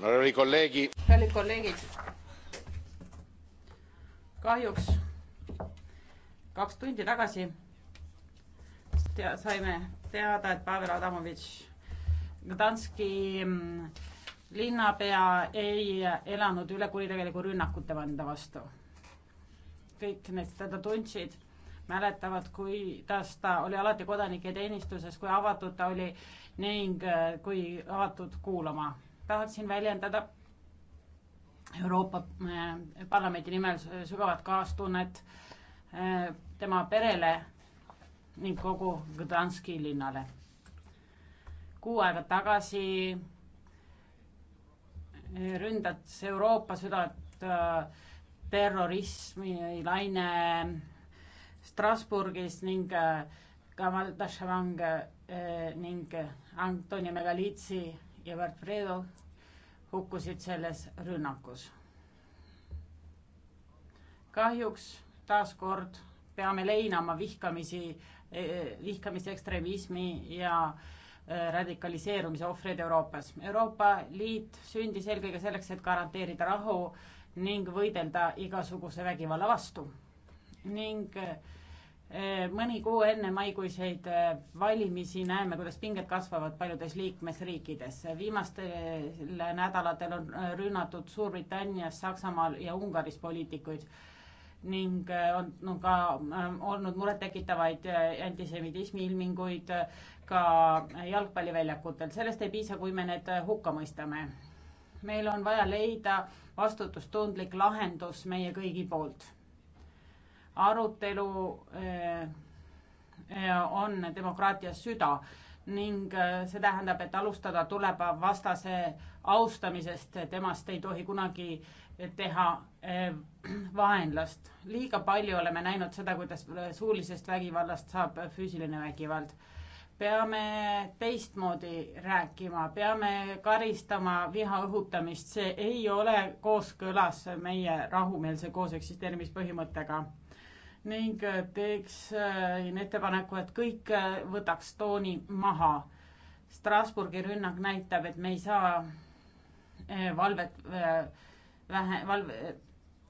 kallid kolleegid kahjuks kaks tundi tagasi tea- saime teada et Pavel Adamovitš Gdanski mm, linnapea ei elanud üle kuritegeliku rünnaku tema enda vastu kõik need teda tundsid mäletavad, kuidas ta oli alati kodanike teenistuses, kui avatud ta oli ning äh, kui avatud kuulama tahaksin väljendada Euroopa äh, Parlamendi nimel sügavat kaastunnet äh, tema perele ning kogu Gdanski linnale. kuu aega tagasi äh, ründas Euroopa südant terrorismi laine Strasbourgis ning Kamal Dashavang ning Antoni Megalitsi ja Wilfredo hukkusid selles rünnakus. kahjuks taaskord peame leinama vihkamisi, vihkamise, ekstremismi ja äh, radikaliseerumise ohvreid Euroopas. Euroopa Liit sündis eelkõige selleks, et garanteerida rahu ning võidelda igasuguse vägivalla vastu ning äh, Äh, mõni kuu enne maikuiseid äh, valimisi näeme, kuidas pinged kasvavad paljudes liikmesriikides. viimastel nädalatel on äh, rünnatud Suurbritannias, Saksamaal ja Ungaris poliitikuid ning on no, ka olnud murettekitavaid antisemitismi ilminguid ka jalgpalliväljakutel. sellest ei piisa, kui me need hukka mõistame. meil on vaja leida vastutustundlik lahendus meie kõigi poolt arutelu eh, eh, on demokraatia süda ning eh, see tähendab, et alustada tuleb vastase austamisest, temast ei tohi kunagi teha vaenlast. liiga palju oleme näinud seda, kuidas suulisest vägivallast saab füüsiline vägivald. peame teistmoodi rääkima, peame karistama viha õhutamist, see ei ole kooskõlas meie rahumeelse kooseksisteerimispõhimõttega ning äh, teeksin äh, ettepaneku, et kõik äh, võtaks tooni maha. Strasbourgi rünnak näitab, et me ei saa valvet vähe, valve,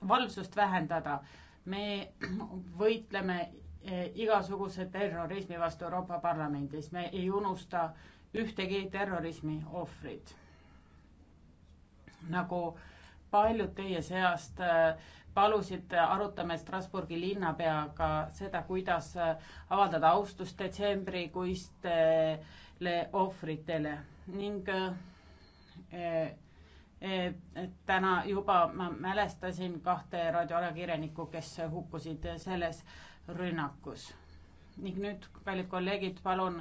valvsust vähendada. me võitleme igasuguse terrorismi vastu Euroopa Parlamendis, me ei unusta ühtegi terrorismi ohvrit. nagu paljud teie seast palusid, arutame Strasbourgi linnapeaga seda, kuidas avaldada austust detsembrikuistele ohvritele ning eh, eh, täna juba ma mälestasin kahte raadioajakirjanikku, kes hukkusid selles rünnakus. ning nüüd, kallid kolleegid, palun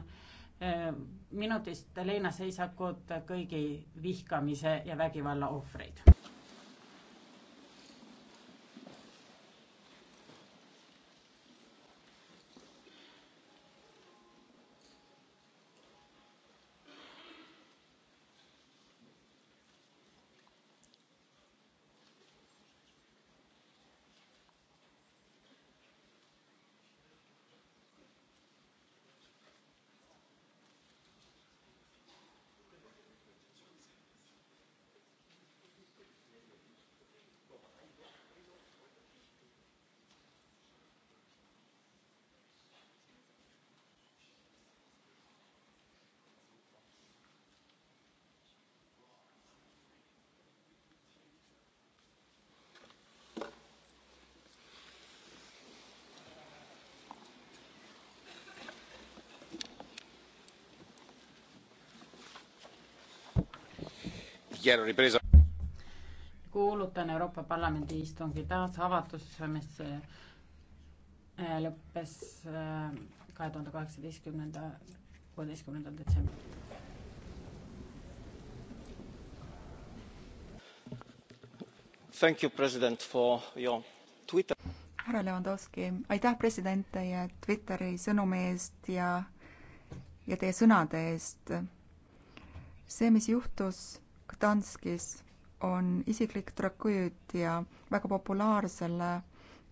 eh, minutist leinaseisakut kõigi vihkamise ja vägivalla ohvreid. kuulutan Euroopa Parlamendi istungi taas avatuks, mis eh, lõppes eh, kahe tuhande kaheksateistkümnenda, kuueteistkümnendal detsembril. Thank you, president, for your Twitter. härra Levandovski, aitäh, president, teie Twitteri sõnumi eest ja, ja teie sõnade eest. see, mis juhtus Gdanskis on isiklik tragöödia väga populaarsele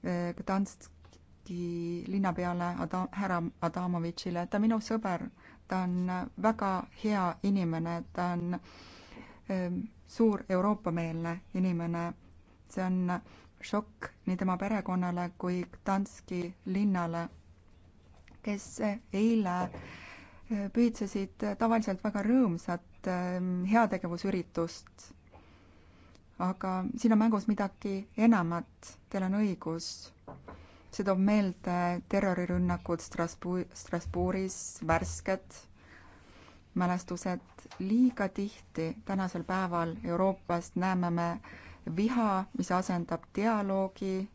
eh, Gdanski linnapeale Adam, härra Adamovitšile. ta on minu sõber, ta on väga hea inimene, ta on eh, suur Euroopa-meelne inimene. see on šokk nii tema perekonnale kui Gdanski linnale, kes eile eh, pühitsesid tavaliselt väga rõõmsat tuhat ähm, heategevusüritust. aga siin on mängus midagi enamat, teil on õigus. see toob meelde terrorirünnakud Strasbourg, Strasbourgis, värsked mälestused. liiga tihti tänasel päeval Euroopas näeme me viha, mis asendab dialoogi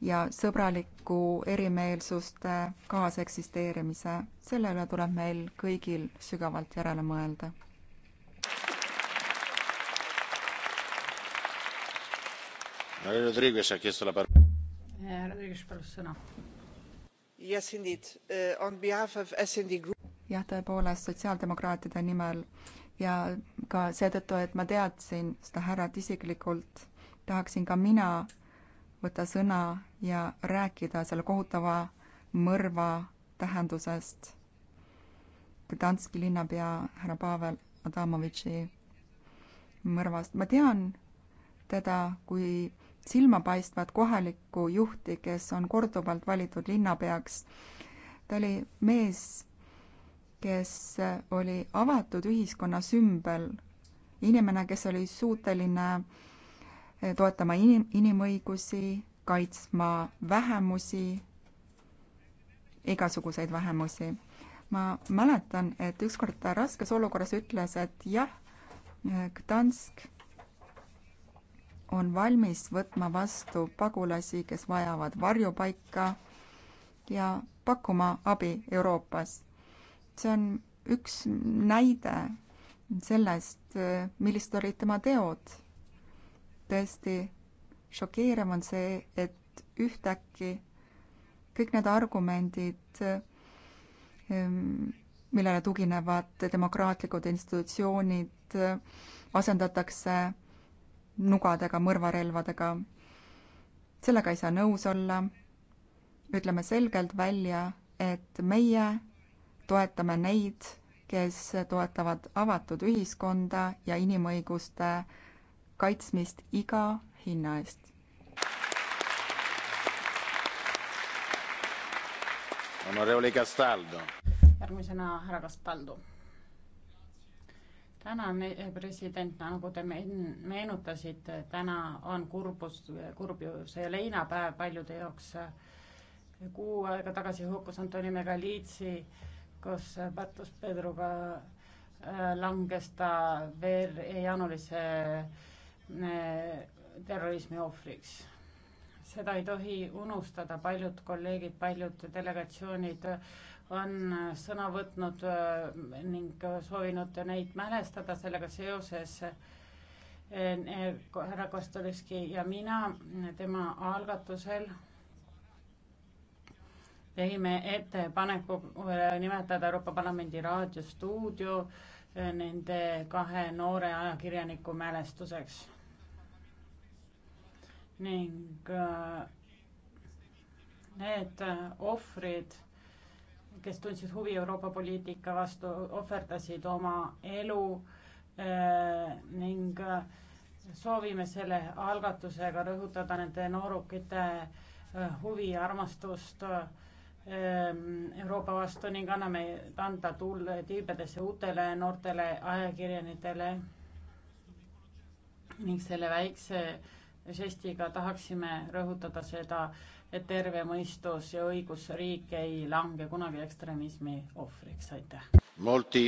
ja sõbraliku erimeelsuste kaaseksisteerimise, selle üle tuleb meil kõigil sügavalt järele mõelda. härra Rodriguez, äkki sa oled? härra Rodriguez, palun sõna. Uh, jah, tõepoolest sotsiaaldemokraatide nimel ja ka seetõttu, et ma teadsin seda härrat isiklikult, tahaksin ka mina võtta sõna ja rääkida selle kohutava mõrva tähendusest Gdanski linnapea härra Pavel Adamovitši mõrvast. ma tean teda kui silmapaistvat kohalikku juhti, kes on korduvalt valitud linnapeaks. ta oli mees, kes oli avatud ühiskonna sümbel, inimene, kes oli suuteline Eh, toetama inim-, inimõigusi, kaitsma vähemusi, igasuguseid vähemusi. ma mäletan, et ükskord ta raskes olukorras ütles, et jah, eh, Gdansk on valmis võtma vastu pagulasi, kes vajavad varjupaika ja pakkuma abi Euroopas. see on üks näide sellest, eh, millised olid tema teod tõesti šokeeriv on see, et ühtäkki kõik need argumendid, ehm, millele tuginevad demokraatlikud institutsioonid, asendatakse nugadega, mõrvarelvadega. sellega ei saa nõus olla. ütleme selgelt välja, et meie toetame neid, kes toetavad avatud ühiskonda ja inimõiguste kaitsmist iga hinna eest. järgmisena härra Castaldo. tänan, eh, president, nagu te meenutasite, täna on kurbus, kurbjuse ja leinapäev paljude jaoks. kuu aega tagasi hukkus Antoni Megalitsi koos Bartos Pedroga äh, langes ta veerjaanuarisse Äh, terrorismi ohvriks. seda ei tohi unustada, paljud kolleegid, paljud delegatsioonid on sõna võtnud äh, ning soovinud neid mälestada sellega seoses äh, härra Kostolevski ja mina tema algatusel tegime ettepaneku nimetada Euroopa Parlamendi raadiostuudio nende kahe noore ajakirjaniku mälestuseks ning äh, need äh, ohvrid, kes tundsid huvi Euroopa poliitika vastu, ohverdasid oma elu äh, ning soovime selle algatusega rõhutada nende noorukite huvi ja armastust ähm, Euroopa vastu ning anname, anda tuul tiibadesse uutele noortele ajakirjanikele ning selle väikse žestiga tahaksime rõhutada seda, et terve mõistus ja õigusriik ei lange kunagi ekstremismi ohvriks, aitäh. Molti.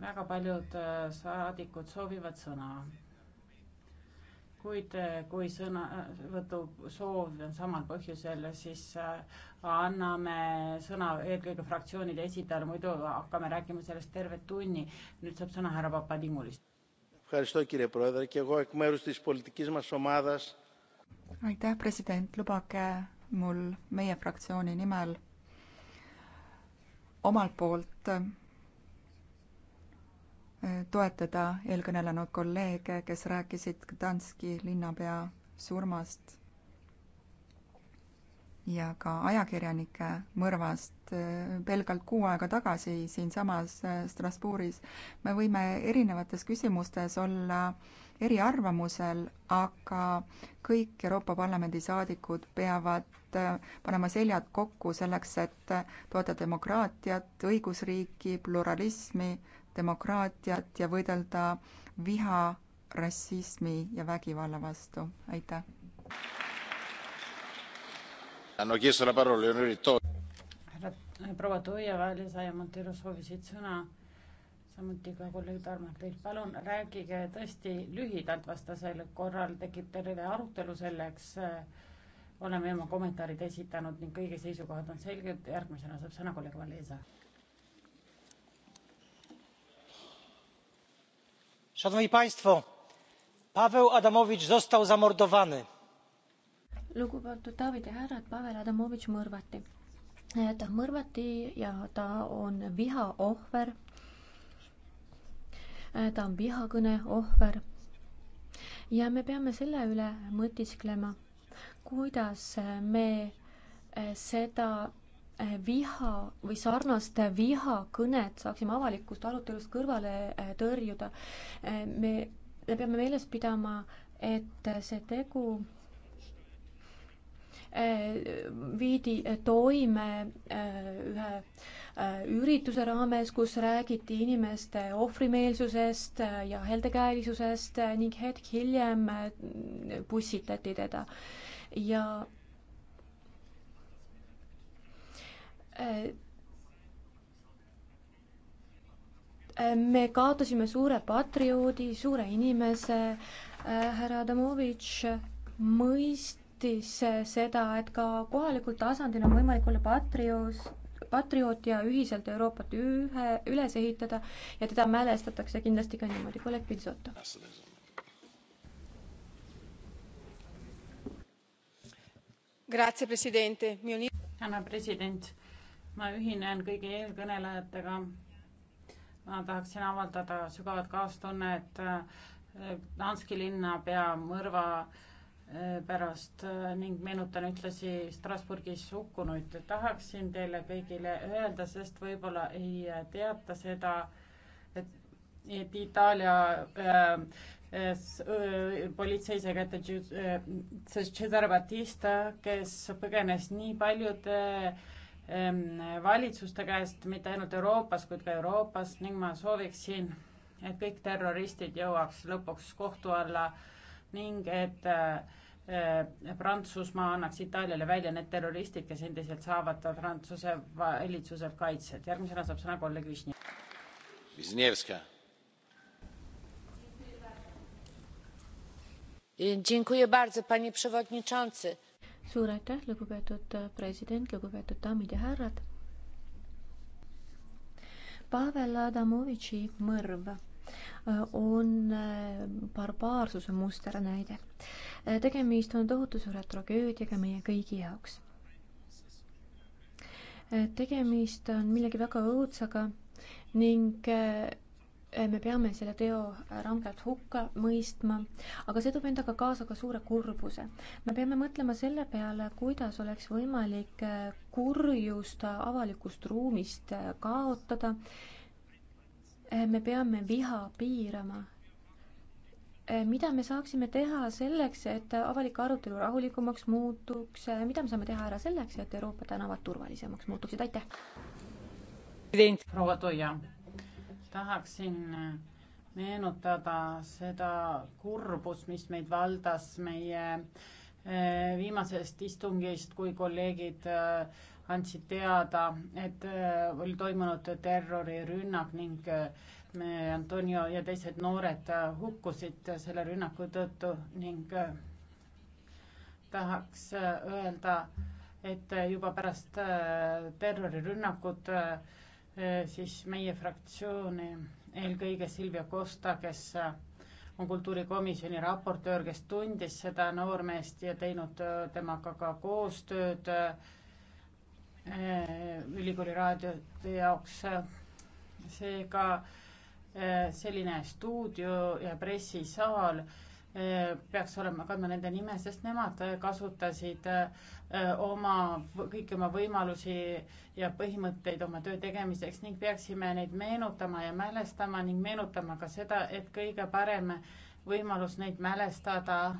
väga paljud äh, saadikud soovivad sõna kuid eh, kui sõnavõtusoov eh, on samal põhjusel, siis eh, anname sõna eelkõige fraktsioonide esindajale, muidu hakkame rääkima sellest terve tunni. nüüd saab sõna härra Papadimulist. aitäh, president, lubage mul meie fraktsiooni nimel omalt poolt toetada eelkõnelenud kolleege, kes rääkisid Gdanski linnapea surmast ja ka ajakirjanike mõrvast äh, pelgalt kuu aega tagasi siinsamas äh, Strasbourgis. me võime erinevates küsimustes olla eriarvamusel, aga kõik Euroopa Parlamendi saadikud peavad äh, panema seljad kokku selleks, et toetada demokraatiat, õigusriiki, pluralismi, demokraatiat ja võidelda viha, rassismi ja vägivalla vastu. aitäh! härra äh, proua Toieva, Liisa ja Montero soovisid sõna, samuti ka kolleeg Tarmo Teilt. palun rääkige tõesti lühidalt, vastasel korral tekib terve arutelu selleks. Äh, oleme oma kommentaarid esitanud ning kõigi seisukohad on selged. järgmisena saab sõna kolleeg Valesa paweł adamowicz został zamordowany. lugupeetud daamid ja härrad pavel adamovitš mõrvati. ta mõrvati ja ta on viha ohver. ta on vihakõne ohver. ja me peame selle üle mõtisklema, kuidas me seda viha või sarnast vihakõnet saaksime avalikust arutelust kõrvale eh, tõrjuda. Eh, me, me peame meeles pidama, et see tegu eh, viidi toime ühe ürituse raames, kus räägiti inimeste ohvrimeelsusest ja heldekäelisusest ning hetk hiljem pussitati teda. ja Äh, äh, me kaotasime suure patrioodi, suure inimese, äh, härra Adamovitš mõistis seda, et ka kohalikul tasandil on võimalik olla patrioos, patrioot ja ühiselt Euroopat ühe, üles ehitada ja teda mälestatakse kindlasti ka niimoodi, kolleeg Pitsoto. tänan, president ma ühinen kõigi eelkõnelejatega. ma tahaksin avaldada sügavat kaastunnet äh, Danski linnapea mõrva äh, pärast äh, ning meenutan ühtlasi Strasbourgis hukkunuid. tahaksin teile kõigile öelda, sest võib-olla ei teata seda, et, et Itaalia äh, politsei sai kätte Cesare Batista, kes põgenes nii paljude äh, Ehm, valitsuste käest, mitte ainult Euroopas, kuid ka Euroopas ning ma sooviksin, et kõik terroristid jõuaks lõpuks kohtu alla ning et eh, Prantsusmaa annaks Itaaliale välja need terroristid, kes endiselt saavad Prantsuse valitsuselt kaitset. järgmisena saab sõna kolleeg Višnjevska. Dziękuję bardzo, panie przewodniczący suur aitäh, lugupeetud äh, president, lugupeetud daamid ja härrad. Pavel Adamovitši mõrv äh, on äh, barbaarsuse musternäide. tegemist on tohutu suure tragöödiaga meie kõigi jaoks. tegemist on millegi väga õudsaga ning me peame selle teo rangelt hukka mõistma, aga see toob endaga kaasa ka suure kurbuse. me peame mõtlema selle peale, kuidas oleks võimalik äh, kurjust avalikust ruumist äh, kaotada. Äh, me peame viha piirama. mida me saaksime teha selleks, et avalik arutelu rahulikumaks muutuks, mida me saame teha ära selleks, et Euroopa tänavad turvalisemaks muutuksid, aitäh! proua Toia tahaksin äh, meenutada seda kurbust, mis meid valdas meie äh, viimasest istungist, kui kolleegid äh, andsid teada, et oli toimunud terrorirünnak ning me, Antonio ja teised noored hukkusid selle rünnaku tõttu ning tahaks öelda, et juba pärast terrorirünnakut äh, Äh, siis meie fraktsiooni, eelkõige Silvia Costa, kes äh, on kultuurikomisjoni raportöör, kes tundis seda noormeest ja teinud äh, temaga ka koostööd ülikooli raadiote jaoks. seega selline stuudio ja pressisaal peaks olema, kandma nende nime, sest nemad kasutasid äh, oma, kõiki oma võimalusi ja põhimõtteid oma töö tegemiseks ning peaksime neid meenutama ja mälestama ning meenutama ka seda, et kõige parem võimalus neid mälestada,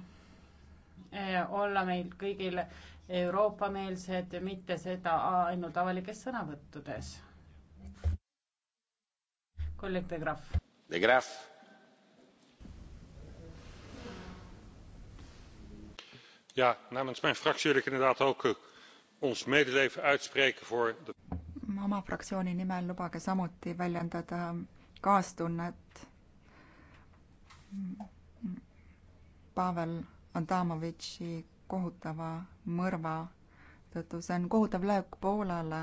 olla meil kõigil Euroopa-meelsed, mitte seda ainult avalikes sõnavõttudes. kolleeg De Graaf. De Graaf namens mijn fractie wil ik inderdaad ook eh, ons medeleven uitspreken voor. Mm, oma fraktsiooni nimel lubage samuti väljendada mm, kaastunnet mm, Pavel Adamovitši kohutava mõrva tõttu. see on kohutav löök Poolale,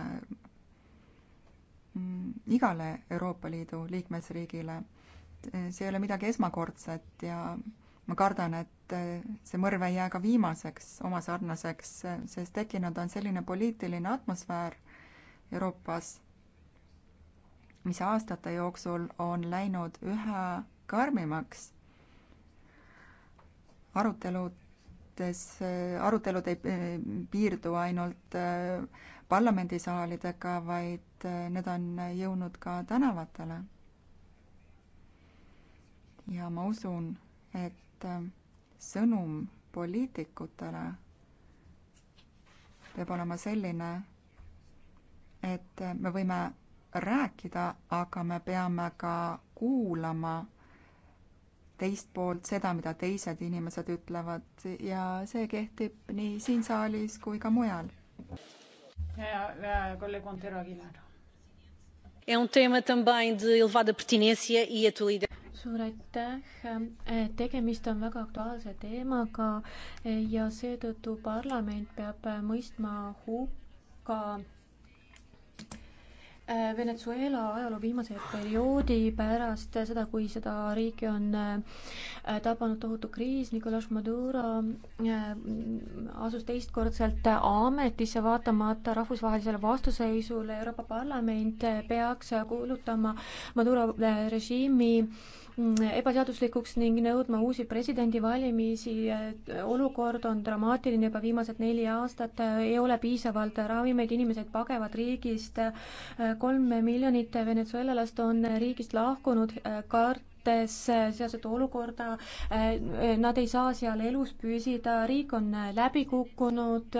igale Euroopa Liidu liikmesriigile. see ei ole midagi esmakordset ja ma kardan, et eh, see mõrv ei jää ka viimaseks oma sarnaseks, eh, sest tekkinud on selline poliitiline atmosfäär Euroopas, mis aastate jooksul on läinud üha karmimaks. aruteludes, eh, arutelud ei piirdu ainult parlamendisaalidega, vaid need on jõudnud ka tänavatele. ja ma usun, et et äh, sõnum poliitikutele peab olema selline, et äh, me võime rääkida, aga me peame ka kuulama teist poolt seda, mida teised inimesed ütlevad ja see kehtib nii siin saalis kui ka mujal. ja, ja kolleeg Montero Aguilar. É um tema também de elevada pertinência e atualidade suur aitäh, eh, tegemist on väga aktuaalse teemaga eh, ja seetõttu parlament peab eh, mõistma hukka Venezuela ajaloo viimase perioodi pärast seda, kui seda riiki on tabanud tohutu kriis, Nicolas Maduro asus teistkordselt ametisse, vaatamata rahvusvahelisele vastuseisule Euroopa Parlament peaks kuulutama Maduro režiimi Mm, ebaseaduslikuks ning nõudma uusi presidendivalimisi. olukord on dramaatiline juba viimased neli aastat, ei ole piisavalt ravimeid, inimesed pagevad riigist. kolm miljonit venezuelalast on riigist lahkunud, kart mõttes sealset olukorda, nad ei saa seal elus püsida, riik on läbi kukkunud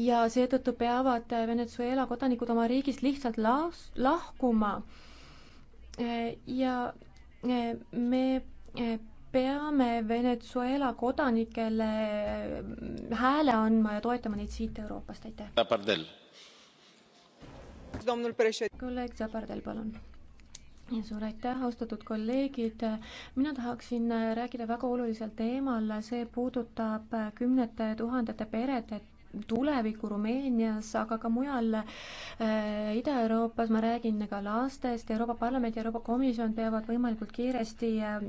ja seetõttu peavad Venezuela kodanikud oma riigist lihtsalt las-, lahkuma Äh, ja äh, me äh, peame Venezuela kodanikele hääle andma ja toetama neid siit Euroopast, aitäh. kolleeg Zapardel, palun suur aitäh, austatud kolleegid. mina tahaksin rääkida väga olulisel teemal, see puudutab kümnete tuhandete perede tulevikku Rumeenias, aga ka mujal äh, Ida-Euroopas, ma räägin ka lastest, Euroopa Parlament ja Euroopa Komisjon peavad võimalikult kiiresti äh,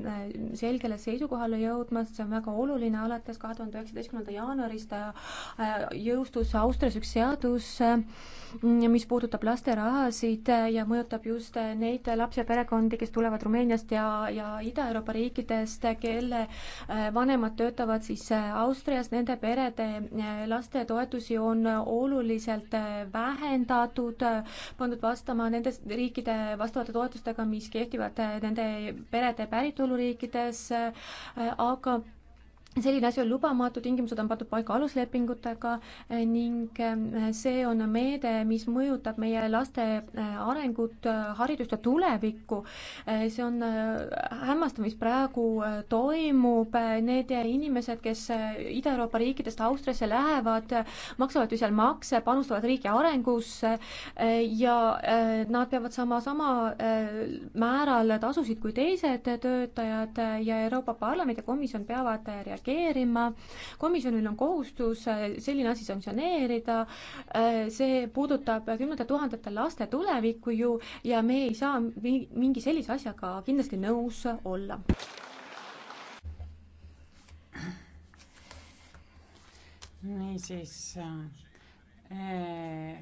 selgele seisukohale jõudma, see on väga oluline, alates kahe tuhande üheksateistkümnenda jaanuarist äh, jõustus Austrias üks seadus äh,, mis puudutab lasterahasid äh, ja mõjutab just äh, neid lapsi ja perekondi, kes tulevad Rumeeniast ja, ja Ida-Euroopa riikidest, kelle äh, vanemad töötavad siis Austrias, nende perede laste toetusi on oluliselt vähendatud, pandud vastama nende riikide vastavate toetustega, mis kehtivad nende perede päritoluriikides, aga selline asi on lubamatu, tingimused on pandud paika aluslepingutega eh, ning eh, see on meede, mis mõjutab meie laste eh, arengut, haridust ja tulevikku. see on hämmastav, mis praegu toimub, need inimesed, kes Ida-Euroopa riikidest Austriasse lähevad, maksavad ju seal makse, panustavad riigi arengusse ja nad peavad sama, sama määral tasusid kui teised töötajad ja Euroopa Parlament ja komisjon peavad reageerima reageerima. komisjonil on kohustus äh, selline asi sanktsioneerida. Äh, see puudutab kümnete tuhandete laste tulevikku ju ja me ei saa mingi sellise asjaga kindlasti nõus olla. niisiis äh, äh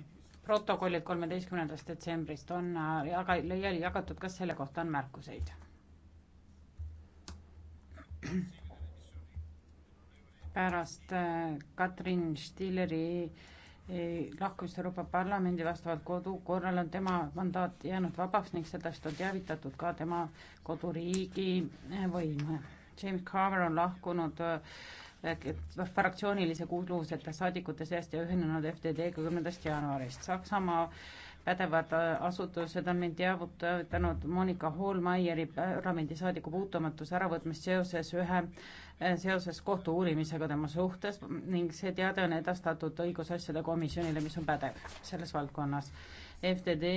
protokollid kolmeteistkümnendast detsembrist on jaga-, laiali jagatud, kas selle kohta on märkuseid? pärast äh, Katrin Stilleri äh, lahkumist Euroopa Parlamendi vastavalt kodukorral on tema mandaat jäänud vabaks ning sellest on teavitatud ka tema koduriigi äh, võime. James Carver on lahkunud noh, fraktsioonilise kuuluvuseta saadikute seast ja ühinenud FTD-ga kümnendast jaanuarist. Saksamaa pädevad asutused on mind teavutanud Monika Hoolmeieri parlamendisaadiku puutumatuse äravõtmist seoses ühe seoses kohtu uurimisega tema suhtes ning see teade on edastatud õigusasjade komisjonile, mis on pädev selles valdkonnas. FTD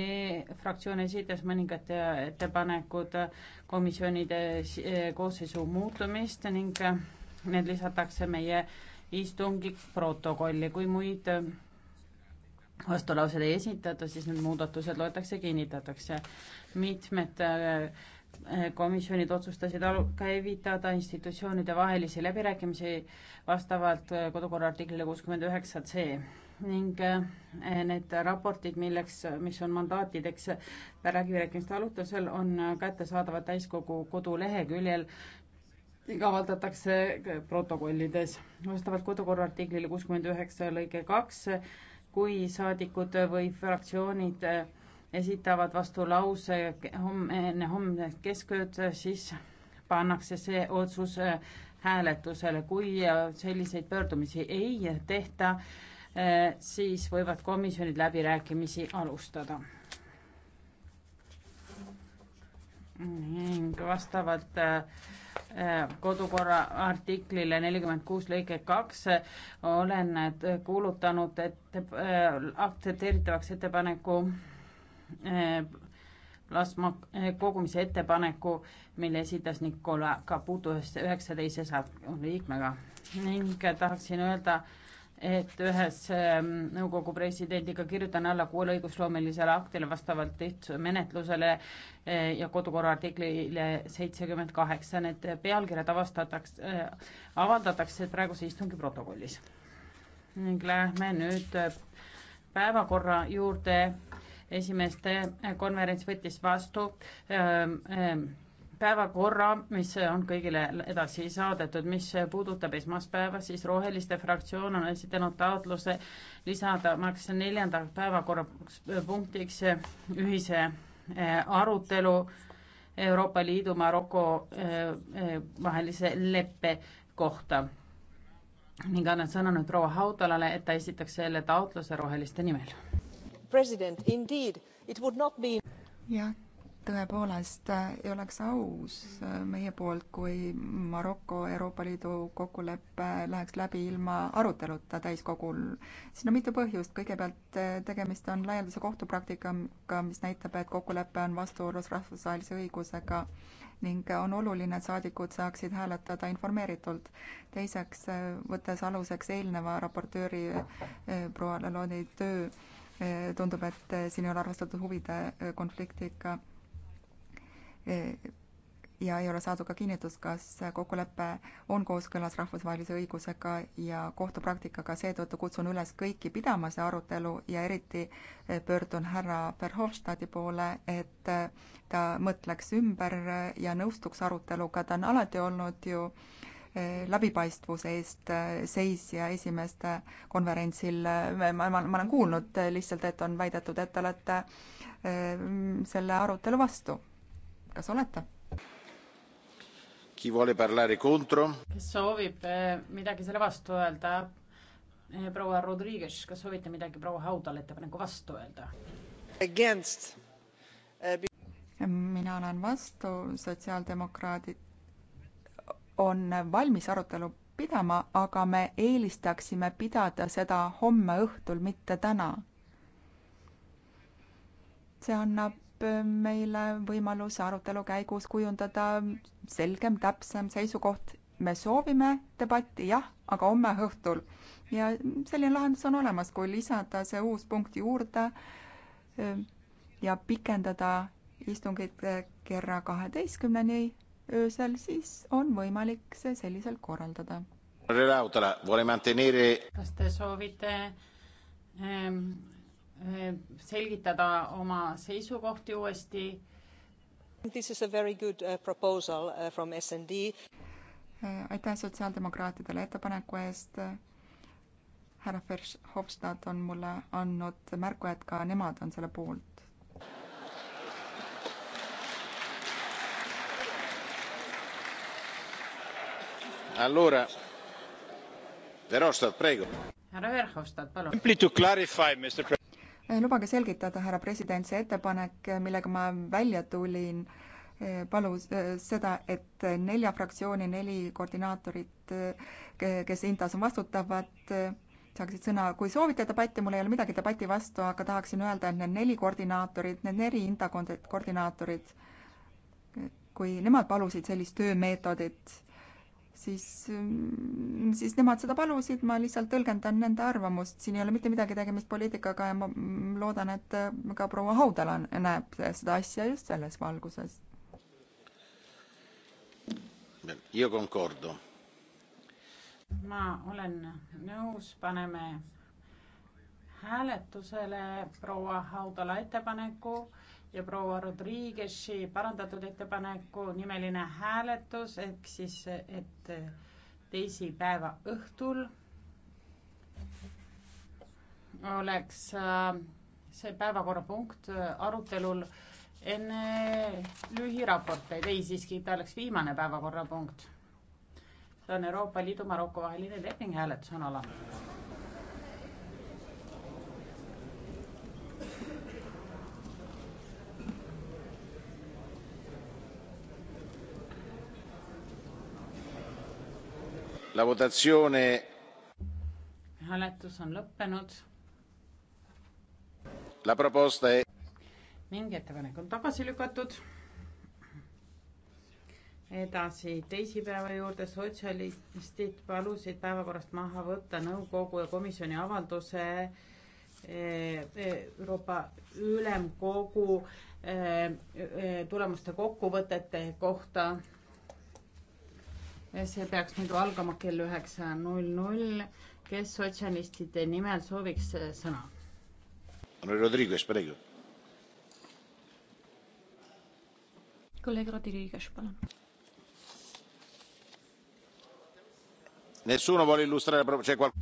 fraktsioon esitas mõningad ettepanekud komisjonide koosseisu muutumist ning need lisatakse meie istungi protokolli, kui muid vastulauseid ei esitata, siis need muudatused loetakse kinnitatakse. mitmed äh, Eh, komisjonid otsustasid alu-, käivitada institutsioonide vahelisi läbirääkimisi vastavalt eh, kodukorra artiklile kuuskümmend üheksa C ning eh, need raportid, milleks, mis on mandaatideks läbirääkimiste alusel, on kättesaadavad täiskogu koduleheküljel ning avaldatakse protokollides. vastavalt kodukorra artiklile kuuskümmend üheksa lõige kaks, kui saadikud või fraktsioonid esitavad vastu lause homme, enne homne keskööd, siis pannakse see otsus äh, hääletusele. kui äh, selliseid pöördumisi ei tehta, äh, siis võivad komisjonid läbirääkimisi alustada. ning vastavalt kodukorra artiklile nelikümmend kuus lõige kaks olen kuulutanud ette, aktsepteeritavaks ettepaneku plasma kogumise ettepaneku, mille esitas Nikola Caputo üheksateise liikmega ning tahaksin öelda, et ühes ehm, nõukogu presidendiga kirjutan alla kuuele õigusloomelisele aktile vastavalt menetlusele e, ja kodukorra artiklile seitsekümmend kaheksa. Need pealkirjad avastatakse, avaldatakse praeguse istungi protokollis. ning lähme nüüd päevakorra juurde esimeeste äh, konverents võttis vastu ähm, ähm, päevakorra, mis on kõigile edasi saadetud, mis puudutab esmaspäeva, siis Roheliste fraktsioon on esitanud taotluse lisada maks neljanda päevakorrapunktiks äh, ühise äh, arutelu Euroopa Liidu Maroko vahelise leppe kohta ning annan sõna nüüd proua Haudalale, et ta esitaks selle taotluse roheliste nimel jah, tõepoolest äh, ei oleks aus äh, meie poolt, kui Maroko Euroopa Liidu kokkulepe läheks läbi ilma aruteluta täiskogul. siin on mitu põhjust, kõigepealt äh, tegemist on laialdase kohtupraktikaga, mis näitab, et kokkulepe on vastuolus rahvusvahelise õigusega ning on oluline, et saadikud saaksid hääletada informeeritult. teiseks, võttes aluseks eelneva raportööri proua Leloni töö Eh, tundub, et eh, siin ei ole arvestatud huvide eh, konfliktiga ja ei ole saadud ka kinnitust, kas kokkulepe on kooskõlas rahvusvahelise õigusega ja kohtupraktikaga, seetõttu kutsun üles kõiki pidama see arutelu ja eriti pöördun härra Verhofstadti poole, et ta mõtleks ümber ja nõustuks aruteluga, ta on alati olnud ju äh, Eh, läbipaistvuse eest eh, seisja esimeeste konverentsil. ma, ma, ma olen kuulnud eh, lihtsalt, et on väidetud, et te olete selle arutelu vastu. kas olete? kes soovib midagi selle vastu öelda? proua Rodriguez, kas soovite midagi proua Haudale ettepaneku vastu öelda? mina olen vastu, sotsiaaldemokraadid on valmis arutelu pidama, aga me eelistaksime pidada seda homme õhtul, mitte täna. see annab meile võimaluse arutelu käigus kujundada selgem, täpsem seisukoht. me soovime debatti, jah, aga homme õhtul. ja selline lahendus on olemas, kui lisada see uus punkt juurde eh, ja pikendada istungit eh, kella kaheteistkümneni öösel, siis on võimalik see selliselt korraldada. kas te soovite ähm, selgitada oma seisukohti uuesti? This is a very good uh, proposal uh, from SND. Äh, aitäh sotsiaaldemokraatidele ettepaneku eest. härra Verhofstadt on mulle andnud märku, et ka nemad on selle poolt Allora, Verhofstadt, prego. härra Verhofstadt, palun. Eh, lubage selgitada, härra president, see ettepanek, eh, millega ma välja tulin, eh, palus seda, et nelja fraktsiooni neli koordinaatorit, kes Intas on vastutavad, saaksid sõna, kui soovite debatti, mul ei ole midagi debati vastu, aga tahaksin öelda, et need neli koordinaatorit, need neli Inta koordinaatorit, kui nemad palusid sellist töömeetodit, siis, mm, siis nemad seda palusid, ma lihtsalt tõlgendan nende arvamust, siin ei ole mitte midagi tegemist poliitikaga ja ma mm, loodan, et mm, ka proua Haudala näeb seda asja just selles valguses. ma olen nõus, paneme hääletusele proua Haudala ettepaneku ja proua Rodriguez'i parandatud ettepaneku nimeline hääletus ehk siis, et teisipäeva õhtul oleks äh, see päevakorrapunkt äh, arutelul enne lühiraporteid, ei siiski, ta oleks viimane päevakorrapunkt. see on Euroopa Liidu Maroko vaheline leping, hääletus on alanud. la votazione hääletus on lõppenud la proposta è ning ettepanek on tagasi lükatud edasi teisipäeva juurde sotsialistid palusid päevakorrast maha võtta nõukogu ja komisjoni avalduse eh, eh, Euroopa Ülemkogu eh, tulemuste kokkuvõtete kohta see peaks muidu algama kell üheksa null null. kes sotsialistide nimel sooviks äh, sõna? Rodriguez, palun. kolleeg Rodriguez, palun.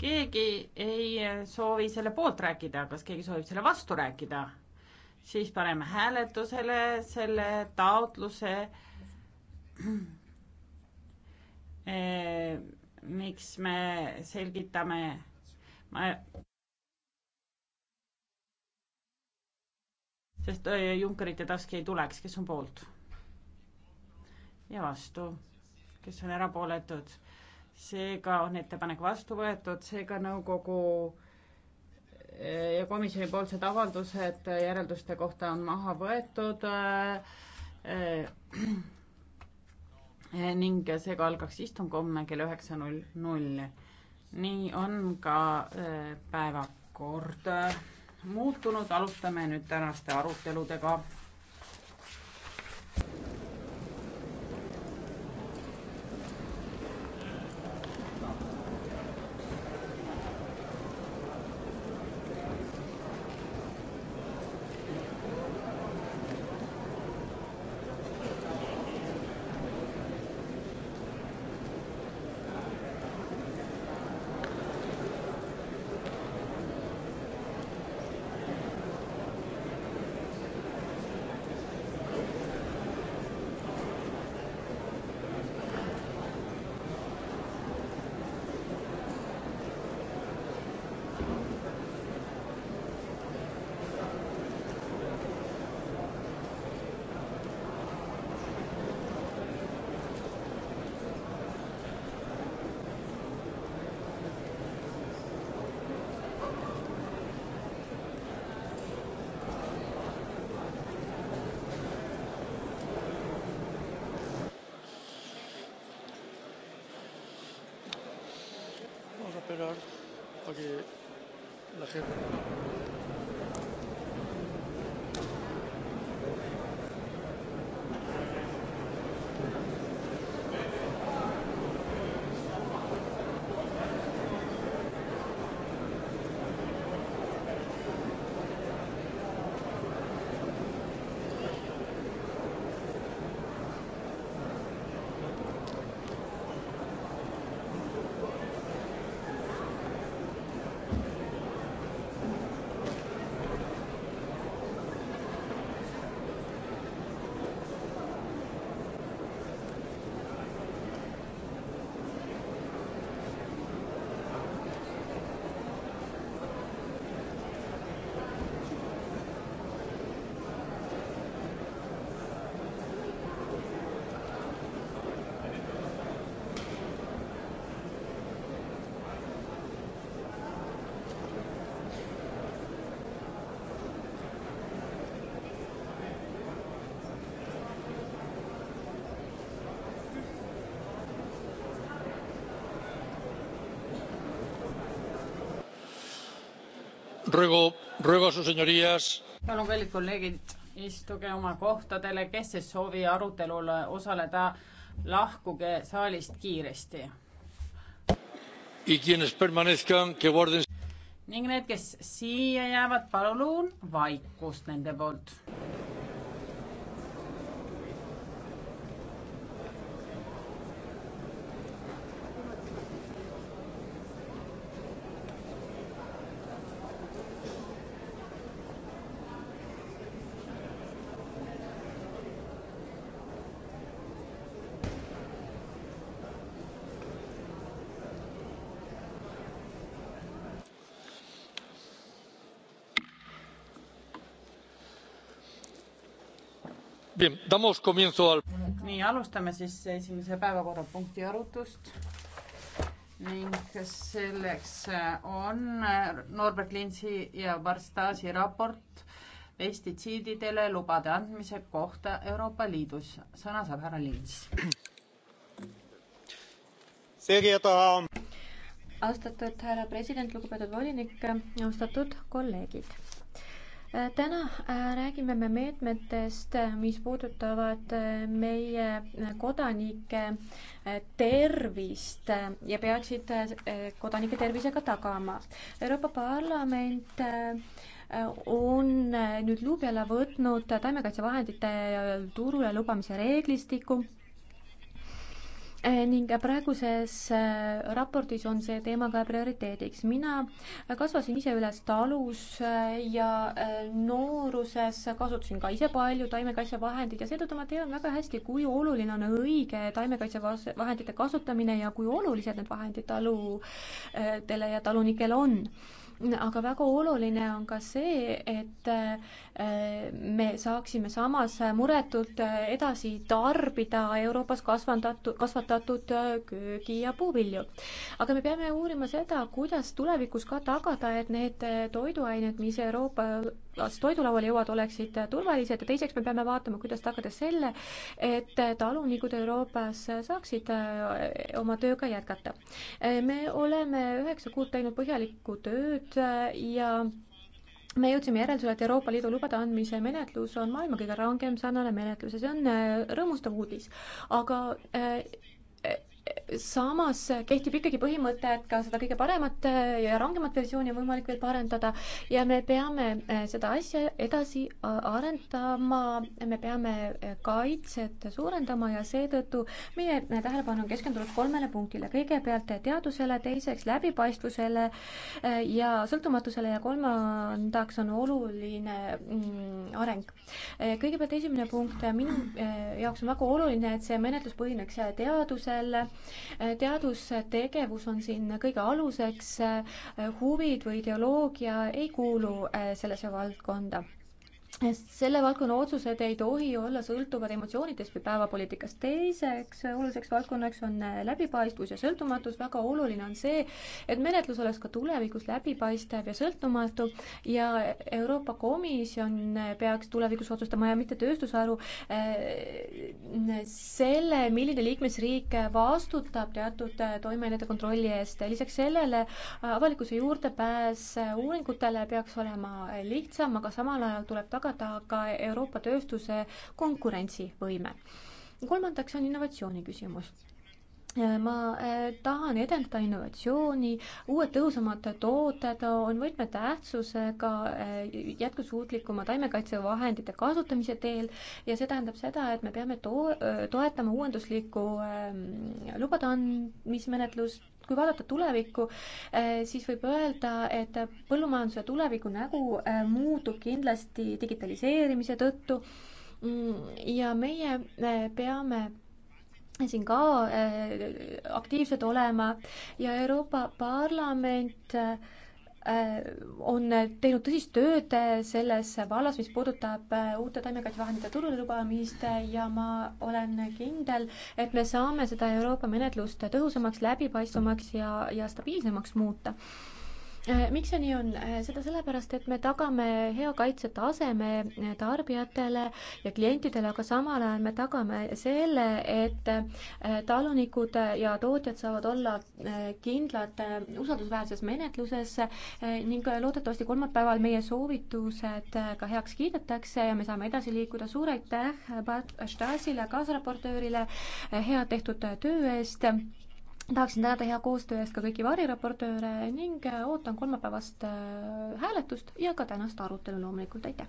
keegi ei äh, soovi selle poolt rääkida, kas keegi soovib selle vastu rääkida? siis paneme hääletusele selle taotluse Eh, miks me selgitame ma sest Junckerit ja Tuski ei tuleks, kes on poolt? ja vastu, kes on erapooletud. seega on ettepanek vastu võetud, seega nõukogu ja komisjonipoolsed avaldused järelduste kohta on maha võetud äh,. Äh, Eh, ning seega algaks istung homme kell üheksa null null. nii on ka eh, päevakord eh, muutunud, alustame nüüd tänaste aruteludega. palun, kallid kolleegid, istuge oma kohtadele, kes ei soovi arutelul osaleda, lahkuge saalist kiiresti. ning need, kes siia jäävad, palun vaikust nende poolt Damos comienzo al... nii, alustame siis esimese päevakorrapunkti arutust ning selleks äh, on äh, Norbert Linsi ja Varstasi raport pestitsiididele lubade andmise kohta Euroopa Liidus. sõna saab härra Lins. austatud härra president, lugupeetud volinik, austatud kolleegid täna äh, räägime me meetmetest, äh, mis puudutavad äh, meie kodanike tervist ja peaksid kodanike tervise ka tagama. Euroopa Parlament on nüüd luubi alla võtnud taimekaitsevahendite turule lubamise reeglistiku Eh, ning praeguses eh, raportis on see teema ka prioriteediks. mina kasvasin ise üles talus eh, ja nooruses kasutasin ka ise palju taimekaitsevahendeid ja seetõttu ma tean väga hästi, kui oluline on õige taimekaitsevahendite kasutamine ja kui olulised need vahendid taludele ja talunikele on aga väga oluline on ka see, et äh, me saaksime samas muretult äh, edasi tarbida Euroopas kasvandatud, kasvatatud äh, köögi ja puuvilju. aga me peame uurima seda, kuidas tulevikus ka tagada, et need toiduained, mis Euroopa toidulauale jõuavad, oleksid turvalised ja teiseks me peame vaatama, kuidas tagada selle, et talunikud Euroopas saaksid äh, oma tööga jätkata. Äh, me oleme üheksa kuud teinud põhjalikku tööd äh, ja me jõudsime järeldusele, et Euroopa Liidu lubade andmise menetlus on maailma kõige rangem sarnane menetlus ja see on rõõmustav uudis. aga äh, samas kehtib ikkagi põhimõte, et ka seda kõige paremat äh, ja rangemat versiooni on võimalik veel parendada ja me peame äh, seda asja edasi äh, arendama, me peame kaitset suurendama ja seetõttu meie tähelepanu on keskendunud kolmele punktile. kõigepealt teadusele, teiseks läbipaistvusele ja sõltumatusele ja kolmandaks on oluline mm, areng. kõigepealt esimene punkt, minu jaoks on väga oluline, et see menetlus põhineks teadusel, teadustegevus on siin kõige aluseks, huvid või ideoloogia ei kuulu äh, sellesse valdkonda selle valdkonna otsused ei tohi olla sõltuvad emotsioonidest või päevapoliitikast. teiseks oluliseks valdkonnaks on läbipaistvus ja sõltumatus. väga oluline on see, et menetlus oleks ka tulevikus läbipaistev ja sõltumatu ja Euroopa Komisjon peaks tulevikus otsustama ja mitte tööstusharu äh, selle, milline liikmesriik vastutab teatud toimeainete kontrolli eest. lisaks sellele avalikkuse juurdepääs uuringutele peaks olema lihtsam, aga samal ajal tuleb tagada tagada ka Euroopa tööstuse konkurentsivõime. kolmandaks on innovatsiooni küsimus ma äh, tahan edendada innovatsiooni, uued tõhusamad tooted on võtmetähtsusega äh, jätkusuutlikuma taimekaitsevahendite kasutamise teel ja see tähendab seda, et me peame to-, äh, toetama uuenduslikku ähm, lubade andmismenetlust kui vaadata tulevikku, eh, siis võib öelda, et põllumajanduse tuleviku nägu eh, muutub kindlasti digitaliseerimise tõttu mm, ja meie eh, peame siin ka aktiivsed olema ja Euroopa Parlament äh, Äh, on teinud tõsist tööd selles vallas, mis puudutab äh, uute taimekaitsevahendite turule lubamist ja ma olen kindel, et me saame seda Euroopa menetlust tõhusamaks, läbipaistvamaks ja, ja stabiilsemaks muuta Äh, miks see nii on? Äh, seda sellepärast, et me tagame hea kaitsetaseme äh, tarbijatele ja klientidele, aga samal ajal me tagame selle, et talunikud ja tootjad saavad olla kindlad usaldusväärses menetluses ning loodetavasti kolmapäeval meie soovitused ka heaks kiidetakse ja me saame edasi liikuda. suur aitäh Bart Stasile, kaasraportöörile, head tehtud töö eest tahaksin tänada hea koostöö eest ka kõiki variraportööre ning äh, ootan kolmapäevast äh, hääletust ja ka tänast arutelu loomulikult, aitäh!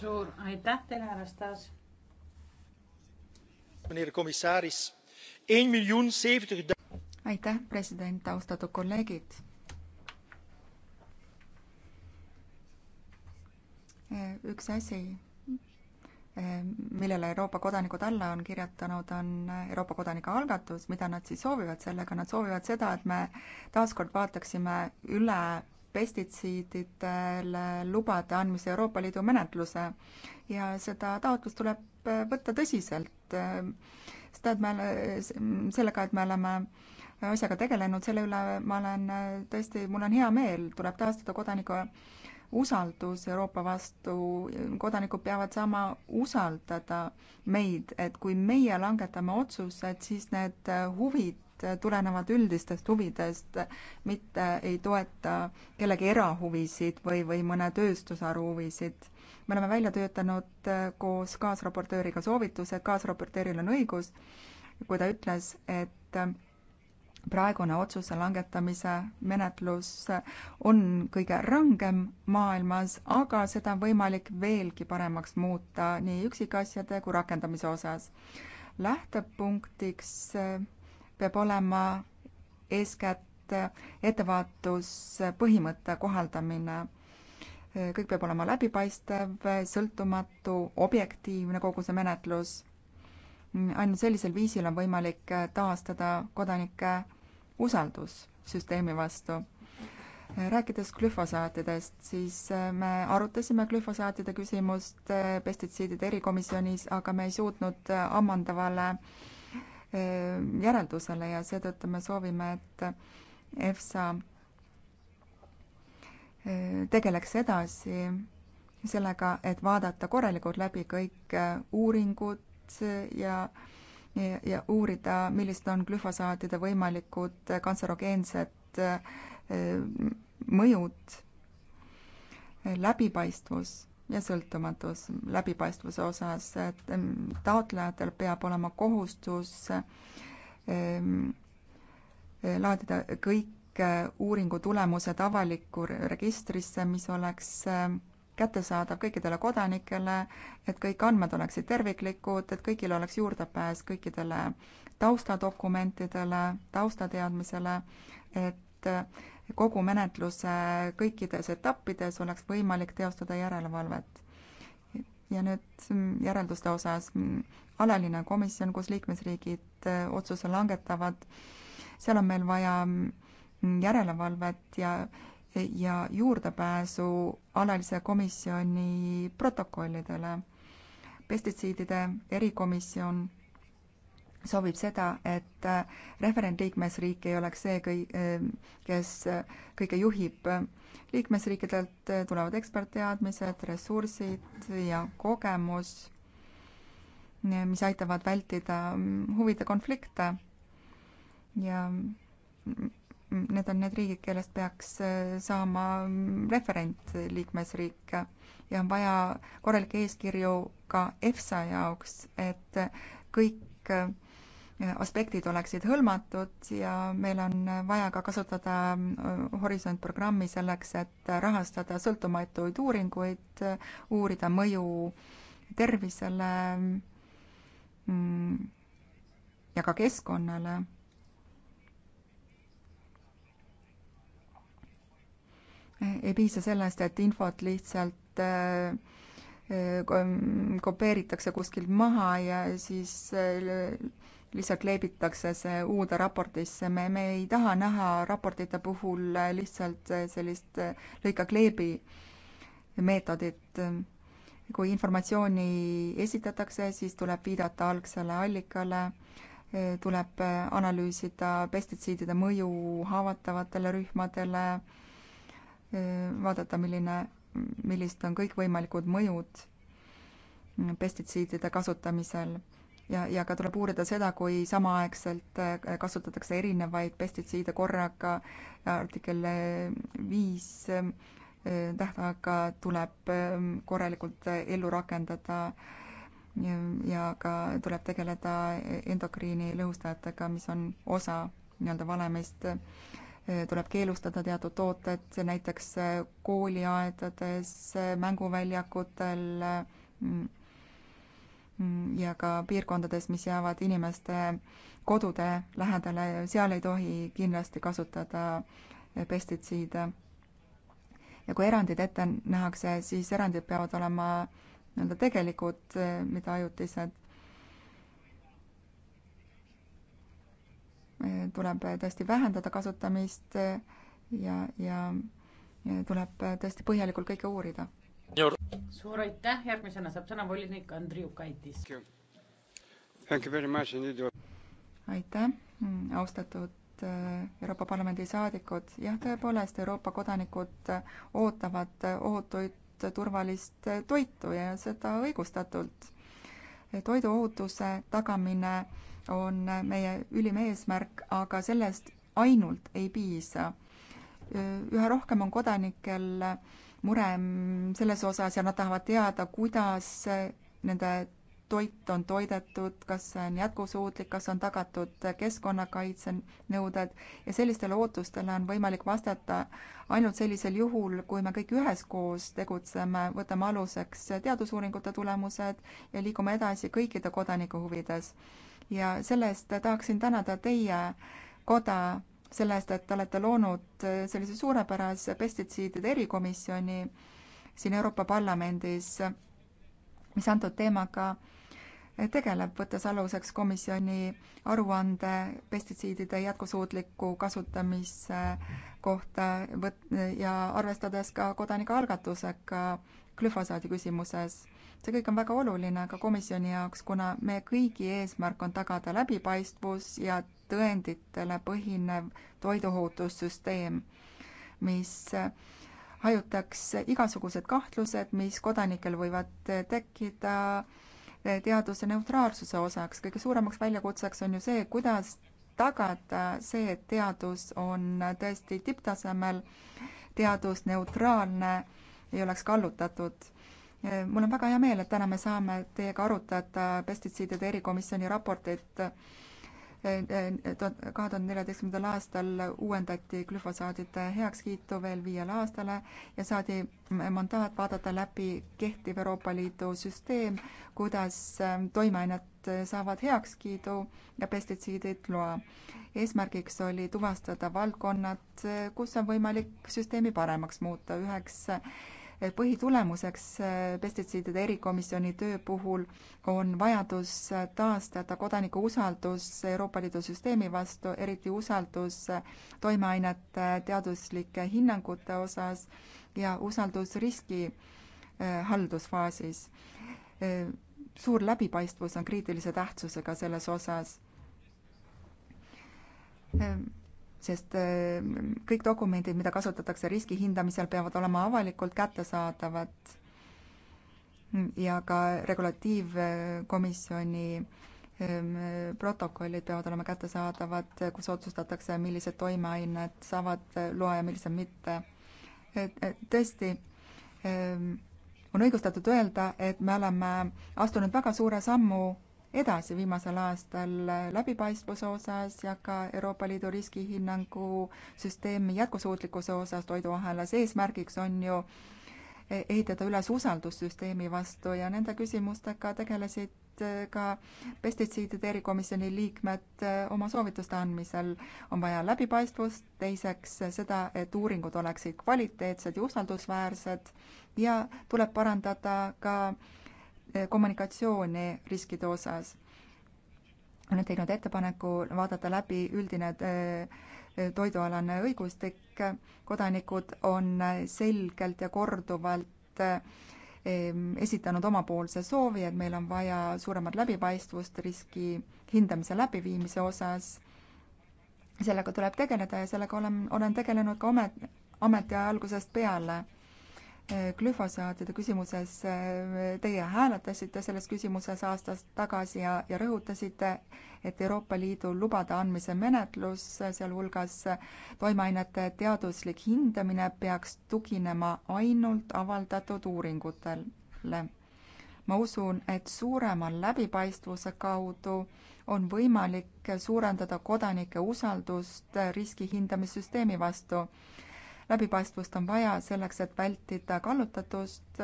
suur aitäh teile, härra Stas! aitäh, president, austatud kolleegid! Äh, üks asi Ehm, millele Euroopa kodanikud alla on kirjutanud, on Euroopa kodanike algatus, mida nad siis soovivad sellega, nad soovivad seda, et me taaskord vaataksime üle pestitsiididele lubade andmise Euroopa Liidu menetluse ja seda taotlust tuleb eh, võtta tõsiselt. Ehm, seda, et me, sellega, et me oleme asjaga tegelenud, selle üle ma olen eh, tõesti, mul on hea meel, tuleb taastada kodanike usaldus Euroopa vastu, kodanikud peavad saama usaldada meid, et kui meie langetame otsused, siis need huvid tulenevad üldistest huvidest, mitte ei toeta kellegi erahuvisid või, või mõne tööstusharu huvisid. me oleme välja töötanud äh, koos kaasraportööriga soovitused, kaasraportööril on õigus, kui ta ütles, et praegune otsuse langetamise menetlus on kõige rangem maailmas, aga seda on võimalik veelgi paremaks muuta nii üksikasjade kui rakendamise osas. lähtepunktiks peab olema eeskätt ettevaatuspõhimõtte kohaldamine kõik peab olema läbipaistev, sõltumatu, objektiivne, kogu see menetlus. ainult sellisel viisil on võimalik taastada kodanike usaldus süsteemi vastu. rääkides glüfosaatidest, siis äh, me arutasime glüfosaatide küsimust äh, pestitsiidide erikomisjonis, aga me ei suutnud äh, ammendavale järeldusele ja seetõttu me soovime, et EFSA tegeleks edasi sellega, et vaadata korralikult läbi kõik uuringud ja äh, ja uurida, millised on glüfosaatide võimalikud kantserogeensed eh, mõjud, läbipaistvus ja sõltumatus läbipaistvuse osas, et mm, taotlejatel peab olema kohustus ehm, laadida kõik eh, uuringu tulemused avalikku registrisse, mis oleks eh, kättesaadav kõikidele kodanikele, et kõik andmed oleksid terviklikud, et kõigil oleks juurdepääs kõikidele taustadokumentidele, taustateadmisele, et kogu menetluse kõikides etappides oleks võimalik teostada järelevalvet. ja nüüd mm, järelduste osas, mm, alaline komisjon, kus liikmesriigid äh, otsuse langetavad, seal on meil vaja mm, järelevalvet ja ja juurdepääsu alalise komisjoni protokollidele. pestitsiidide erikomisjon soovib seda, et äh, referentliikmesriik ei oleks see kõi-, äh, kes äh, kõike juhib. liikmesriikidelt tulevad ekspertteadmised, ressursid ja kogemus, mis aitavad vältida mm, huvide konflikte ja mm, need on need riigid, kellest peaks äh, saama mm, referentliikmesriik ja on vaja korralikke eeskirju ka EFSA jaoks, et kõik äh, aspektid oleksid hõlmatud ja meil on vaja ka kasutada mm, Horisont programmi selleks, et rahastada sõltumatuid uuringuid, uurida mõju tervisele mm, ja ka keskkonnale ei piisa sellest, et infot lihtsalt äh, kopeeritakse kuskilt maha ja siis äh, lihtsalt kleebitakse see uude raportisse. me, me ei taha näha raportite puhul äh, lihtsalt sellist lõika-kleebi meetodit. kui informatsiooni esitatakse, siis tuleb viidata algsele allikale, tuleb analüüsida pestitsiidide mõju haavatavatele rühmadele Äh, vaadata, milline, millised on kõikvõimalikud mõjud mm, pestitsiidide kasutamisel ja, ja ka tuleb uurida seda, kui samaaegselt äh, kasutatakse erinevaid pestitsiide korraga. artikkel äh, viis tähtaega tuleb ähm, korralikult ellu rakendada ja, ja ka tuleb tegeleda endokriini lõhustajatega, mis on osa nii-öelda valemist Äh, tuleb keelustada teatud tooted näiteks äh, kooliaedades, äh, mänguväljakutel mm, mm, ja ka piirkondades, mis jäävad inimeste kodude lähedale, seal ei tohi kindlasti kasutada pestitsiide. ja kui erandid ette nähakse, siis erandid peavad olema nii-öelda tegelikud, mitte ajutised tuleb tõesti vähendada kasutamist ja, ja tuleb tõesti põhjalikult kõike uurida. suur aitäh, järgmisena saab sõna volinik Andriukaitis. aitäh, austatud äh, Euroopa Parlamendi saadikud, jah, tõepoolest, Euroopa kodanikud ootavad ohutuid, turvalist toitu ja seda õigustatult. toiduohutuse tagamine on meie ülim eesmärk, aga sellest ainult ei piisa. üha rohkem on kodanikel mure selles osas ja nad tahavad teada, kuidas nende toit on toidetud, kas see on jätkusuutlik, kas on tagatud keskkonnakaitsenõuded ja sellistele ootustele on võimalik vastata ainult sellisel juhul, kui me kõik üheskoos tegutseme, võtame aluseks teadusuuringute tulemused ja liigume edasi kõikide kodanike huvides ja selle eest tahaksin tänada teie koda, selle eest, et olete loonud äh, sellise suurepärase pestitsiidide erikomisjoni siin Euroopa Parlamendis, mis antud teemaga tegeleb, võttes aluseks komisjoni aruande pestitsiidide jätkusuutliku kasutamise kohta võt- ja arvestades ka kodanikualgatusega glüfosaadi küsimuses see kõik on väga oluline ka komisjoni jaoks, kuna meie kõigi eesmärk on tagada läbipaistvus ja tõenditele põhinev toiduohutussüsteem, mis hajutaks igasugused kahtlused, mis kodanikel võivad tekkida teaduse neutraalsuse osaks. kõige suuremaks väljakutseks on ju see, kuidas tagada see, et teadus on tõesti tipptasemel, teadus neutraalne, ei oleks kallutatud mul on väga hea meel, et täna me saame teiega arutada pestitsiidide erikomisjoni raportit. kahe tuhande neljateistkümnendal aastal uuendati glüfosaadide heakskiitu veel viiele aastale ja saadi mandaat vaadata läbi kehtiv Euroopa Liidu süsteem, kuidas toimeained saavad heakskiidu ja pestitsiidid loa. eesmärgiks oli tuvastada valdkonnad, kus on võimalik süsteemi paremaks muuta. üheks põhitulemuseks äh, pestitsiidide erikomisjoni töö puhul on vajadus taastada kodanike usaldus Euroopa Liidu süsteemi vastu, eriti usaldus toimeainete teaduslike hinnangute osas ja usaldus riski äh, haldusfaasis. Äh, suur läbipaistvus on kriitilise tähtsusega selles osas sest ehm, kõik dokumendid, mida kasutatakse riski hindamisel, peavad olema avalikult kättesaadavad ja ka regulatiivkomisjoni ehm, protokollid peavad olema kättesaadavad, kus otsustatakse, millised toimeained saavad loa ja millised mitte. tõesti, ehm, on õigustatud öelda, et me oleme astunud väga suure sammu edasi viimasel aastal läbipaistvuse osas ja ka Euroopa Liidu riskihinnangu süsteemi jätkusuutlikkuse osas toiduahelas. eesmärgiks on ju ehitada üles usaldussüsteemi vastu ja nende küsimustega tegelesid äh, ka pestitsiidide erikomisjoni liikmed äh, oma soovituste andmisel. on vaja läbipaistvust, teiseks äh, seda, et uuringud oleksid kvaliteetsed ja usaldusväärsed ja tuleb parandada ka äh, Eh, kommunikatsiooni riskide osas. olen teinud ettepaneku vaadata läbi üldine eh, eh, toidualane õigustik, kodanikud on selgelt ja korduvalt esitanud omapoolse soovi, et meil on vaja suuremat läbipaistvust riski hindamise läbiviimise osas. sellega tuleb tegeleda ja sellega olen, olen tegelenud ka amet, ametiaja algusest peale Eh, glüfosaatide küsimuses eh, teie hääletasite selles küsimuses aastast tagasi ja, ja rõhutasite, et Euroopa Liidu lubade andmise menetlus, sealhulgas toimeainete teaduslik hindamine, peaks tuginema ainult avaldatud uuringutele. ma usun, et suurema läbipaistvuse kaudu on võimalik suurendada kodanike usaldust riski hindamissüsteemi vastu läbipaistvust on vaja selleks, et vältida kallutatust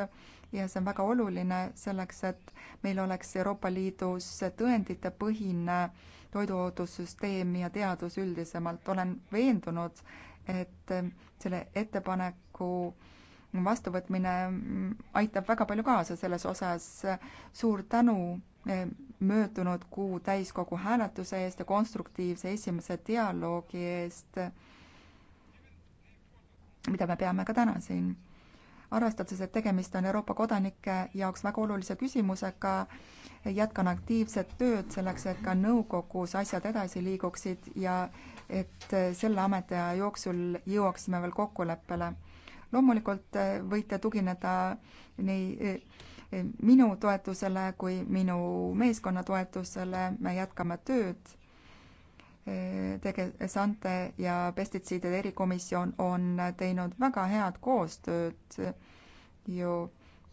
ja see on väga oluline selleks, et meil oleks Euroopa Liidus tõenditepõhine toiduohutussüsteem ja teadus üldisemalt. olen veendunud, et selle ettepaneku vastuvõtmine aitab väga palju kaasa selles osas. suur tänu eh, möödunud kuu täiskogu hääletuse eest ja konstruktiivse esimese dialoogi eest mida me peame ka täna siin. arvestades, et tegemist on Euroopa kodanike jaoks väga olulise küsimusega, jätkan aktiivset tööd selleks, et ka nõukogus asjad edasi liiguksid ja et selle ametiaja jooksul jõuaksime veel kokkuleppele. loomulikult eh, võite tugineda nii eh, minu toetusele kui minu meeskonna toetusele, me jätkame tööd tege-, Sante ja pestitsiidide erikomisjon on teinud väga head koostööd ju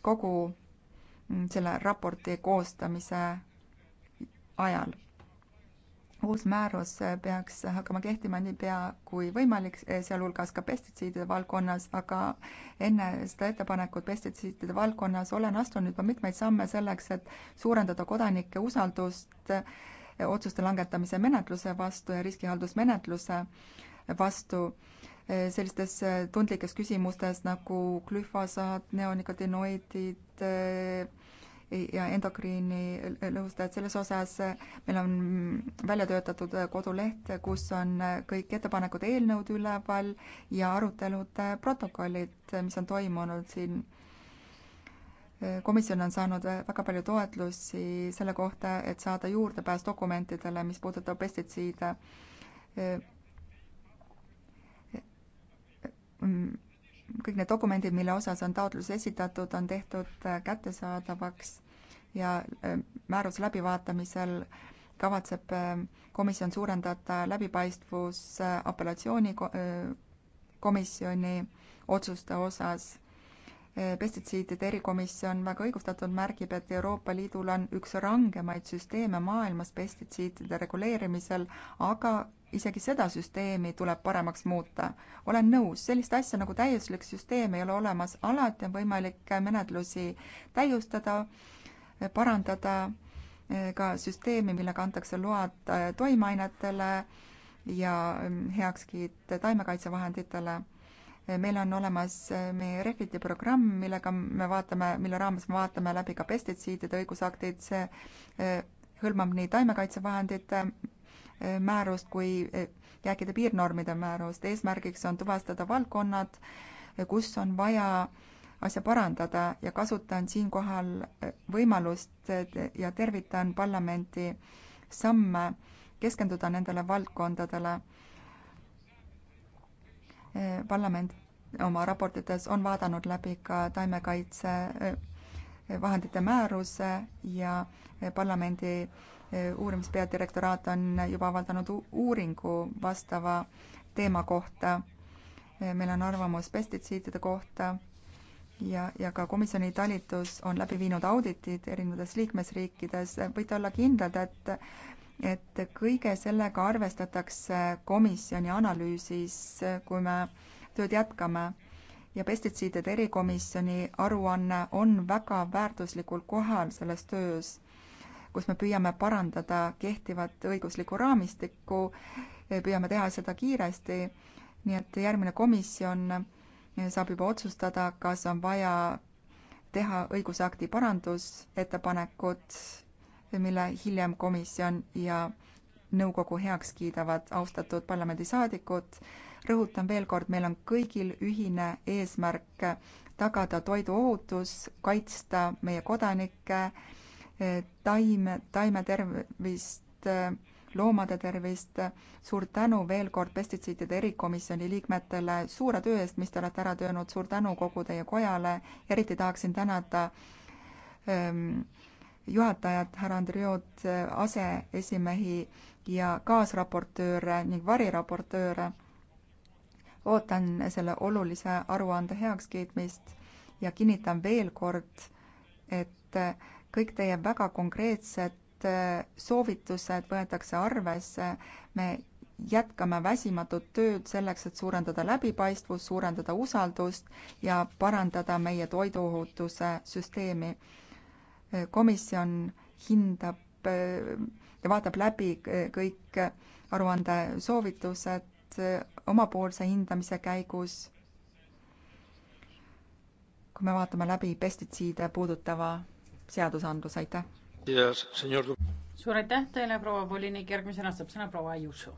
kogu mm, selle raporti koostamise ajal. uus määrus peaks hakkama kehtima niipea kui võimalik, sealhulgas ka pestitsiidide valdkonnas, aga enne seda ettepanekut pestitsiidide valdkonnas olen astunud juba mitmeid samme selleks, et suurendada kodanike usaldust äh, otsuste langetamise menetluse vastu ja riskihaldusmenetluse vastu sellistes tundlikes küsimustes nagu glüfosaat, neonikotinoidid eh, ja endokriini lõhustajad, selles osas meil on välja töötatud koduleht, kus on kõik ettepanekud, eelnõud üleval ja arutelude protokollid, mis on toimunud siin komisjon on saanud väga palju toetlusi selle kohta, et saada juurdepääs dokumentidele, mis puudutab pestitsiide. kõik need dokumendid, mille osas on taotlus esitatud, on tehtud kättesaadavaks ja äh, määruse läbivaatamisel kavatseb äh, komisjon suurendada läbipaistvus äh, apellatsioonikomisjoni otsuste osas Eh, pestitsiidide erikomisjon väga õigustatult märgib, et Euroopa Liidul on üks rangemaid süsteeme maailmas pestitsiidide reguleerimisel, aga isegi seda süsteemi tuleb paremaks muuta. olen nõus, sellist asja nagu täiuslik süsteem ei ole olemas, alati on võimalik menetlusi täiustada, eh, parandada eh, ka süsteemi, millega antakse load toimeainetele ja mm, heakskiit taimekaitsevahenditele meil on olemas äh, meie Refiti programm, millega me vaatame, mille raames me vaatame läbi ka pestitsiidide õigusaktid, see äh, hõlmab nii taimekaitsevahendite äh, määrust kui jääkide piirnormide määrust. eesmärgiks on tuvastada valdkonnad, kus on vaja asja parandada ja kasutan siinkohal võimalust ja tervitan parlamendi samme keskenduda nendele valdkondadele Eh, parlament oma raportites on vaadanud läbi ka taimekaitse eh, eh, vahendite määruse ja parlamendi uurimispeadirektoraat on juba avaldanud uuringu vastava teema kohta. meil on arvamus pestitsiidide kohta ja, ja ka komisjoni talitus on läbi viinud auditid erinevates liikmesriikides. võite olla kindlad, et et kõige sellega arvestatakse komisjoni analüüsis, kui me tööd jätkame ja pestitsiidide erikomisjoni aruanne on väga väärtuslikul kohal selles töös, kus me püüame parandada kehtivat õiguslikku raamistikku, püüame teha seda kiiresti, nii et järgmine komisjon saab juba otsustada, kas on vaja teha õigusakti parandusettepanekut mille hiljem komisjon ja nõukogu heaks kiidavad austatud parlamendisaadikud. rõhutan veel kord, meil on kõigil ühine eesmärk tagada toiduohutus, kaitsta meie kodanikke, taime, taimetervist, loomade tervist. suur tänu veel kord pestitsiidide erikomisjoni liikmetele suure töö eest, mis te olete ära töönud, suur tänu kogu teie kojale, eriti tahaksin tänada ähm, juhatajat, härra Andriot, aseesimehi ja kaasraportööre ning variraportööre. ootan selle olulise aruande heakskiitmist ja kinnitan veel kord, et kõik teie väga konkreetsed soovitused võetakse arvesse. me jätkame väsimatut tööd selleks, et suurendada läbipaistvust, suurendada usaldust ja parandada meie toiduohutuse süsteemi komisjon hindab äh, ja vaatab läbi äh, kõik äh, aruande soovitused omapoolse hindamise käigus. kui me vaatame läbi pestitsiide puudutava seadusandluse, aitäh. suur aitäh teile, proua volinik, järgmisena saab sõna proua Jusu.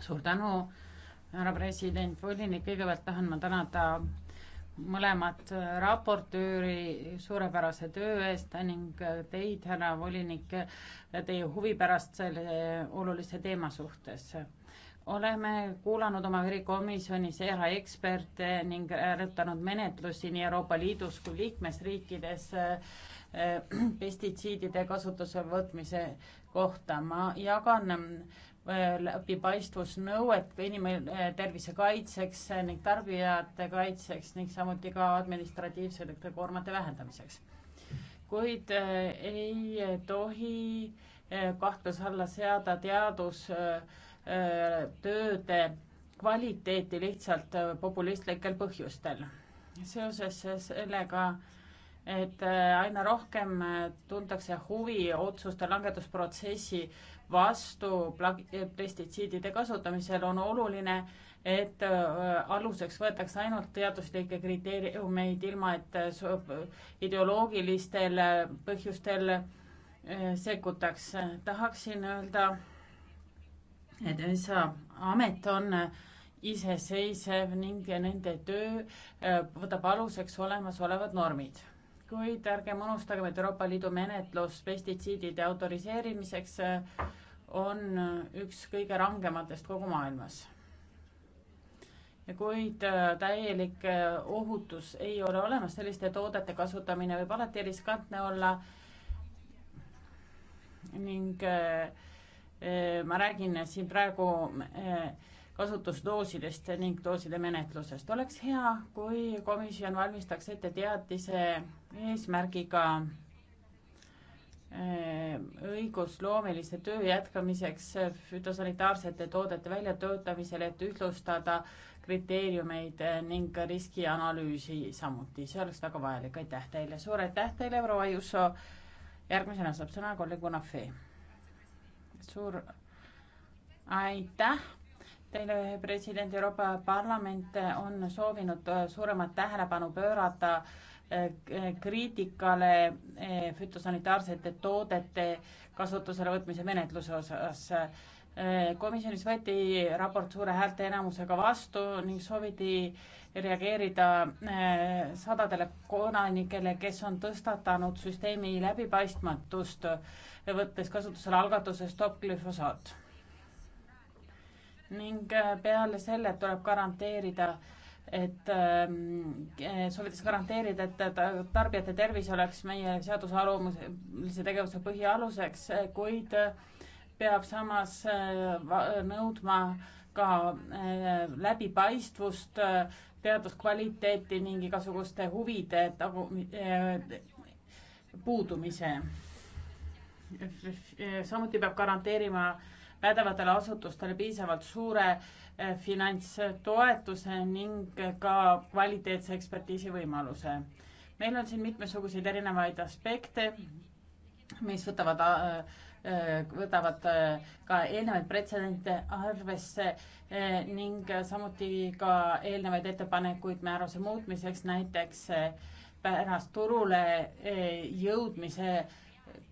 suur tänu, härra president, volinik, kõigepealt tahan ma tänada mõlemat äh, raportööri suurepärase töö eest ning äh, teid, härra volinik, äh, teie huvi pärast selle olulise teema suhtes. oleme kuulanud oma erikomisjonis eraeksperte ning arutanud menetlusi nii Euroopa Liidus kui liikmesriikides pestitsiidide kasutusele võtmise kohta. ma jagan ähm, läbipaistvusnõuet inimtervise eh, kaitseks ning tarbijate kaitseks ning samuti ka administratiivsete koormate vähendamiseks. kuid eh, ei tohi eh, kahtluse alla seada teadustööde kvaliteeti lihtsalt populistlikel põhjustel. seoses sellega et aina rohkem tuntakse huvi otsuste langetusprotsessi vastu pestitsiidide kasutamisel, on oluline, et äh, aluseks võetakse ainult teaduslikke kriteeriumeid, ilma et äh, ideoloogilistel äh, põhjustel sekkutaks. tahaksin öelda, et ENSA amet on iseseisev ning nende töö võtab aluseks olemasolevad normid. kuid ärgem unustagem, et Euroopa Liidu menetlus pestitsiidide autoriseerimiseks on üks kõige rangematest kogu maailmas. kuid äh, täielik äh, ohutus ei ole olemas, selliste toodete kasutamine võib alati riskantne olla. ning äh, ma räägin siin praegu kasutusdoosidest ning dooside menetlusest. oleks hea, kui komisjon valmistaks ette teatise eesmärgiga Ehm, õigusloomelise töö jätkamiseks fütosanitaarsete toodete väljatöötamisel, et ühtlustada kriteeriumeid eh, ning riskianalüüsi samuti, see oleks väga vajalik, aitäh teile, suur aitäh teile, proua Jusso. järgmisena saab sõna kolleeg Bonafé. suur aitäh teile, president, Euroopa Parlament on soovinud eh, suuremat tähelepanu pöörata äh, Eh, kriitikale eh, fütosanitaarsete toodete kasutusele võtmise menetluse osas. Eh, komisjonis võeti raport suure häälteenamusega vastu ning sooviti reageerida sadadele kodanikele, kes on tõstatanud süsteemi läbipaistmatust, võttes kasutusele algatuse Stop glüfosaat. ning peale selle tuleb garanteerida äh, et ähm, eh, soovides garanteerida, et tarbijate tervis oleks meie seaduse alumuse tegevuse põhialuseks, eh, kuid eh, peab samas nõudma ka läbipaistvust, teaduskvaliteeti ning igasuguste huvide tagu-, puudumise. samuti peab garanteerima pädevatele asutustele piisavalt suure Eh, finantstoetuse ning ka kvaliteetse ekspertiisi võimaluse. meil on siin mitmesuguseid erinevaid aspekte, mis võtavad, eh, võtavad eh, ka eelnevaid pretsedente arvesse ning samuti ka eelnevaid ettepanekuid määruse muutmiseks, näiteks pärast turule jõudmise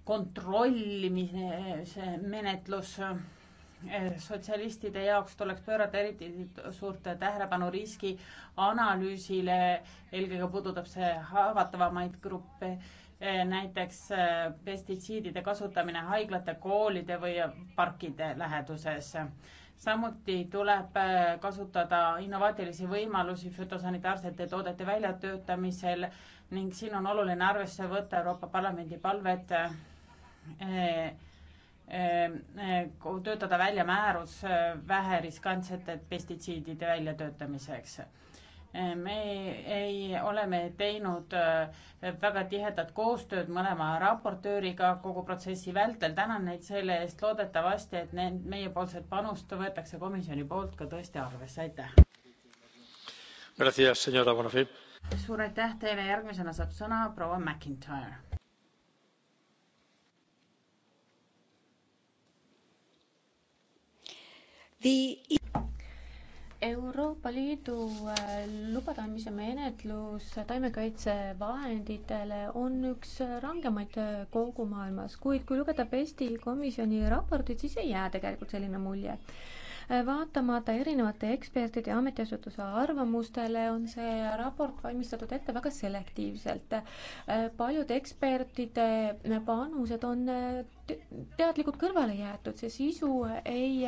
kontrollimise menetlus sotsialistide jaoks tuleks pöörata eriti suurt tähelepanu riski analüüsile, eelkõige puudutab see haavatavamaid gruppe, näiteks äh, pestitsiidide kasutamine haiglate, koolide või parkide läheduses. samuti tuleb äh, kasutada innovaatilisi võimalusi fütosanitaarsete toodete väljatöötamisel ning siin on oluline arvesse võtta Euroopa Parlamendi palvet äh, Ehm, eh, töötada välja määrus eh, väheriskantsete pestitsiidide väljatöötamiseks. Eh, me ei, oleme teinud väga tihedat koostööd mõlema raportööriga kogu protsessi vältel, tänan neid selle eest, loodetavasti, et need meiepoolsed panust võetakse komisjoni poolt ka tõesti arvesse, aitäh. suur aitäh teile, järgmisena saab sõna proua McIntyre The... Euroopa Liidu äh, lubade andmise menetlus taimekaitsevahenditele on üks rangemaid äh, kogu maailmas, kuid kui lugeda Pesti komisjoni raportit, siis ei jää tegelikult selline mulje Äh, vaatamata erinevate ekspertide ja ametiasutuse arvamustele on see raport valmistatud ette väga selektiivselt. Äh, paljude ekspertide panused on äh, teadlikult kõrvale jäetud, see sisu ei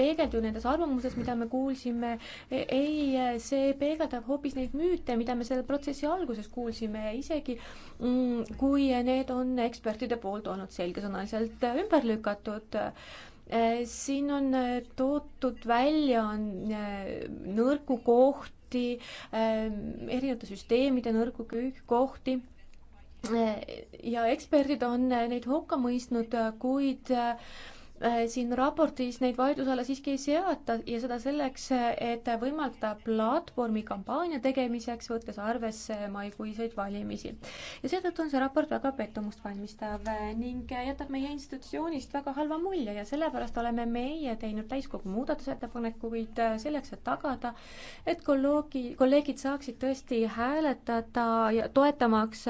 peegeldu nendes arvamuses, mida me kuulsime, e-, ei, see peegeldab hoopis neid müüte, mida me selle protsessi alguses kuulsime, isegi mm, kui need on ekspertide poolt olnud selgesõnaliselt ümber lükatud Äh, siin on äh, toodud välja äh, nõrku kohti, erinevate süsteemide nõrku kohti ja eksperdid on neid hukka mõistnud, kuid Äh, siin raportis neid vaidluse alla siiski ei seata ja seda selleks, et võimaldada platvormi kampaania tegemiseks, võttes arvesse maikuiseid valimisi. ja seetõttu on see raport väga pettumust valmistav äh, ning äh, jätab meie institutsioonist väga halva mulje ja sellepärast oleme meie teinud täiskogu muudatusettepanekuid selleks, et tagada, et kolloogi, kolleegid saaksid tõesti hääletada ja toetamaks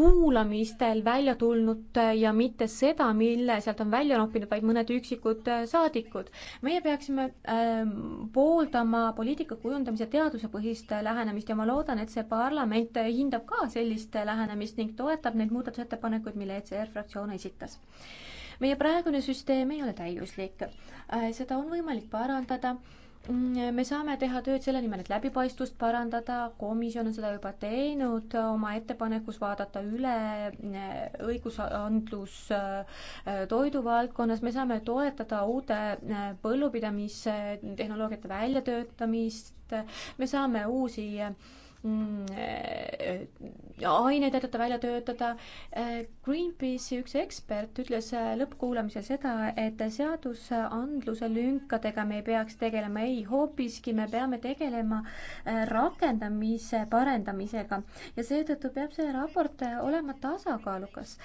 kuulamistel välja tulnud ja mitte seda, mille sealt on välja noppinud, vaid mõned üksikud äh, saadikud. meie peaksime ähm, pooldama poliitika kujundamise teadusepõhist äh, lähenemist ja ma loodan, et see parlament äh, hindab ka sellist lähenemist ning toetab neid muudatusettepanekuid, mille ECR fraktsioon esitas meie praegune süsteem ei ole täiuslik, seda on võimalik parandada Mm, me saame teha tööd selle nimel, et läbipaistvust parandada, komisjon on seda juba teinud, oma ettepanekus vaadata üle eh, õigusandlus eh, toiduvaldkonnas, me saame toetada uute eh, põllupidamistehnoloogiate väljatöötamist, me saame uusi Mm, eh, aineid aidata välja töötada. Eh, Greenpeace'i üks ekspert ütles eh, lõppkuulamisel seda, et seadusandluse lünkadega me ei peaks tegelema, ei, hoopiski me peame tegelema rakendamise parendamisega ja seetõttu peab see raport olema tasakaalukas.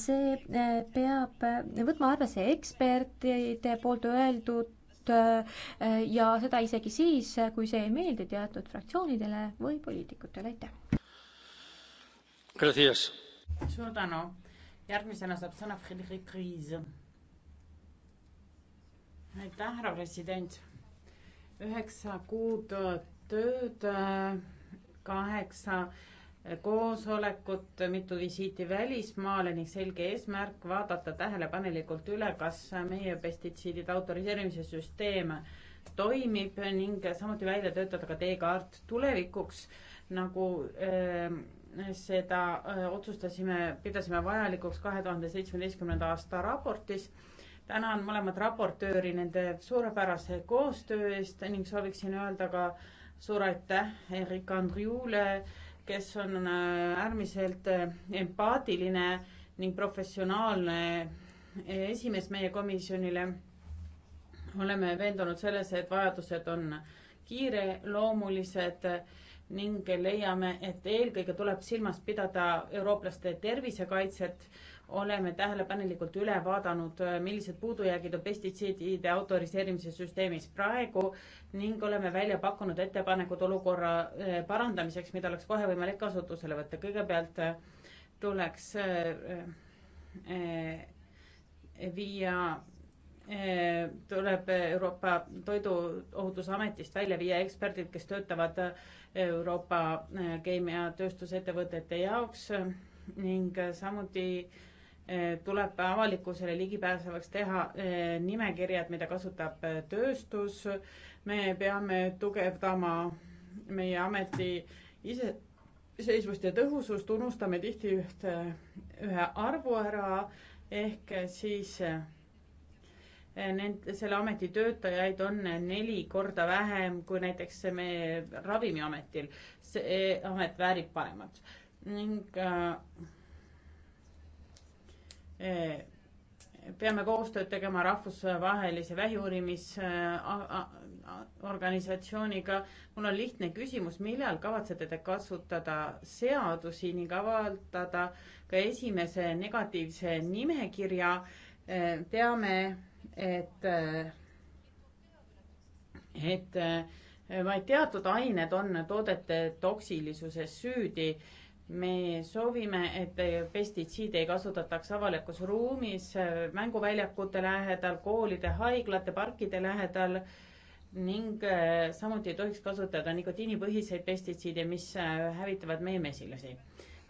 see peab võtma arvesse ekspertide poolt öeldud koostööd äh, ja seda isegi siis, kui see ei meeldi teatud fraktsioonidele või poliitikutele, aitäh! suur tänu, järgmisena saab sõna Fredrik Riis. aitäh, härra president! üheksa kuud tööd, kaheksa koosolekut, mitu visiiti välismaale ning selge eesmärk vaadata tähelepanelikult üle, kas meie pestitsiidide autoriseerimise süsteem toimib ning samuti välja töötada ka teekaart tulevikuks, nagu äh, seda äh, otsustasime, pidasime vajalikuks kahe tuhande seitsmeteistkümnenda aasta raportis. tänan mõlemat raportööri nende suurepärase koostöö eest ning sooviksin öelda ka suur aitäh Erika Andriule äh, kes on äh, äärmiselt äh, empaatiline ning professionaalne äh, esimees meie komisjonile. oleme veendunud selles, et vajadused on kiireloomulised ning leiame, et eelkõige tuleb silmas pidada eurooplaste tervisekaitset oleme tähelepanelikult üle vaadanud, äh, millised puudujäägid on pestitsiidide autoriseerimise süsteemis praegu ning oleme välja pakkunud ettepanekud olukorra äh, parandamiseks, mida oleks kohe võimalik kasutusele võtta. kõigepealt äh, tuleks viia, tuleb Euroopa Toiduohutusametist välja viia eksperdid, kes töötavad Euroopa keemiatööstusettevõtete jaoks ning samuti äh, Eh, tuleb avalikkusele ligipääsevaks teha eh, nimekirjad, mida kasutab eh, tööstus. me peame tugevdama meie ameti iseseisvust ja tõhusust, unustame tihti ühte, ühe arvu ära ehk siis nende, selle ameti töötajaid on neli korda vähem kui näiteks meie Ravimiametil. see amet väärib paremat ning äh, peame koostööd tegema rahvusvahelise vähiuurimisorganisatsiooniga. mul on lihtne küsimus, millal kavatsete te kasutada seadusi ning avaldada ka esimese negatiivse nimekirja? teame, et, et äh, vaid teatud ained on toodete toksilisuses süüdi me soovime, et pestitsiide ei kasutataks avalikus ruumis, mänguväljakute lähedal, koolide, haiglate, parkide lähedal ning äh, samuti ei tohiks kasutada nikotiinipõhiseid pestitsiide, mis äh, hävitavad meie mesilasi.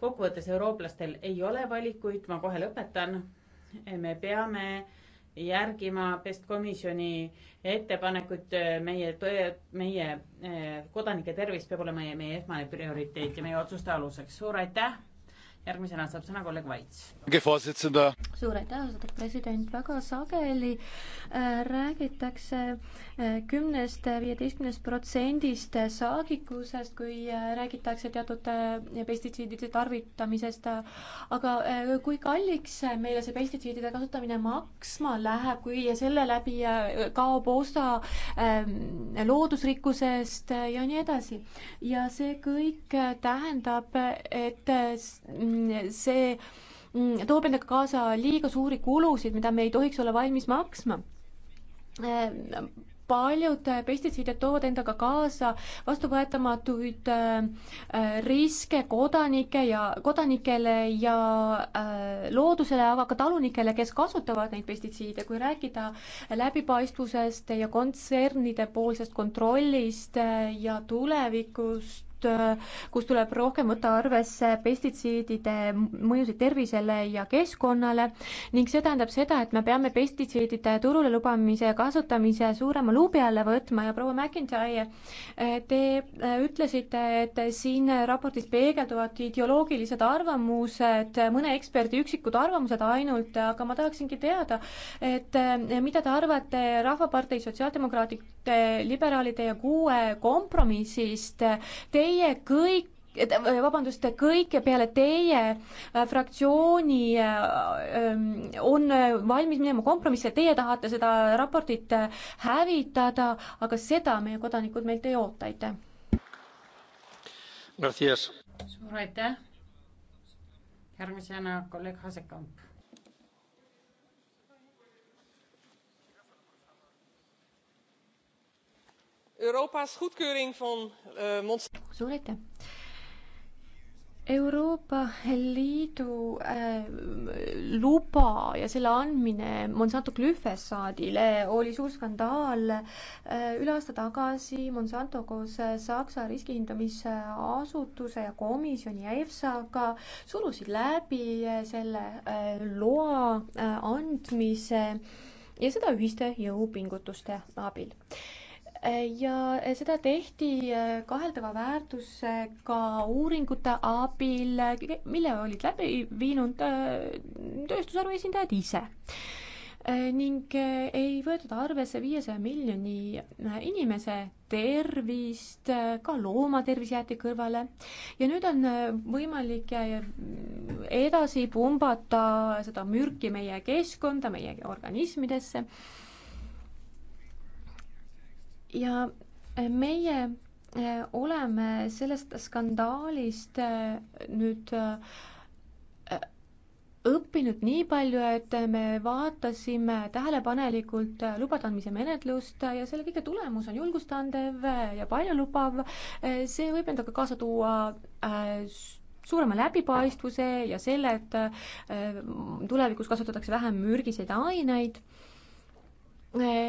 kokkuvõttes eurooplastel ei ole valikuid, ma kohe lõpetan. me peame äh, järgima pestkomisjoni ettepanekuid, meie, meie eh, kodanike tervis peab olema meie, meie esmane prioriteet ja meie otsuste aluseks. suur aitäh! järgmisena saab sõna kolleeg Vaits. suur aitäh, austatud president, väga sageli äh, räägitakse äh, kümnest äh,, viieteistkümnest protsendist äh, saagikusest, kui äh, räägitakse teatud äh, pestitsiidide tarvitamisest, aga kui kalliks meile see pestitsiidide kasutamine maksma läheb, kui selle läbi kaob osa ähm, loodusrikkusest ja nii edasi. ja see kõik tähendab, et see mm, toob endaga kaasa liiga suuri kulusid, mida me ei tohiks olla valmis maksma ehm, paljud pestitsiidid toovad endaga kaasa vastuvõetamatuid äh, riske kodanike ja, kodanikele ja äh, loodusele, aga ka talunikele, kes kasutavad neid pestitsiide. kui rääkida läbipaistvusest ja kontsernide poolsest kontrollist äh, ja tulevikust, raport, kus tuleb rohkem võtta arvesse pestitsiidide mõjusid tervisele ja keskkonnale ning see tähendab seda, et me peame pestitsiidide turule lubamise ja kasutamise suurema luubi alla võtma ja proua McIntyre, te ütlesite, et siin raportis peegelduvad ideoloogilised arvamused, mõne eksperdi üksikud arvamused ainult, aga ma tahaksingi teada, et mida te arvate Rahvapartei Sotsiaaldemokraatlik Eh, liberaalide ja kuue kompromissist, teie kõik eh, vabandust, kõik peale teie eh, fraktsiooni ehm, on valmis minema kompromisse, teie tahate seda raportit hävitada, aga seda meie kodanikud meilt ei oota, aitäh. suur aitäh. järgmisena kolleeg Asekamp Euroopas goedkeuring van uh, suur aitäh! Euroopa Liidu äh, luba ja selle andmine Monsanto glüfesaadile oli suur skandaal äh,. üle aasta tagasi Monsanto koos Saksa riskihindamisasutuse ja komisjoni ja EFSA-ga surusid läbi selle äh, loa andmise ja seda ühiste jõupingutuste abil ja seda tehti äh, kaheldava väärtusega uuringute abil, äh, mille olid läbi viinud äh, tööstusharu esindajad ise ning ei võetud arvesse viiesaja miljoni inimese tervist, ka loomatervis jäeti kõrvale. ja nüüd on võimalik edasi pumbata seda mürki meie keskkonda, meie organismidesse ja äh, meie äh, oleme sellest skandaalist äh, nüüd õppinud nii palju, et me vaatasime tähelepanelikult lubade andmise menetlust ja selle kõige tulemus on julgustandev ja paljulubav. see võib endaga kaasa tuua suurema läbipaistvuse ja selle, et tulevikus kasutatakse vähem mürgiseid aineid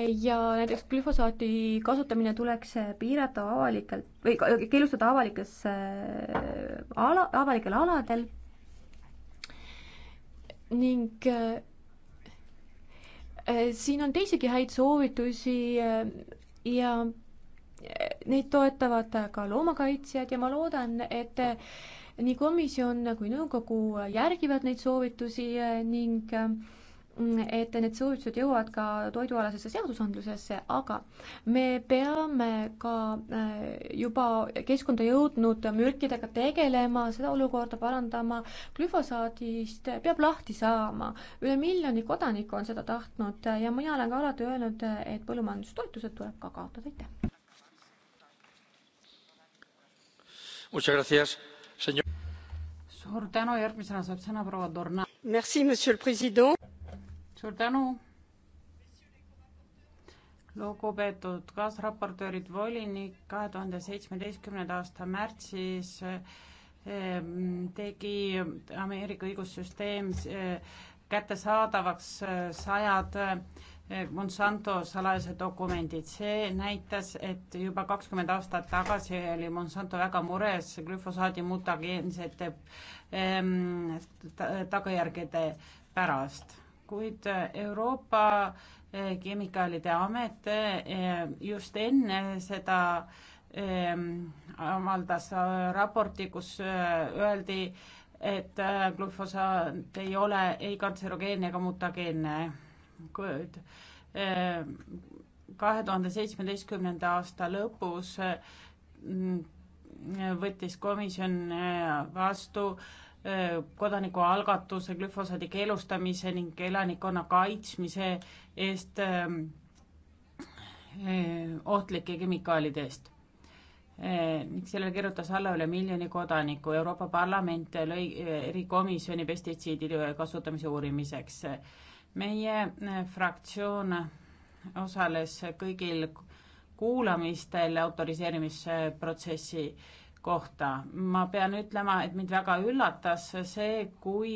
ja näiteks glüfosaati kasutamine tuleks piirata avalikelt või keelustada avalikes äh, ala, avalikel aladel ning äh, äh, siin on teisigi häid soovitusi ja neid toetavad ka loomakaitsjad ja ma loodan, et nii komisjon kui nõukogu järgivad neid soovitusi ning äh, et need soovitused jõuavad ka toidualasesse seadusandlusesse, aga me peame ka äh, juba keskkonda jõudnud mürkidega tegelema, seda olukorda parandama, glüfosaadist peab lahti saama. üle miljoni kodaniku on seda tahtnud ja mina olen ka alati öelnud, et põllumajandustoetused tuleb ka kaotada, aitäh. suur tänu, järgmisena saab sõna proua Dorna. Merci, monsieur le president suur tänu. lugupeetud kaasraportöörid, volinik kahe tuhande seitsmeteistkümnenda aasta märtsis ehm, tegi Ameerika õigussüsteem eh, kättesaadavaks eh, sajad eh, Monsanto salajased dokumendid. see näitas, et juba kakskümmend aastat tagasi oli Monsanto väga mures glüfosaadi mutageensete ähm, tagajärgede pärast kuid Euroopa eh, Kemikaalide Amet eh, just enne seda eh, avaldas raporti, kus öeldi, et glüfosaat ei ole ei kantserogeenne ega mutageenne. kuid kahe tuhande seitsmeteistkümnenda aasta lõpus mm, võttis komisjon vastu kodanikualgatuse glüfosaadi keelustamise ning elanikkonna kaitsmise eest ohtlike kemikaalide eest. sellele kirjutas alla üle miljoni kodaniku. Euroopa Parlament lõi erikomisjoni pestitsiidide kasutamise uurimiseks. meie fraktsioon osales kõigil kuulamistel autoriseerimisprotsessi kohta. ma pean ütlema, et mind väga üllatas see, kui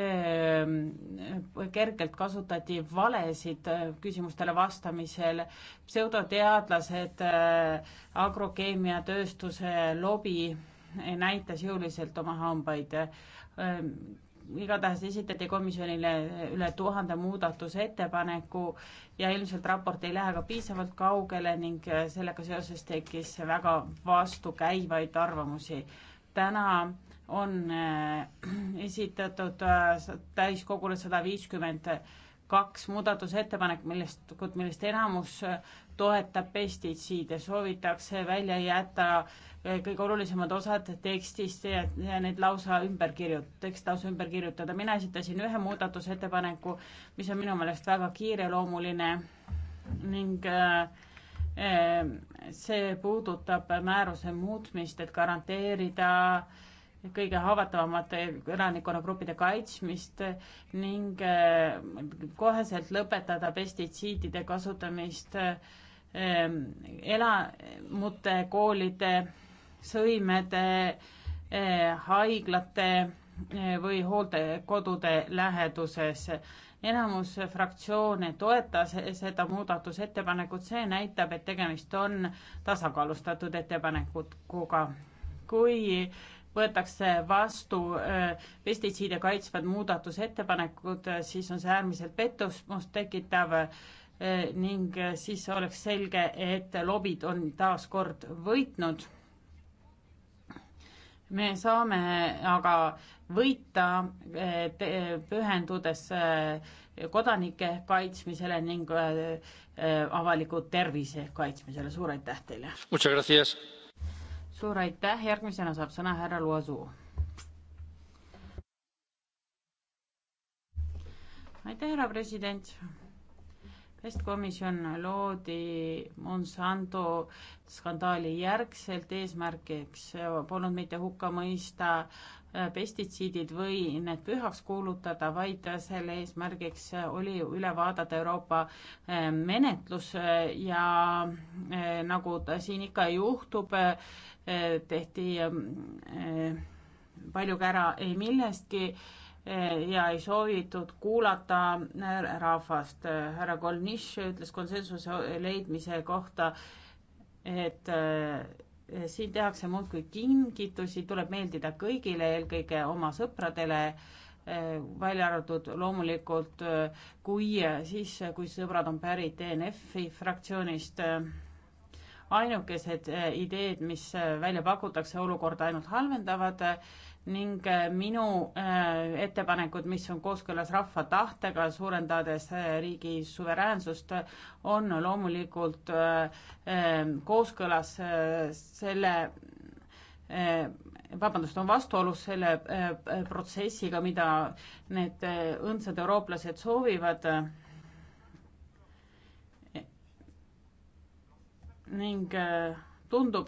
ehm, kergelt kasutati valesid äh, küsimustele vastamisel. pseudoteadlased, äh, agrokeemiatööstuse lobi näitas jõuliselt oma hambaid. Ehm, igatahes esitati komisjonile üle tuhande muudatusettepaneku ja ilmselt raport ei lähe ka piisavalt kaugele ning sellega seoses tekkis väga vastukäivaid arvamusi. täna on äh, esitatud äh, täiskogule sada viiskümmend kaks muudatusettepanek, millest, millest enamus toetab pestitsiide, soovitakse välja jätta eh, kõige olulisemad osad tekstist ja, ja need lausa ümber kirjut-, tekst lausa ümber kirjutada. mina esitasin ühe muudatusettepaneku, mis on minu meelest väga kiireloomuline ning eh, eh, see puudutab määruse muutmist, et garanteerida kõige haavatavamate elanikkonnagruppide kaitsmist ning koheselt lõpetada pestitsiidide kasutamist äh, Ehm, elamute, koolide, sõimede, eh, haiglate eh, või hooldekodude läheduses. enamus fraktsioone toetas seda muudatusettepanekut, see näitab, et tegemist on tasakaalustatud ettepanekuga. kui võetakse vastu eh, pestitsiide kaitsvad muudatusettepanekud, siis on see äärmiselt pettumust tekitav Eh, ning eh, siis oleks selge, et lobid on taas kord võitnud. me saame aga võita eh, pühendudes kodanike kaitsmisele ning avaliku tervise kaitsmisele. suur aitäh teile! suur aitäh, järgmisena saab sõna härra Loasu. aitäh, härra president! vestkomisjon loodi Monsanto skandaali järgselt, eesmärgiks polnud mitte hukka mõista äh, pestitsiidid või need pühaks kuulutada, vaid selle eesmärgiks oli üle vaadata Euroopa äh, menetlus äh, ja nagu siin ikka juhtub, tehti palju kära ei millestki ja ei soovitud kuulata äh, rahvast. härra Kolnish ütles konsensuse leidmise kohta, et äh, siin tehakse muudkui kingitusi, tuleb meeldida kõigile, eelkõige oma sõpradele, äh, välja arvatud loomulikult kui siis, kui sõbrad on pärit ENF-i fraktsioonist, ainukesed ideed, mis välja pakutakse, olukorda ainult halvendavad ning äh, minu äh, ettepanekud, mis on kooskõlas rahva tahtega, suurendades äh, riigi suveräänsust, on loomulikult kooskõlas selle vabandust, on vastuolus selle protsessiga, mida need õndsad eurooplased soovivad. ning tundub,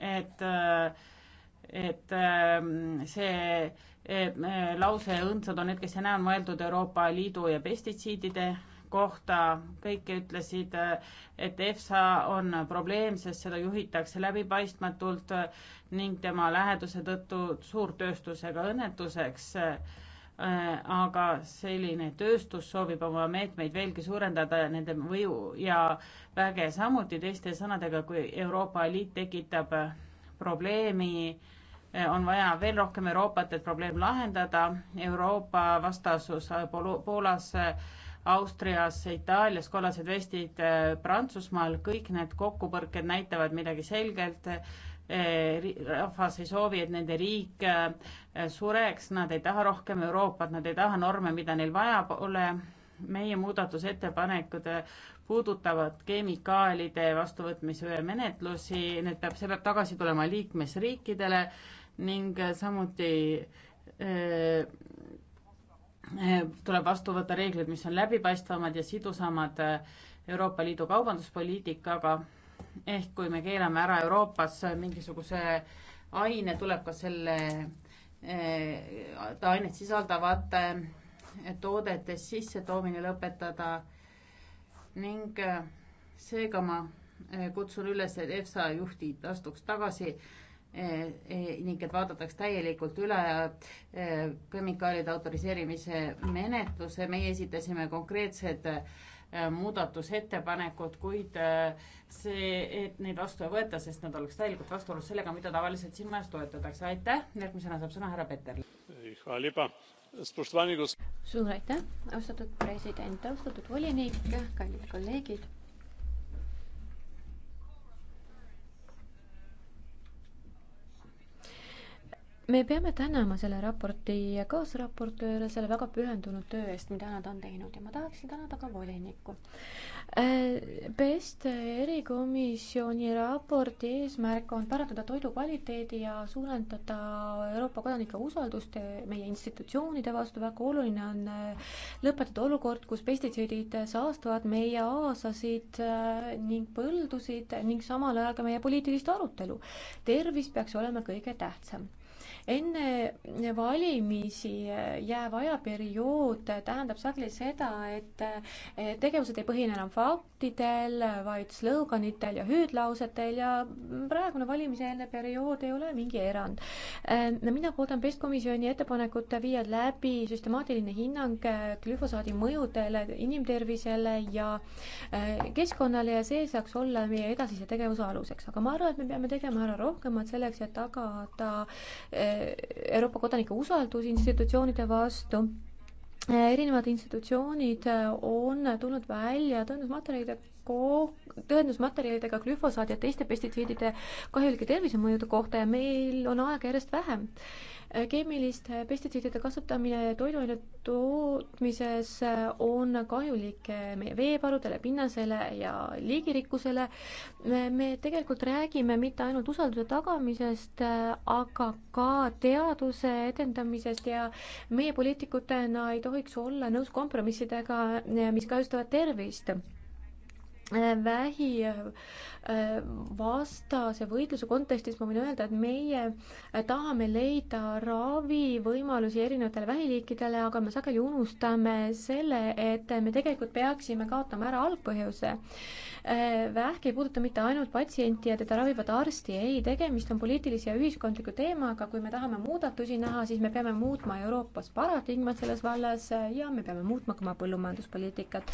et äh, et ähm, see äh, lause õndsad on need, kes ei näe, on mõeldud Euroopa Liidu ja pestitsiidide kohta, kõik ütlesid, äh, et EFSA on probleem, sest seda juhitakse läbipaistmatult äh, ning tema läheduse tõttu suurtööstusega õnnetuseks. aga selline tööstus soovib oma meetmeid veelgi suurendada ja nende mõju ja väge samuti, teiste sõnadega, kui Euroopa Liit tekitab probleemi äh, Eh, on vaja veel rohkem Euroopat, et probleem lahendada. Euroopa vastasus eh, Poolas, eh, Austrias, Itaalias, kollased vestid Prantsusmaal, kõik need kokkupõrked näitavad midagi selgelt. rahvas ei soovi, et nende riik sureks, nad ei taha rohkem Euroopat, nad ei taha norme, mida neil vaja pole. meie muudatusettepanekud puudutavad kemikaalide vastuvõtmise menetlusi, need peab, see peab tagasi tulema liikmesriikidele ning samuti eh, eh, tuleb vastu võtta reeglid, mis on läbipaistvamad ja sidusamad eh, Euroopa Liidu kaubanduspoliitikaga. ehk kui me keelame ära Euroopas mingisuguse aine, tuleb ka selle ainet sisaldavate toodete sissetoomine lõpetada ning seega ma kutsun üles, et EFSA juhtid astuks tagasi Eh, eh, ning et vaadatakse täielikult üle eh, kemikaalide autoriseerimise menetluse. meie esitasime konkreetsed muudatusettepanekud, kuid see, et neid vastu ei võeta, sest nad oleks täielikult vastuolus sellega, mida tavaliselt siin majas toetatakse. aitäh, järgmisena saab sõna härra Peterl. suur aitäh, austatud president, austatud volinik, kallid kolleegid me peame tänama selle raporti kaasraportööre selle väga pühendunud töö eest, mida nad on teinud ja ma tahaksin tänada ka volinikku. Äh, Best erikomisjoni raporti eesmärk on parandada toidu kvaliteedi ja suurendada Euroopa kodanike usaldust meie institutsioonide vastu, väga oluline on äh, lõpetada olukord, kus pestitsiidid saastavad meie aasasid äh, ning põldusid ning samal ajal ka meie poliitilist arutelu. tervis peaks olema kõige tähtsam enne valimisi jääv ajaperiood tähendab sageli seda, et tegevused ei põhine enam faktidel, vaid slõuganitel ja hüüdlausetel ja praegune valimiseelne periood ei ole mingi erand. Äh, mina pooldan PES komisjoni ettepanekut viia läbi süstemaatiline hinnang äh, glüfosaadi mõjudele inimtervisele ja äh, keskkonnale ja see saaks olla meie edasise tegevuse aluseks, aga ma arvan, et me peame tegema ära rohkemat selleks, et tagada Euroopa kodanike usaldus institutsioonide vastu. erinevad institutsioonid on tulnud välja tõendusmaterjalidega, ko-, tõendusmaterjalidega glüfosaadi ja teiste pestitsiidide kahjulike tervisemõjude kohta ja meil on aega järjest vähem. keemiliste pestitsiidide kasutamine toiduaine tootmises on kahjulik meie veevarudele, pinnasele ja liigirikkusele. me tegelikult räägime mitte ainult usalduse tagamisest, aga ka teaduse edendamisest ja meie poliitikutena ei tohiks olla nõus kompromissidega, mis kahjustavad tervist vähi äh, vastase võitluse kontekstis ma võin öelda, et meie äh, tahame leida ravivõimalusi erinevatele vähiliikidele, aga me sageli unustame selle, et me tegelikult peaksime kaotama ära algpõhjuse. Äh, vähk ei puuduta mitte ainult patsienti ja teda ravivat arsti, ei, tegemist on poliitilise ja ühiskondliku teemaga, kui me tahame muudatusi näha, siis me peame muutma Euroopas paradigmat selles vallas ja me peame muutma ka oma põllumajanduspoliitikat.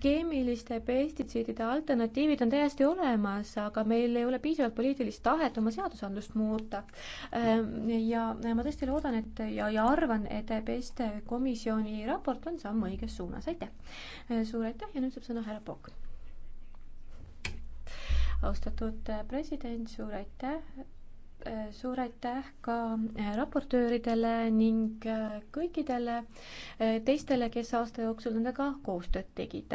keemiliste pestide defitsiidide alternatiivid on täiesti olemas, aga meil ei ole piisavalt poliitilist tahet oma seadusandlust muuta. Ehm, ja ma tõesti loodan, et ja, ja arvan, et BST komisjoni raport on samm õiges suunas, aitäh. Ehm, suur aitäh ja nüüd saab sõna härra Pokk. austatud äh, president, suur aitäh ehm, suur aitäh ka äh, raportööridele ning äh, kõikidele teistele, kes aasta jooksul nendega koostööd tegid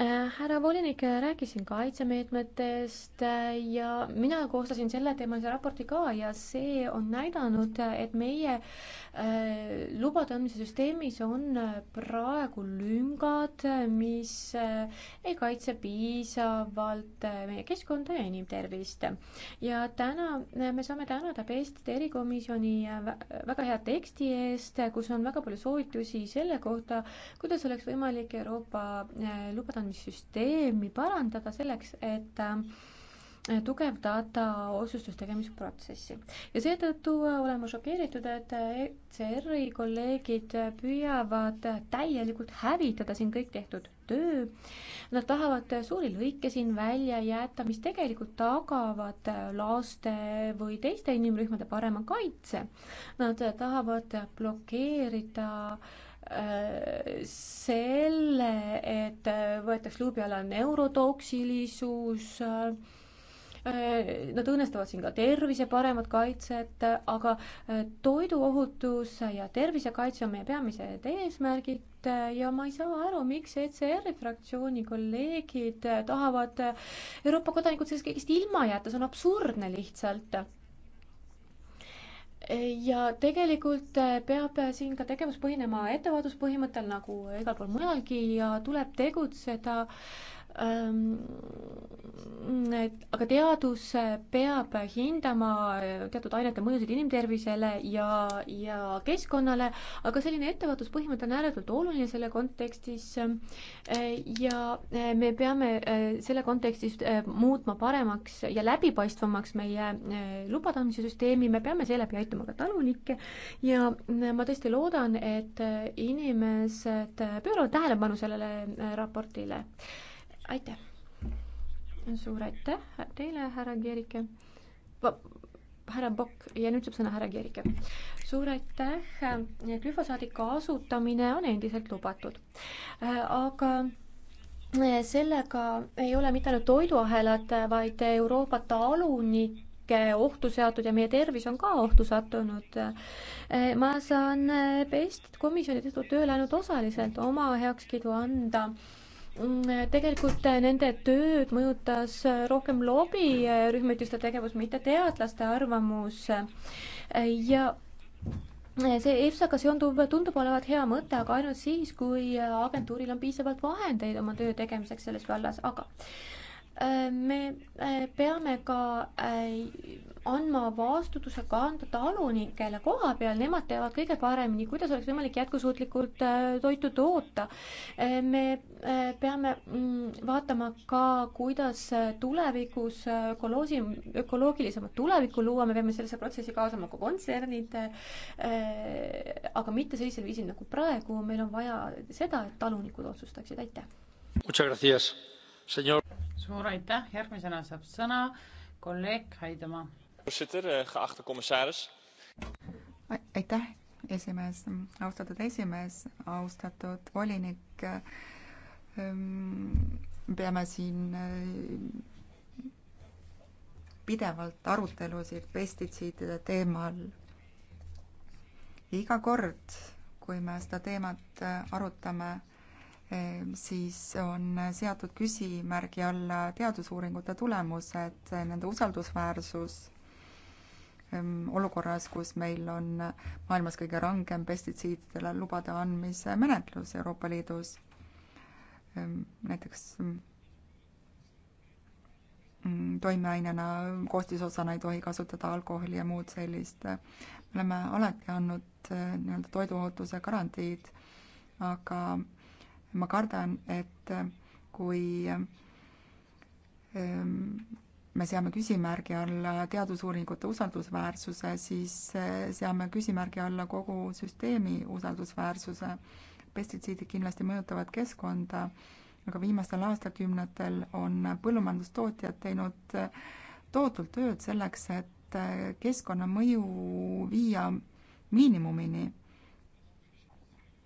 Äh, härra volinik, äh, rääkisin kaitsemeetmetest äh, ja mina koostasin selleteemalise raporti ka ja see on näidanud, et meie lubade andmise süsteemis on praegu lüngad, mis ei kaitse piisavalt meie keskkonda ja inimtervist. ja täna me saame tänada pestide erikomisjoni väga hea teksti eest, kus on väga palju soovitusi selle kohta, kuidas oleks võimalik Euroopa lubade hindamissüsteemi parandada selleks, et äh, tugevdada otsustustegemisprotsessi. ja seetõttu äh, olen ma šokeeritud, et äh, ECR-i kolleegid püüavad täielikult hävitada siin kõik tehtud töö. Nad tahavad suuri lõike siin välja jätta, mis tegelikult tagavad laste või teiste inimrühmade parema kaitse. Nad tahavad blokeerida äh, selle, et võetaks luubi alla neurotoksilisus, nad õõnestavad siin ka tervise paremat kaitset, aga toiduohutus ja tervisekaitse on meie peamised eesmärgid ja ma ei saa aru, miks ECR-i fraktsiooni kolleegid tahavad Euroopa kodanikud sellest kõigest ilma jätta, see on absurdne lihtsalt ja tegelikult äh, peab äh, siin ka tegevus põhinema ettevaatuspõhimõttel nagu igal pool mujalgi ja tuleb tegutseda Ähm, aga teadus peab hindama äh, teatud ainete mõjusid inimtervisele ja, ja keskkonnale, aga selline ettevaatuspõhimõte on ääretult oluline selle kontekstis ähm, äh, ja äh, me peame selle kontekstis muutma paremaks ja läbipaistvamaks meie lubade andmise süsteemi, me peame seeläbi aitama ka talulikke ja ma tõesti loodan, et inimesed pööravad tähelepanu sellele raportile aitäh! suur aitäh teile, härra Keerike. härra Pokk ja nüüd saab sõna härra Keerike. suur aitäh, glüfosaadi kasutamine on endiselt lubatud, aga sellega ei ole mitte ainult toiduahelad, vaid Euroopa talunik kõike ohtu seatud ja meie tervis on ka ohtu sattunud. ma saan PEST komisjoni tehtud tööle ainult osaliselt oma heakskiidu anda Mm, tegelikult äh, nende tööd mõjutas äh, rohkem lobirühmituste tegevus, mitte teadlaste arvamus. Äh, ja see EFSA-ga seonduv tundub olevat hea mõte, aga ainult siis, kui agentuuril on piisavalt vahendeid oma töö tegemiseks selles vallas, aga Äh, me äh, peame ka äh, andma vastutuse kanda talunikele koha peal, nemad teavad kõige paremini, kuidas oleks võimalik jätkusuutlikult toitu toota. me peame mm, vaatama ka, kuidas tulevikus ökoloosi, ökoloogilisemat tulevikku luua, me peame sellesse protsessi kaasama ka kontsernid, aga mitte sellisel viisil nagu praegu, meil on vaja seda, et talunikud otsustaksid, aitäh. Muchas gracias, señor suur aitäh, järgmisena saab sõna kolleeg Haidemaa. Eh, aitäh, esimees, austatud esimees, austatud volinik. Ehm, peame siin eh, pidevalt arutelusid pestitsiidide teemal. iga kord, kui me seda teemat eh, arutame, Ehm, siis on seatud küsimärgi alla teadusuuringute tulemused, nende usaldusväärsus ehm, olukorras, kus meil on maailmas kõige rangem pestitsiididele lubade andmise menetlus Euroopa Liidus. Ehm, näiteks mm, toimeainena, koostisosana ei tohi kasutada alkoholi ja muud sellist. me oleme alati andnud eh, nii-öelda toiduohutuse garantiid, aga ma kardan, et äh, kui ähm, me seame küsimärgi alla teadusuuringute usaldusväärsuse, siis äh, seame küsimärgi alla kogu süsteemi usaldusväärsuse. pestitsiidid kindlasti mõjutavad keskkonda, aga viimastel aastakümnetel on põllumajandustootjad teinud äh, tohutult tööd selleks, et keskkonnamõju viia miinimumini.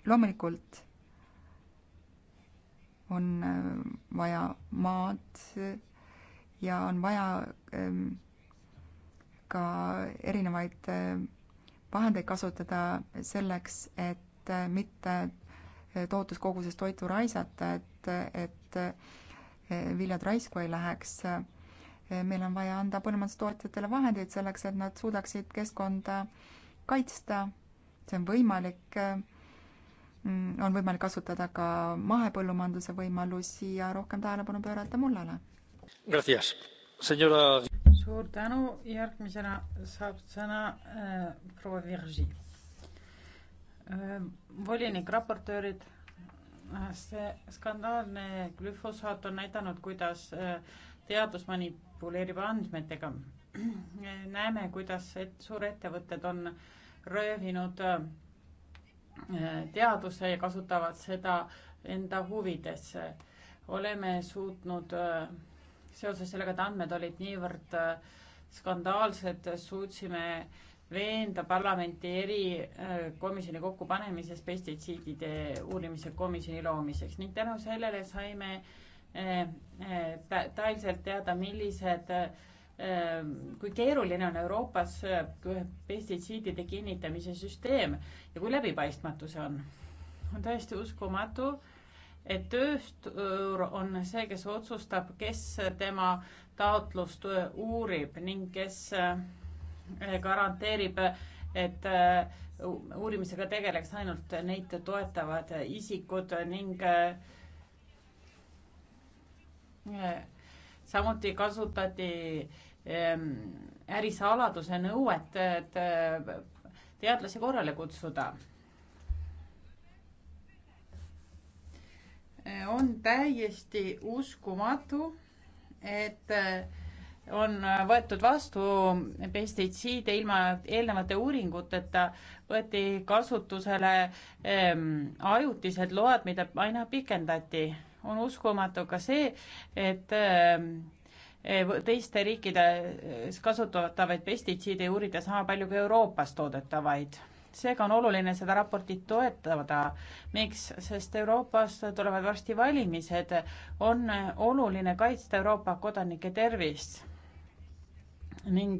loomulikult on äh, vaja maad ja on vaja ähm, ka erinevaid äh, vahendeid kasutada selleks, et äh, mitte tohutus koguses toitu raisata, et, et viljad raisku ei läheks. meil on vaja anda põllumajandustootjatele vahendeid selleks, et nad suudaksid keskkonda kaitsta. see on võimalik Mm, on võimalik kasutada ka mahepõllumajanduse võimalusi ja rohkem tähelepanu pöörata mullale. Senora... suur tänu, järgmisena saab sõna äh, proua Virgi äh,. volinik, raportöörid äh,, see skandaalne glüfosaat on näidanud, kuidas äh, teadus manipuleerib andmetega. näeme, kuidas et, suurettevõtted on röövinud äh, teaduse ja kasutavad seda enda huvides. oleme suutnud äh, seoses sellega, et andmed olid niivõrd äh, skandaalsed, suutsime veenda parlamenti erikomisjoni äh, kokkupanemises pestitsiidide uurimise komisjoni loomiseks ning tänu sellele saime detailselt teada, millised Ehm, kui keeruline on Euroopas eh, pestitsiidide kinnitamise süsteem ja kui läbipaistmatu see on. on täiesti uskumatu, et tööstur on see, kes otsustab, kes tema taotlust eh, uurib ning kes eh, garanteerib, et uurimisega tegeleks ainult neid toetavad isikud ning samuti kasutati äh, Ehm, ärisaladuse nõuet teadlasi korrale kutsuda. on täiesti uskumatu, et on võetud vastu pestitsiide ilma eelnevate uuringuteta, võeti kasutusele ähm, ajutised load, mida aina pikendati. on uskumatu ka see, et ähm, Eh, teiste riikides kasutatavaid pestitsiide ei uurida sama palju kui Euroopas toodetavaid. seega on oluline seda raportit toetada. miks? sest Euroopas tulevad varsti valimised, on oluline kaitsta Euroopa kodanike tervist ning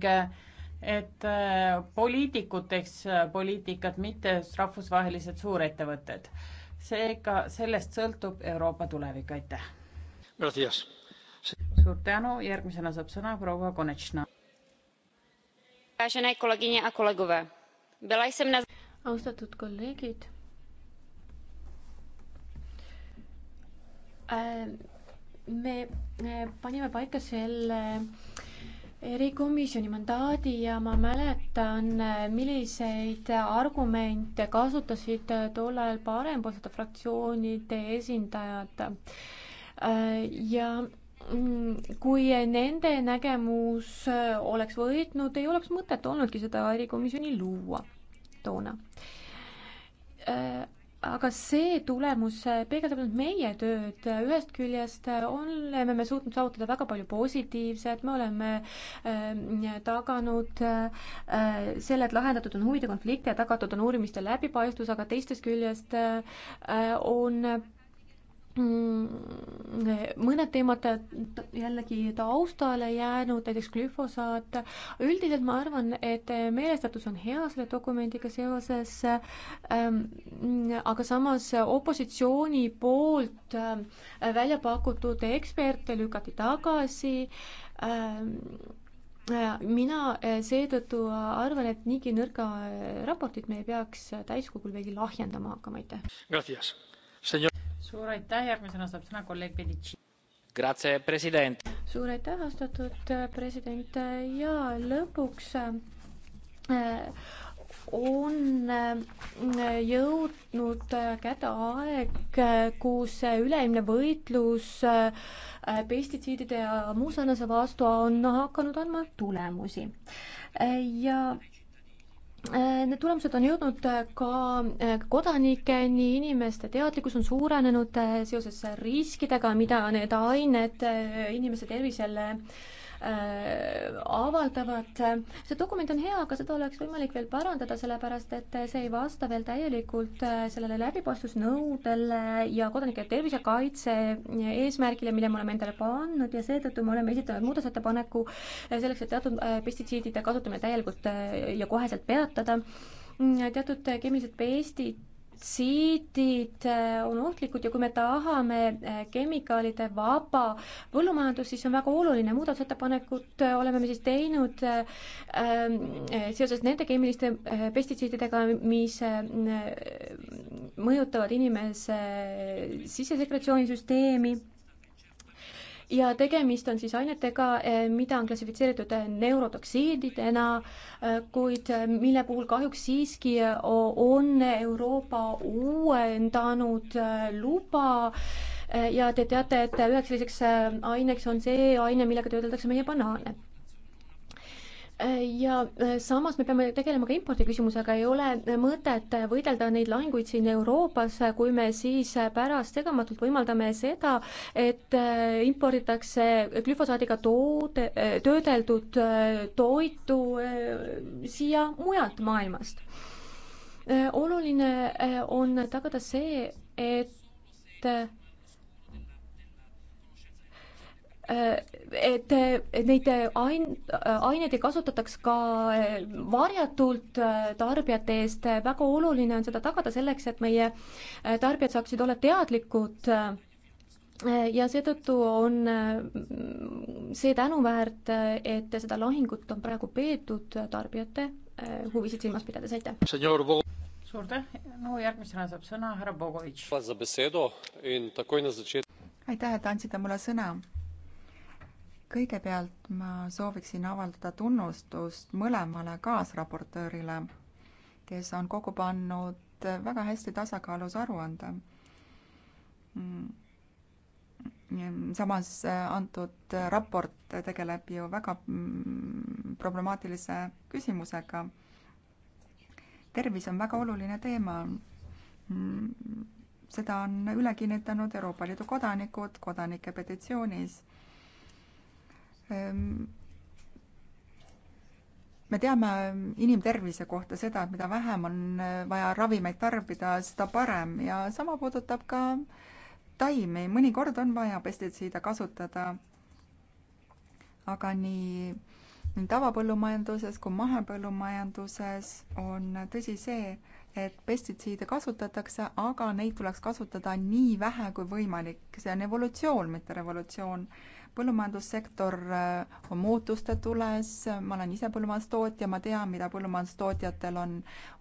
et eh, poliitikud teeks poliitikat, mitte rahvusvahelised suurettevõtted. seega sellest sõltub Euroopa tulevik, aitäh! suur tänu, järgmisena saab sõna proua Konečna. austatud kolleegid äh, me panime paika selle erikomisjoni mandaadi ja ma mäletan, milliseid argumente kasutasid tol ajal parempoolsete fraktsioonide esindajad. Äh, ja Mm, kui nende nägemus äh, oleks võitnud, ei oleks mõtet olnudki seda erikomisjoni luua toona. Äh, aga see tulemus äh, peegeldab nüüd meie tööd, ühest küljest oleme me suutnud saavutada väga palju positiivset, me oleme taganud selle, et lahendatud on huvide konflikte ja tagatud on uurimiste läbipaistvus, aga teisest küljest on Mm, eh, mõned teemad jällegi taustale jäänud, näiteks glüfosaat. üldiselt ma arvan, et meelestatus on hea selle dokumendiga seoses ähm,, aga samas opositsiooni poolt äh, välja pakutud eksperte lükati tagasi ähm, äh, mina äh, seetõttu arvan, et niigi nõrga äh, raportit me ei peaks täiskogul veelgi lahjendama hakkama, aitäh suur aitäh, järgmisena saab sõna kolleeg Belitši. Grazie, president. suur aitäh, austatud äh, president ja lõpuks äh, on äh, jõudnud äh, kätte aeg, kus üleilmne võitlus pestitsiidide ja muu sarnase vastu on hakanud andma tulemusi. ja Äh, need tulemused on jõudnud äh, äh, ka kodanikeni, inimeste teadlikkus on suurenenud seoses riskidega, mida need ained inimese tervisele Äh, avaldavad. see dokument on hea, aga seda oleks võimalik veel parandada, sellepärast et see ei vasta veel täielikult äh, sellele läbipaistvusnõudele ja kodanike tervisekaitse eesmärgile, mille me oleme endale pannud ja seetõttu me oleme esitanud muudatusettepaneku äh, selleks, et teatud pestitsiidide kasutamine täielikult ja koheselt peatada. Mm, teatud keemilised pestid pestitsiidid äh, on ohtlikud ja kui me tahame äh, kemikaalide vaba põllumajandust, siis see on väga oluline. muudatusettepanekut äh, oleme me siis teinud ähm, seoses nende keemiliste pestitsiididega, mis mõjutavad inimese sisesekretsioonisüsteemi ja tegemist on siis ainetega, eh, mida on klassifitseeritud eh, neurotoksiididena, eh, kuid mille puhul kahjuks siiski on Euroopa uuendanud luba ja te teate, et üheks selliseks aineks on see aine, millega töödeldakse meie banaane ja äh, samas me peame tegelema ka impordiküsimusega, ei ole mõtet võidelda neid lahinguid siin Euroopas, kui me siis pärast segamatult võimaldame seda, et äh, imporditakse glüfosaadiga toode, äh, töödeldud toitu siia mujalt maailmast. oluline on tagada see, et et neid ain-, aineid ei kasutataks ka varjatult äh, tarbijate eest, väga oluline on seda tagada selleks, et meie äh, tarbijad saaksid olla teadlikud äh, ja seetõttu on see tänuväärt, et seda lahingut on praegu peetud tarbijate huvisid silmas pidades, aitäh! suur tänu no,, järgmisena saab sõna härra Bogovitš. aitäh, et andsite mulle sõna kõigepealt ma sooviksin avaldada tunnustust mõlemale kaasraportöörile, kes on kokku pannud väga hästi tasakaalus aruande. samas antud raport tegeleb ju väga problemaatilise küsimusega. tervis on väga oluline teema seda on üle kinnitanud Euroopa Liidu kodanikud kodanike petitsioonis Ehm, me teame inimtervise kohta seda, et mida vähem on eh, vaja ravimeid tarbida, seda parem ja sama puudutab ka taimi, mõnikord on vaja pestitsiide kasutada. aga nii, nii tavapõllumajanduses kui mahepõllumajanduses on tõsi see, et pestitsiide kasutatakse, aga neid tuleks kasutada nii vähe kui võimalik, see on evolutsioon, mitte revolutsioon põllumajandussektor äh, on muutuste tules, ma olen ise põllumajandustootja, ma tean, mida põllumajandustootjatel on,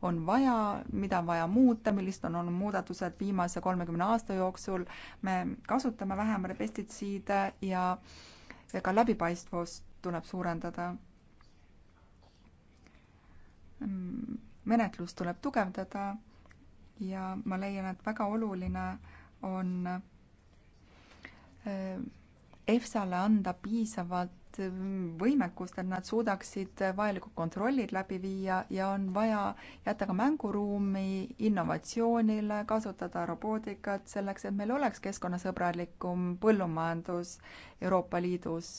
on vaja, mida on vaja muuta, millised on olnud muudatused viimase kolmekümne aasta jooksul. me kasutame vähem pestitsiide ja ka läbipaistvust tuleb suurendada. menetlust tuleb tugevdada ja ma leian, et väga oluline on äh, EFSA-le anda piisavalt võimekust, et nad suudaksid vajalikud kontrollid läbi viia ja on vaja jätta ka mänguruumi innovatsioonile, kasutada robootikat selleks, et meil oleks keskkonnasõbralikum põllumajandus Euroopa Liidus.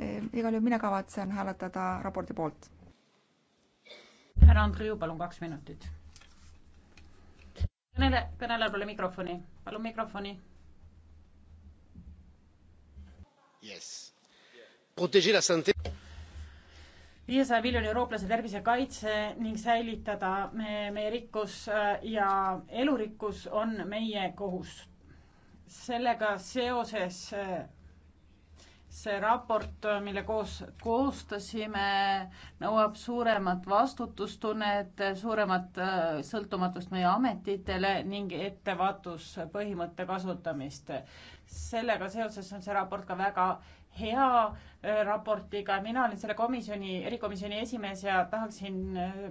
igal juhul mina kavatsen hääletada raporti poolt. härra Andrei Ju, palun kaks minutit. kõnele, kõnelejal pole mikrofoni, palun mikrofoni protéger la santé viiesaja miljoni eurooplase tervisekaitse ning säilitada me, meie rikkus äh, ja elurikkus on meie kohus. sellega seoses äh, see raport, mille koos koostasime, nõuab suuremat vastutustunnet, suuremat äh, sõltumatust meie ametitele ning ettevaatuspõhimõtte kasutamist. sellega seoses on see raport ka väga hea äh, raportiga, mina olin selle komisjoni, erikomisjoni esimees ja tahaksin äh,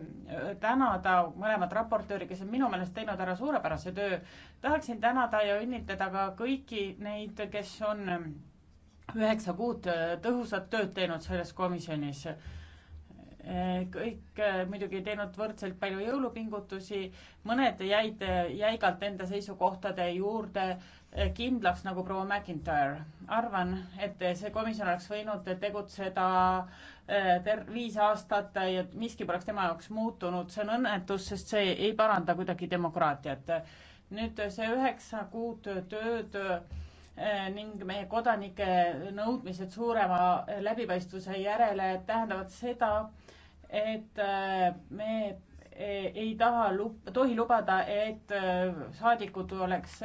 tänada mõlemat raportööri, kes on minu meelest teinud ära suurepärase töö. tahaksin tänada ja õnnitleda ka kõiki neid, kes on üheksa kuud äh, tõhusat tööd teinud selles komisjonis. Äh, kõik äh, muidugi teinud võrdselt palju jõulupingutusi, mõned jäid jäigalt enda seisukohtade juurde kindlaks, nagu proua McIntyre. arvan, et see komisjon oleks võinud tegutseda ter-, viis aastat ja miski poleks tema jaoks muutunud, see on õnnetus, sest see ei paranda kuidagi demokraatiat. nüüd see üheksa kuud tööd töö, Eh, ning meie kodanike nõudmised suurema eh, läbipaistvuse järele tähendavad seda, et eh, me ei taha lub-, tohi lubada, et saadikud oleks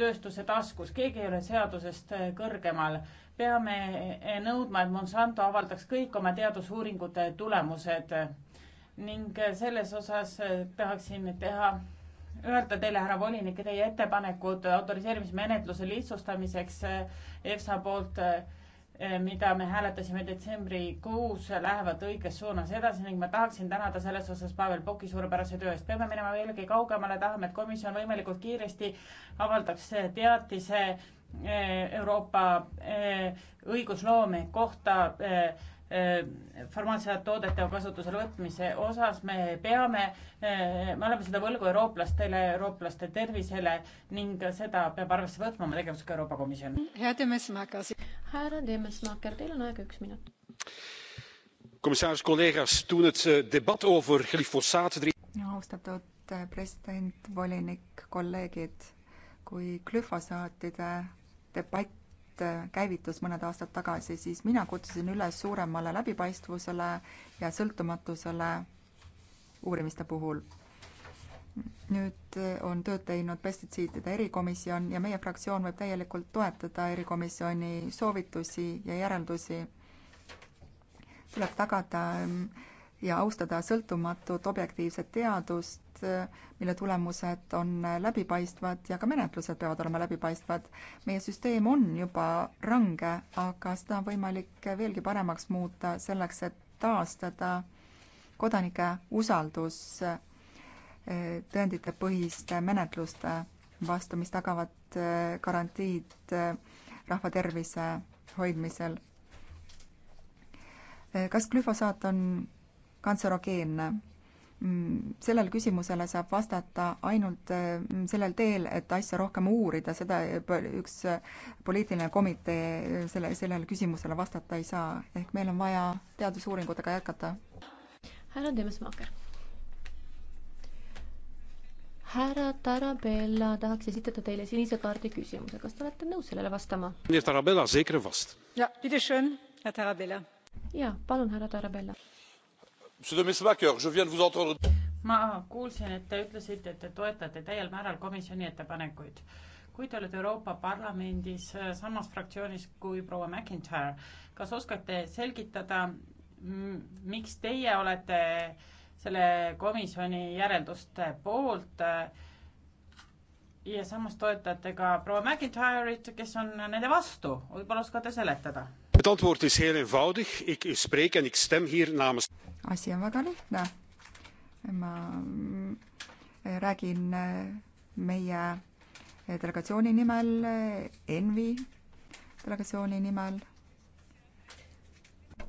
tööstuse taskus, keegi ei ole seadusest kõrgemal. peame nõudma, et Monsanto avaldaks kõik oma teadusuuringute tulemused ning selles osas tahaksin teha öelda teile, härra volinik, teie ettepanekud autoriseerimismenetluse lihtsustamiseks eh, EFSA poolt, eh, mida me hääletasime detsembrikuus, lähevad õiges suunas edasi ning ma tahaksin tänada selles osas Pavel Poki suurepärase töö eest. peame minema veelgi kaugemale, tahame, et komisjon võimalikult kiiresti avaldaks teatise eh, Euroopa õigusloome kohta farmaatsiatoodete kasutusele võtmise osas me peame, me oleme seda võlgu eurooplastele, eurooplaste tervisele ning seda peab arvesse võtma oma tegevusega Euroopa Komisjon. härra Demesmaker, teil on aega üks minut. commissaris, kolleegas, toen het eh, debat over glifosaat. austatud eh, president, volinik, kolleegid, kui glüfosaatide debatt projekt äh, käivitus mõned aastad tagasi, siis mina kutsusin üles suuremale läbipaistvusele ja sõltumatusele uurimiste puhul. nüüd äh, on tööd teinud pestitsiidide erikomisjon ja meie fraktsioon võib täielikult toetada erikomisjoni soovitusi ja järeldusi. tuleb tagada ähm, ja austada sõltumatut objektiivset teadust, mille tulemused on läbipaistvad ja ka menetlused peavad olema läbipaistvad. meie süsteem on juba range, aga seda on võimalik veelgi paremaks muuta selleks, et taastada kodanike usaldus eh, tõenditepõhiste menetluste vastu, mis tagavad eh, garantiid eh, rahva tervise hoidmisel. kas glüfosaat on kantserogeenne. Mm, sellele küsimusele saab vastata ainult mm, sellel teel, et asja rohkem uurida, seda üks äh, poliitiline komitee äh, selle, sellele küsimusele vastata ei saa, ehk meil on vaja teadusuuringutega jätkata. härra Demesmaager härra Tarabella tahaks esitada teile sinise kaardi küsimuse, kas te olete nõus sellele vastama? ja, palun, härra Tarabella ma kuulsin, et te ütlesite, et te toetate täiel määral komisjoni ettepanekuid. kui te olete Euroopa Parlamendis äh, samas fraktsioonis kui proua McIntyre, kas oskate selgitada, miks teie olete selle komisjoni järelduste poolt äh, ja samas toetate ka proua McIntyre'it, kes on nende vastu, võib-olla oskate seletada? Het antwoord is heel eenvoudig. Ik spreek en ik stem hier namens asi on väga lihtne. ma eh, räägin eh, meie eh, delegatsiooni nimel, ENVI delegatsiooni nimel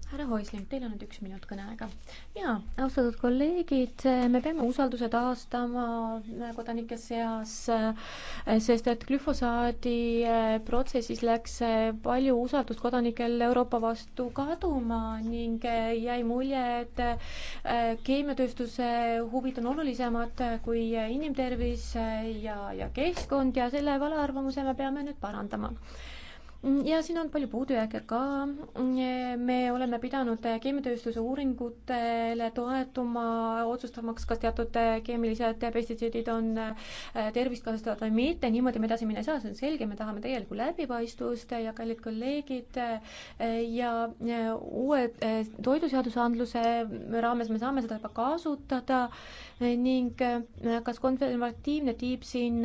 härra Häusling, teil on nüüd üks minut kõneaega. jaa, austatud kolleegid, me peame usalduse taastama kodanike seas, sest et glüfosaadi eh, protsessis läks eh, palju usaldust kodanikel Euroopa vastu kaduma ning eh, jäi mulje, et keemiatööstuse huvid on olulisemad kui inimtervis ja, ja keskkond ja selle valearvamuse me peame nüüd parandama ja siin on palju puudujääke ka. me oleme pidanud keemiatööstuse uuringutele toetuma, otsustamaks, kas teatud keemilised pestitsiidid on äh, tervist kahjustavad või mitte. niimoodi me edasi minna ei saa, see on selge, me tahame täielikku läbipaistvust ja kallid kolleegid ja uue äh, toiduseadusandluse raames me saame seda juba kasutada ning äh, kas konservatiivne tiib siin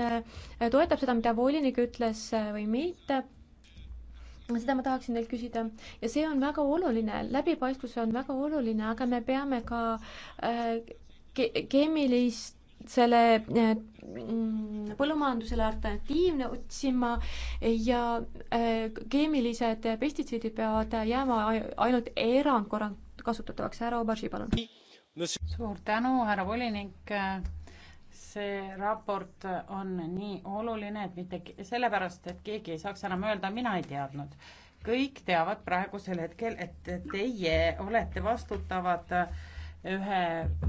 toetab seda, mida volinik ütles või mitte seda ma tahaksin teilt küsida ja see on väga oluline, läbipaistvus on väga oluline, aga me peame ka äh, ke keemilist selle äh, põllumajandusele alternatiivne otsima ja äh, keemilised pestitsiidid peavad jääma ainult erandkorral kasutatavaks. härra Obergi, palun. suur tänu, härra volinik see raport on nii oluline, et mitte sellepärast, et keegi ei saaks enam öelda, mina ei teadnud. kõik teavad praegusel hetkel, et teie olete vastutavad ühe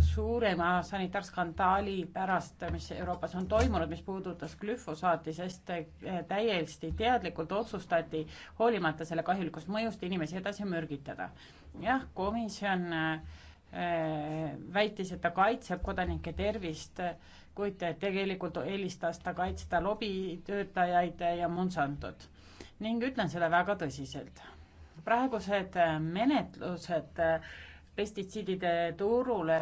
suurema sanitaarskandaali pärast, mis Euroopas on toimunud, mis puudutas glüfosaati, sest eh, täiesti teadlikult otsustati hoolimata selle kahjulikust mõjust inimesi edasi mürgitada. jah, komisjon äh, väitis, et ta kaitseb kodanike tervist, kuid tegelikult eelistas ta kaitsta lobitöötajaid ja Monsantot. ning ütlen selle väga tõsiselt. praegused menetlused pestitsiidide turule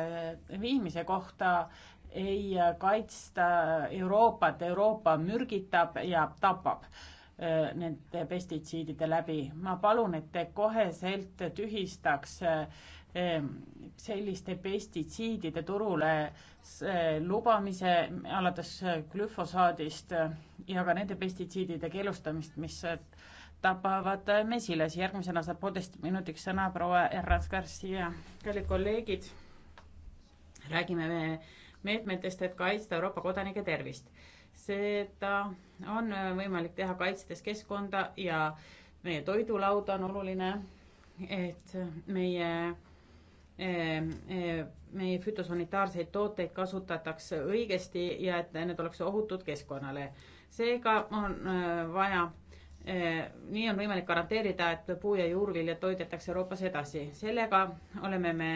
viimise kohta ei kaitsta Euroopat, Euroopa mürgitab ja tapab äh, nende pestitsiidide läbi. ma palun, et te koheselt tühistaks äh, Ehm, selliste pestitsiidide turule lubamise alates äh, glüfosaadist äh, ja ka nende pestitsiidide keelustamist, mis äh, tapavad mesilasi. järgmisena saab poolteist minutiks sõna proua Erras Garcia. kallid kolleegid, räägime me meetmetest, et kaitsta Euroopa kodanike tervist. seda on võimalik teha kaitstes keskkonda ja meie toidulaud on oluline, et meie Ehm, ehm, meie fütosanitaarseid tooteid kasutatakse õigesti ja et need oleks ohutud keskkonnale. seega on äh, vaja, äh, nii on võimalik garanteerida, et puu- ja juurviljad toidetakse Euroopas edasi. sellega oleme me,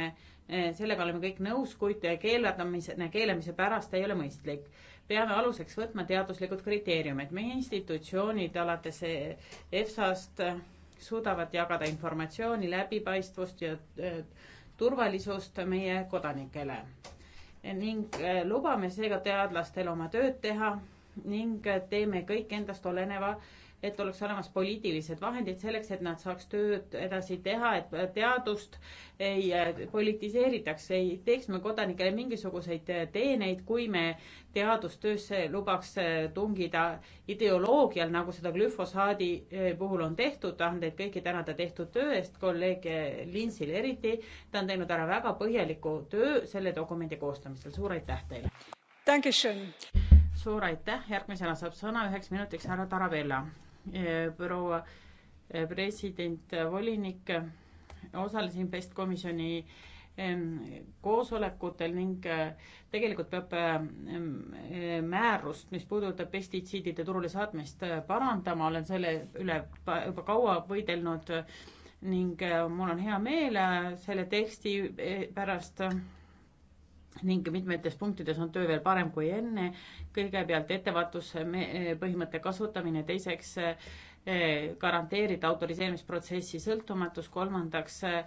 äh, sellega oleme kõik nõus, kuid keelatamise, keelamise pärast ei ole mõistlik. peame aluseks võtma teaduslikud kriteeriumid. meie institutsioonid alates EFSA-st suudavad jagada informatsiooni, läbipaistvust ja turvalisust meie kodanikele. ning äh, lubame seega teadlastel oma tööd teha ning äh, teeme kõik endast oleneva et oleks olemas poliitilised vahendid selleks, et nad saaks tööd edasi teha, et teadust ei äh, politiseeritaks, ei teeks me kodanikele mingisuguseid äh, teeneid, kui me teadustöösse lubaks äh, tungida ideoloogial, nagu seda glüfosaadi puhul on tehtud, tahan teid kõiki tänada tehtud töö eest, kolleeg Linsil eriti, ta on teinud ära väga põhjaliku töö selle dokumendi koostamisel, suur aitäh teile! suur aitäh, järgmisena saab sõna üheks minutiks härra Tarabella Eh, proua eh, president, eh, volinik, osalesin PEST komisjoni koosolekutel ning tegelikult peab määrust, mis puudutab pestitsiidide turule saatmist, parandama, olen selle üle juba kaua võidelnud ning mul on hea meel selle teksti pärast ning mitmetes punktides on töö veel parem kui enne. kõigepealt ettevaatuse põhimõtte kasutamine, teiseks eh, garanteerida autoriseerimisprotsessi sõltumatus, kolmandaks eh,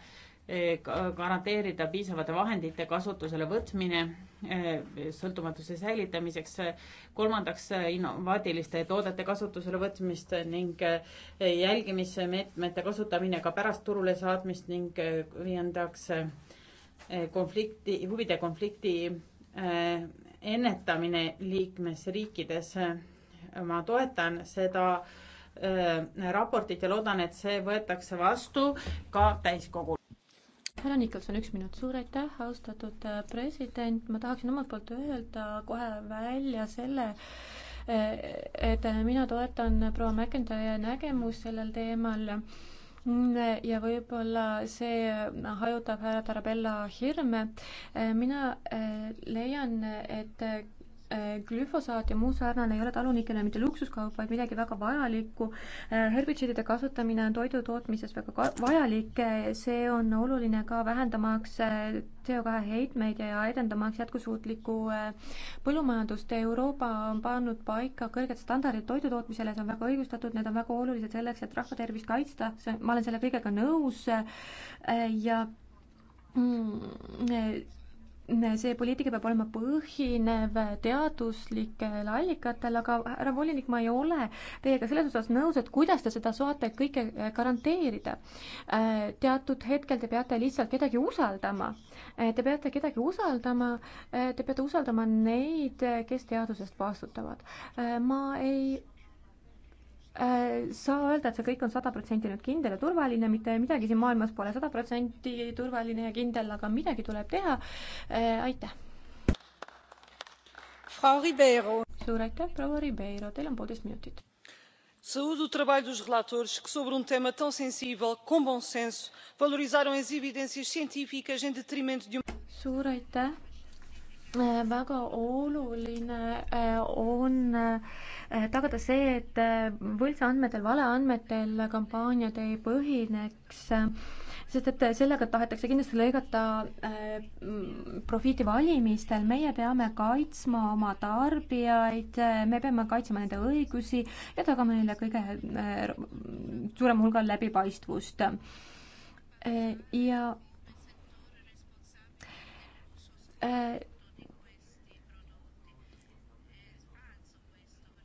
garanteerida piisavate vahendite kasutusele võtmine eh, sõltumatuse säilitamiseks, kolmandaks innovaatiliste toodete kasutusele võtmist ning jälgimismeetmete kasutamine ka pärast turule saatmist ning viiendaks Eh, konflikti, huvide konflikti eh, ennetamine liikmesriikides. ma toetan seda eh, raportit ja loodan, et see võetakse vastu ka täiskogul. härra Nikolson, üks minut, suur aitäh, austatud president, ma tahaksin omalt poolt öelda kohe välja selle, et mina toetan proua McIntyre nägemust sellel teemal ja võib-olla see äh, hajutab härra Tarabella hirme. Äh, mina äh, leian, et Äh, glüfosaat ja muu sarnane ei ole talunikele mitte luksuskaup, vaid midagi väga vajalikku. Äh, herbitsiidide kasutamine on toidu tootmises väga vajalik, äh, see on oluline ka vähendamaks CO2 heitmeid ja edendamaks jätkusuutlikku põllumajandust. Euroopa on pannud paika kõrged standardid toidu tootmisele, see on väga õigustatud, need on väga olulised selleks, et rahva tervist kaitsta, see, ma olen selle kõigega nõus ja mm, see poliitika peab olema põhinev teaduslikel allikatel, aga härra volinik, ma ei ole teiega selles osas nõus, et kuidas te seda saate kõike äh, garanteerida. Äh, teatud hetkel te peate lihtsalt kedagi usaldama. Äh, te peate kedagi usaldama, te peate usaldama neid, kes teadusest vastutavad. ma ei Äh, saa öelda, et see kõik on sada protsenti nüüd kindel ja turvaline, mitte midagi siin maailmas pole sada protsenti turvaline ja kindel, aga midagi tuleb teha. Äh, aitäh. suur aitäh, proua Ribeiro, teil on poolteist minutit. Saúdo o trabalho dos relatores que, sobre um tema tão sensível, com bom senso, valorizaram as evidências científicas em detrimento de uma. Suur aitäh Äh, väga oluline äh, on äh, tagada see, et võltsandmetel, valeandmetel kampaaniad ei põhineks, sest et sellega tahetakse kindlasti lõigata profiiti valimistel, meie peame kaitsma oma tarbijaid, me peame kaitsma nende õigusi ja tagama neile kõige suuremal hulgal läbipaistvust. ja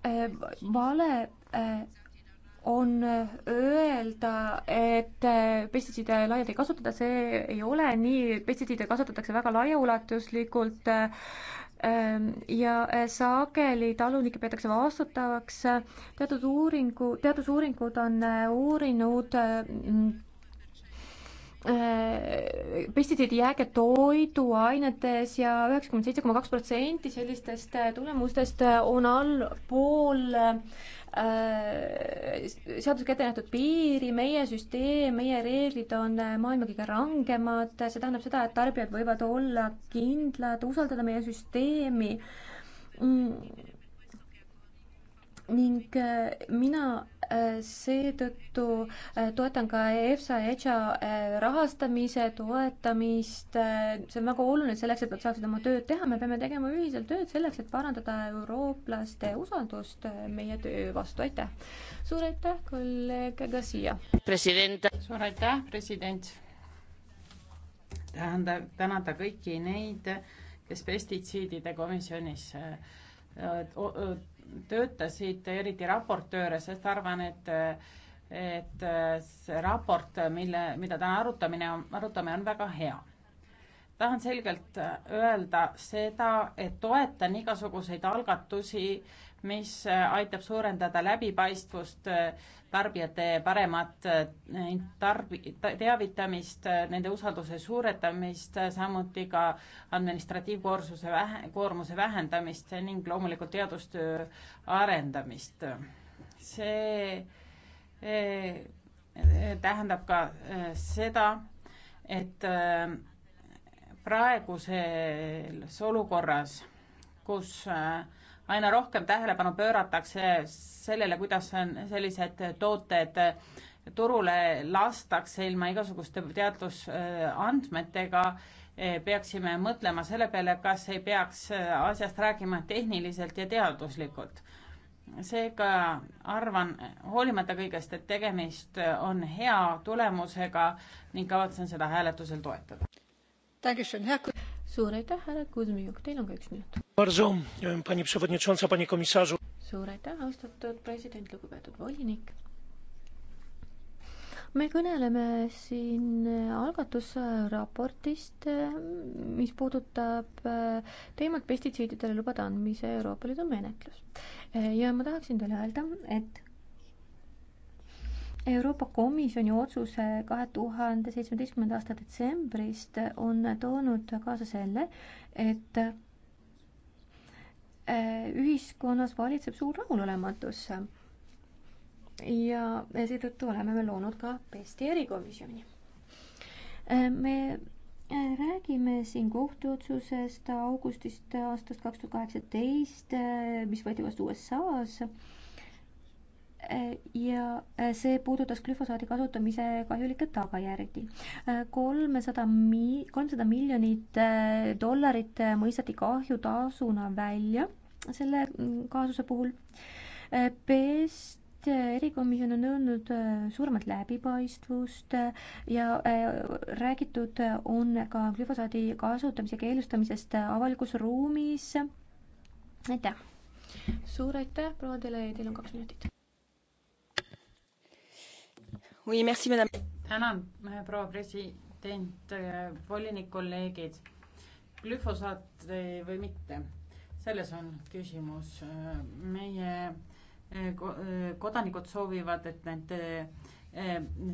Äh, vale äh, on äh, öelda, et pestitsiide laialt ei kasutata, see ei ole nii, pestitsiide kasutatakse väga laiaulatuslikult ähm, ja sageli talunikke peetakse vastutavaks. teatud uuringu, teadusuuringud on uurinud Äh, pestitsiidijääke toiduainetes ja üheksakümmend seitse koma kaks protsenti sellistest äh, tulemustest äh, on allpool äh, seadusega ette nähtud piiri, meie süsteem, meie reeglid on maailma kõige rangemad, see tähendab seda, et tarbijad võivad olla kindlad, usaldada meie süsteemi mm.. ning mina seetõttu äh, toetan ka EFSA ja ECHA äh, rahastamise toetamist. Äh, see on väga oluline selleks, et nad saaksid oma tööd teha, me peame tegema ühiselt tööd selleks, et parandada eurooplaste usaldust meie töö vastu, aitäh. suur aitäh, kolleeg Garcia. president. suur aitäh, president. tähendab, tänada kõiki neid, kes pestitsiidide komisjonis töötasid, eriti raportööre, sest arvan, et et see raport, mille, mida täna arutamine, arutame, on väga hea. tahan selgelt öelda seda, et toetan igasuguseid algatusi äh, mis äh, aitab suurendada läbipaistvust, äh, tarbijate paremat äh, tarbi-, teavitamist, nende usalduse suuretamist, samuti ka administratiivkoorsuse vähe, koormuse vähendamist ning loomulikult teadustöö arendamist. see tähendab ka seda, et praeguses olukorras, kus äh, aina rohkem tähelepanu pööratakse sellele, kuidas on sellised tooted turule lastakse ilma igasuguste teadusandmetega, peaksime mõtlema selle peale, kas ei peaks asjast rääkima tehniliselt ja teaduslikult. seega arvan, hoolimata kõigest, et tegemist on hea tulemusega ning kavatsen seda hääletusel toetada suur aitäh, härra Kuzmiuk, teil on ka üks minut. suur aitäh, austatud president, lugupeetud volinik. me kõneleme siin algatusraportist, mis puudutab eh, teemat pestitsiididele lubade andmise Euroopa Liidu menetlus. Eh, ja ma tahaksin teile öelda, et Euroopa Komisjoni otsuse kahe tuhande seitsmeteistkümnenda aasta detsembrist on toonud kaasa selle, et äh, ühiskonnas valitseb suur rahulolematus. ja seetõttu oleme me loonud ka PESTi erikomisjoni. Äh, me äh, räägime siin kohtuotsusest augustist aastast kaks tuhat kaheksateist, mis võeti vastu USA-s ja äh, see puudutas glüfosaadi kasutamise kahjulikke tagajärgi. Äh, kolmesada mi-, kolmsada miljonit äh, dollarit mõisteti kahjutasuna välja selle mm, kaasuse puhul. Best erikomisjon on nõudnud suuremat läbipaistvust ja räägitud on ka glüfosaadi kasutamise keelustamisest avalikus ruumis. aitäh! suur aitäh, proua Dele, teil on kaks minutit tänan, proua president, äh, volinik, kolleegid. glüfosaat äh, või mitte, selles on küsimus. Äh, meie kodanikud soovivad, et nende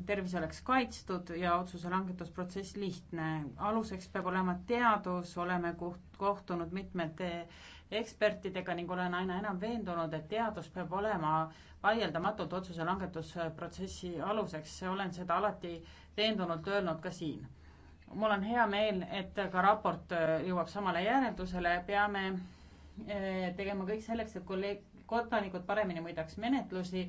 tervis oleks kaitstud ja otsuse langetusprotsess lihtne. aluseks peab olema teadus, oleme kohtunud mitmete ekspertidega ning olen aina enam veendunud, et teadus peab olema äh, vaieldamatult otsuse langetusprotsessi aluseks, olen seda alati veendunult öelnud ka siin. mul on hea meel, et ka raport jõuab samale järeldusele, peame eh, tegema kõik selleks, et kolleeg, kodanikud paremini mõõdaks menetlusi,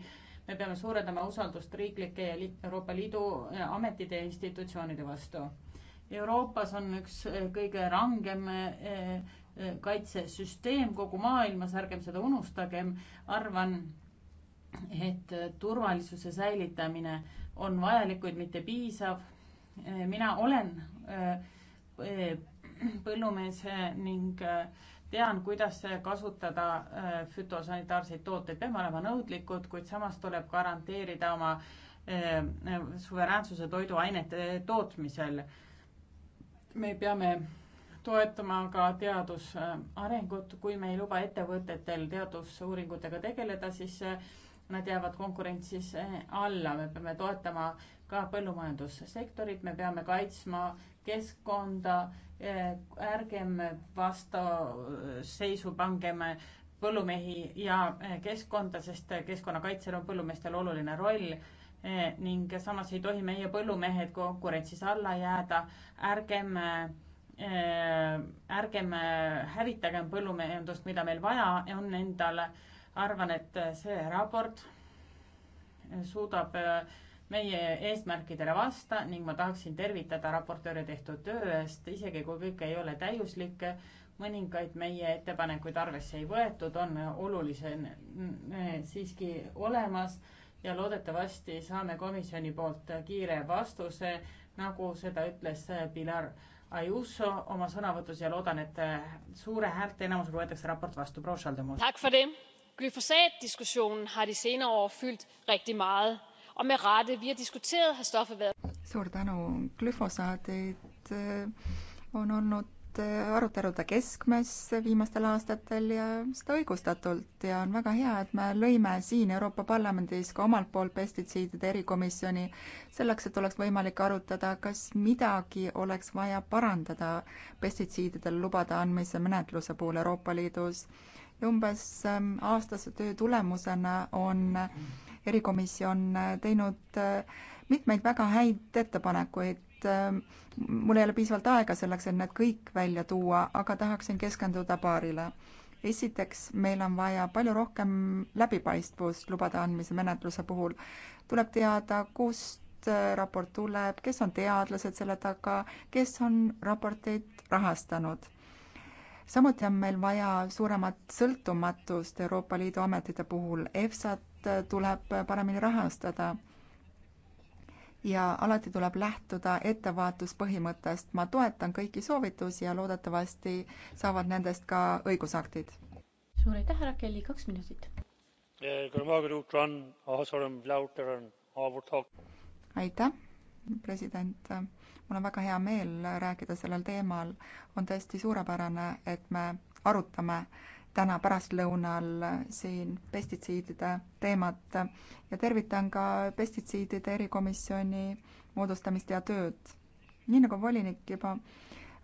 me peame suurendama usaldust riiklike ja Euroopa Liidu eh, ametide ja institutsioonide vastu. Euroopas on üks eh, kõige rangem kaitsesüsteem kogu maailmas, ärgem seda unustagem, arvan, et äh, turvalisuse säilitamine on vajalik, kuid mitte piisav. Äh, mina olen äh, põllumees ning tean, kuidas kasutada fütosanitaarseid tooteid, peame olema nõudlikud, kuid samas tuleb garanteerida oma suveräänsuse toiduainete tootmisel. me peame toetama ka teadusarengut, kui me ei luba ettevõtetel teadusuuringutega tegeleda, siis nad jäävad konkurentsis eh, alla, me peame toetama ka põllumajandussektorit, me peame kaitsma keskkonda, eh, ärgem vastaseisu pangem põllumehi ja eh, keskkonda, sest keskkonnakaitsel on põllumeestel oluline roll ning samas ei tohi meie põllumehed konkurentsis alla jääda, ärgem ärgem hävitagem põllumajandust, mida meil vaja on endale arvan, et see raport suudab äh, meie eesmärkidele vasta ning ma tahaksin tervitada raportööre tehtud töö eest, isegi kui kõik ei ole täiuslik, mõningaid meie ettepanekuid arvesse ei võetud, on olulise siiski olemas ja loodetavasti saame komisjoni poolt kiire vastuse, nagu seda ütles äh, Pilar Ajuso oma sõnavõtus ja loodan, et äh, suure häälteenamusega võetakse raport vastu. proua Šaldemus glyfosatdiskussionen har de senere år fyldt rigtig meget og med rette vi har diskuteret har stoffet været suur tänu, glüfosaadid eh, on olnud eh, arutelude keskmes viimastel aastatel ja seda õigustatult ja on väga hea, et me lõime siin Euroopa Parlamendis ka omalt poolt pestitsiidide erikomisjoni selleks, et oleks võimalik arutada, kas midagi oleks vaja parandada pestitsiididele lubade andmise menetluse puhul Euroopa Liidus umbes ähm, aastase töö tulemusena on äh, erikomisjon äh, teinud äh, mitmeid väga häid ettepanekuid. Ähm, mul ei ole piisavalt aega selleks, et need kõik välja tuua, aga tahaksin keskenduda paarile. esiteks, meil on vaja palju rohkem läbipaistvust lubade andmise menetluse puhul. tuleb teada, kust raport tuleb, kes on teadlased selle taga, kes on raporteid rahastanud samuti on meil vaja suuremat sõltumatust Euroopa Liidu ametite puhul, EFSA-t tuleb paremini rahastada ja alati tuleb lähtuda ettevaatuspõhimõttest. ma toetan kõiki soovitusi ja loodetavasti saavad nendest ka õigusaktid. suur aitäh, härra Kelly, kaks minutit. aitäh, president mul on väga hea meel rääkida sellel teemal. on tõesti suurepärane, et me arutame täna pärastlõunal siin pestitsiidide teemat ja tervitan ka pestitsiidide erikomisjoni moodustamist ja tööd. nii nagu volinik juba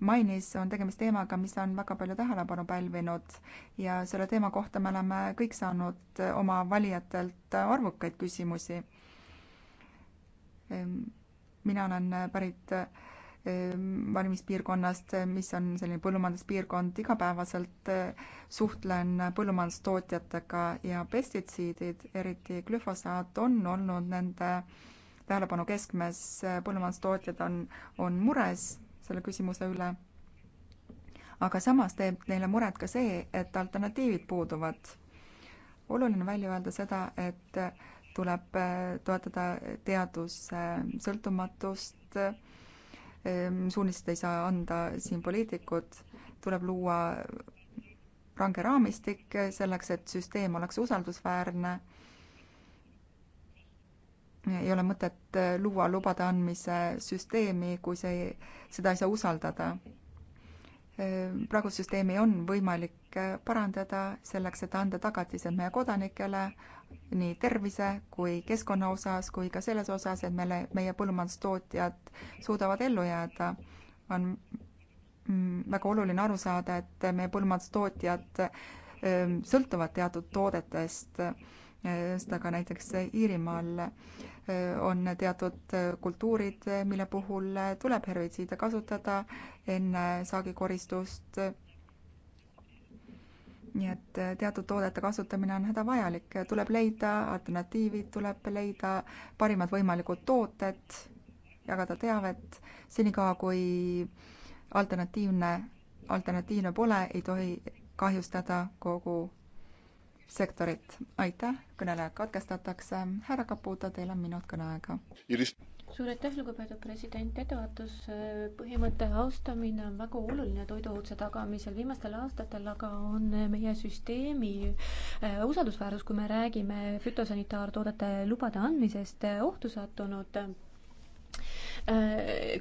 mainis, on tegemist teemaga, mis on väga palju tähelepanu pälvinud ja selle teema kohta me oleme kõik saanud oma valijatelt arvukaid küsimusi mina olen äh, pärit äh, valimispiirkonnast, äh, mis on selline põllumajanduspiirkond, igapäevaselt suhtlen põllumajandustootjatega ja pestitsiidid, eriti glüfosaat, on olnud nende tähelepanu keskmes, põllumajandustootjad on, on mures selle küsimuse üle. aga samas teeb neile muret ka see, et alternatiivid puuduvad. oluline välja öelda seda, et tuleb äh, toetada teaduse sõltumatust, ähm, suuniseid ei saa anda siin poliitikud, tuleb luua range raamistik selleks, et süsteem oleks usaldusväärne. ei ole mõtet äh, luua lubade andmise süsteemi, kui see, seda ei saa usaldada. Ähm, praegust süsteemi on võimalik võimalik äh, parandada selleks, et anda tagatised meie kodanikele, nii tervise kui keskkonna osas kui ka selles osas, et meile, meie põllumajandustootjad suudavad ellu jääda, on mm, väga oluline aru saada, et meie põllumajandustootjad ähm, sõltuvad teatud toodetest, äh, seda ka näiteks Iirimaal äh, on teatud äh, kultuurid, mille puhul tuleb herbitsiide kasutada enne saagikoristust nii et äh, teatud toodete kasutamine on hädavajalik, tuleb leida alternatiivid, tuleb leida parimad võimalikud tooted, jagada teavet, senikaua kui alternatiivne, alternatiivne pole, ei tohi kahjustada kogu sektorit. aitäh, kõneleja katkestatakse. härra Caputo, teil on minut kõneaega suur aitäh, lugupeetud president, ettevaatuspõhimõtte äh, austamine on väga oluline toiduohutuse tagamisel. viimastel aastatel aga on äh, meie süsteemi äh, usaldusväärsus, kui me räägime fütosanitaartoodete lubade andmisest, ohtu sattunud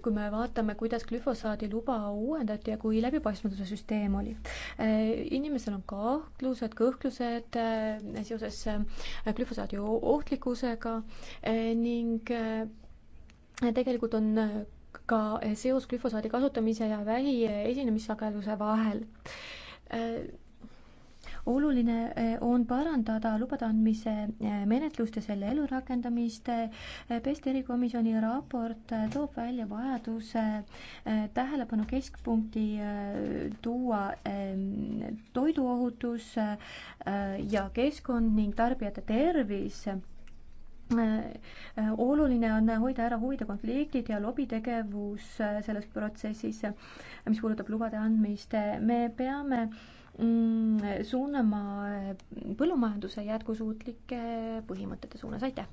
kui me vaatame, kuidas glüfosaadi luba uuendati ja kui läbipaistmatuse süsteem oli. inimesel on kahtlused, kõhklused seoses glüfosaadi ohtlikkusega ning tegelikult on ka seos glüfosaadi kasutamise ja vähi esinemissageduse vahel. oluline on parandada lubade andmise menetlust ja selle ellurakendamist. pest erikomisjoni raport toob välja vajaduse tähelepanu keskpunkti tuua toiduohutus ja keskkond ning tarbijate tervis Äh, äh, oluline on hoida ära huvide konfliktid ja lobitegevus äh, selles protsessis, mis puudutab lubade andmist. me peame mm, suunama põllumajanduse jätkusuutlike põhimõtete suunas, aitäh.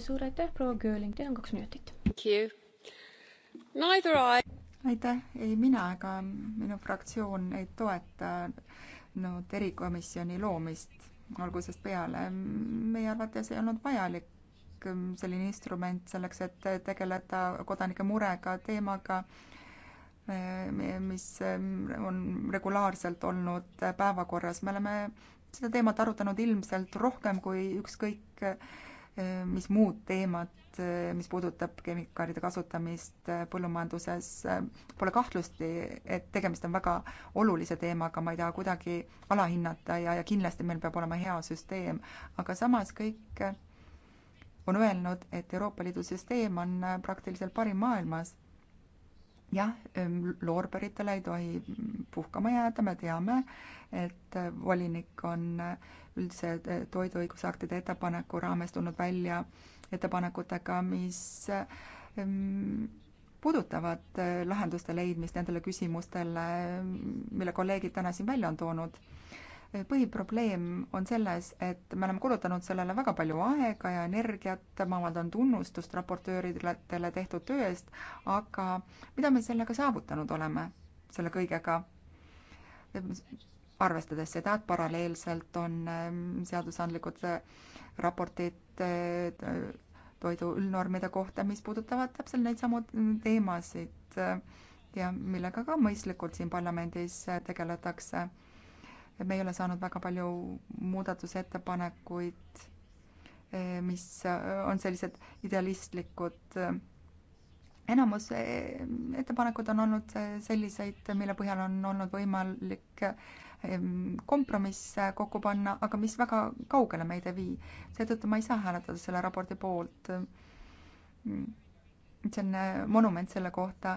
suur aitäh, proua Gööling, teil on kaks minutit. aitäh, ei mina ega minu fraktsioon ei toetanud erikomisjoni loomist algusest peale. meie arvates ei olnud vajalik ehk mm, selline instrument selleks, et tegeleda kodanike murega, teemaga, mis mm, on regulaarselt olnud päevakorras. me oleme seda teemat arutanud ilmselt rohkem kui ükskõik eh, mis muud teemat, eh, mis puudutab kemikaalide kasutamist eh, põllumajanduses. Pole kahtlustki, et tegemist on väga olulise teemaga, ma ei taha kuidagi alahinnata ja, ja kindlasti meil peab olema hea süsteem, aga samas kõik on öelnud, et Euroopa Liidu süsteem on äh, praktiliselt parim maailmas. jah, ähm, loorberitele ei tohi mm, puhkama jääda, me teame, et äh, volinik on äh, üldse toiduõiguse aktide ettepaneku raames tulnud välja ettepanekutega, mis mm, puudutavad lahenduste leidmist nendele küsimustele, mm, mille kolleegid täna siin välja on toonud põhiprobleem on selles, et me oleme kulutanud sellele väga palju aega ja energiat, ma avaldan tunnustust raportööridele tehtud töö eest, aga mida me sellega saavutanud oleme, selle kõigega? arvestades seda, et paralleelselt on ähm, seadusandlikud äh, raportid äh, toidu üldnormide kohta, mis puudutavad täpselt neid samu teemasid äh, ja millega ka mõistlikult siin parlamendis tegeletakse me ei ole saanud väga palju muudatusettepanekuid, eh, mis eh, on sellised idealistlikud. enamus eh, ettepanekud on olnud selliseid, mille põhjal on olnud võimalik kompromisse kokku panna, aga mis väga kaugele meid ei vii. seetõttu ma ei saa hääletada selle raporti poolt. Mm. see on monument selle kohta,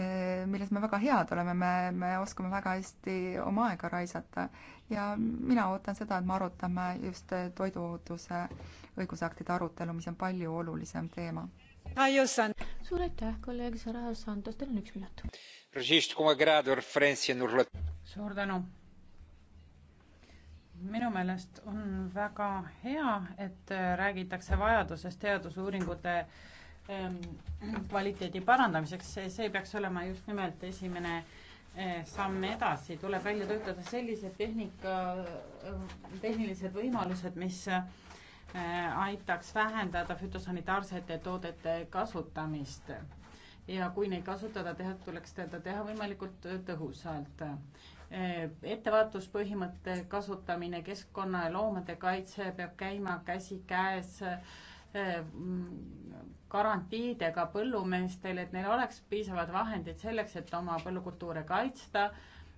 Eh, milles me väga head oleme, me, me oskame väga hästi oma aega raisata ja mina ootan seda, et me arutame just eh, toiduohutuse õigusaktide arutelu, mis on palju olulisem teema. suur aitäh, kolleeg Sara Santos, teil on üks minut. suur tänu. minu meelest on väga hea, et eh, räägitakse vajadusest teadusuuringute äh, Ähm, kvaliteedi parandamiseks, see, see peaks olema just nimelt esimene äh, samm edasi, tuleb välja töötada sellised tehnika, ähm, tehnilised võimalused, mis äh, aitaks vähendada fütosanitaarsete toodete kasutamist. ja kui neid kasutada teha, tuleks teda teha võimalikult tõhusalt. Äh, ettevaatuspõhimõtte kasutamine, keskkonna ja loomade kaitse peab käima käsikäes äh, garantiidega põllumeestel, et neil oleks piisavad vahendid selleks, et oma põllukultuure kaitsta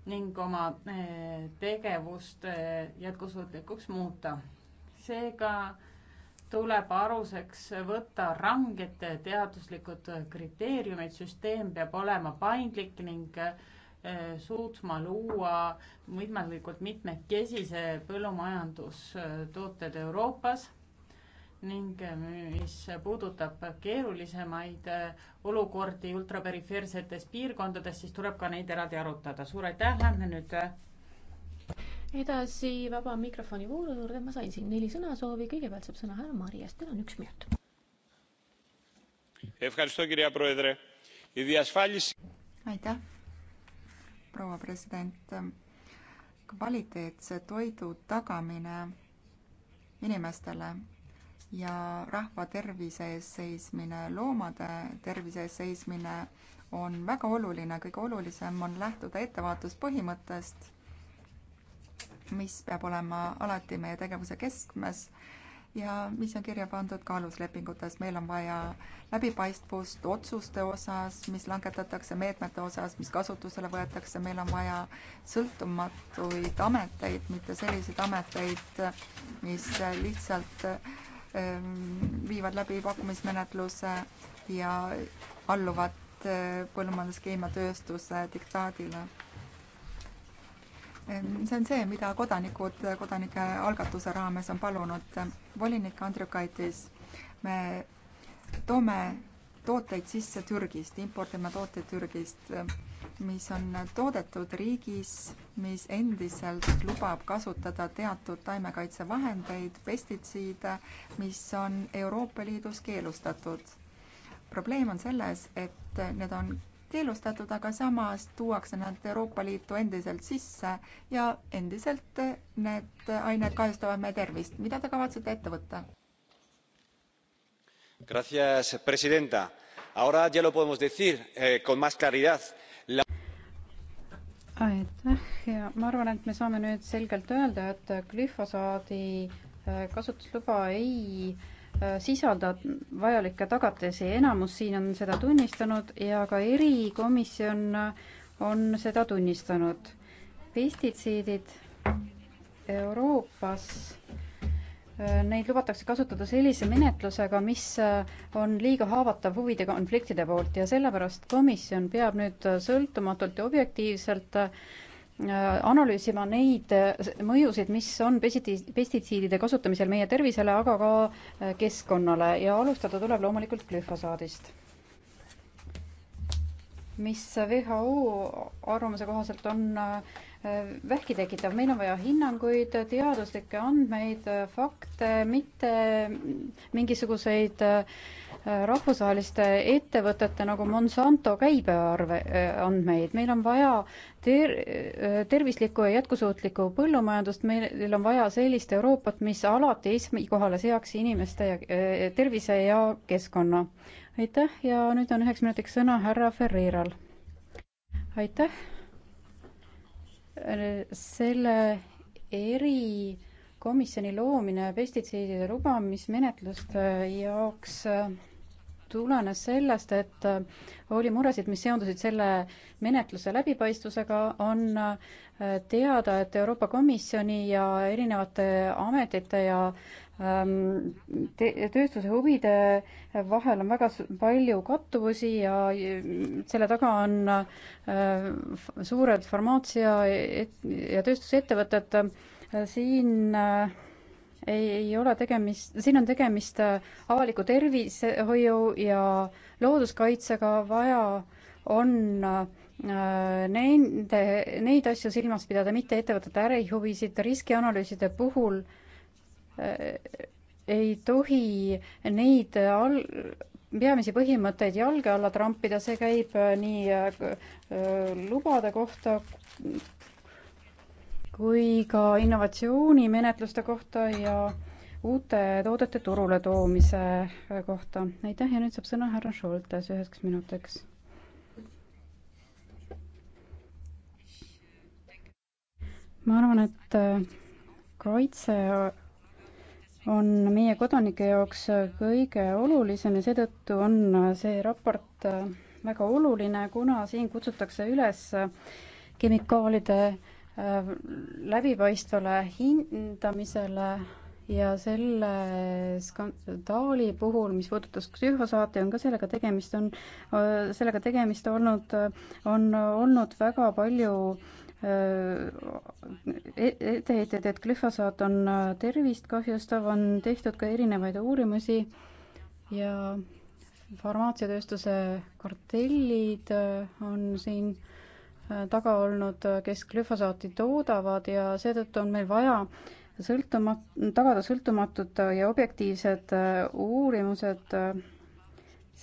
ning oma eh, tegevust eh, jätkusuutlikuks muuta. seega tuleb aluseks võtta ranged teaduslikud kriteeriumid, süsteem peab olema paindlik ning eh, suutma luua võimalikult mitmekesise põllumajandustooted Euroopas ning eh, mis puudutab keerulisemaid eh, olukordi ultraperifeersetes piirkondades, siis tuleb ka neid eraldi arutada. suur aitäh, lähme nüüd eh, edasi vaba mikrofoni vooru juurde, ma sain siin neli sõnasoovi, kõigepealt saab sõna härra Marias, teil on üks minut. aitäh, proua president. kvaliteetse toidu tagamine inimestele ja rahva tervise eest seismine, loomade tervise eest seismine on väga oluline, kõige olulisem on lähtuda ettevaatuspõhimõttest, mis peab olema alati meie tegevuse keskmes ja mis on kirja pandud ka aluslepingutes, meil on vaja läbipaistvust otsuste osas, mis langetatakse, meetmete osas, mis kasutusele võetakse, meil on vaja sõltumatuid ameteid, mitte selliseid ameteid, mis lihtsalt Ähm, viivad läbi pakkumismenetluse ja alluvad äh, põllumajanduskeemiatööstuse diktaadile. Ähm, see on see, mida kodanikud kodanike algatuse raames on palunud. volinik Andrukaitis, me toome tooteid sisse Türgist, impordime tooteid Türgist mis on toodetud riigis, mis endiselt lubab kasutada teatud taimekaitsevahendeid, pestitsiide, mis on Euroopa Liidus keelustatud. probleem on selles, et need on keelustatud, aga samas tuuakse nad Euroopa Liitu endiselt sisse ja endiselt need ained kahjustavad meie tervist. mida te kavatsete ette võtta? Gracias, presidenta. Ahora ya lo podemos decir eh, con más claridad aitäh ja ma arvan, et me saame nüüd selgelt öelda, et glüfosaadi äh, kasutusluba ei äh, sisalda vajalikke tagatisi, enamus siin on seda tunnistanud ja ka erikomisjon äh, on seda tunnistanud. pestitsiidid Euroopas Äh, neid lubatakse kasutada sellise menetlusega, mis äh, on liiga haavatav huvide konfliktide poolt ja sellepärast komisjon peab nüüd äh, sõltumatult ja objektiivselt analüüsima neid mõjusid, mis on pesiti-, pestitsiidide kasutamisel meie tervisele, aga ka keskkonnale ja alustada tuleb loomulikult glüfosaadist, mis WHO arvamuse kohaselt on äh, vähki tekitav, meil on vaja hinnanguid, teaduslikke andmeid, fakte, mitte mingisuguseid äh, rahvusvaheliste ettevõtete nagu Monsanto käibearve äh, andmeid, meil on vaja ter-, äh, tervislikku ja jätkusuutlikku põllumajandust, meil on vaja sellist Euroopat, mis alati esmikohale seaks inimeste ja tervise ja keskkonna. aitäh ja nüüd on üheks minutiks sõna härra Ferreiral. aitäh selle erikomisjoni loomine pestitsiidide lubamismenetluste jaoks tulenes sellest, et äh, oli muresid, mis seondusid selle menetluse läbipaistvusega, on äh, teada, et Euroopa Komisjoni ja erinevate ametite ja ähm, te tööstuse huvide vahel on väga palju kattuvusi ja äh, selle taga on suured farmaatsia ja tööstusettevõtted siin ei, ei ole tegemist, siin on tegemist äh, avaliku tervishoiu ja looduskaitsega, vaja on äh, nende, neid asju silmas pidada, mitte ettevõtete ärihuvisid, riskianalüüside puhul äh, ei tohi neid al-, peamisi põhimõtteid jalge alla trampida, see käib nii lubade kohta kui ka innovatsioonimenetluste kohta ja uute toodete turule toomise kohta. aitäh ja nüüd saab sõna härra Šoltes üheks minutiks. ma arvan, et äh, kaitse on meie kodanike jaoks kõige olulisem ja seetõttu on see raport äh, väga oluline, kuna siin kutsutakse üles äh, kemikaalide äh, Äh, läbipaistvale hindamisele ja selle skandaali puhul, mis puudutas psühhosaate, on ka sellega tegemist, on, äh, sellega tegemist olnud, äh, on olnud väga palju e-, etteheited, et glüfosaat on tervist kahjustav, on tehtud ka erinevaid uurimusi ja farmaatsiatööstuse kartellid on siin äh, taga olnud, kes glüfosaati toodavad ja seetõttu on meil vaja sõltuma-, tagada sõltumatud ja objektiivsed äh, uurimused äh,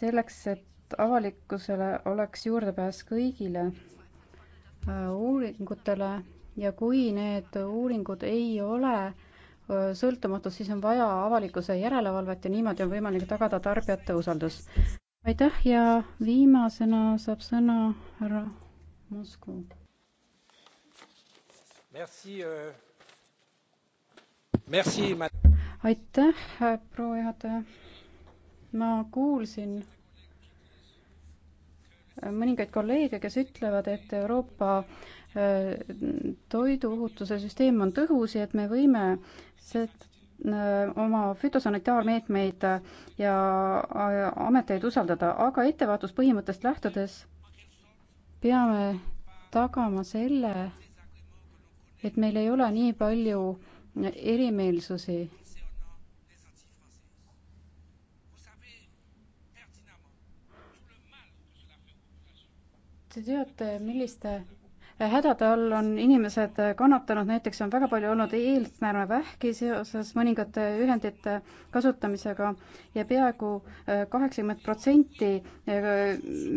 selleks, et avalikkusele oleks juurdepääs kõigile äh, uuringutele ja kui need uuringud ei ole sõltumatud, siis on vaja avalikkuse järelevalvet ja niimoodi on võimalik tagada tarbijate usaldus. aitäh ja viimasena saab sõna härra Moscou. Euh, aitäh, äh, proua juhataja. ma kuulsin äh, mõningaid kolleege, kes ütlevad, et Euroopa äh, toiduohutuse süsteem on tõhus ja et me võime oma fütosanitaarmeetmeid ja ameteid usaldada, aga ettevaatuspõhimõttest lähtudes peame tagama selle, et meil ei ole nii palju erimeelsusi. Te teate, milliste hädade all on inimesed kannatanud, näiteks on väga palju olnud eelnäärmevähki seoses mõningate ühendite kasutamisega ja peaaegu äh, kaheksakümmend protsenti äh,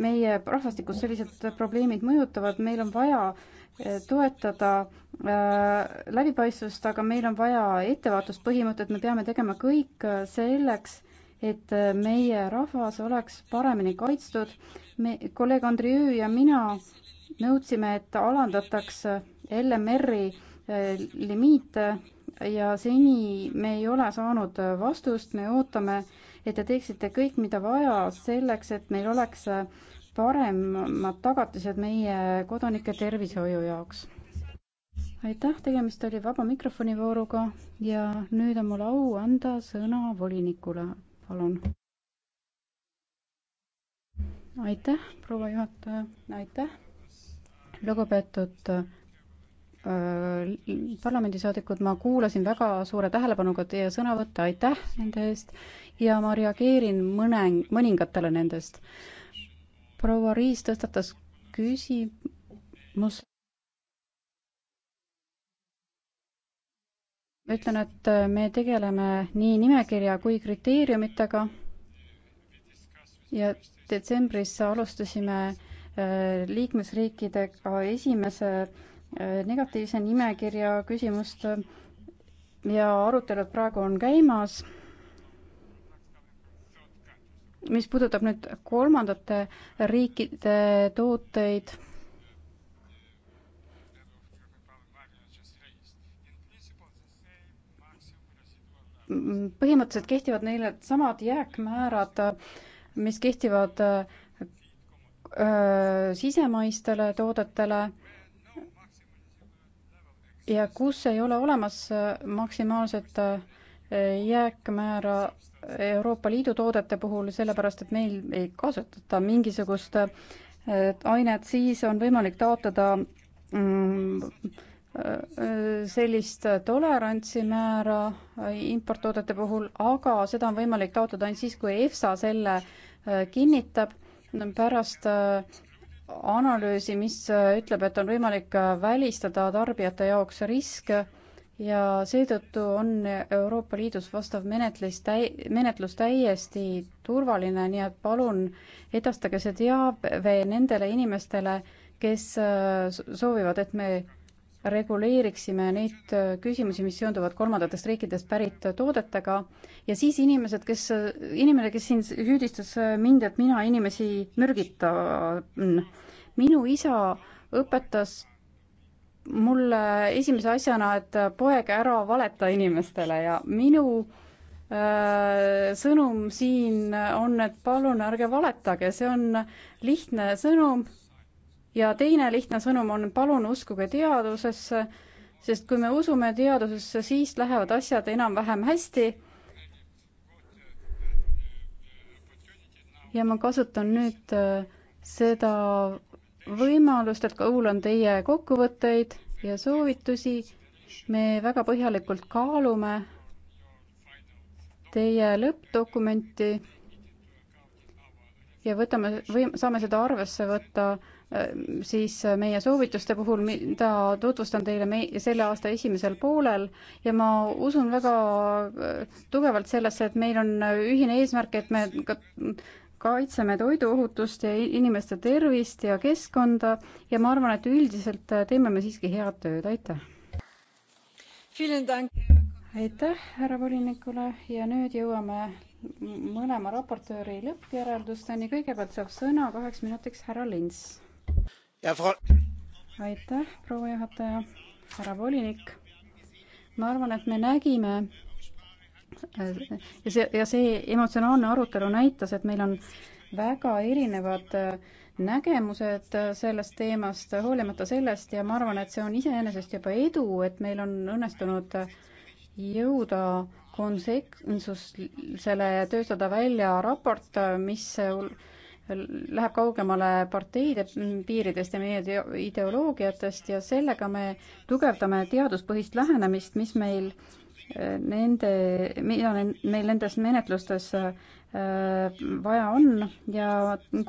meie rahvastikust sellised probleemid mõjutavad, meil on vaja äh, toetada läbipaistvust, aga meil on vaja ettevaatuspõhimõtet, me peame tegema kõik selleks, et äh, meie rahvas oleks paremini kaitstud. me, kolleeg Andriöö ja mina nõudsime, et alandataks äh, LMR-i äh, limiite ja seni me ei ole saanud vastust, me ootame, et te teeksite kõik, mida vaja selleks, et meil oleks paremad tagatised meie kodanike tervishoiu jaoks. aitäh, tegemist oli vaba mikrofoni vooruga ja nüüd on mul au anda sõna volinikule palun. aitäh, proua juhataja, aitäh, lugupeetud äh, parlamendisaadikud, ma kuulasin väga suure tähelepanuga teie sõnavõtte, aitäh nende eest ja ma reageerin mõne, mõningatele nendest. proua Riis tõstatas küsimuse ütlen, et äh, me tegeleme nii nimekirja kui kriteeriumitega ja detsembris alustasime äh, liikmesriikidega esimese äh, negatiivse nimekirja küsimust ja arutelud praegu on käimas. mis puudutab nüüd kolmandate riikide tooteid põhimõtteliselt kehtivad neile samad jääkmäärad, mis kehtivad öö, äh, sisemaistele toodetele ja kus ei ole olemas maksimaalset äh, jääkmäära Euroopa Liidu toodete puhul, sellepärast et meil ei kasutata mingisugust äh, ainet, siis on võimalik taotleda mm, Äh, äh, sellist tolerantsi määra äh, importtoodete puhul, aga seda on võimalik taotleda ainult siis, kui EFSA selle kinnitab. pärast analüüsi, mis ütleb, et on võimalik välistada tarbijate jaoks risk ja seetõttu on Euroopa Liidus vastav menetlus täi-, menetlus täiesti turvaline, nii et palun edastage see teave nendele inimestele, kes soovivad, et me reguleeriksime neid äh, küsimusi, mis seonduvad kolmandatest riikidest pärit toodetega ja siis inimesed, kes, äh, inimene, kes siin süüdistas äh, mind, et mina inimesi mürgitan. minu isa õpetas mulle esimese asjana, et poeg, ära valeta inimestele ja minu sõnum siin on, et palun ärge valetage, see on lihtne sõnum ja teine lihtne sõnum on, palun uskuge teadusesse, sest kui me usume teadusesse, siis lähevad asjad enam-vähem hästi. ja ma kasutan nüüd äh, seda võimalust, et kuulan teie kokkuvõtteid ja soovitusi. me väga põhjalikult kaalume teie lõppdokumenti ja võtame või saame seda arvesse võtta Äh, siis äh, meie soovituste puhul, mida tutvustan teile me-, selle aasta esimesel poolel ja ma usun väga äh, tugevalt sellesse, et meil on ühine eesmärk, et me ka kaitseme toiduohutust ja inimeste tervist ja keskkonda ja ma arvan, et üldiselt teeme me siiski head tööd, aitäh! aitäh härra volinikule ja nüüd jõuame mõlema raportööri lõppjäreldusteni, kõigepealt saab sõna kaheks minutiks härra Lins aitäh, proua juhataja, härra volinik. ma arvan, et me nägime ja see, ja see emotsionaalne arutelu näitas, et meil on väga erinevad äh, nägemused äh, sellest teemast, hoolimata sellest ja ma arvan, et see on iseenesest juba edu, et meil on õnnestunud äh, jõuda konsensusele ja töötada välja raport, mis läheb kaugemale parteide piiridest ja meie ideoloogiatest ja sellega me tugevdame teaduspõhist lähenemist, mis meil äh, nende, mida meil nendes menetlustes äh, vaja on ja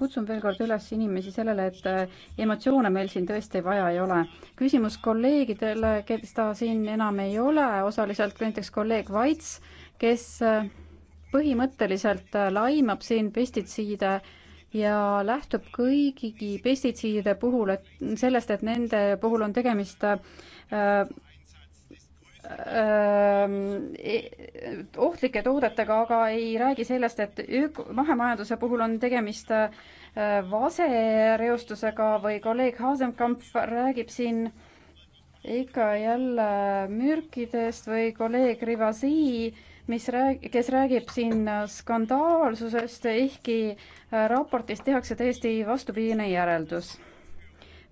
kutsun veel kord üles inimesi sellele, et äh, emotsioone meil siin tõesti vaja ei ole. küsimus kolleegidele, kes ta siin enam ei ole, osaliselt näiteks kolleeg Vaits, kes põhimõtteliselt laimab siin pestitsiide äh, ja lähtub kõigigi pestitsiidide puhul, et sellest, et nende puhul on tegemist äh, äh, ohtlike toodetega, aga ei räägi sellest, et öko, mahemajanduse puhul on tegemist äh, vasereostusega või kolleeg Hasenkamp räägib siin ikka jälle mürkidest või kolleeg Rivasi äh, mis rääg-, kes räägib siin skandaalsusest, ehkki äh, raportis tehakse täiesti vastupidine järeldus.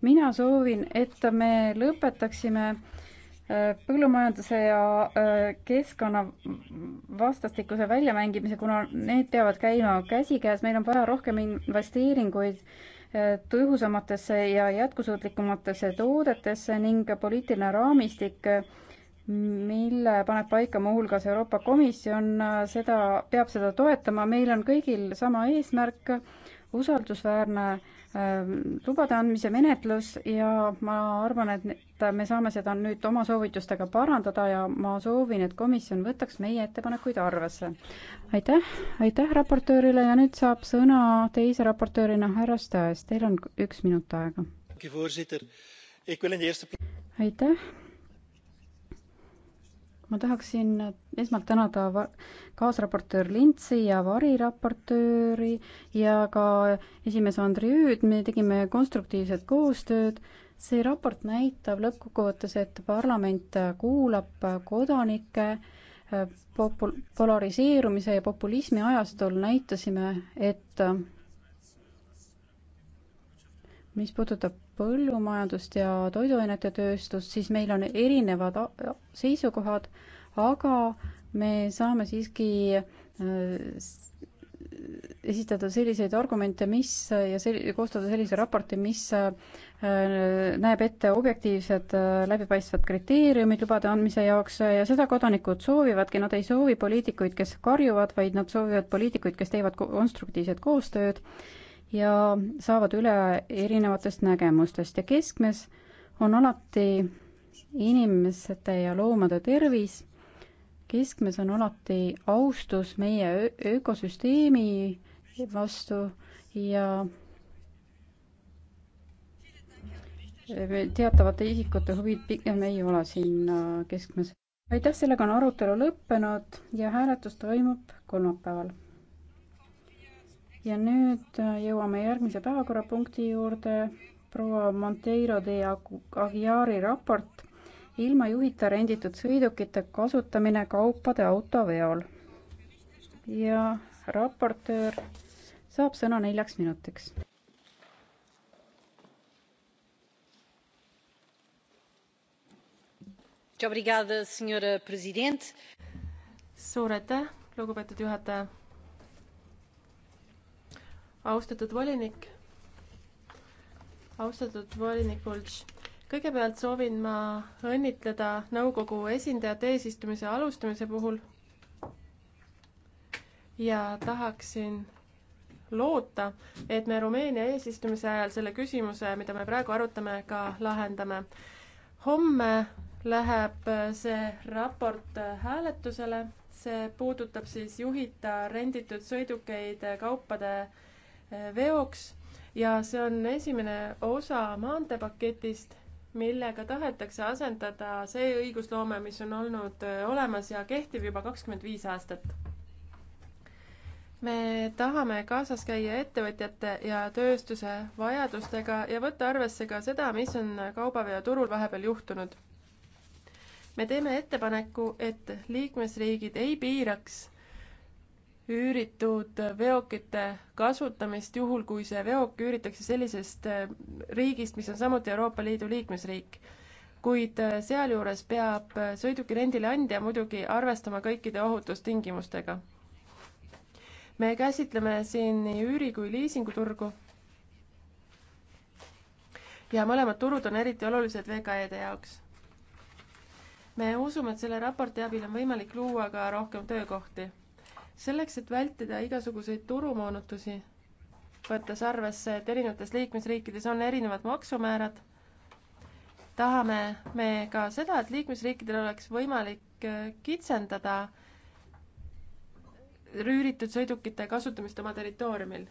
mina soovin, et me lõpetaksime äh, põllumajanduse ja äh, keskkonna vastastikuse väljamängimise, kuna need peavad käima käsikäes, meil on vaja rohkem investeeringuid tõhusamatesse ja jätkusuutlikumatesse toodetesse ning poliitiline raamistik mille paneb paika muuhulgas Euroopa Komisjon, seda, peab seda toetama, meil on kõigil sama eesmärk, usaldusväärne äh, lubade andmise menetlus ja ma arvan, et me saame seda nüüd oma soovitustega parandada ja ma soovin, et komisjon võtaks meie ettepanekuid arvesse. aitäh, aitäh raportöörile ja nüüd saab sõna teise raportöörina härra Stas, teil on üks minut aega. aitäh ma tahaksin esmalt tänada kaasraportöör Lintsi ja variraportööri ja ka esimees Andrejõud, me tegime konstruktiivset koostööd. see raport näitab lõppkokkuvõttes, et parlament kuulab kodanikke äh, popul-, polariseerumise ja populismi ajastul näitasime, et mis puudutab põllumajandust ja toiduainetetööstust, siis meil on erinevad seisukohad, aga me saame siiski äh, esitada selliseid argumente, mis ja sel-, koostada sellise raporti, mis äh, näeb ette objektiivsed äh, läbipaistvad kriteeriumid lubade andmise jaoks ja seda kodanikud soovivadki, nad ei soovi poliitikuid, kes karjuvad, vaid nad soovivad poliitikuid, kes teevad konstruktiivset koostööd ja saavad üle erinevatest nägemustest ja keskmes on alati inimeste ja loomade tervis, keskmes on alati austus meie ökosüsteemi vastu ja teatavate isikute huvid pigem ei ole siin äh, keskmes. aitäh, sellega on arutelu lõppenud ja hääletus toimub kolmapäeval ja nüüd äh, jõuame järgmise päevakorrapunkti juurde, proua Monteiro de Aguiari raport ilma juhita renditud sõidukite kasutamine kaupade autoveol. ja raportöör saab sõna neljaks minutiks. suur aitäh, lugupeetud juhataja austatud volinik, austatud volinik Vultš, kõigepealt soovin ma õnnitleda nõukogu esindajat eesistumise alustamise puhul ja tahaksin loota, et me Rumeenia eesistumise ajal selle küsimuse, mida me praegu arutame, ka lahendame. homme läheb see raport hääletusele, see puudutab siis juhita renditud sõidukeid kaupade veoks ja see on esimene osa maanteepaketist, millega tahetakse asendada see õigusloome, mis on olnud äh, olemas ja kehtiv juba kakskümmend viis aastat. me tahame kaasas käia ettevõtjate ja tööstuse vajadustega ja võtta arvesse ka seda, mis on kaubaveoturul vahepeal juhtunud. me teeme ettepaneku, et liikmesriigid ei piiraks üüritud veokite kasutamist, juhul kui see veok üüritakse sellisest äh, riigist, mis on samuti Euroopa Liidu liikmesriik. kuid äh, sealjuures peab äh, sõiduki rendileandja muidugi arvestama kõikide ohutustingimustega. me käsitleme siin nii üüri- kui liisinguturgu ja mõlemad turud on eriti olulised VKE-de jaoks. me usume, et selle raporti abil on võimalik luua ka rohkem töökohti selleks, et vältida igasuguseid turumoonutusi, võttes arvesse, et erinevates liikmesriikides on erinevad maksumäärad, tahame me ka seda, et liikmesriikidel oleks võimalik äh, kitsendada rüüritud sõidukite kasutamist oma territooriumil.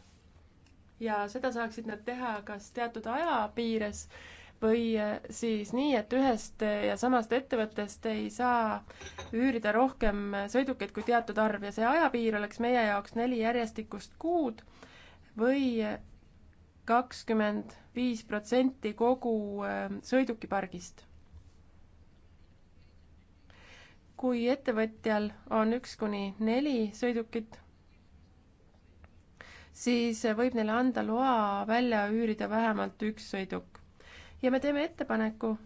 ja seda saaksid nad teha kas teatud aja piires või äh, siis nii, et ühest äh, ja samast ettevõttest ei saa üürida rohkem äh, sõidukeid kui teatud arv ja see ajapiir oleks meie jaoks neli järjestikust kuud või kakskümmend viis protsenti kogu sõidukipargist. kui ettevõtjal on üks kuni neli sõidukit, siis võib neile anda loa välja üürida vähemalt üks sõiduk ja me teeme ettepaneku,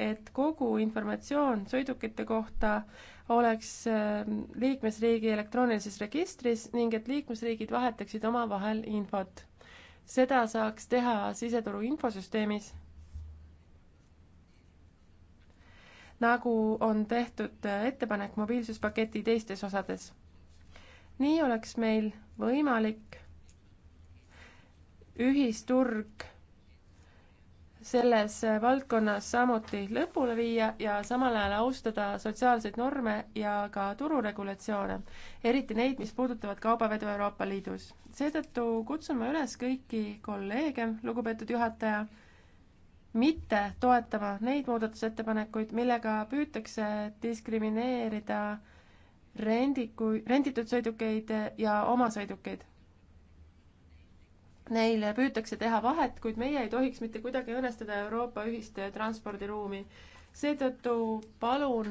et kogu informatsioon sõidukite kohta oleks ähm, liikmesriigi elektroonilises registris ning et liikmesriigid vahetaksid omavahel infot. seda saaks teha siseturu infosüsteemis, nagu on tehtud äh, ettepanek mobiilsuspaketi teistes osades. nii oleks meil võimalik ühisturg selles valdkonnas samuti lõpule viia ja samal ajal austada sotsiaalseid norme ja ka tururegulatsioone, eriti neid, mis puudutavad kaubavedu Euroopa Liidus. seetõttu kutsun ma üles kõiki kolleege, lugupeetud juhataja, mitte toetama neid muudatusettepanekuid, millega püütakse diskrimineerida rendiku, renditud sõidukeid ja omasõidukeid Neile püütakse teha vahet, kuid meie ei tohiks mitte kuidagi õõnestada Euroopa ühist transpordiruumi. seetõttu palun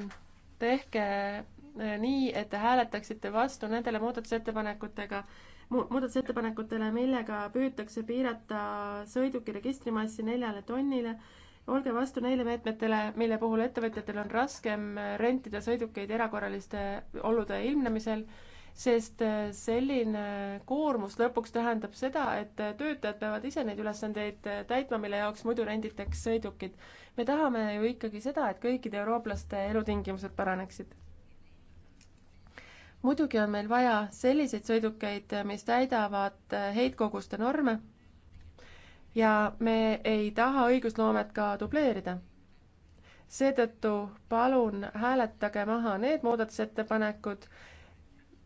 tehke eh, nii, et te hääletaksite vastu nendele muudatusettepanekutega, muudatusettepanekutele, millega püütakse piirata sõiduki registrimassi neljale tonnile. olge vastu neile meetmetele, mille puhul ettevõtjatel on raskem rentida sõidukeid erakorraliste olude ilmnemisel sest äh, selline koormus lõpuks tähendab seda, et äh, töötajad peavad ise neid ülesandeid äh, täitma, mille jaoks muidu renditaks sõidukid. me tahame ju ikkagi seda, et kõikide eurooplaste elutingimused paraneksid. muidugi on meil vaja selliseid sõidukeid, mis täidavad heitkoguste norme ja me ei taha õigusloomet ka dubleerida seetõttu palun hääletage maha need muudatusettepanekud,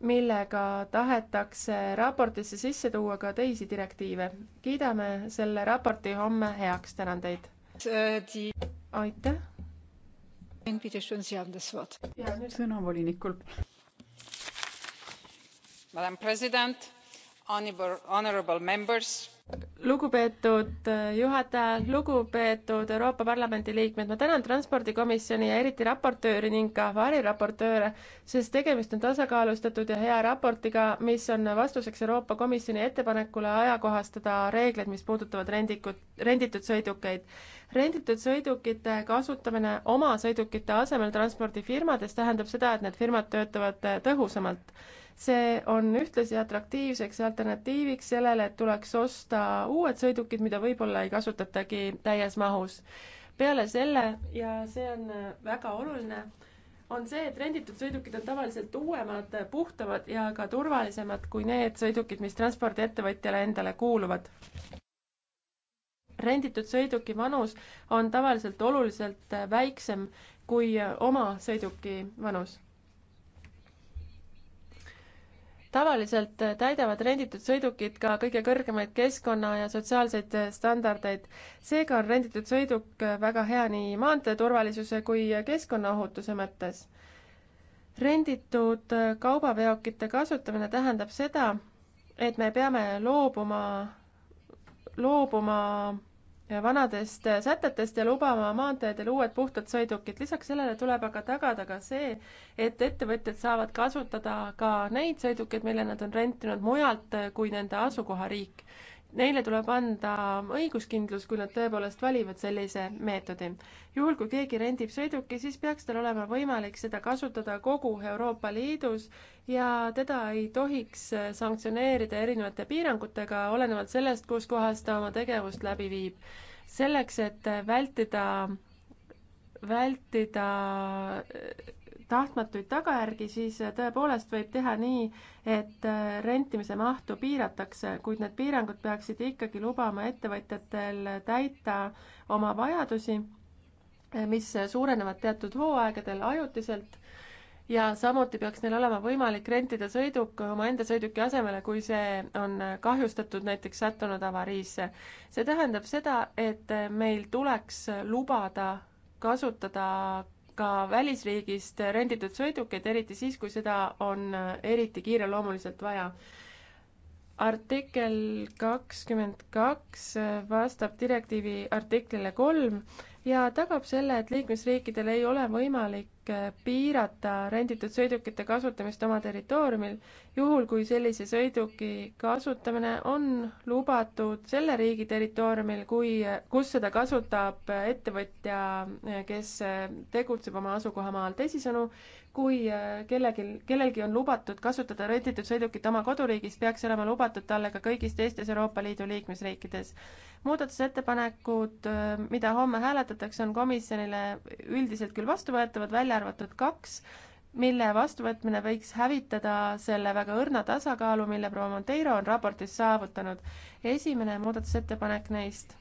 millega tahetakse raportisse sisse tuua ka teisi direktiive. kiidame selle raporti homme heaks, tänan teid. aitäh. sõna volinikul. Madam President, honorable members lugupeetud äh, juhataja, lugupeetud Euroopa Parlamendi liikmed, ma tänan Transpordikomisjoni ja eriti raportööri ning ka variraportööre, sest tegemist on tasakaalustatud ja hea raportiga, mis on vastuseks Euroopa Komisjoni ettepanekule ajakohastada reegleid, mis puudutavad rendikut, renditud sõidukeid. renditud sõidukite kasutamine oma sõidukite asemel transpordifirmades tähendab seda, et need firmad töötavad äh, tõhusamalt see on ühtlasi atraktiivseks alternatiiviks sellele, et tuleks osta uued sõidukid, mida võib-olla ei kasutatagi täies mahus. peale selle, ja see on väga oluline, on see, et renditud sõidukid on tavaliselt uuemad, puhtamad ja ka turvalisemad kui need sõidukid, mis transpordiettevõtjale endale kuuluvad. renditud sõiduki vanus on tavaliselt oluliselt väiksem kui oma sõiduki vanus tavaliselt täidavad renditud sõidukid ka kõige kõrgemaid keskkonna ja sotsiaalseid standardeid. seega on renditud sõiduk väga hea nii maanteeturvalisuse kui keskkonnaohutuse mõttes. renditud kaubaveokite kasutamine tähendab seda, et me peame loobuma, loobuma vanadest sätetest ja lubama maanteedel uued puhtad sõidukid. lisaks sellele tuleb aga tagada ka see, et ettevõtjad saavad kasutada ka neid sõidukeid, mille nad on rentinud mujalt kui nende asukohariik Neile tuleb anda õiguskindlus, kui nad tõepoolest valivad sellise meetodi. juhul, kui keegi rendib sõiduki, siis peaks tal olema võimalik seda kasutada kogu Euroopa Liidus ja teda ei tohiks sanktsioneerida erinevate piirangutega, olenevalt sellest, kus kohas ta oma tegevust läbi viib. selleks, et vältida vältida tahtmatuid tagajärgi, siis tõepoolest võib teha nii, et äh, rentimise mahtu piiratakse, kuid need piirangud peaksid ikkagi lubama ettevõtjatel täita oma vajadusi, äh, mis suurenevad teatud hooaegadel ajutiselt ja samuti peaks neil olema võimalik rentida sõiduk omaenda sõiduki asemele, kui see on kahjustatud, näiteks sattunud avariisse. see tähendab seda, et meil tuleks lubada kasutada ka välisriigist renditud sõidukeid, eriti siis, kui seda on äh, eriti kiireloomuliselt vaja. artikkel kakskümmend kaks äh, vastab direktiivi artiklile kolm ja tagab selle, et liikmesriikidel ei ole võimalik äh, piirata renditud sõidukite kasutamist oma territooriumil, juhul kui sellise sõiduki kasutamine on lubatud selle riigi territooriumil, kui, kus seda kasutab äh, ettevõtja, äh, kes tegutseb oma asukohamaal. teisisõnu, kui kellelgi, kellelgi on lubatud kasutada renditud sõidukit oma koduriigis, peaks olema lubatud talle ka kõigis teistes Euroopa Liidu liikmesriikides. muudatusettepanekud, mida homme hääletame, nimetatakse, on komisjonile üldiselt küll vastuvõetavad, välja arvatud kaks, mille vastuvõtmine võiks hävitada selle väga õrna tasakaalu, mille proua Monteiro on raportis saavutanud. esimene muudatusettepanek neist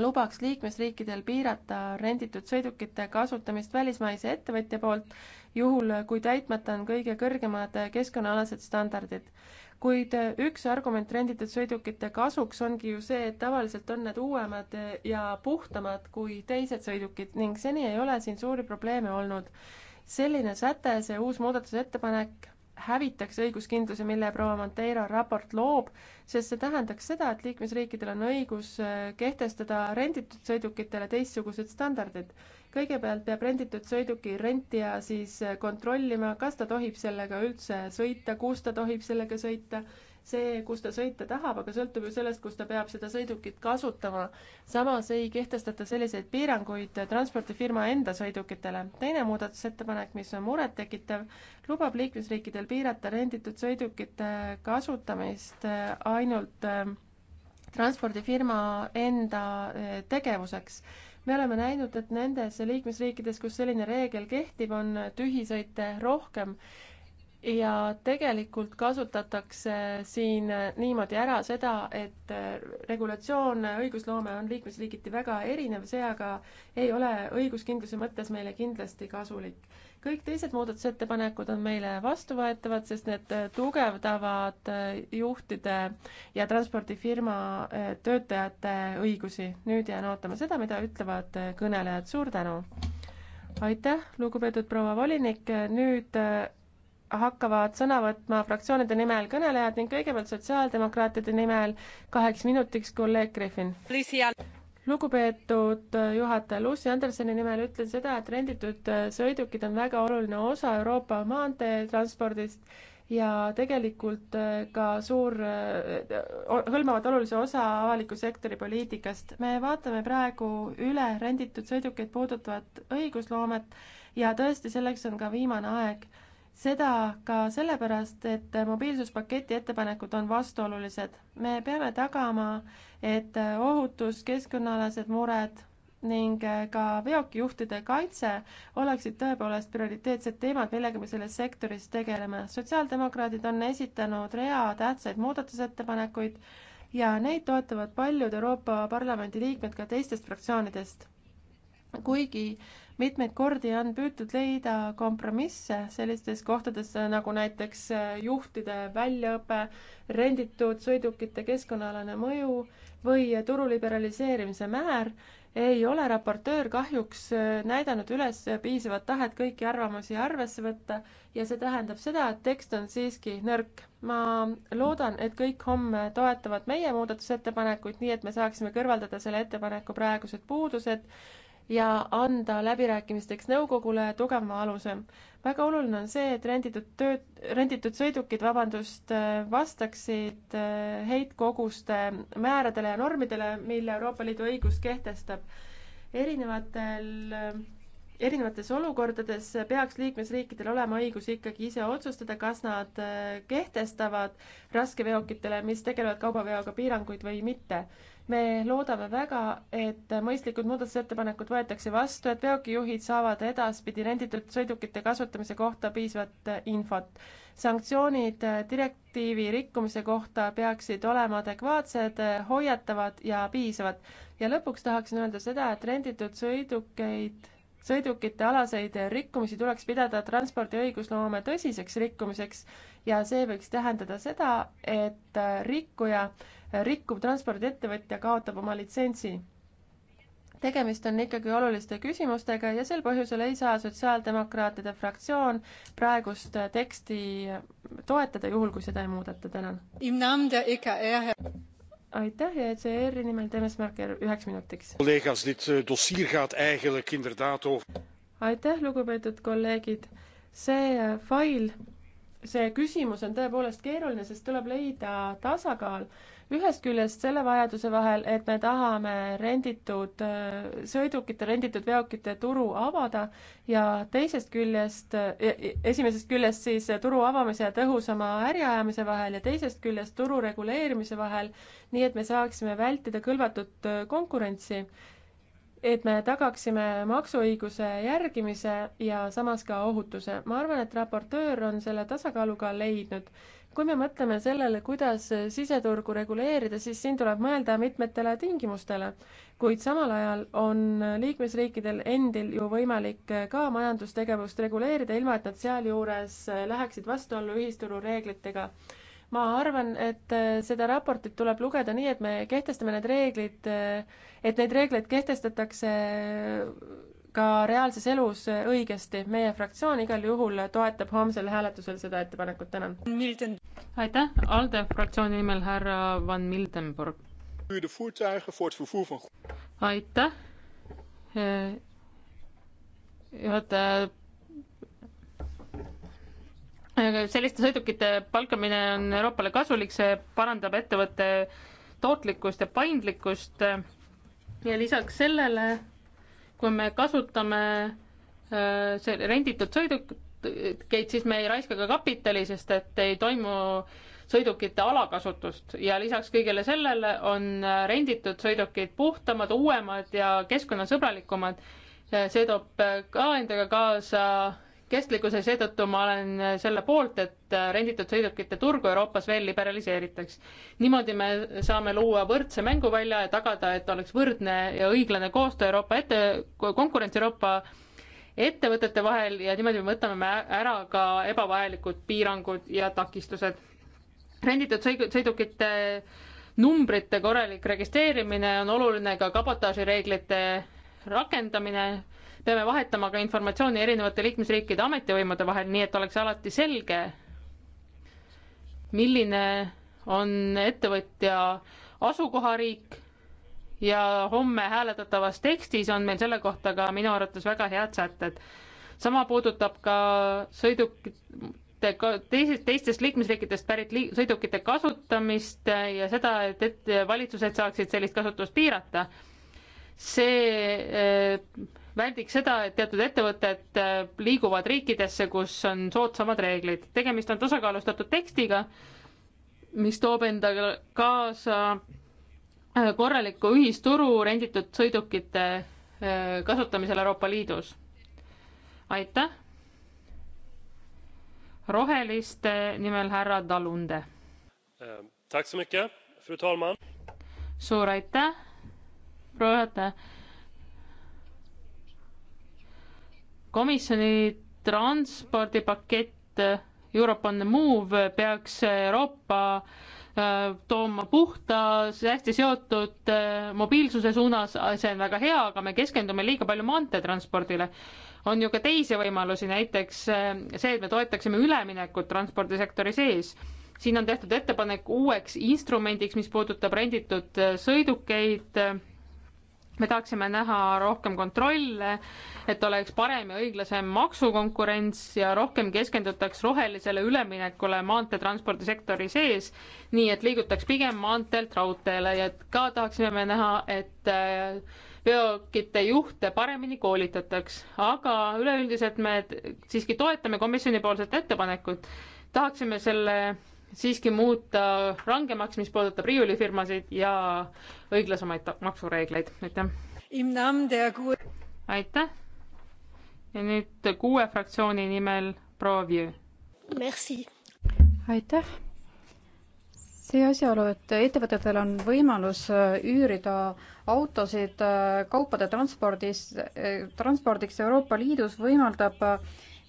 lubaks liikmesriikidel piirata renditud sõidukite kasutamist välismaise ettevõtja poolt, juhul kui täitmata on kõige kõrgemad keskkonnaalased standardid kuid äh, üks argument renditud sõidukite kasuks ongi ju see, et tavaliselt on need uuemad äh, ja puhtamad kui teised sõidukid ning seni ei ole siin suuri probleeme olnud. selline säte, see uus muudatusettepanek hävitaks õiguskindluse, mille proua Monteiro raport loob, sest see tähendaks seda, et liikmesriikidel on õigus äh, kehtestada renditud sõidukitele teistsugused standardid kõigepealt peab renditud sõiduki rentija siis äh, kontrollima, kas ta tohib sellega üldse sõita, kus ta tohib sellega sõita see, kus ta sõita tahab, aga sõltub ju sellest, kus ta peab seda sõidukit kasutama. samas ei kehtestata selliseid piiranguid transpordifirma enda sõidukitele. teine muudatusettepanek, mis on murettekitav, lubab liikmesriikidel piirata renditud sõidukite kasutamist äh, ainult äh, transpordifirma enda tegevuseks me oleme näinud, et nendes liikmesriikides, kus selline reegel kehtib, on tühisõite rohkem ja tegelikult kasutatakse siin niimoodi ära seda, et regulatsioon, õigusloome on liikmesriigiti väga erinev, see aga ei ole õiguskindluse mõttes meile kindlasti kasulik kõik teised muudatusettepanekud on meile vastuvõetavad, sest need tugevdavad äh, juhtide ja transpordifirma äh, töötajate õigusi. nüüd jään ootama seda, mida ütlevad äh, kõnelejad, suur tänu! aitäh, lugupeetud proua volinik, nüüd hakkavad sõna võtma fraktsioonide nimel kõnelejad ning kõigepealt sotsiaaldemokraatide nimel kaheks minutiks kolleeg Griffin lugupeetud äh, juhataja, Lucy Andersoni nimel ütlen seda, et renditud äh, sõidukid on väga oluline osa Euroopa maanteetranspordist ja tegelikult äh, ka suur, hõlmavad olulise osa avaliku sektori poliitikast. me vaatame praegu üle renditud sõidukeid puudutavat õigusloomet ja tõesti, selleks on ka viimane aeg seda ka sellepärast, et mobiilsuspaketi ettepanekud on vastuolulised. me peame tagama, et ohutus, keskkonnaalased mured ning ka veokijuhtide kaitse oleksid tõepoolest prioriteetsed teemad, millega me selles sektoris tegeleme. sotsiaaldemokraadid on esitanud rea tähtsaid muudatusettepanekuid ja neid toetavad paljud Euroopa Parlamendi liikmed ka teistest fraktsioonidest kuigi mitmeid kordi on püütud leida kompromisse sellistes kohtades nagu näiteks äh, juhtide väljaõpe, renditud sõidukite keskkonnaalane mõju või turu liberaliseerimise määr, ei ole raportöör kahjuks äh, näidanud üles piisavat tahet kõiki arvamusi arvesse võtta ja see tähendab seda, et tekst on siiski nõrk. ma loodan, et kõik homme toetavad meie muudatusettepanekuid, nii et me saaksime kõrvaldada selle ettepaneku praegused puudused ja anda läbirääkimisteks nõukogule tugevama aluse. väga oluline on see, et renditud tööd, renditud sõidukid, vabandust, vastaksid eh, heitkoguste määradele ja normidele, mille Euroopa Liidu õigus kehtestab. erinevatel, eh, erinevates olukordades peaks liikmesriikidel olema õigus ikkagi ise otsustada, kas nad eh, kehtestavad raskeveokitele, mis tegelevad kaubaveoga, piiranguid või mitte me loodame väga, et mõistlikud muudatusettepanekud võetakse vastu, et veokijuhid saavad edaspidi renditud sõidukite kasutamise kohta piisavat infot. sanktsioonid direktiivi rikkumise kohta peaksid olema adekvaatsed, hoiatavad ja piisavad. ja lõpuks tahaksin öelda seda, et renditud sõidukeid sõidukite alaseid rikkumisi tuleks pidada transpordi õigusloome tõsiseks rikkumiseks ja see võiks tähendada seda, et rikkuja, rikkuv transpordiettevõtja kaotab oma litsentsi. tegemist on ikkagi oluliste küsimustega ja sel põhjusel ei saa Sotsiaaldemokraatide fraktsioon praegust teksti toetada, juhul kui seda ei muudeta. tänan. E aitäh ja ECR-i e nimel teeme Smarker üheks minutiks. kolleegas, nüüd eh, dossier gaat eigenlijk inderdaad over aitäh, lugupeetud kolleegid. see eh, fail see küsimus on tõepoolest keeruline, sest tuleb leida tasakaal ühest küljest selle vajaduse vahel, et me tahame renditud äh, sõidukite, renditud veokite turu avada ja teisest küljest, e, e, esimesest küljest siis turu avamise ja tõhusama äriajamise vahel ja teisest küljest turu reguleerimise vahel, nii et me saaksime vältida kõlvatut äh, konkurentsi et me tagaksime maksuõiguse järgimise ja samas ka ohutuse. ma arvan, et raportöör on selle tasakaalu ka leidnud. kui me mõtleme sellele, kuidas siseturgu reguleerida, siis siin tuleb mõelda mitmetele tingimustele, kuid samal ajal on liikmesriikidel endil ju võimalik ka majandustegevust reguleerida, ilma et nad sealjuures läheksid vastuollu ühisturu reeglitega ma arvan, et seda raportit tuleb lugeda nii, et me kehtestame need reeglid äh, et neid reegleid kehtestatakse ka reaalses elus õigesti. meie fraktsioon igal juhul toetab homsel hääletusel seda ettepanekut, tänan. aitäh, ALDE fraktsiooni nimel härra Van Miltenburg. aitäh, eh, juhataja eh, selliste sõidukite palkamine on Euroopale kasulik, see parandab ettevõtte tootlikkust ja paindlikkust ja lisaks sellele, kui me kasutame äh, see renditud sõidukeid, siis me ei raiska ka kapitali, sest et ei toimu sõidukite alakasutust ja lisaks kõigele sellele on äh, renditud sõidukid puhtamad, uuemad ja keskkonnasõbralikumad. see toob äh, ka endaga kaasa kestlikkuse, seetõttu ma olen selle poolt, et renditud sõidukite turgu Euroopas veel liberaliseeritaks. niimoodi me saame luua võrdse mänguvälja ja tagada, et oleks võrdne ja õiglane koostöö Euroopa ette, konkurents Euroopa ettevõtete vahel ja niimoodi me võtame me ära ka ebavajalikud piirangud ja takistused. renditud sõidukite numbrite korralik registreerimine on oluline ka kabotaažireeglite rakendamine peame vahetama ka informatsiooni erinevate liikmesriikide ametivõimude vahel, nii et oleks alati selge, milline on ettevõtja asukohariik ja homme hääletatavas tekstis on meil selle kohta ka minu arvates väga head sätted. sama puudutab ka sõidukite, teisest, teistest liikmesriikidest pärit liik, sõidukite kasutamist ja seda, et, et valitsused saaksid sellist kasutust piirata. see eh, väldiks seda, et teatud ettevõtted äh, liiguvad riikidesse, kus on soodsamad reeglid. tegemist on tasakaalustatud tekstiga, mis toob endaga kaasa äh, korraliku ühisturu renditud sõidukite äh, kasutamisel Euroopa Liidus. aitäh. roheliste nimel härra Talunde. suur aitäh, proua juhataja komisjoni transpordipakett äh, Europe on the move peaks Euroopa äh, tooma puhta, hästi seotud äh, mobiilsuse suunas, see on väga hea, aga me keskendume liiga palju maanteetranspordile. on ju ka teisi võimalusi, näiteks see, et me toetaksime üleminekut transpordisektori sees. siin on tehtud ettepanek uueks instrumendiks, mis puudutab renditud sõidukeid me tahaksime näha rohkem kontrolle, et oleks parem ja õiglasem maksukonkurents ja rohkem keskendutaks rohelisele üleminekule maanteetranspordisektori sees, nii et liigutaks pigem maanteelt raudteele ja ka tahaksime me näha, et äh, veokite juhte paremini koolitataks, aga üleüldiselt me siiski toetame komisjonipoolset ettepanekut. tahaksime selle siiski muuta rangemaks, mis puudutab riiulifirmasid ja õiglasemaid maksureegleid, aitäh. aitäh. ja nüüd kuue fraktsiooni nimel proua Vjõ. aitäh see asjaolu, et ettevõtetel on võimalus äh, üürida autosid äh, kaupade transpordis, äh, transpordiks Euroopa Liidus, võimaldab äh,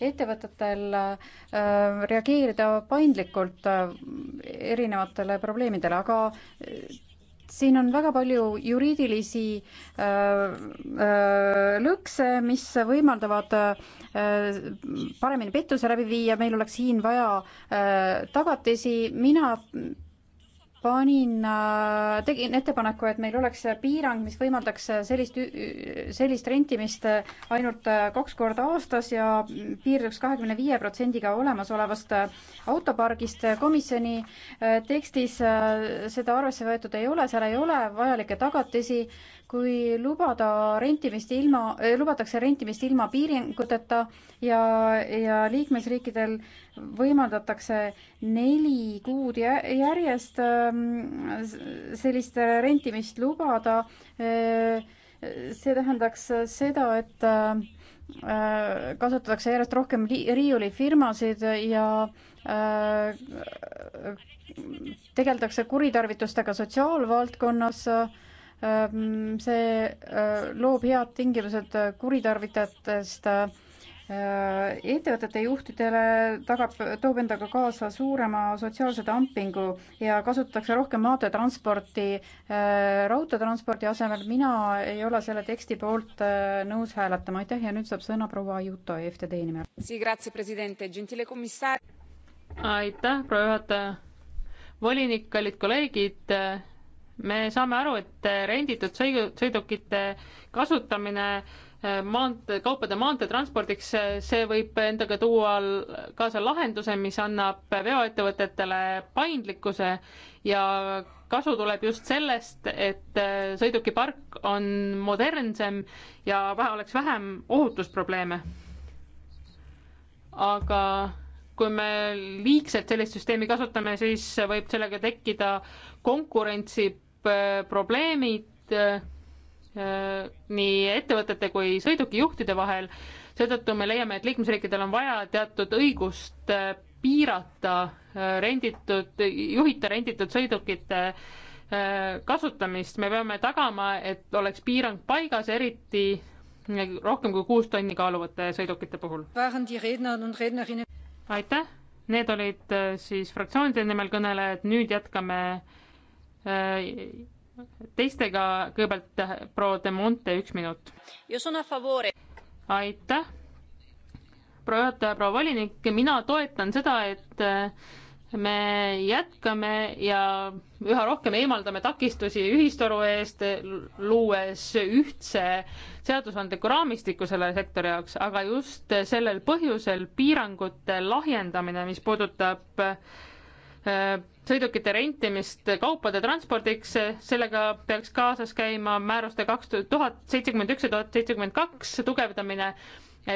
ettevõtetel äh, reageerida paindlikult äh, erinevatele probleemidele, aga äh, siin on väga palju juriidilisi lõkse, mis võimaldavad paremini pettuse läbi viia, meil oleks siin vaja tagatisi, mina panin, äh, tegin ettepaneku, et meil oleks piirang, mis võimaldaks sellist, sellist rentimist ainult äh, kaks korda aastas ja piirduks kahekümne viie protsendiga olemasolevast äh, autopargist. komisjoni tekstis seda arvesse võetud ei ole, seal ei ole vajalikke tagatisi kui lubada rentimist ilma, eh, lubatakse rentimist ilma piiranguteta ja, ja liikmesriikidel võimaldatakse neli kuud järjest ähm, sellist rentimist lubada, eh, see tähendaks seda, et äh, kasutatakse järjest rohkem riiulifirmasid ja äh, tegeldakse kuritarvitustega sotsiaalvaldkonnas äh, Ehm, see ehm, loob head tingimused kuritarvitajatest ehm, ettevõtete juhtidele tagab, toob endaga kaasa suurema sotsiaalse dumpingu ja kasutatakse rohkem maanteetransporti raudteetranspordi asemel. mina ei ole selle teksti poolt nõus hääletama. aitäh ja nüüd saab sõna proua Juto EFTD nimel. aitäh, proua juhataja. volinik, kallid kolleegid me saame aru, et renditud sõidu, sõidukite kasutamine eh, maantee, kaupade maanteetranspordiks, eh, see võib endaga tuua kaasa lahenduse, mis annab veoettevõtetele paindlikkuse ja kasu tuleb just sellest, et eh, sõidukipark on modernsem ja vähe, oleks vähem ohutusprobleeme. aga kui me liigselt sellist süsteemi kasutame, siis võib sellega tekkida konkurentsi Äh, probleemid äh, äh, nii ettevõtete kui sõidukijuhtide vahel. seetõttu me leiame, et liikmesriikidel on vaja teatud õigust piirata renditud, juhita renditud sõidukite kasutamist, me peame tagama, et oleks piirang paigas, eriti rohkem kui kuus tonni kaaluvate sõidukite puhul. aitäh, need olid siis fraktsioonide nimel kõnelejad, nüüd jätkame teistega, kõigepealt äh, proua De Monte, üks minut. aitäh, proua juhataja, proua volinik, mina toetan seda, et äh, me jätkame ja üha rohkem eemaldame takistusi ühistoru eest, luues ühtse seadusandliku raamistiku selle sektori jaoks, aga just sellel põhjusel piirangute lahjendamine, mis puudutab äh, Äh, sõidukite rentimist kaupade transpordiks, sellega peaks kaasas käima määruste kaks tuhat seitsekümmend üks ja tuhat seitsekümmend kaks tugevdamine,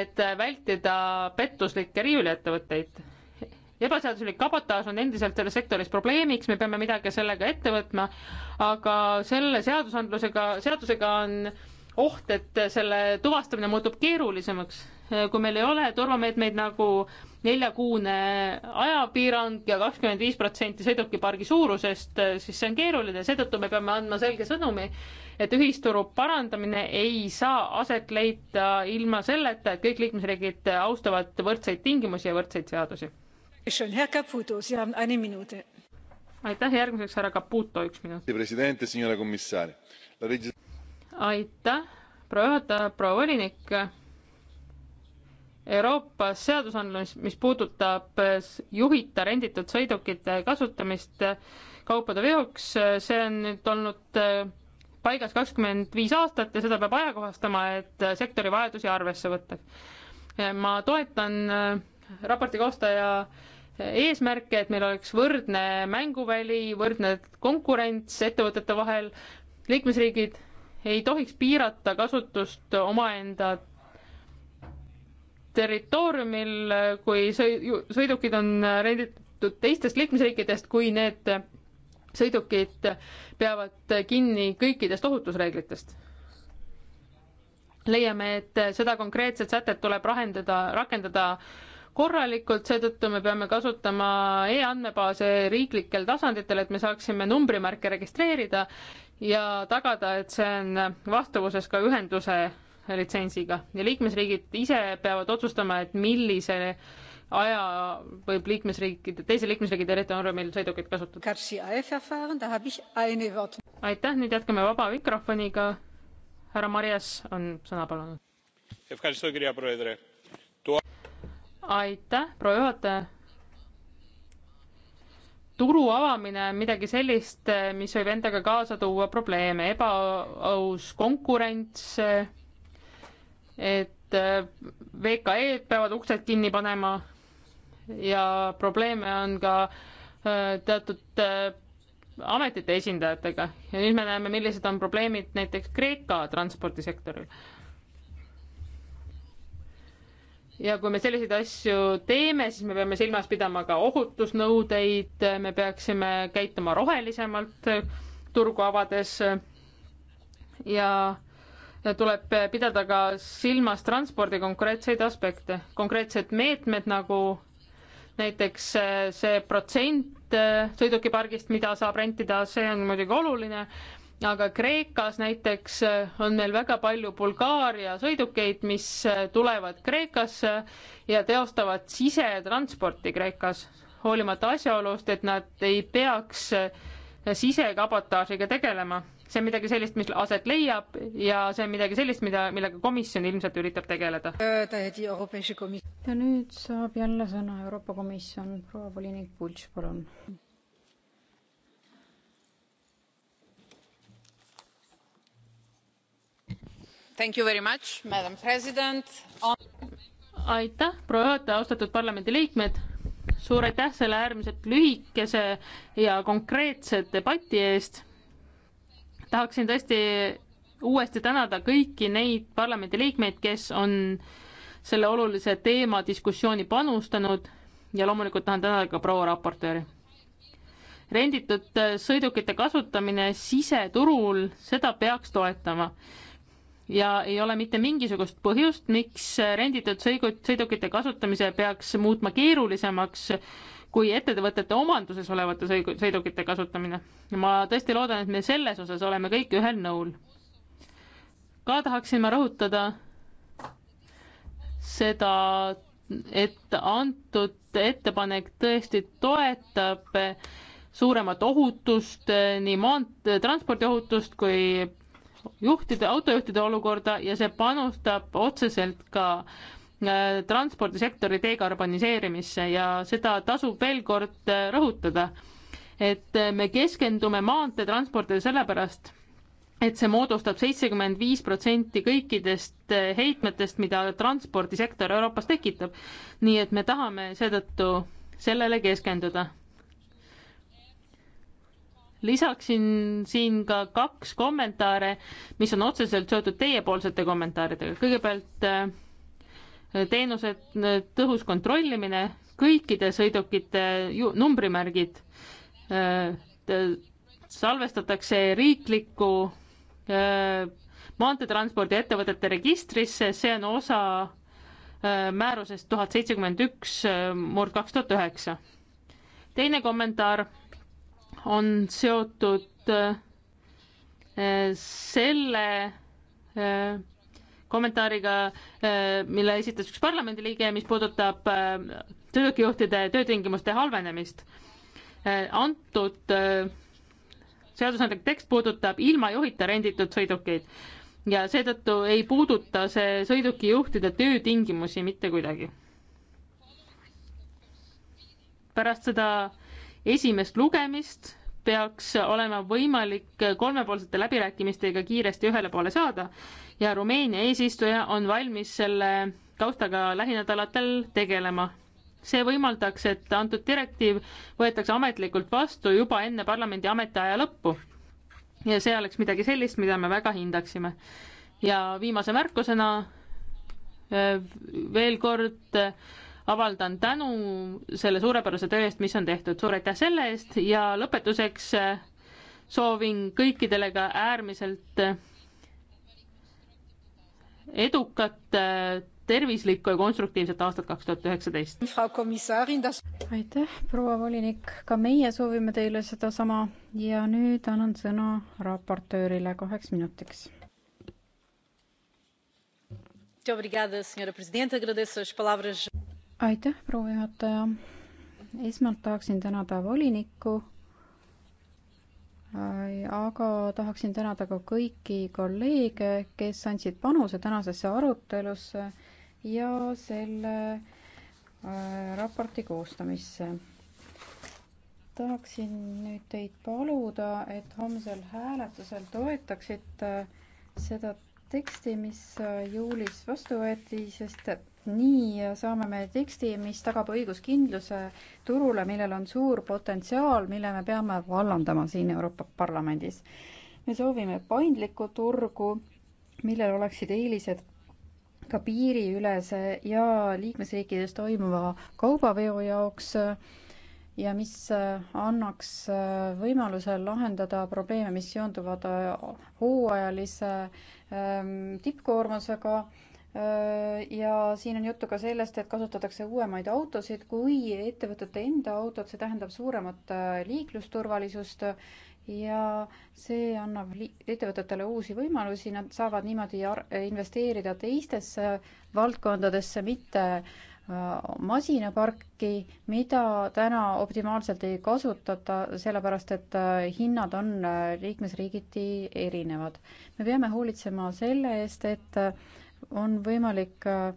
et vältida pettuslikke riiuliettevõtteid. ebaseaduslik kabotaaž on endiselt selles sektoris probleemiks, me peame midagi sellega ette võtma, aga selle seadusandlusega, seadusega on oht, et selle tuvastamine muutub keerulisemaks. kui meil ei ole turvameetmeid nagu neljakuune ajapiirang ja kakskümmend viis protsenti sõidukipargi suurusest, siis see on keeruline, seetõttu me peame andma selge sõnumi, et ühisturu parandamine ei saa aset leida ilma selleta, et kõik liikmesriigid austavad võrdseid tingimusi ja võrdseid seadusi. aitäh, järgmiseks härra Caputo, üks minut aitäh, proua juhataja, proua volinik. Euroopas seadusandlus, mis puudutab juhita renditud sõidukite kasutamist kaupade veoks, see on nüüd olnud paigas kakskümmend viis aastat ja seda peab ajakohastama, et sektori vajadusi arvesse võtta. ma toetan raporti koostaja eesmärke, et meil oleks võrdne mänguväli, võrdne konkurents ettevõtete vahel, liikmesriigid ei tohiks piirata kasutust omaenda territooriumil, kui sõidukid on renditud teistest liikmesriikidest, kui need sõidukid peavad kinni kõikidest ohutusreeglitest. leiame, et seda konkreetset sätet tuleb lahendada, rakendada korralikult, seetõttu me peame kasutama e-andmebaase riiklikel tasanditel, et me saaksime numbrimärke registreerida ja tagada, et see on vastavuses ka ühenduse litsentsiga ja liikmesriigid ise peavad otsustama, et millise aja võib liikmesriikide, teise liikmesriigi territooriumil sõidukeid kasutada. aitäh, nüüd jätkame vaba mikrofoniga. härra Marias on sõna palunud. aitäh, proua juhataja turu avamine on midagi sellist, mis võib endaga kaasa tuua probleeme, ebaaus konkurents, et VKE-d peavad uksed kinni panema ja probleeme on ka äh, teatud äh, ametite esindajatega ja nüüd me näeme, millised on probleemid näiteks Kreeka transpordisektoril ja kui me selliseid asju teeme, siis me peame silmas pidama ka ohutusnõudeid, me peaksime käituma rohelisemalt turgu avades ja tuleb pidada ka silmas transpordi konkreetseid aspekte, konkreetsed meetmed nagu näiteks see protsent sõidukipargist, mida saab rentida, see on muidugi oluline, aga Kreekas näiteks eh, on meil väga palju Bulgaaria sõidukeid, mis eh, tulevad Kreekasse ja teostavad sisetransporti Kreekas, hoolimata asjaolust, et nad ei peaks eh, sisekabotaažiga tegelema. see on midagi sellist, mis aset leiab ja see on midagi sellist, mida, millega komisjon ilmselt üritab tegeleda. ja nüüd saab jälle sõna Euroopa Komisjon, proua volinik Pultš, palun Much, On... aitäh, proua juhataja, austatud parlamendiliikmed. suur aitäh selle äärmiselt lühikese ja konkreetse debati eest. tahaksin tõesti uuesti tänada kõiki neid parlamendiliikmeid, kes on selle olulise teema diskussiooni panustanud ja loomulikult tahan tänada ka proua raportööri. renditud sõidukite kasutamine siseturul, seda peaks toetama ja ei ole mitte mingisugust põhjust, miks renditud sõigud, sõidukite kasutamise peaks muutma keerulisemaks kui ettevõtete omanduses olevate sõidu, sõidukite kasutamine. ma tõesti loodan, et me selles osas oleme kõik ühel nõul. ka tahaksin ma rõhutada seda, et antud ettepanek tõesti toetab suuremat ohutust, nii maantranspordi ohutust kui juhtide, autojuhtide olukorda ja see panustab otseselt ka äh, transpordisektori dekarboniseerimisse ja seda tasub veel kord äh, rõhutada, et äh, me keskendume maanteetranspordile sellepärast, et see moodustab seitsekümmend viis protsenti kõikidest äh, heitmetest, mida transpordisektor Euroopas tekitab. nii et me tahame seetõttu sellele keskenduda lisaksin siin ka kaks kommentaare, mis on otseselt seotud teiepoolsete kommentaaridega. kõigepealt äh, teenused, äh, tõhus kontrollimine, kõikide sõidukite ju, numbrimärgid äh, salvestatakse riikliku maanteetranspordi ettevõtete registrisse, see on osa määrusest tuhat seitsekümmend üks murd kaks tuhat üheksa. teine kommentaar on seotud eh, selle eh, kommentaariga, eh, mille esitas üks parlamendiliige, mis puudutab töökijuhtide töötingimuste halvenemist. antud seadusandlik tekst puudutab ilma juhita renditud sõidukeid ja seetõttu ei puuduta see sõidukijuhtide töötingimusi mitte kuidagi. pärast seda esimest lugemist peaks olema võimalik kolmepoolsete läbirääkimistega kiiresti ühele poole saada ja Rumeenia eesistuja on valmis selle taustaga lähinädalatel tegelema. see võimaldaks, et antud direktiiv võetakse ametlikult vastu juba enne parlamendi ametiaja lõppu. ja see oleks midagi sellist, mida me väga hindaksime. ja viimase märkusena eh, veel kord avaldan tänu selle suurepärase töö eest, mis on tehtud. suur aitäh selle eest ja lõpetuseks äh, soovin kõikidele ka äärmiselt äh, edukat äh, tervislikku ja konstruktiivset aastat kaks tuhat üheksateist. aitäh, proua volinik, ka meie soovime teile sedasama ja nüüd annan sõna raportöörile kaheks minutiks aitäh, proua juhataja. esmalt tahaksin tänada volinikku, äh, aga tahaksin tänada ka kõiki kolleege, kes andsid panuse tänasesse arutelusse ja selle äh, raporti koostamisse. tahaksin nüüd teid paluda, et homsel hääletusel toetaksite äh, seda teksti, mis juulis vastu võeti, sest nii saame me teksti, mis tagab õiguskindluse turule, millel on suur potentsiaal, mille me peame vallandama siin Euroopa Parlamendis. me soovime paindlikku turgu, millel oleksid eelised ka piiriülese ja liikmesriikides toimuva kaubaveo jaoks ja mis annaks võimaluse lahendada probleeme, mis seonduvad hooajalise ähm, tippkoormusega ähm, ja siin on juttu ka sellest, et kasutatakse uuemaid autosid kui ettevõtete enda autod, see tähendab suuremat äh, liiklusturvalisust ja see annab ettevõtetele uusi võimalusi, nad saavad niimoodi investeerida teistesse valdkondadesse, mitte äh, masinaparki, mida täna optimaalselt ei kasutata, sellepärast et äh, hinnad on liikmesriigiti erinevad. me peame hoolitsema selle eest, et on võimalik äh,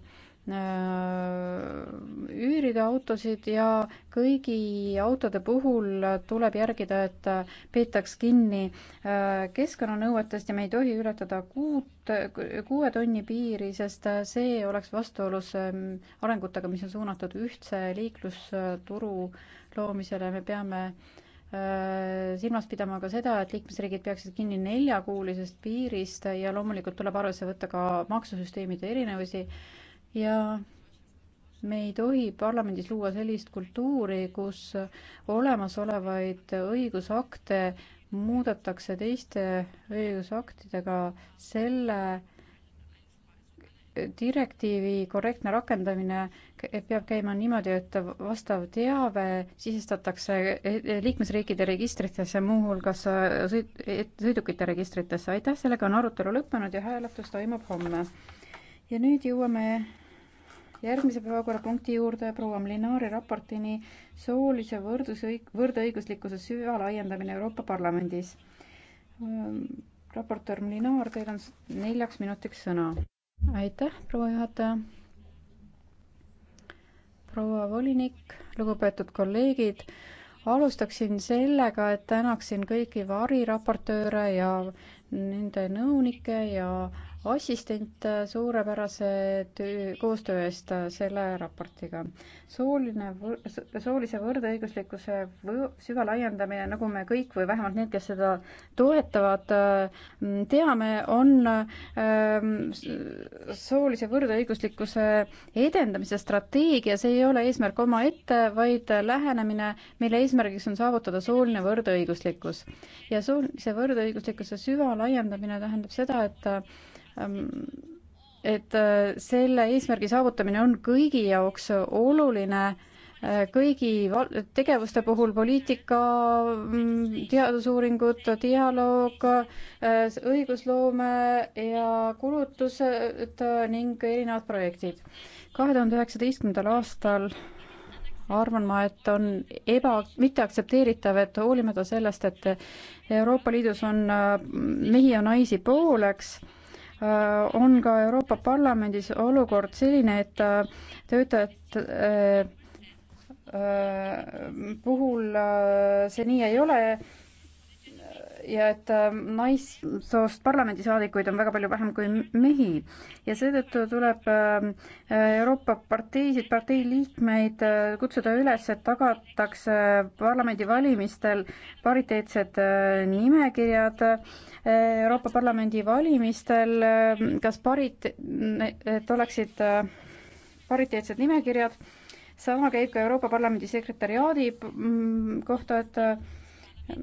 üürida autosid ja kõigi autode puhul tuleb järgida, et peetaks kinni äh, keskkonnanõuetest ja me ei tohi ületada kuut, kuue tonni piiri, sest see oleks vastuolus ähm, arengutega, mis on suunatud ühtse liiklusturu loomisele, me peame äh, Äh, silmas pidama ka seda, et liikmesriigid peaksid kinni neljakuulisest piirist ja loomulikult tuleb arvesse võtta ka maksusüsteemide erinevusi ja me ei tohi parlamendis luua sellist kultuuri, kus olemasolevaid õigusakte muudetakse teiste õigusaktidega selle direktiivi korrektne rakendamine peab käima niimoodi, et vastav teave sisestatakse e-, e-, liikmesriikide registritesse, muuhulgas äh, sõid-, sõidukite registritesse. aitäh, sellega on arutelu lõppenud ja hääletus toimub homme. ja nüüd jõuame järgmise päevakorrapunkti juurde, proua Mlinaari raportini soolise võrdusõig-, võrdõiguslikkuse süvalaiendamine Euroopa Parlamendis. Äh, raportöör Mlinaar, teil on neljaks minutiks sõna aitäh, proua juhataja. proua volinik, lugupeetud kolleegid, alustaksin sellega, et tänaksin kõiki variraportööre ja nende nõunikke ja assistente suurepärase töö, koostöö eest selle raportiga. sooline, soolise võrdõiguslikkuse võ, süvalaiendamine, nagu me kõik või vähemalt need, kes seda toetavad, mm, teame, on ähm, soolise võrdõiguslikkuse edendamise strateegia, see ei ole eesmärk omaette, vaid lähenemine, mille eesmärgiks on saavutada sooline võrdõiguslikkus. ja soolise võrdõiguslikkuse süvalaiendamine tähendab seda, et Ehm, et äh, selle eesmärgi saavutamine on kõigi jaoks oluline, äh, kõigi tegevuste puhul poliitika, mm, teadusuuringud, dialoog, äh, õigusloome ja kulutused ning erinevad projektid. kahe tuhande üheksateistkümnendal aastal arvan ma, et on eba, mitteaktsepteeritav, et hoolimata sellest, et Euroopa Liidus on mehi ja naisi pooleks, Äh, on ka Euroopa Parlamendis olukord selline, et äh, töötajate äh, puhul see nii ei ole ja et äh, naissoost parlamendisaadikuid on väga palju vähem kui mehi ja seetõttu tuleb äh, Euroopa parteisid, partei liikmeid äh, kutsuda üles, et tagatakse parlamendivalimistel pariteetsed nimekirjad Euroopa Parlamendi valimistel, kas parit-, et oleksid pariteetsed nimekirjad, sama käib ka Euroopa Parlamendi sekretäriaadi kohta, et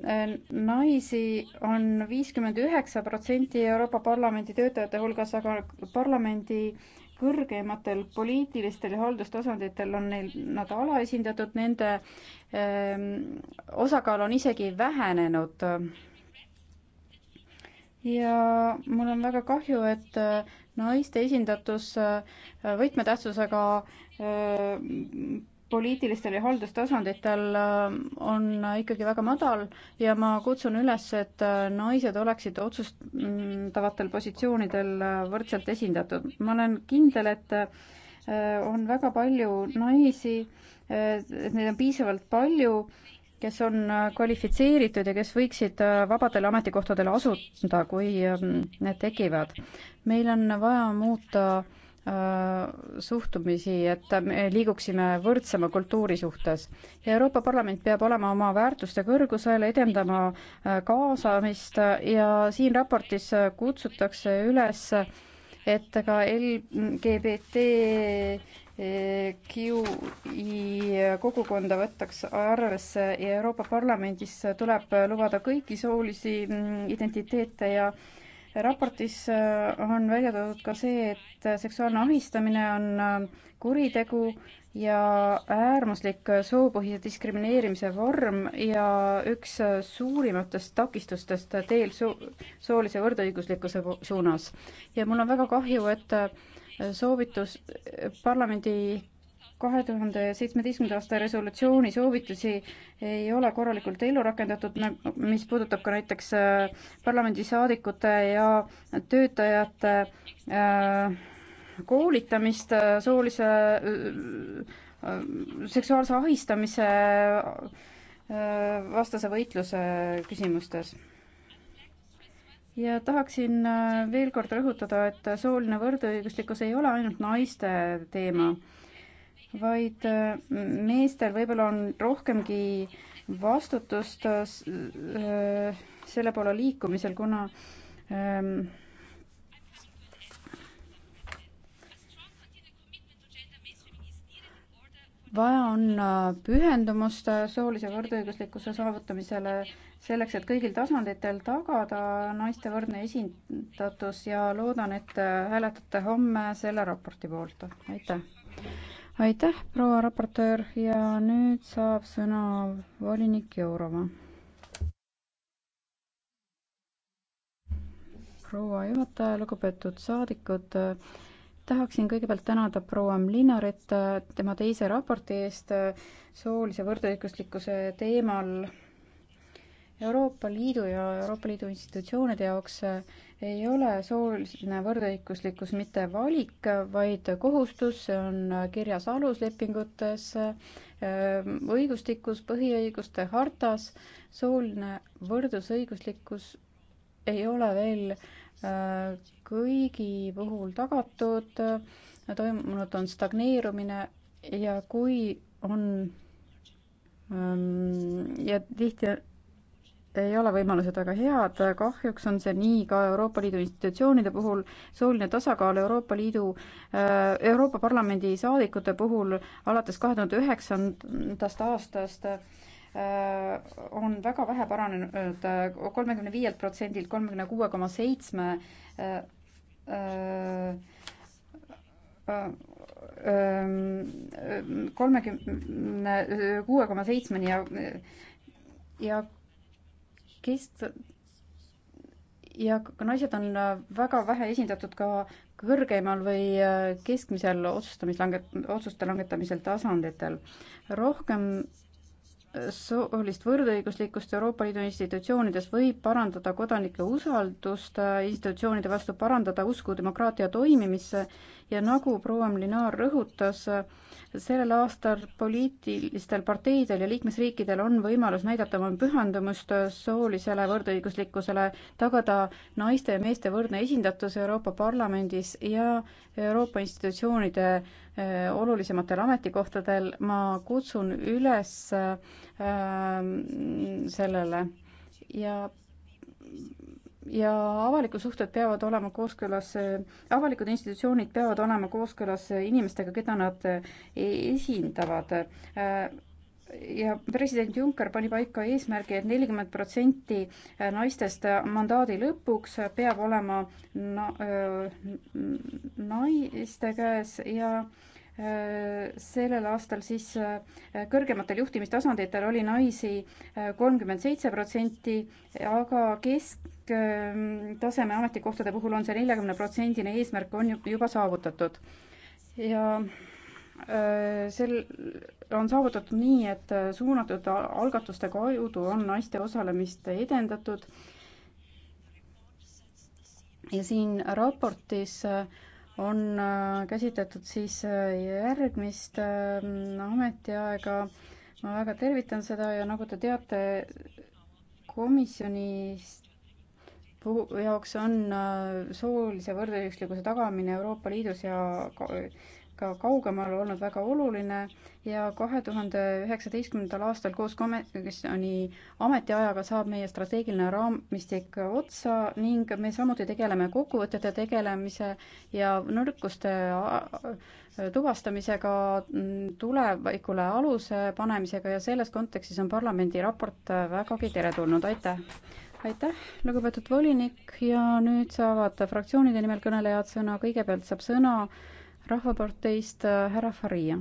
Äh, naisi on viiskümmend üheksa protsenti Euroopa Parlamendi töötajate hulgas, aga parlamendi kõrgematel poliitilistel ja haldustasanditel on neil, nad alaesindatud, nende öö, ähm, osakaal on isegi vähenenud. ja mul on väga kahju, et äh, naiste esindatus äh, võtmetähtsusega öö, poliitilistel ja haldustasanditel äh, on äh, ikkagi väga madal ja ma kutsun üles, et äh, naised oleksid otsustavatel positsioonidel võrdselt esindatud. ma olen kindel, et on väga palju naisi, et neid on piisavalt palju, kes on kvalifitseeritud ja kes võiksid vabadele ametikohtadele asuda, kui ähm, need tekivad. meil on vaja muuta Äh, suhtumisi, et me liiguksime võrdsema kultuuri suhtes. ja Euroopa Parlament peab olema oma väärtuste kõrgusel, edendama äh, kaasamist ja siin raportis äh, kutsutakse üles, et ka LGBT QI kogukonda võtaks arvesse ja Euroopa Parlamendis tuleb lubada kõiki soolisi mm, identiteete ja äh, raportis äh, on välja toodud ka see, et seksuaalne ahistamine on äh, kuritegu ja äärmuslik soopõhise diskrimineerimise vorm ja üks äh, suurimatest takistustest teel so soolise võrdõiguslikkuse suunas. ja mul on väga kahju, et soovitus parlamendi kahe tuhande seitsmeteistkümnenda aasta resolutsiooni soovitusi ei ole korralikult ellu rakendatud, mis puudutab ka näiteks äh, parlamendisaadikute ja töötajate äh, koolitamist äh, soolise, seksuaalse ahistamise vastase võitluse küsimustes ja tahaksin veel kord rõhutada, et sooline võrdõiguslikkus ei ole ainult naiste teema vaid äh, meestel võib-olla on rohkemgi vastutust äh, selle poole liikumisel, kuna ähm, vaja on äh, pühendumust soolise võrdõiguslikkuse saavutamisele selleks, et kõigil tasanditel tagada naiste võrdne esindatus ja loodan, et hääletate homme selle raporti poolt. aitäh! aitäh, proua raportöör ja nüüd saab sõna volinik Jourova. proua juhataja, lugupeetud saadikud, tahaksin kõigepealt tänada proua Mlinarit tema teise raporti eest soolise võrdõiguslikkuse teemal Euroopa Liidu ja Euroopa Liidu institutsioonide jaoks ei ole sooline võrdõiguslikkus mitte valik, vaid kohustus, see on kirjas aluslepingutes, õigustikus, põhiõiguste hartas. sooline võrdusõiguslikkus ei ole veel äh, kõigi puhul tagatud, toimunud on stagneerumine ja kui on ähm, ja tihti ei ole võimalused väga head, kahjuks on see nii ka Euroopa Liidu institutsioonide puhul, sooline tasakaal Euroopa Liidu, äh, Euroopa Parlamendi saadikute puhul alates kahe tuhande üheksandast aastast äh, on väga vähe paranenud äh, kolmekümne viielt protsendilt kolmekümne kuue koma seitsme kolmekümne kuue koma seitsmeni ja ja kest- ja naised on äh, väga vähe esindatud ka kõrgeimal või äh, keskmisel otsustamislange-, otsuste langetamisel tasanditel. rohkem äh, soolist võrdõiguslikkust Euroopa Liidu institutsioonides võib parandada kodanike usaldust institutsioonide vastu, parandada usku demokraatia toimimisse ja nagu proua Mlinar rõhutas, sellel aastal poliitilistel parteidel ja liikmesriikidel on võimalus näidata oma pühendumust soolisele võrdõiguslikkusele, tagada naiste ja meeste võrdne esindatus Euroopa Parlamendis ja Euroopa institutsioonide eh, olulisematel ametikohtadel. ma kutsun üles eh, sellele ja ja avalikud suhted peavad olema kooskõlas, avalikud institutsioonid peavad olema kooskõlas inimestega, keda nad e-, esindavad. ja president Juncker pani paika eesmärgi et, et nelikümmend protsenti naistest mandaadi lõpuks peab olema na-, naiste käes ja äh, sellel aastal siis äh, kõrgematel juhtimistasanditel oli naisi äh, kolmkümmend seitse protsenti, aga kesktaseme ametikohtade puhul on see neljakümne protsendine eesmärk on juba saavutatud. ja äh, sel on saavutatud nii, et suunatud algatuste kaudu on naiste osalemist edendatud. ja siin raportis äh, on äh, käsitletud siis äh, järgmist äh, ametiaega. ma väga tervitan seda ja nagu te teate, komisjonis jaoks on soolise võrdõiguslikkuse tagamine Euroopa Liidus ja ka kaugemal olnud väga oluline ja kahe tuhande üheksateistkümnendal aastal koos komisjoni ametiajaga saab meie strateegiline raamistik otsa ning me samuti tegeleme kokkuvõtete tegelemise ja nõrkuste tuvastamisega, mm, tulevikule aluse panemisega ja selles kontekstis on parlamendi raport vägagi teretulnud, aitäh! aitäh, lugupeetud volinik ja nüüd saavad fraktsioonide nimel kõnelejad sõna, kõigepealt saab sõna rahvaparteist äh, härra Faria.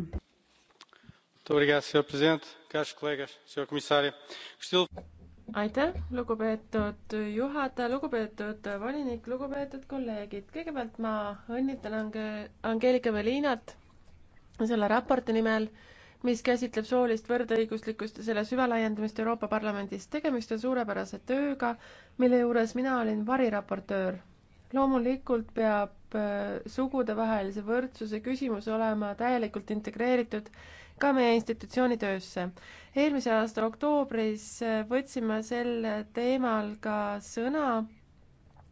aitäh, lugupeetud juhataja, lugupeetud volinik, lugupeetud kolleegid. kõigepealt ma õnnitlen Ange-, Angeelika Velinat selle raporti nimel mis käsitleb soolist võrdõiguslikkust ja selle süvalaiendamist Euroopa Parlamendis. tegemist on suurepärase tööga, mille juures mina olin variraportöör loomulikult peab äh, sugudevahelise võrdsuse küsimus olema täielikult integreeritud ka meie institutsiooni töösse. eelmise aasta oktoobris äh, võtsin ma sel teemal ka sõna,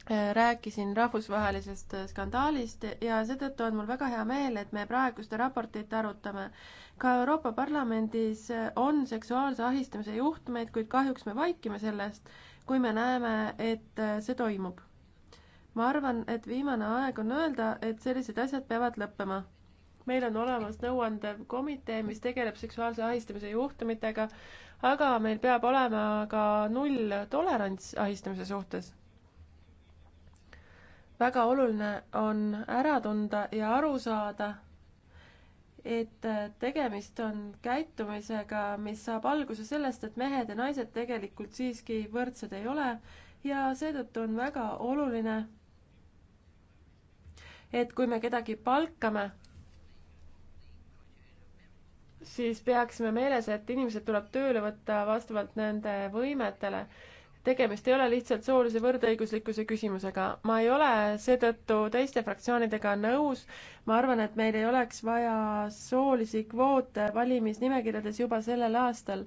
äh, rääkisin rahvusvahelisest skandaalist ja seetõttu on mul väga hea meel, et me praegust raportit arutame. ka Euroopa Parlamendis on seksuaalse ahistamise juhtumeid, kuid kahjuks me vaikime sellest, kui me näeme, et see toimub ma arvan, et viimane aeg on öelda, et sellised asjad peavad lõppema meil on olemas nõuandev komitee, mis tegeleb seksuaalse ahistamise juhtumitega, aga meil peab olema ka nulltolerants ahistamise suhtes. väga oluline on ära tunda ja aru saada, et tegemist on käitumisega, mis saab alguse sellest, et mehed ja naised tegelikult siiski võrdsed ei ole ja seetõttu on väga oluline et kui me kedagi palkame, siis peaksime meeles, et inimesed tuleb tööle võtta vastavalt nende võimetele. tegemist ei ole lihtsalt soolise võrdõiguslikkuse küsimusega. ma ei ole seetõttu teiste fraktsioonidega nõus. ma arvan, et meil ei oleks vaja soolisi kvoote valimisnimekirjades juba sellel aastal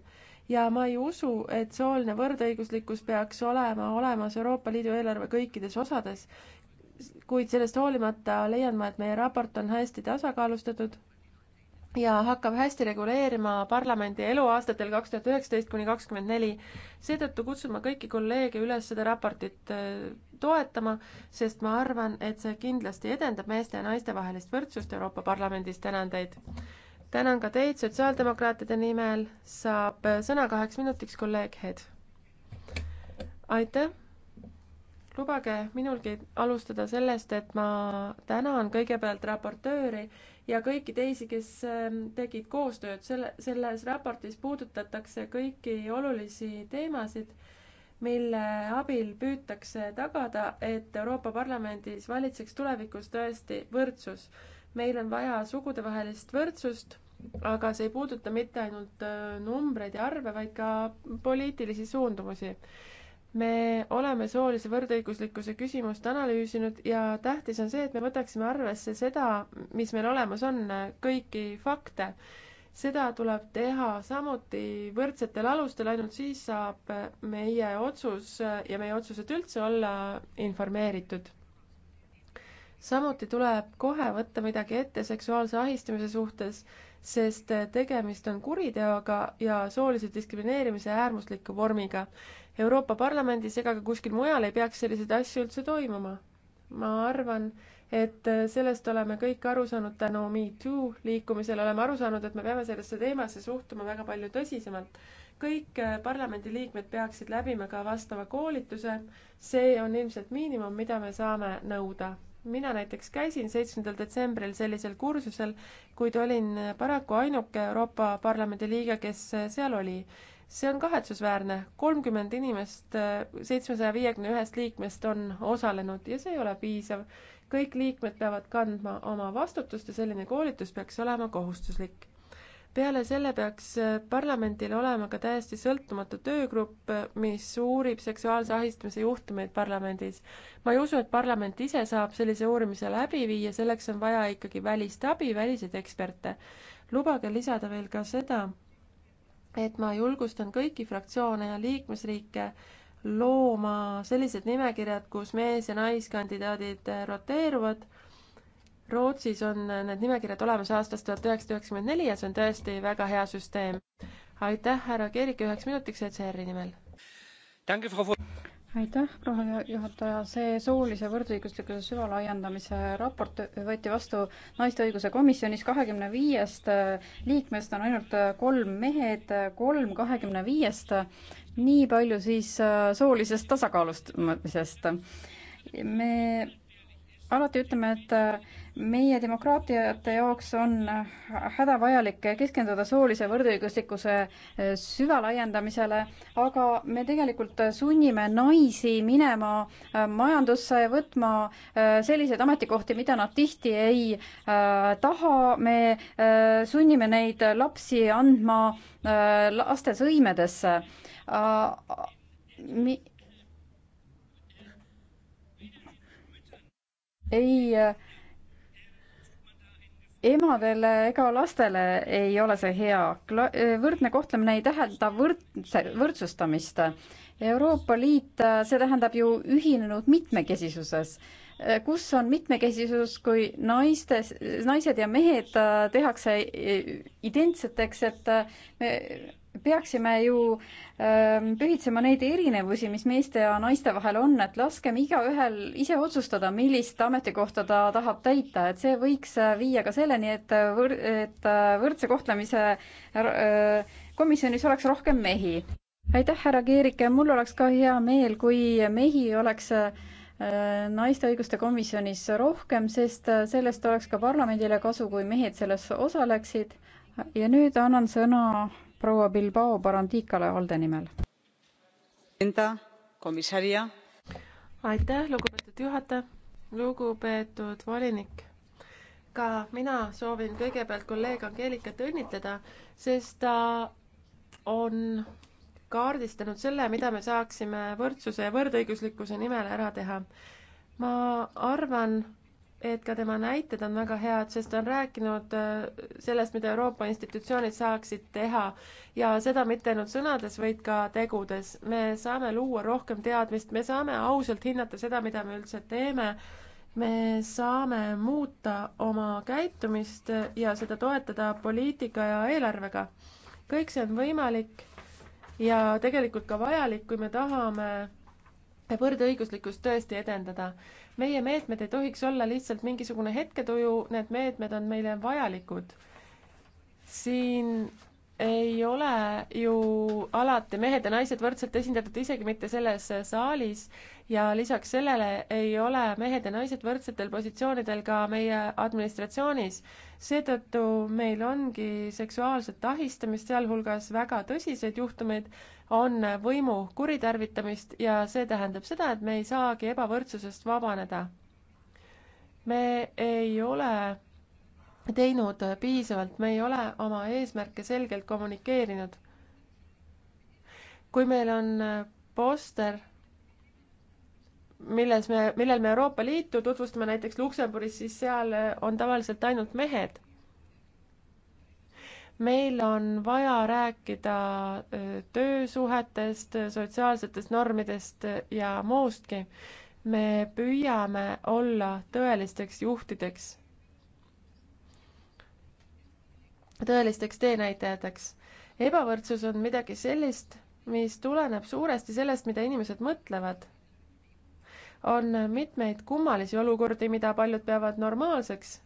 ja ma ei usu, et sooline võrdõiguslikkus peaks olema olemas Euroopa Liidu eelarve kõikides osades kuid sellest hoolimata leian ma, et meie raport on hästi tasakaalustatud ja hakkab hästi reguleerima parlamendi elu aastatel kaks tuhat üheksateist kuni kakskümmend neli. seetõttu kutsun ma kõiki kolleege üles seda raportit äh, toetama, sest ma arvan, et see kindlasti edendab meeste ja naiste vahelist võrdsust Euroopa Parlamendis. tänan teid! tänan ka teid, sotsiaaldemokraatide nimel saab äh, sõna kaheks minutiks kolleeg Hed. aitäh! lubage minulgi alustada sellest, et ma tänan kõigepealt raportööri ja kõiki teisi, kes ähm, tegid koostööd. selle, selles raportis puudutatakse kõiki olulisi teemasid, mille abil püütakse tagada, et Euroopa Parlamendis valitseks tulevikus tõesti võrdsus. meil on vaja sugudevahelist võrdsust, aga see ei puuduta mitte ainult äh, numbreid ja arve, vaid ka poliitilisi suundumusi me oleme soolise võrdõiguslikkuse küsimust analüüsinud ja tähtis on see, et me võtaksime arvesse seda, mis meil olemas on, kõiki fakte. seda tuleb teha samuti võrdsetel alustel, ainult siis saab meie otsus ja meie otsused üldse olla informeeritud. samuti tuleb kohe võtta midagi ette seksuaalse ahistamise suhtes, sest tegemist on kuriteoga ja soolise diskrimineerimise äärmusliku vormiga Euroopa Parlamendis ega ka kuskil mujal ei peaks selliseid asju üldse toimuma. ma arvan, et sellest oleme kõik aru saanud tänu MeToo liikumisele, oleme aru saanud, et me peame sellesse teemasse suhtuma väga palju tõsisemalt. kõik parlamendiliikmed peaksid läbima ka vastava koolituse, see on ilmselt miinimum, mida me saame nõuda mina näiteks käisin seitsmendal detsembril sellisel kursusel, kuid olin paraku ainuke Euroopa Parlamendi liige, kes seal oli see on kahetsusväärne, kolmkümmend inimest seitsmesaja viiekümne ühest liikmest on osalenud ja see ei ole piisav. kõik liikmed peavad kandma oma vastutust ja selline koolitus peaks olema kohustuslik. peale selle peaks parlamendil olema ka täiesti sõltumatu töögrupp, mis uurib seksuaalse ahistamise juhtumeid parlamendis. ma ei usu, et parlament ise saab sellise uurimise läbi viia, selleks on vaja ikkagi välist abi, väliseid eksperte. lubage lisada veel ka seda, et ma julgustan kõiki fraktsioone ja liikmesriike looma sellised nimekirjad, kus mees- ja naiskandidaadid roteeruvad. Rootsis on need nimekirjad olemas aastast tuhat üheksasada üheksakümmend neli ja see on tõesti väga hea süsteem. aitäh, härra Keerik, üheks minutiks ECR-i nimel aitäh, proua juhataja, see soolise võrdõiguslikkuse süvalaiendamise raport võeti vastu naiste õiguse komisjonis, kahekümne viiest äh, liikmest on ainult äh, kolm mehed, äh, kolm kahekümne viiest, nii palju siis soolisest tasakaalustamisest. me alati ütleme, et äh, meie demokraatiate jaoks on äh, hädavajalik keskenduda soolise võrdõiguslikkuse äh, süvalaiendamisele, aga me tegelikult sunnime naisi minema majandusse ja võtma selliseid ametikohti, mida nad tihti ei taha, me sunnime neid lapsi andma laste sõimedesse mi-, ei äh, emadele ega lastele ei ole see hea. Äh, võrdne kohtlemine ei tähenda võrdse, võrdsustamist. Euroopa Liit, äh, see tähendab ju ühinenud mitmekesisuses kus on mitmekesisus, kui naistes, naised ja mehed tehakse identseteks, et me peaksime ju ähm, pühitsema neid erinevusi, mis meeste ja naiste vahel on, et laskem igaühel ise otsustada, millist ametikohta ta tahab täita, et see võiks äh, viia ka selleni, et äh, võr-, et äh, võrdse kohtlemise komisjonis oleks rohkem mehi. aitäh, härra Keerike, mul oleks ka hea meel, kui mehi oleks naiste õiguste komisjonis rohkem, sest sellest oleks ka parlamendile kasu, kui mehed selles osaleksid. ja nüüd annan sõna proua Bilbao Barandikale ALDE nimel. aitäh, lugupeetud juhataja, lugupeetud volinik ka mina soovin kõigepealt kolleeg Angeelikat õnnitleda, sest ta on kaardistanud selle, mida me saaksime võrdsuse ja võrdõiguslikkuse nimel ära teha. ma arvan, et ka tema näited on väga head, sest ta on rääkinud äh, sellest, mida Euroopa institutsioonid saaksid teha ja seda mitte ainult sõnades, vaid ka tegudes. me saame luua rohkem teadmist, me saame ausalt hinnata seda, mida me üldse teeme me saame muuta oma käitumist ja seda toetada poliitika ja eelarvega. kõik see on võimalik ja tegelikult ka vajalik, kui me tahame võrdõiguslikkust tõesti edendada meie meetmed ei tohiks olla lihtsalt mingisugune hetketuju, need meetmed on meile vajalikud. siin ei ole ju alati mehed ja naised võrdselt esindatud, isegi mitte selles saalis, ja lisaks sellele ei ole mehed ja naised võrdsetel positsioonidel ka meie administratsioonis. seetõttu meil ongi seksuaalset ahistamist, sealhulgas väga tõsiseid juhtumeid, on võimu kuritarvitamist ja see tähendab seda, et me ei saagi ebavõrdsusest vabaneda. me ei ole teinud piisavalt, me ei ole oma eesmärke selgelt kommunikeerinud. kui meil on poster, milles me, millel me Euroopa Liitu tutvustame näiteks Luksemburgis, siis seal on tavaliselt ainult mehed meil on vaja rääkida töösuhetest, sotsiaalsetest normidest ja muustki. me püüame olla tõelisteks juhtideks, tõelisteks teenäitajateks. ebavõrdsus on midagi sellist, mis tuleneb suuresti sellest, mida inimesed mõtlevad. on mitmeid kummalisi olukordi, mida paljud peavad normaalseks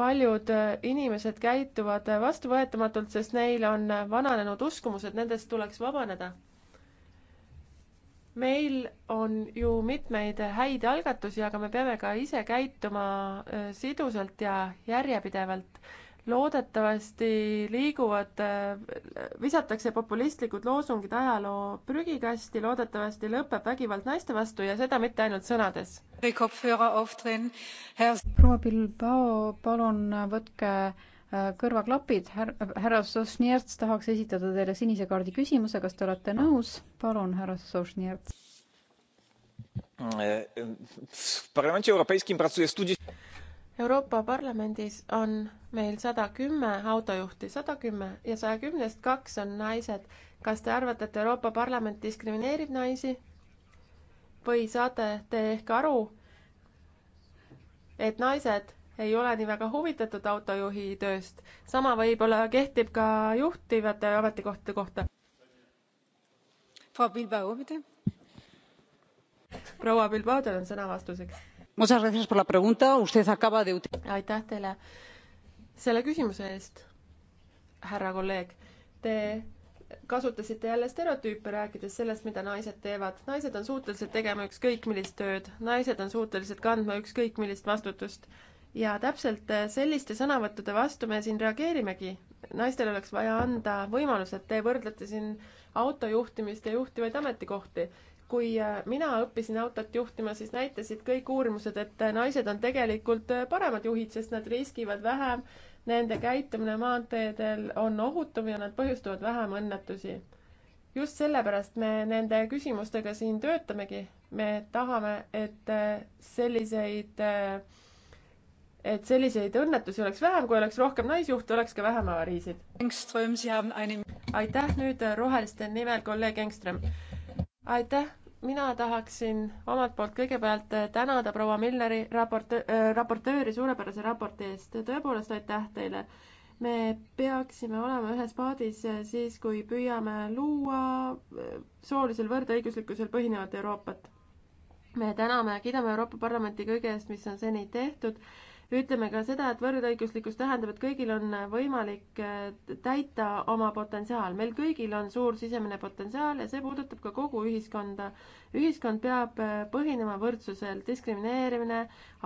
paljud äh, inimesed käituvad äh, vastuvõetamatult, sest neil on äh, vananenud uskumused, nendest tuleks vabaneda. meil on ju mitmeid häid algatusi, aga me peame ka ise käituma sidusalt ja järjepidevalt loodetavasti liiguvad, visatakse populistlikud loosungid ajaloo prügikasti, loodetavasti lõpeb vägivald naiste vastu ja seda mitte ainult sõnades. proua Bilbao, palun võtke kõrvaklapid, härra Sosnjerts tahaks esitada teile sinise kaardi küsimuse, kas te olete nõus? palun, härra Sosnjerts. w parlamencie europejskim pracuje stu Euroopa Parlamendis on meil sada kümme autojuhti, sada kümme ja saja kümnest kaks on naised. kas te arvate, et Euroopa Parlament diskrimineerib naisi? või saate te ehk aru, et naised ei ole nii väga huvitatud autojuhi tööst. sama võib-olla kehtib ka juhtivate ametikohtade kohta. proua Bilbao, teil on sõna vastuseks aitäh teile selle küsimuse eest, härra kolleeg. Te kasutasite jälle stereotüüpe, rääkides sellest, mida naised teevad. naised on suutelised tegema ükskõik millist tööd, naised on suutelised kandma ükskõik millist vastutust. ja täpselt eh, selliste sõnavõttude vastu me siin reageerimegi. naistel oleks vaja anda võimalused, te võrdlete siin autojuhtimist ja juhtivaid ametikohti kui äh, mina õppisin autot juhtima, siis näitasid kõik uurimused, et äh, naised on tegelikult äh, paremad juhid, sest nad riskivad vähem, nende käitumine maanteedel on ohutum ja nad põhjustavad vähem õnnetusi. just sellepärast me nende küsimustega siin töötamegi. me tahame, et selliseid, et selliseid õnnetusi oleks vähem, kui oleks rohkem naisjuhte, oleks ka vähem avariisid. aitäh nüüd roheliste nimel kolleeg Engström aitäh, mina tahaksin omalt poolt kõigepealt eh, tänada proua Milleri raport- äh,, raportööri suurepärase raporti eest, tõepoolest aitäh teile. me peaksime olema ühes paadis eh, siis, kui püüame luua soolisel võrdõiguslikkusel põhinevat Euroopat. me täname ja kiidame Euroopa Parlamenti kõige eest, mis on seni tehtud ütleme ka seda, et võrdõiguslikkus tähendab, et kõigil on võimalik äh, täita oma potentsiaal. meil kõigil on suur sisemine potentsiaal ja see puudutab ka kogu ühiskonda ühiskond peab äh, põhinema võrdsusel, diskrimineerimine,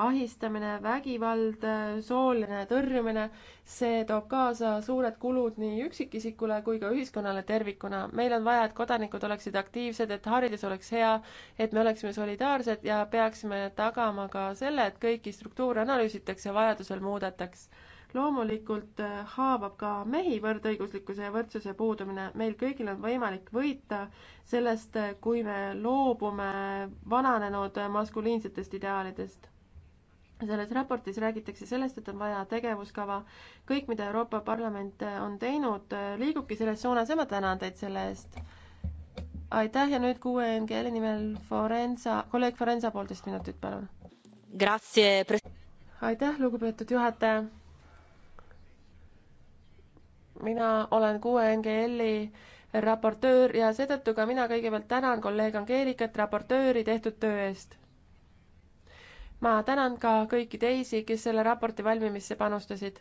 ahistamine, vägivald, äh, sooline tõrjumine, see toob kaasa suured kulud nii üksikisikule kui ka ühiskonnale tervikuna. meil on vaja, et kodanikud oleksid aktiivsed, et haridus oleks hea, et me oleksime solidaarsed ja peaksime tagama ka selle, et kõiki struktuure analüüsitakse ja vajadusel muudetakse loomulikult äh, haavab ka mehi võrdõiguslikkuse ja võrdsuse puudumine. meil kõigil on võimalik võita sellest, äh, kui me loobume vananenud äh, maskuliinsetest ideaalidest. selles raportis räägitakse sellest, et on vaja tegevuskava. kõik, mida Euroopa Parlament on teinud, liigubki selles suunas ja ma tänan teid selle eest. aitäh ja nüüd kuue NGL-i nimel Forenza, kolleeg Forenza poolteist minutit, palun. aitäh, lugupeetud juhataja mina olen kuue NGL-i raportöör ja seetõttu ka mina kõigepealt tänan kolleeg Angeelikat, raportööri tehtud töö eest. ma tänan ka kõiki teisi, kes selle raporti valmimisse panustasid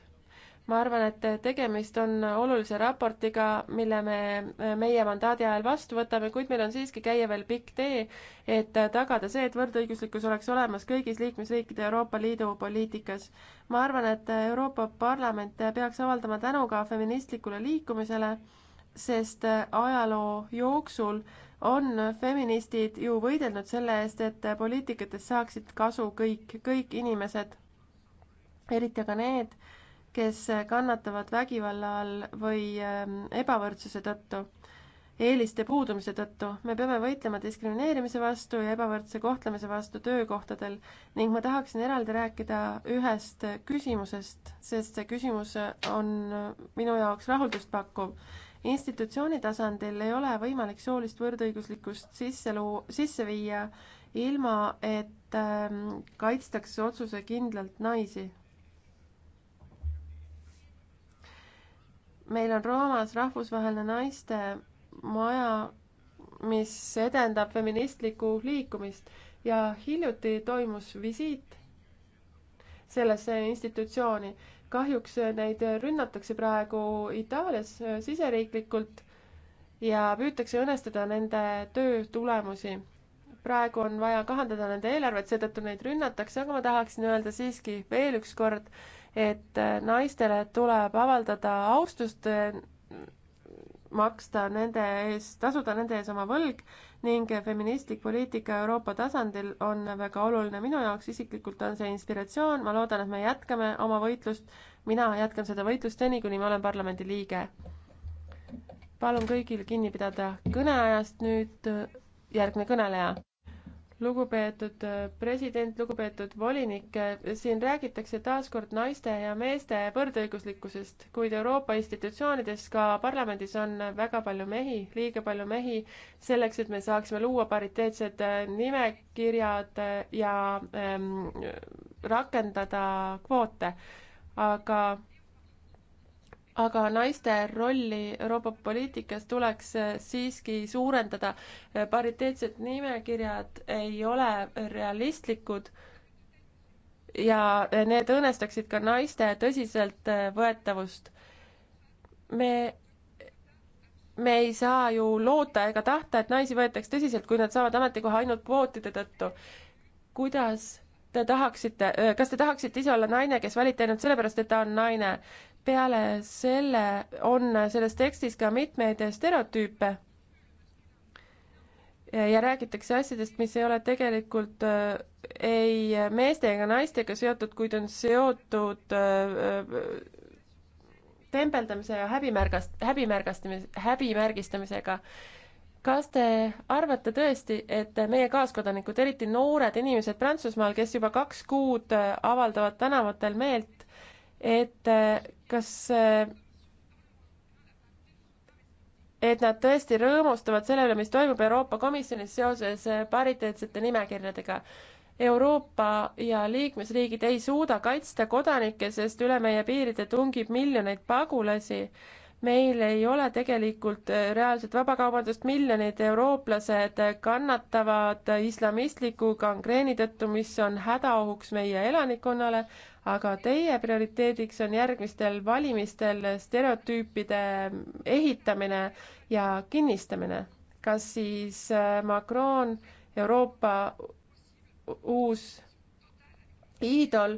ma arvan, et tegemist on olulise raportiga, mille me meie mandaadi ajal vastu võtame, kuid meil on siiski käia veel pikk tee, et tagada see, et võrdõiguslikkus oleks olemas kõigis liikmesriikide Euroopa Liidu poliitikas. ma arvan, et Euroopa Parlament peaks avaldama tänu ka feministlikule liikumisele, sest ajaloo jooksul on feministid ju võidelnud selle eest, et poliitikatest saaksid kasu kõik, kõik inimesed, eriti aga need, kes kannatavad vägivalla all või ähm, ebavõrdsuse tõttu eeliste puudumise tõttu me peame võitlema diskrimineerimise vastu ja ebavõrdse kohtlemise vastu töökohtadel ning ma tahaksin eraldi rääkida ühest küsimusest, sest see küsimus on minu jaoks rahuldust pakkuv. institutsiooni tasandil ei ole võimalik soolist võrdõiguslikkust sisse luu-, sisse viia ilma, et ähm, kaitstakse otsusekindlalt naisi meil on Roomas rahvusvaheline naiste maja, mis edendab feministlikku liikumist ja hiljuti toimus visiit sellesse institutsiooni. kahjuks neid rünnatakse praegu Itaalias siseriiklikult ja püütakse õõnestada nende töö tulemusi. praegu on vaja kahandada nende eelarvet, seetõttu neid rünnatakse, aga ma tahaksin öelda siiski veel üks kord, et äh, naistele tuleb avaldada austust, äh, maksta nende eest, tasuda nende ees oma võlg ning feministlik poliitika Euroopa tasandil on väga oluline. minu jaoks isiklikult on see inspiratsioon, ma loodan, et me jätkame oma võitlust. mina jätkan seda võitlust seni, kuni ma olen parlamendi liige. palun kõigil kinni pidada kõneajast, nüüd järgne kõneleja lugupeetud äh, president, lugupeetud volinik, äh, siin räägitakse taaskord naiste ja meeste võrdõiguslikkusest, kuid Euroopa institutsioonides, ka parlamendis on väga palju mehi, liiga palju mehi, selleks, et me saaksime luua pariteetsed äh, nimekirjad ja ähm, rakendada kvoote. aga aga naiste rolli Euroopa poliitikas tuleks äh, siiski suurendada. Äh, pariteetsed nimekirjad ei ole realistlikud ja äh, need õõnestaksid ka naiste tõsiseltvõetavust. me, me ei saa ju loota ega tahta, et naisi võetaks tõsiselt, kui nad saavad ametikoha ainult kvootide tõttu. kuidas te tahaksite, kas te tahaksite ise olla naine, kes valiti ainult sellepärast, et ta on naine? peale selle on selles tekstis ka mitmeid stereotüüpe ja räägitakse asjadest, mis ei ole tegelikult äh, ei meeste ega naistega seotud, kuid on seotud äh, tembeldamise ja häbimärgast, häbimärgastamise, häbimärgistamisega. kas te arvate tõesti, et meie kaaskodanikud, eriti noored inimesed Prantsusmaal, kes juba kaks kuud avaldavad tänavatel meelt, et eh, kas, eh, et nad tõesti rõõmustavad selle üle, mis toimub Euroopa Komisjonis seoses eh, pariteetsete nimekirjadega. Euroopa ja liikmesriigid ei suuda kaitsta kodanikke, sest üle meie piiride tungib miljoneid pagulasi meil ei ole tegelikult reaalset vabakaubandust, miljonid eurooplased kannatavad islamistliku gangreeni tõttu, mis on hädaohuks meie elanikkonnale, aga teie prioriteediks on järgmistel valimistel stereotüüpide ehitamine ja kinnistamine. kas siis äh, Macron, Euroopa uus iidol,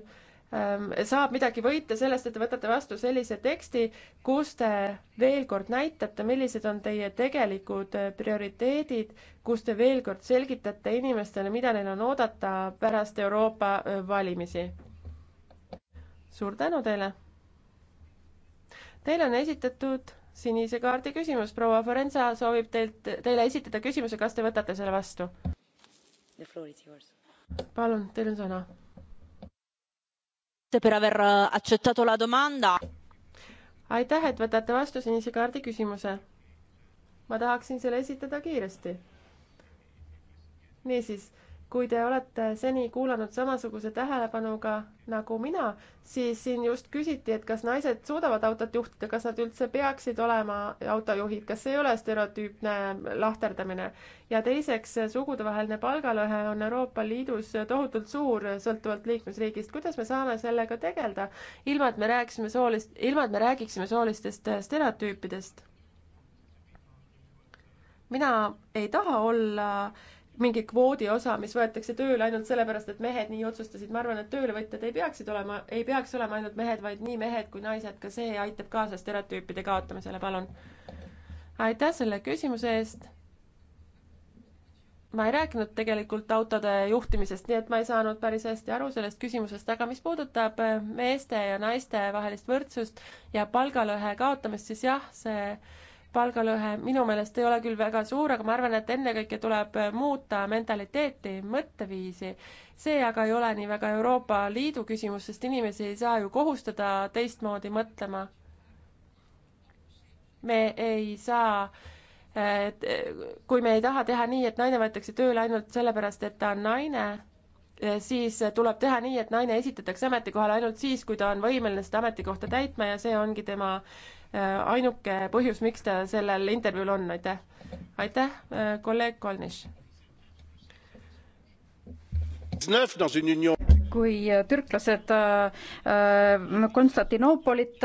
ähm, saab midagi võita sellest, et te võtate vastu sellise teksti, kus te veel kord näitate, millised on teie tegelikud äh, prioriteedid, kus te veel kord selgitate inimestele, mida neil on oodata pärast Euroopa äh, valimisi suur tänu teile. Teile on esitatud sinise kaardi küsimus, proua Forenza soovib teilt, teile esitada küsimuse, kas te võtate selle vastu? palun, teil on sõna. aitäh, et võtate vastu sinise kaardi küsimuse. ma tahaksin selle esitada kiiresti. niisiis kui te olete seni kuulanud samasuguse tähelepanuga nagu mina, siis siin just küsiti, et kas naised suudavad autot juhtida, kas nad üldse peaksid olema autojuhid, kas ei ole stereotüüpne lahterdamine. ja teiseks, sugudevaheline palgalõhe on Euroopa Liidus tohutult suur, sõltuvalt liikmesriigist. kuidas me saame sellega tegeleda, ilma et me rääkisime soolist, ilma et me räägiksime soolistest stereotüüpidest? mina ei taha olla äh, mingi kvoodi osa, mis võetakse tööle ainult sellepärast, et mehed nii otsustasid, ma arvan, et töölevõtjad ei peaksid olema, ei peaks olema ainult mehed, vaid nii mehed kui naised, ka see aitab kaasa stereotüüpide kaotamisele, palun. aitäh selle küsimuse eest. ma ei rääkinud tegelikult autode juhtimisest, nii et ma ei saanud päris hästi aru sellest küsimusest, aga mis puudutab meeste ja naiste vahelist võrdsust ja palgalõhe kaotamist, siis jah, see palgalõhe minu meelest ei ole küll väga suur, aga ma arvan, et ennekõike tuleb muuta mentaliteeti, mõtteviisi. see aga ei ole nii väga Euroopa Liidu küsimus, sest inimesi ei saa ju kohustada teistmoodi mõtlema. me ei saa kui me ei taha teha nii, et naine võetakse tööle ainult sellepärast, et ta on naine, siis tuleb teha nii, et naine esitatakse ametikohale ainult siis, kui ta on võimeline seda ametikohta täitma ja see ongi tema äh, ainuke põhjus, miks ta sellel intervjuul on, aitäh. aitäh, äh, kolleeg Kolnis. kui äh, türklased äh, Konstantinoopolit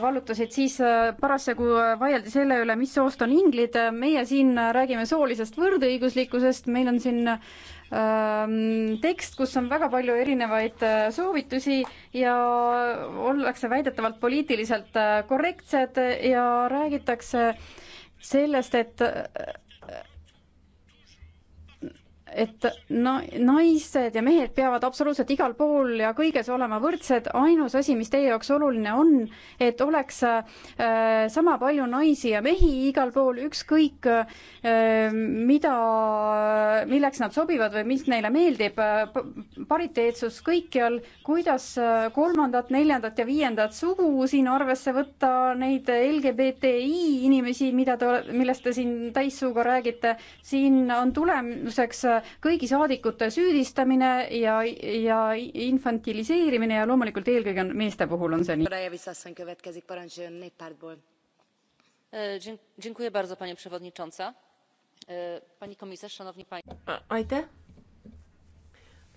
vallutasid, siis parasjagu vaieldi selle üle, mis soost on inglid, meie siin räägime soolisest võrdõiguslikkusest, meil on siin äh, Ehm, tekst, kus on väga palju erinevaid äh, soovitusi ja ollakse väidetavalt poliitiliselt äh, korrektsed ja räägitakse sellest, et et na-, naised ja mehed peavad absoluutselt igal pool ja kõiges olema võrdsed, ainus asi, mis teie jaoks oluline on, et oleks äh, sama palju naisi ja mehi igal pool, ükskõik äh, mida, milleks nad sobivad või mis neile meeldib äh,, pariteetsus kõikjal, kuidas äh, kolmandat, neljandat ja viiendat sugu siin arvesse võtta, neid LGBTI inimesi, mida te, millest te siin täissuuga räägite, siin on tulemuseks äh, kõigi saadikute süüdistamine ja, ja infantiliseerimine ja loomulikult eelkõige on meeste puhul on see nii. aitäh,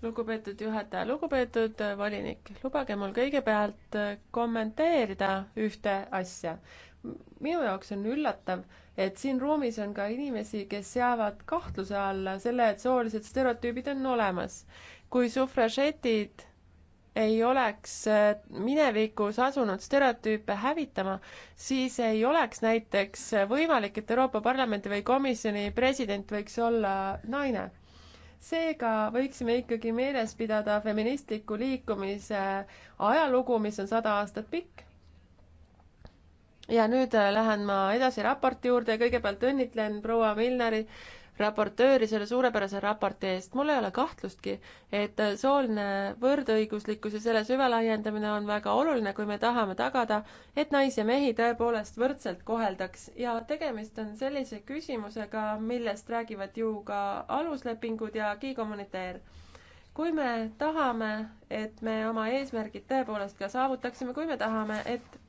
lugupeetud juhataja, lugupeetud volinik, lubage mul kõigepealt kommenteerida ühte asja minu jaoks on üllatav, et siin ruumis on ka inimesi, kes seavad kahtluse alla selle, et soolised stereotüübid on olemas. kui sufražetid ei oleks äh, minevikus asunud stereotüüpe hävitama, siis ei oleks näiteks võimalik, et Euroopa Parlamendi või komisjoni president võiks olla naine. seega võiksime ikkagi meeles pidada feministliku liikumise ajalugu, mis on sada aastat pikk ja nüüd äh, lähen ma edasi raporti juurde ja kõigepealt õnnitlen proua Milneri raportööri selle suurepärase raporti eest. mul ei ole kahtlustki, et äh, sooline võrdõiguslikkus ja selle süvelaiendamine on väga oluline, kui me tahame tagada, et naisi ja mehi tõepoolest võrdselt koheldaks ja tegemist on sellise küsimusega, millest räägivad ju ka aluslepingud ja Key Communitaire kui me tahame, et me oma eesmärgid tõepoolest ka saavutaksime, kui me tahame, et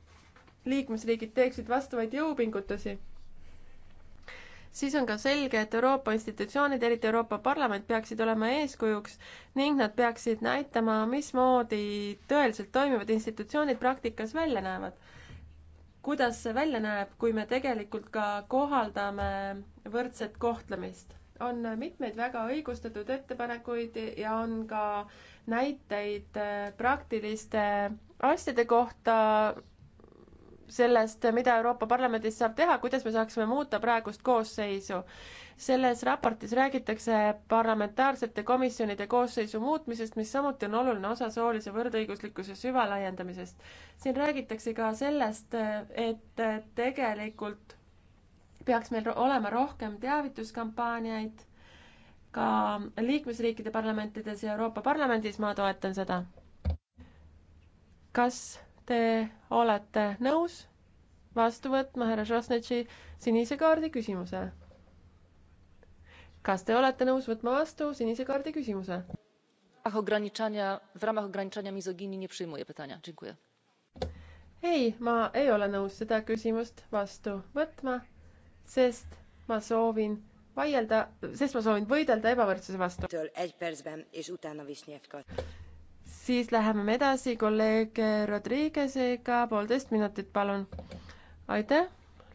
liikmesriigid teeksid vastavaid jõupingutusi, siis on ka selge, et Euroopa institutsioonid, eriti Euroopa Parlament, peaksid olema eeskujuks ning nad peaksid näitama, mismoodi tõeliselt toimivad institutsioonid praktikas välja näevad. kuidas see välja näeb, kui me tegelikult ka kohaldame võrdset kohtlemist? on mitmeid väga õigustatud ettepanekuid ja on ka näiteid äh, praktiliste asjade kohta, sellest, mida Euroopa Parlamendis saab teha, kuidas me saaksime muuta praegust koosseisu. selles raportis räägitakse parlamentaarsete komisjonide koosseisu muutmisest, mis samuti on oluline osa soolise võrdõiguslikkuse süvalaiendamisest. siin räägitakse ka sellest, et tegelikult peaks meil olema rohkem teavituskampaaniaid ka liikmesriikide parlamentides ja Euroopa Parlamendis, ma toetan seda. kas te olete nõus vastu võtma härra Šosnetši sinise kaardi küsimuse? kas te olete nõus võtma vastu sinise kaardi küsimuse? w ramach ograniczania mizoginii nie przyjmuję pytania. dziękuję. ei, ma ei ole nõus seda küsimust vastu võtma, sest ma soovin vaielda, sest ma soovin võidelda ebavõrdsuse vastu siis läheme me edasi kolleeg Rodriguez'iga, poolteist minutit, palun. aitäh,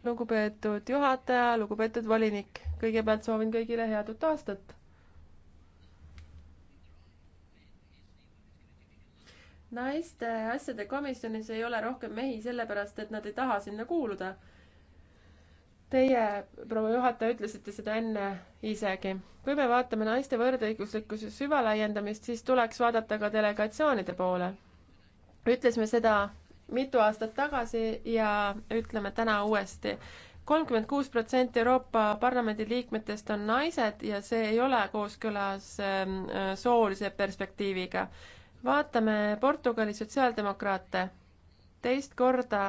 lugupeetud juhataja, lugupeetud volinik, kõigepealt soovin kõigile head uut aastat. naiste asjade komisjonis ei ole rohkem mehi sellepärast, et nad ei taha sinna kuuluda Teie, proua juhataja, ütlesite seda enne isegi. kui me vaatame naiste võrdõiguslikkuse süvalaiendamist, siis tuleks vaadata ka delegatsioonide poole. ütlesime seda mitu aastat tagasi ja ütleme täna uuesti kolmkümmend kuus protsenti Euroopa Parlamendi liikmetest on naised ja see ei ole kooskõlas ähm, soolise perspektiiviga. vaatame Portugali sotsiaaldemokraate. teist korda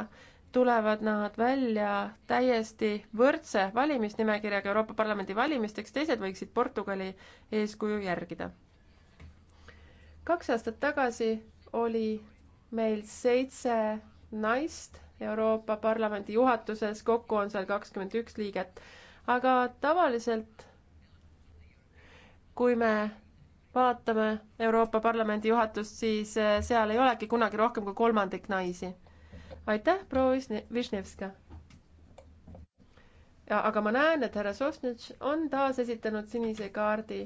tulevad nad välja täiesti võrdse valimisnimekirjaga Euroopa Parlamendi valimisteks, teised võiksid Portugali eeskuju järgida. kaks aastat tagasi oli meil seitse naist Euroopa Parlamendi juhatuses, kokku on seal kakskümmend üks liiget. aga tavaliselt, kui me vaatame Euroopa Parlamendi juhatust, siis eh, seal ei olegi kunagi rohkem kui kolmandik naisi aitäh, proua Višnevska. aga ma näen, et härra Sosnitš on taas esitanud sinise kaardi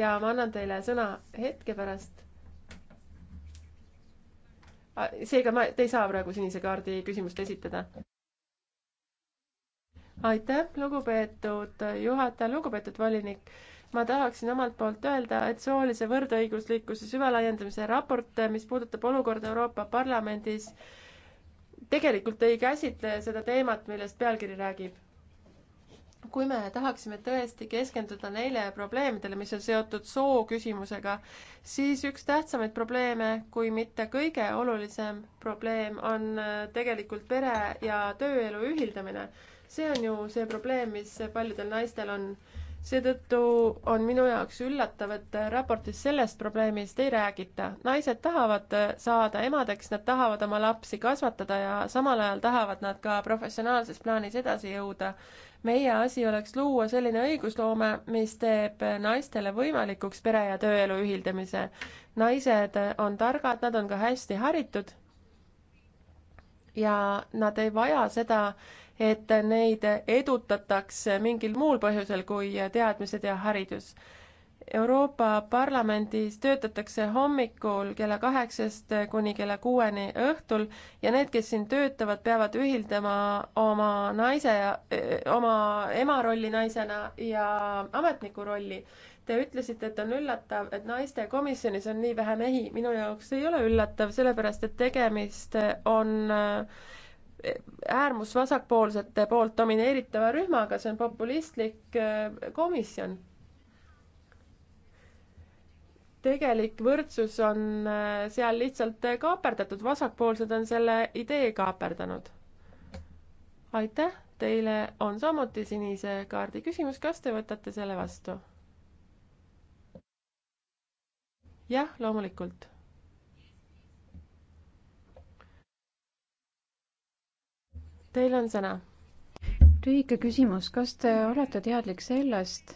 ja ma annan teile sõna hetke pärast. seega ma, te ei saa praegu sinise kaardi küsimust esitada. aitäh, lugupeetud juhataja, lugupeetud volinik ma tahaksin omalt poolt öelda, et soolise võrdõiguslikkuse süvalaiendamise raport, mis puudutab olukorda Euroopa Parlamendis, tegelikult ei käsitle seda teemat, millest pealkiri räägib. kui me tahaksime tõesti keskenduda neile probleemidele, mis on seotud soo küsimusega, siis üks tähtsamaid probleeme, kui mitte kõige olulisem probleem, on äh, tegelikult pere ja tööelu ühildamine. see on ju see probleem, mis paljudel naistel on seetõttu on minu jaoks üllatav, et raportis sellest probleemist ei räägita. naised tahavad saada emadeks, nad tahavad oma lapsi kasvatada ja samal ajal tahavad nad ka professionaalses plaanis edasi jõuda. meie asi oleks luua selline õigusloome, mis teeb naistele võimalikuks pere- ja tööelu ühildamise. naised on targad, nad on ka hästi haritud ja nad ei vaja seda, et neid edutatakse mingil muul põhjusel kui teadmised ja haridus. Euroopa Parlamendis töötatakse hommikul kella kaheksast kuni kella kuueni õhtul ja need, kes siin töötavad, peavad ühildama oma naise ja oma ema rolli naisena ja ametniku rolli. Te ütlesite, et on üllatav, et naiste komisjonis on nii vähe mehi. minu jaoks ei ole üllatav, sellepärast et tegemist on äh, äärmusvasakpoolsete poolt domineeritava rühmaga, see on populistlik äh, komisjon. tegelik võrdsus on äh, seal lihtsalt äh, kaaperdatud, vasakpoolsed on selle idee kaaperdanud. aitäh, teile on samuti sinise kaardi küsimus, kas te võtate selle vastu? jah, loomulikult Teil on sõna. lühike küsimus, kas te olete teadlik sellest,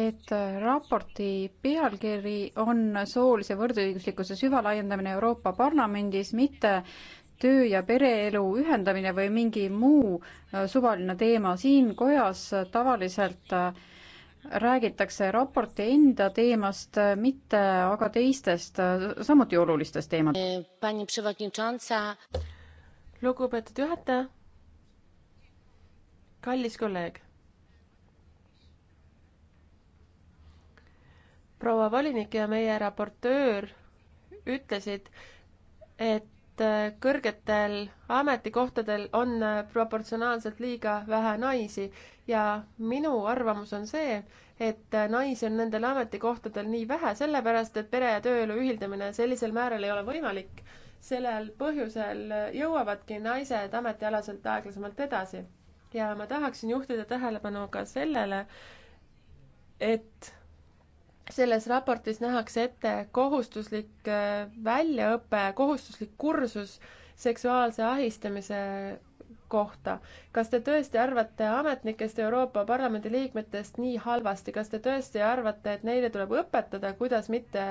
et raporti pealkiri on soolise võrdõiguslikkuse süvalaiendamine Euroopa Parlamendis, mitte töö ja pereelu ühendamine või mingi muu suvaline teema. siin kojas tavaliselt räägitakse raporti enda teemast, mitte aga teistest samuti olulistest teemadest lugupeetud juhataja, kallis kolleeg. proua volinik ja meie raportöör ütlesid, et et kõrgetel ametikohtadel on proportsionaalselt liiga vähe naisi ja minu arvamus on see, et naisi on nendel ametikohtadel nii vähe, sellepärast et pere ja tööelu ühildamine sellisel määral ei ole võimalik sellel põhjusel jõuavadki naised ametialaselt aeglasemalt edasi. ja ma tahaksin juhtida tähelepanu ka sellele, et selles raportis nähakse ette kohustuslik äh, väljaõpe, kohustuslik kursus seksuaalse ahistamise kohta. kas te tõesti arvate ametnikest Euroopa Parlamendi liikmetest nii halvasti, kas te tõesti arvate, et neile tuleb õpetada, kuidas mitte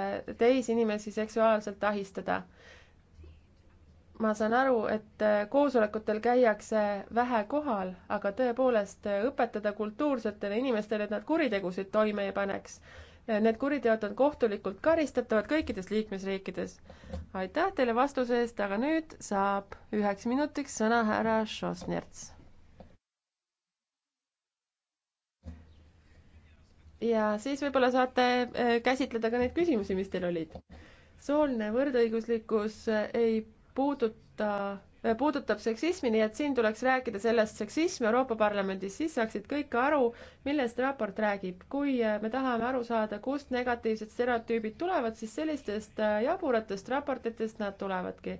teisi inimesi seksuaalselt ahistada? ma saan aru, et äh, koosolekutel käiakse vähe kohal, aga tõepoolest äh, õpetada kultuursetele inimestele, et nad kuritegusid toime ei paneks. Need kuriteod on kohtulikult karistatavad kõikides liikmesriikides. aitäh teile vastuse eest, aga nüüd saab üheks minutiks sõna härra Šosnerts. ja siis võib-olla saate äh, käsitleda ka neid küsimusi, mis teil olid. sooline võrdõiguslikkus ei puuduta, puudutab seksismi, nii et siin tuleks rääkida sellest seksism Euroopa Parlamendis, siis saaksid kõik aru, millest raport räägib. kui äh, me tahame aru saada, kust negatiivsed stereotüübid tulevad, siis sellistest äh, jaburatest raportitest nad tulevadki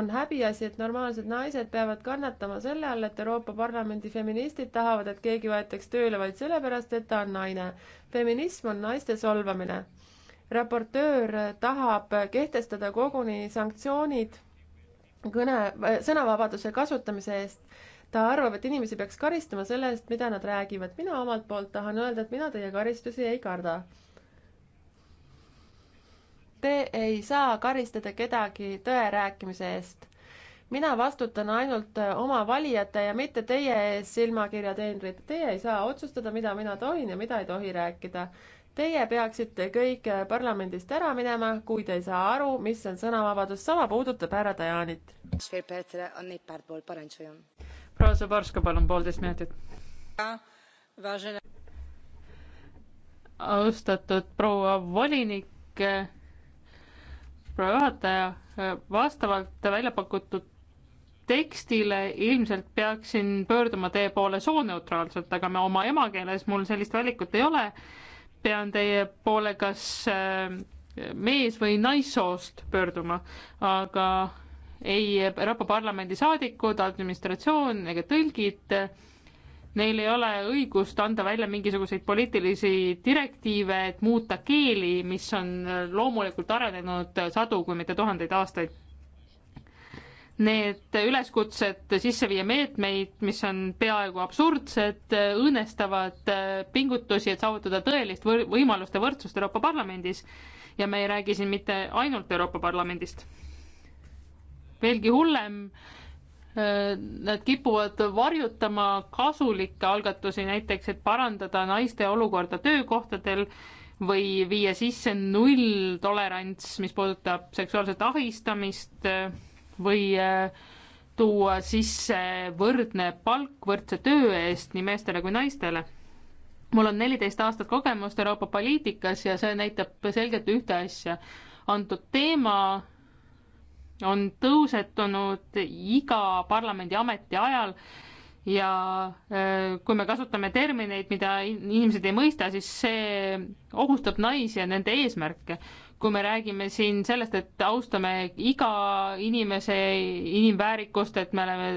on häbiasi, et normaalsed naised peavad kannatama selle all, et Euroopa Parlamendi feministid tahavad, et keegi võetaks tööle vaid sellepärast, et ta on naine. feminism on naiste solvamine. raportöör tahab kehtestada koguni sanktsioonid kõne, sõnavabaduse kasutamise eest. ta arvab, et inimesi peaks karistama selle eest, mida nad räägivad. mina omalt poolt tahan öelda, et mina teie karistusi ei karda. Te ei saa karistada kedagi tõe rääkimise eest mina vastutan ainult oma valijate ja mitte teie ees silmakirja teenrid. Teie ei saa otsustada, mida mina tohin ja mida ei tohi rääkida. Teie peaksite kõik parlamendist ära minema, kui te ei saa aru, mis on sõnavabadus, sama puudutab härra Tajanit. proua Zaborska, palun poolteist minutit. austatud proua volinik, proua juhataja, vastavalt välja pakutud tekstile ilmselt peaksin pöörduma teie poole sooneutraalselt, aga me oma emakeeles, mul sellist valikut ei ole pean teie poole kas äh, mees- või naissoost pöörduma, aga ei Euroopa Parlamendi saadikud, administratsioon ega tõlgid, neil ei ole õigust anda välja mingisuguseid poliitilisi direktiive, et muuta keeli, mis on äh, loomulikult arenenud sadu, kui mitte tuhandeid aastaid need üleskutsed sisse viia meetmeid, mis on peaaegu absurdsed, õõnestavad pingutusi, et saavutada tõelist võr võimaluste võrdsust Euroopa Parlamendis. ja me ei räägi siin mitte ainult Euroopa Parlamendist. veelgi hullem, nad kipuvad varjutama kasulikke algatusi, näiteks et parandada naiste olukorda töökohtadel või viia sisse nulltolerants, mis puudutab seksuaalset ahistamist või äh, tuua sisse võrdne palk võrdse töö eest nii meestele kui naistele. mul on neliteist aastat kogemust Euroopa poliitikas ja see näitab selgelt ühte asja. antud teema on tõusetunud iga parlamendi ametiajal ja äh, kui me kasutame termineid, mida inimesed ei mõista, siis see ohustab naisi ja nende eesmärke kui me räägime siin sellest, et austame iga inimese inimväärikust, et me oleme,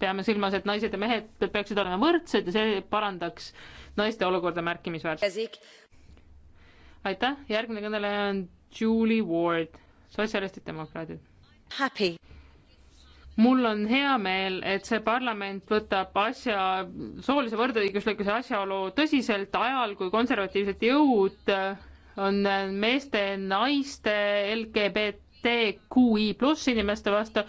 peame silmas, et naised ja mehed peaksid olema võrdsed ja see parandaks naiste olukorda märkimisväärselt. aitäh, järgmine kõneleja on Julie Ward, sotsialistid, demokraadid. Happy mul on hea meel, et see parlament võtab asja, soolise võrdõiguslikkuse asjaolu tõsiselt ajal, kui konservatiivsed jõud äh, on meeste, naiste, LGBTQI pluss inimeste vastu,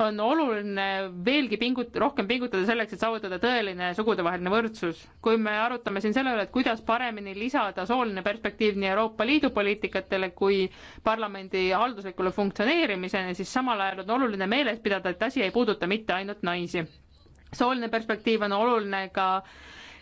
on oluline veelgi pingut-, rohkem pingutada selleks, et saavutada tõeline sugudevaheline võrdsus. kui me arutame siin selle üle, et kuidas paremini lisada sooline perspektiiv nii Euroopa Liidu poliitikatele kui parlamendi halduslikule funktsioneerimisele, siis samal ajal on oluline meeles pidada, et asi ei puuduta mitte ainult naisi. sooline perspektiiv on oluline ka äh,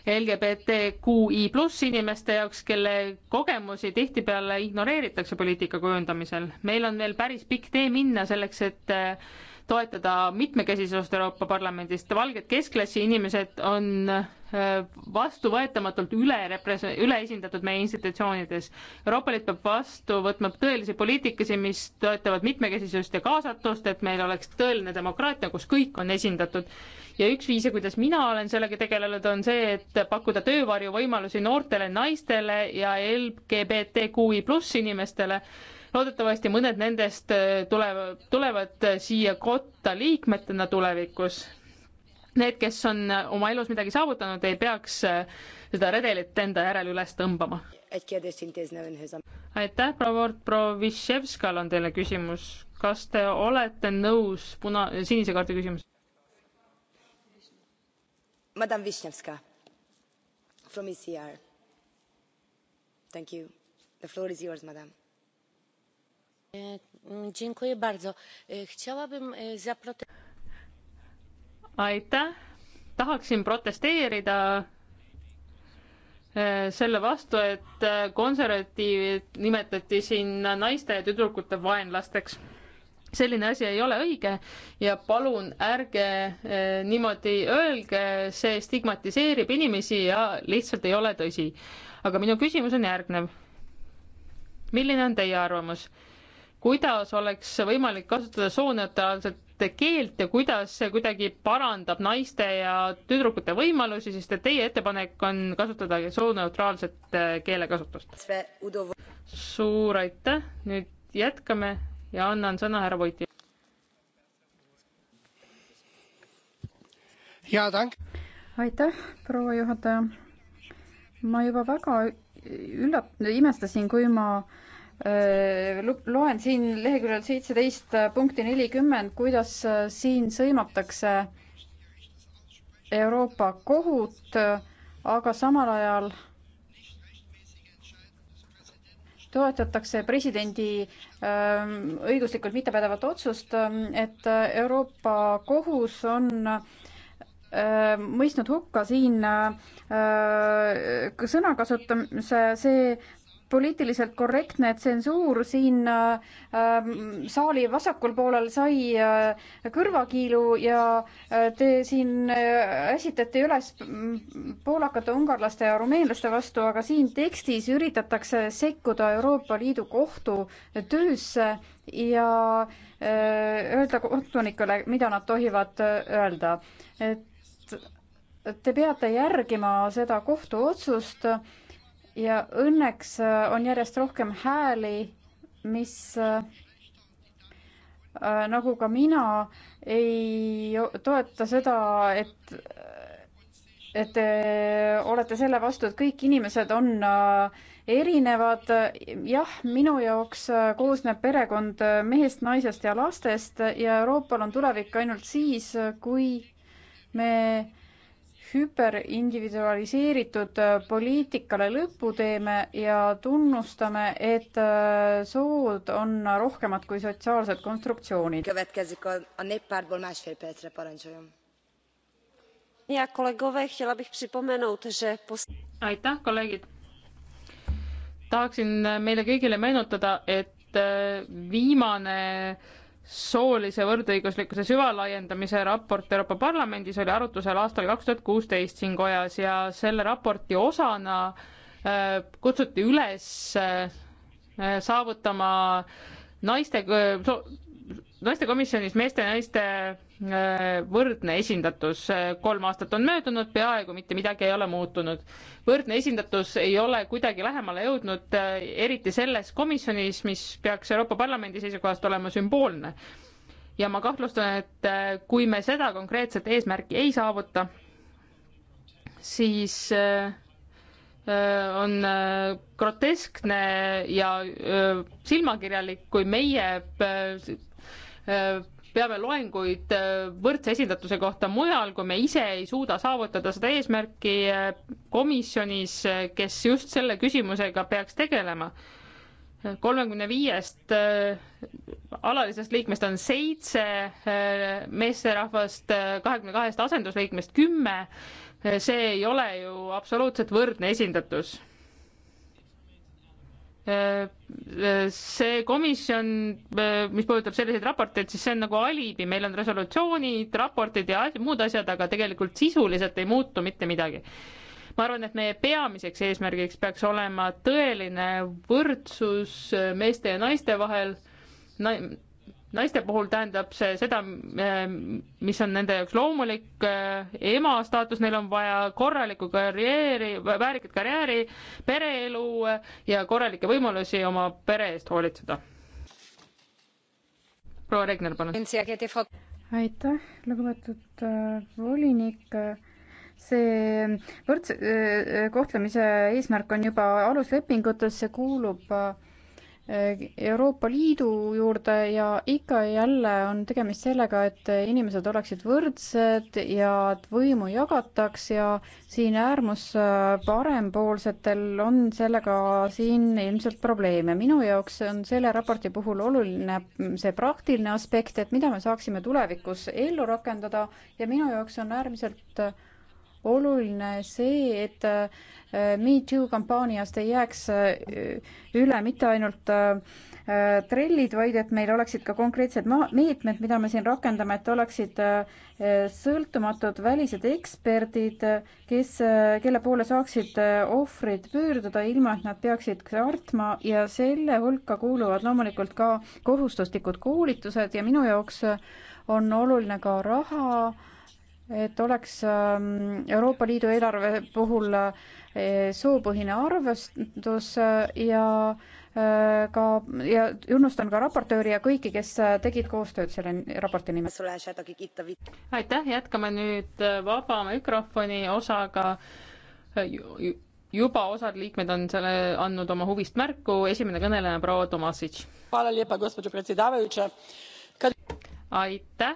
LGBTQI pluss inimeste jaoks, kelle kogemusi tihtipeale ignoreeritakse poliitika kujundamisel. meil on veel päris pikk tee minna selleks, et äh, toetada mitmekesisust Euroopa Parlamendist, valged keskklassi inimesed on Äh, vastuvõetamatult üle represe-, üleesindatud meie institutsioonides. Euroopa Liit peab vastu võtma tõelisi poliitikasi, mis toetavad mitmekesisust ja kaasatust, et meil oleks tõeline demokraatia, kus kõik on esindatud. ja üks viise, kuidas mina olen sellega tegelenud, on see, et pakkuda töövarjuvõimalusi noortele naistele ja LGBTQI pluss inimestele, loodetavasti mõned nendest äh, tulevad, tulevad siia kotta liikmetena tulevikus need, kes on oma elus midagi saavutanud, ei peaks äh, seda redelit enda järel üles tõmbama. aitäh, proua Vort, proua Višjevskal on teile küsimus. kas te olete nõus puna, sinise kaardi küsimus? Madam Višnevska from ECR. Thank you. The floor is yours, madam. E, dziękuję bardzo. E, chciałabym e, zaprotestować aitäh, tahaksin protesteerida äh, selle vastu, et äh, konservatiivid nimetati siin naiste ja tüdrukute vaenlasteks. selline asi ei ole õige ja palun ärge äh, niimoodi öelge, see stigmatiseerib inimesi ja lihtsalt ei ole tõsi. aga minu küsimus on järgnev. milline on teie arvamus? kuidas oleks võimalik kasutada sooneutraalset keelt ja kuidas see kuidagi parandab naiste ja tüdrukute võimalusi, sest et teie ettepanek on kasutada sooneutraalset äh, keelekasutust. suur aitäh, nüüd jätkame ja annan sõna härra Voiti. aitäh, proua juhataja. ma juba väga üllat-, imestasin, kui ma äh, Äh, loen siin leheküljel seitseteist äh, punkti nelikümmend, kuidas äh, siin sõimatakse Euroopa kohut, aga samal ajal toetatakse presidendi ähm, õiguslikult mittepädevat otsust, ähm, et Euroopa Kohus on mõistnud hukka siin sõna kasutamise, see poliitiliselt korrektne tsensuur siin äh, saali vasakul poolel sai äh, kõrvakiilu ja äh, te siin äh, äsitati üles mm, poolakate, ungarlaste ja rumeenlaste vastu, aga siin tekstis üritatakse sekkuda Euroopa Liidu kohtu töösse ja äh, öelda kohtunikule, mida nad tohivad äh, öelda. et te peate järgima seda kohtuotsust äh, ja õnneks äh, on järjest rohkem hääli, mis äh, nagu ka mina ei toeta seda, et, et te olete selle vastu, et kõik inimesed on äh, erinevad. jah, minu jaoks koosneb perekond mehest, naisest ja lastest ja Euroopal on tulevik ainult siis, kui me hüperindividualiseeritud äh, poliitikale lõpu teeme ja tunnustame, et äh, sood on rohkemad kui sotsiaalsed konstruktsioonid. aitäh, kolleegid. tahaksin meile kõigile meenutada, et äh, viimane soolise võrdõiguslikkuse süvalaiendamise raport Euroopa Parlamendis oli arutusel aastal kaks tuhat kuusteist siin kojas ja selle raporti osana äh, kutsuti üles äh, saavutama naiste äh,, naistekomisjonis meeste ja naiste võrdne esindatus, kolm aastat on möödunud, peaaegu mitte midagi ei ole muutunud. võrdne esindatus ei ole kuidagi lähemale jõudnud, eriti selles komisjonis, mis peaks Euroopa Parlamendi seisukohast olema sümboolne. ja ma kahtlustan, et kui me seda konkreetset eesmärki ei saavuta, siis on groteskne ja silmakirjalik, kui meie peame loenguid äh, võrdse esindatuse kohta mujal, kui me ise ei suuda saavutada seda eesmärki äh, komisjonis, äh, kes just selle küsimusega peaks tegelema. kolmekümne viiest alalisest liikmest on seitse meesterahvast, kahekümne kahest asendusliikmest kümme. see ei ole ju absoluutselt võrdne esindatus Äh, äh, see komisjon, äh, mis puudutab selliseid raporteid, siis see on nagu alibi, meil on resolutsioonid, raportid ja muud asjad, aga tegelikult sisuliselt ei muutu mitte midagi. ma arvan, et meie peamiseks eesmärgiks peaks olema tõeline võrdsus meeste ja naiste vahel na, naiste puhul tähendab see seda, ähm, mis on nende jaoks loomulik, äh, ema staatus, neil on vaja korralikku karjääri, väärikat karjääri, pereelu äh, ja korralikke võimalusi oma pere eest hoolitseda. proua Regner, palun. aitäh, lugupeetud äh, volinik see võrdse kohtlemise eesmärk on juba aluslepingutes, see kuulub äh, Euroopa Liidu juurde ja ikka ja jälle on tegemist sellega, et inimesed oleksid võrdsed ja et võimu jagataks ja siin äärmus äh, parempoolsetel on sellega siin ilmselt probleeme. minu jaoks on selle raporti puhul oluline see praktiline aspekt, et mida me saaksime tulevikus ellu rakendada ja minu jaoks on äärmiselt oluline see, et äh, MeToo kampaaniast ei jääks äh, üle mitte ainult äh, trellid, vaid et meil oleksid ka konkreetsed meetmed, mida me siin rakendame, et oleksid sõltumatud välised eksperdid, kes, kelle poole saaksid ohvrid pöörduda, ilma et nad peaksid kartma ja selle hulka kuuluvad loomulikult ka kohustuslikud koolitused ja minu jaoks on oluline ka raha äh, et oleks ähm, Euroopa Liidu eelarve puhul äh, soopõhine arvestus äh, ja äh, ka ja tunnustan ka raportööri ja kõiki, kes tegid koostööd selle raporti nimel. aitäh, jätkame nüüd vaba mikrofoni osaga. juba osad liikmed on selle andnud oma huvist märku, esimene kõneleja proua Tomasic. aitäh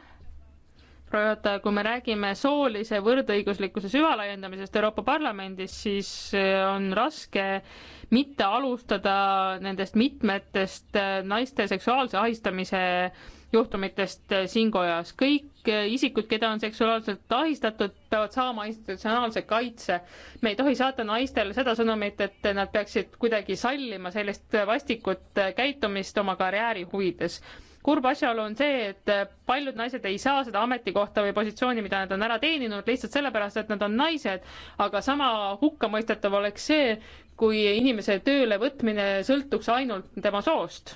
proua juhataja, kui me räägime soolise võrdõiguslikkuse süvalaiendamisest Euroopa Parlamendis, siis äh, on raske mitte alustada nendest mitmetest äh, naiste seksuaalse ahistamise juhtumitest äh, siin kojas. kõik isikud, keda on seksuaalselt ahistatud, peavad saama institutsionaalse kaitse. me ei tohi saata naistele seda sõnumit, et nad peaksid kuidagi sallima sellist vastikut käitumist oma karjääri huvides kurb asjaolu on see, et paljud naised ei saa seda ametikohta või positsiooni, mida nad on ära teeninud lihtsalt sellepärast, et nad on naised, aga sama hukkamõistetav oleks see, kui inimese tööle võtmine sõltuks ainult tema soost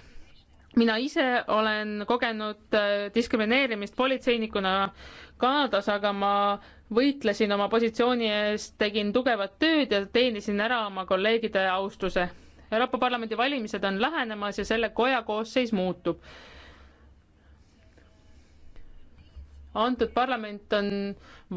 mina ise olen kogenud äh, diskrimineerimist politseinikuna Kanadas, aga ma võitlesin oma positsiooni eest, tegin tugevat tööd ja teenisin ära oma kolleegide austuse. Euroopa Parlamendi valimised on lähenemas ja selle koja koosseis muutub. antud parlament on,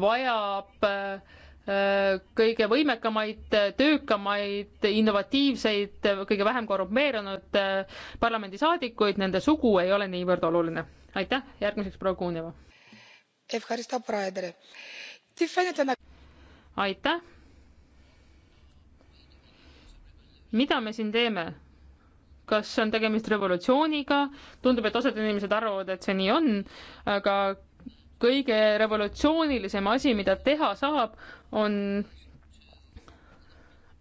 vajab äh, kõige võimekamaid, töökamaid, innovatiivseid, kõige vähem korrumpeerunud äh, parlamendisaadikuid, nende sugu ei ole niivõrd oluline. aitäh, järgmiseks proua Kuuneva. aitäh. mida me siin teeme? kas on tegemist revolutsiooniga, tundub, et osad inimesed arvavad, et see nii on, aga kõige revolutsioonilisem asi, mida teha saab, on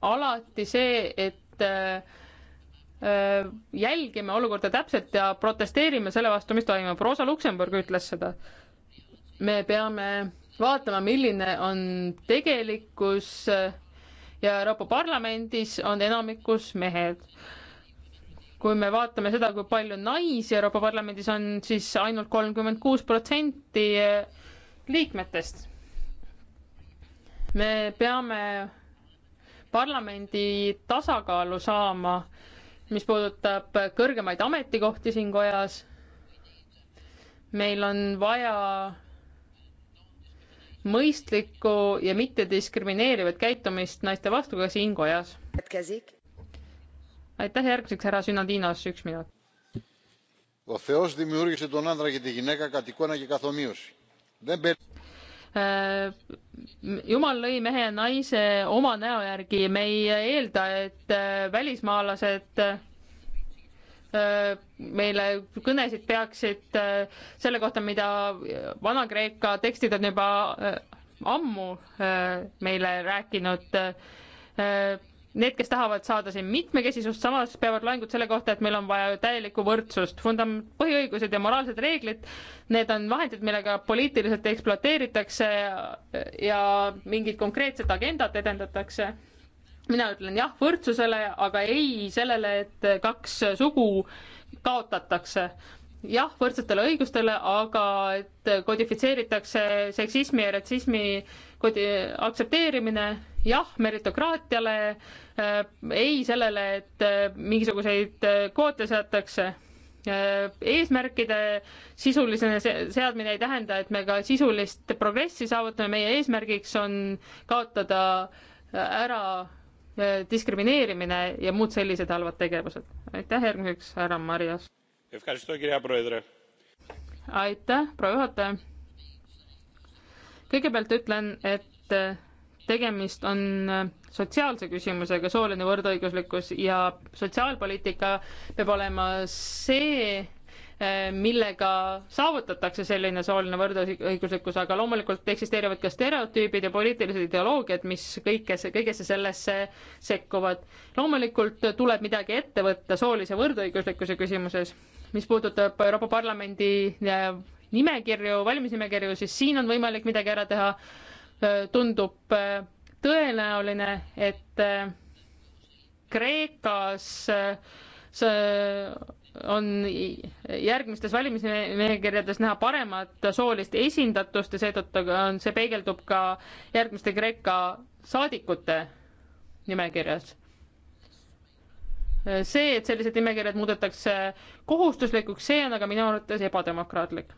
alati see, et äh, äh, jälgime olukorda täpselt ja protesteerime selle vastu, mis toimub. Rosa Luksemburg ütles seda. me peame vaatama, milline on tegelikkus äh, ja Euroopa Parlamendis on enamikus mehed kui me vaatame seda, kui palju naisi Euroopa Parlamendis on, siis ainult kolmkümmend kuus protsenti liikmetest. me peame parlamendi tasakaalu saama, mis puudutab kõrgemaid ametikohti siin kojas. meil on vaja mõistlikku ja mittediskrimineerivat käitumist naiste vastu ka siin kojas. jätkasik aitäh, järgmiseks härra Sünadinos, üks minut. jumal lõi mehe ja naise oma näo järgi, me ei eelda, et äh, välismaalased äh, meile kõnesid peaksid äh, selle kohta, mida Vana-Kreeka tekstid on juba ammu meile rääkinud. Need, kes tahavad saada siin mitmekesisust, samas peavad laengud selle kohta, et meil on vaja täielikku võrdsust, fundam-, põhiõigused ja moraalsed reeglid, need on vahendid, millega poliitiliselt ekspluateeritakse ja mingit konkreetset agendat edendatakse mina ütlen jah võrdsusele, aga ei sellele, et kaks sugu kaotatakse. jah võrdsetele õigustele, aga et kodifitseeritakse seksismi ja ratsismi kodi-, aktsepteerimine jah meritokraatiale, äh, ei sellele, et äh, mingisuguseid äh, kvoote seatakse. eesmärkide sisuline seadmine ei tähenda, et me ka sisulist progressi saavutame, meie eesmärgiks on kaotada ära diskrimineerimine ja muud sellised halvad tegevused. aitäh järgmiseks, härra Marias. aitäh, proua juhataja. kõigepealt ütlen, et tegemist on äh, sotsiaalse küsimusega, sooline võrdõiguslikkus ja sotsiaalpoliitika peab olema see, äh, millega saavutatakse selline sooline võrdõiguslikkus, aga loomulikult eksisteerivad ka stereotüübid ja poliitilised ideoloogiad, mis kõikesse, kõigesse sellesse sekkuvad. loomulikult tuleb midagi ette võtta soolise võrdõiguslikkuse küsimuses. mis puudutab Euroopa Parlamendi äh, nimekirju, valimisnimekirju, siis siin on võimalik midagi ära teha Äh, tundub äh, tõenäoline, et äh, Kreekas on järgmistes valimisnimekirjades näha paremat soolist esindatust ja seetõttu on, see peegeldub ka järgmiste Kreeka saadikute nimekirjas see, et sellised nimekirjad muudetakse kohustuslikuks, see on aga minu arvates ebademokraatlik.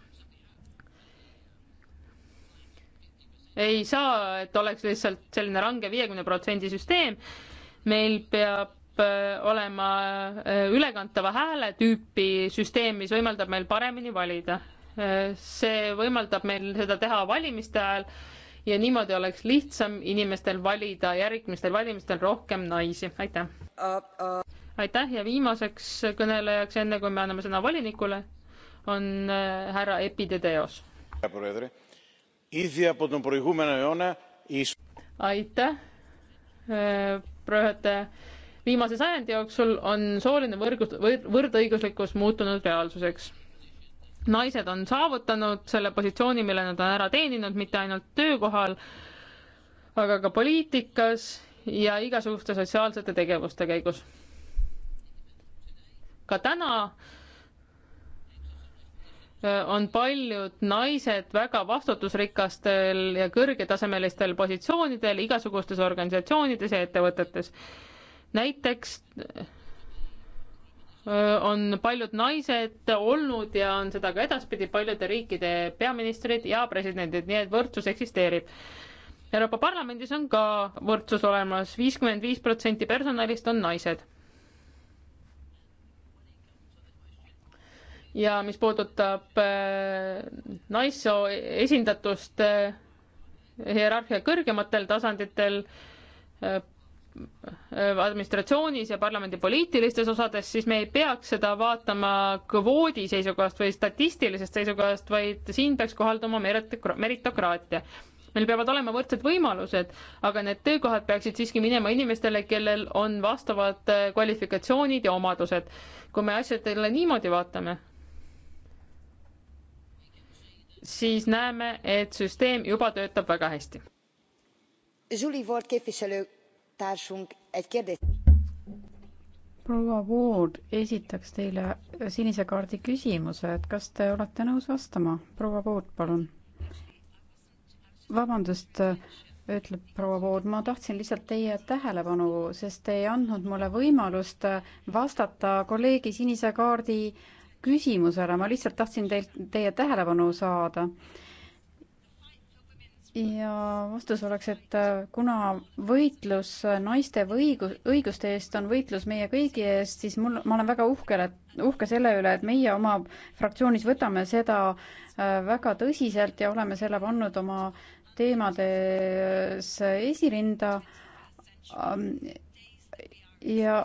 ei saa, et oleks lihtsalt selline range viiekümne protsendi süsteem. meil peab äh, olema äh, ülekantava hääle tüüpi süsteem, mis võimaldab meil paremini valida. Äh, see võimaldab meil seda teha valimiste ajal ja niimoodi oleks lihtsam inimestel valida järgmistel valimistel rohkem naisi. aitäh uh,! Uh. aitäh ja viimaseks kõnelejaks, enne kui me anname sõna volinikule, on härra Epidedeos. Ήδη από τον προηγούμενο αιώνα η... aitäh, proua juhataja. viimase sajandi jooksul on sooline võrgus, võrdõiguslikkus muutunud reaalsuseks naised on saavutanud selle positsiooni, mille nad on ära teeninud, mitte ainult töökohal, aga ka poliitikas ja igasuguste sotsiaalsete tegevuste käigus. ka täna on paljud naised väga vastutusrikastel ja kõrgetasemelistel positsioonidel igasugustes organisatsioonides ja ettevõtetes. näiteks on paljud naised olnud ja on seda ka edaspidi paljude riikide peaministrid ja presidendid, nii et võrdsus eksisteerib. Euroopa Parlamendis on ka võrdsus olemas, viiskümmend viis protsenti personalist on naised ja mis puudutab äh, naissoo esindatust äh, hierarhia kõrgematel tasanditel, äh, administratsioonis ja parlamendi poliitilistes osades, siis me ei peaks seda vaatama kvoodi seisukohast või statistilisest seisukohast, vaid siin peaks kohalduma meritokraatia. meil peavad olema võrdsed võimalused, aga need töökohad peaksid siiski minema inimestele, kellel on vastavad kvalifikatsioonid ja omadused. kui me asjadele niimoodi vaatame siis näeme, et süsteem juba töötab väga hästi. proua Wood esitaks teile sinise kaardi küsimuse, et kas te olete nõus vastama? proua Wood, palun. vabandust, ütleb proua Vood, ma tahtsin lihtsalt teie tähelepanu, sest te ei andnud mulle võimalust vastata kolleegi sinise kaardi äh, küsimusele, ma lihtsalt tahtsin teilt, teie tähelepanu saada. ja vastus oleks, et äh, kuna võitlus naiste õigus, õiguste eest on võitlus meie kõigi eest, siis mul, ma olen väga uhkel, et uhke selle üle, et meie oma fraktsioonis võtame seda äh, väga tõsiselt ja oleme selle pannud oma teemades esirinda ja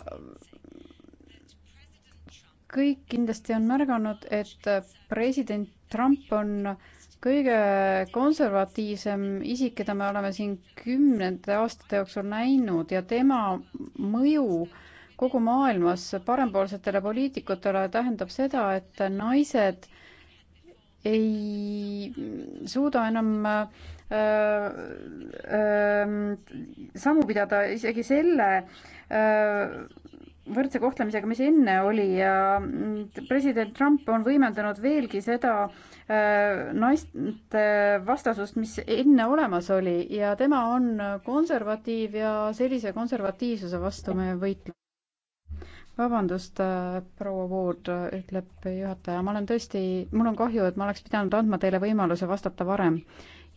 kõik kindlasti on märganud, et president Trump on kõige konservatiivsem isik, keda me oleme siin kümnete aastate jooksul näinud ja tema mõju kogu maailmas parempoolsetele poliitikutele tähendab seda, et naised ei suuda enam äh, äh, sammu pidada isegi selle äh, võrdse kohtlemisega, mis enne oli ja mm, president Trump on võimendanud veelgi seda äh, naiste vastasust, mis enne olemas oli ja tema on konservatiiv ja sellise konservatiivsuse vastu me võitleme. vabandust, äh, proua Wood, ütleb juhataja, ma olen tõesti, mul on kahju, et ma oleks pidanud andma teile võimaluse vastata varem.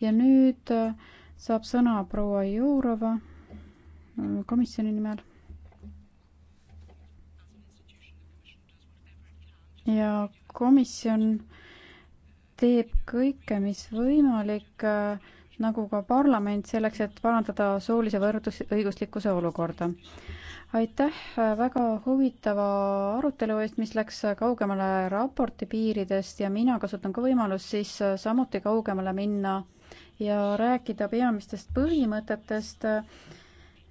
ja nüüd äh, saab sõna proua Jourova komisjoni nimel ja komisjon teeb kõike, mis võimalik, äh, nagu ka parlament, selleks, et parandada soolise võrdõiguslikkuse olukorda. aitäh äh, väga huvitava arutelu eest, mis läks äh, kaugemale raporti piiridest ja mina kasutan ka võimalust siis samuti kaugemale minna ja rääkida peamistest põhimõtetest äh,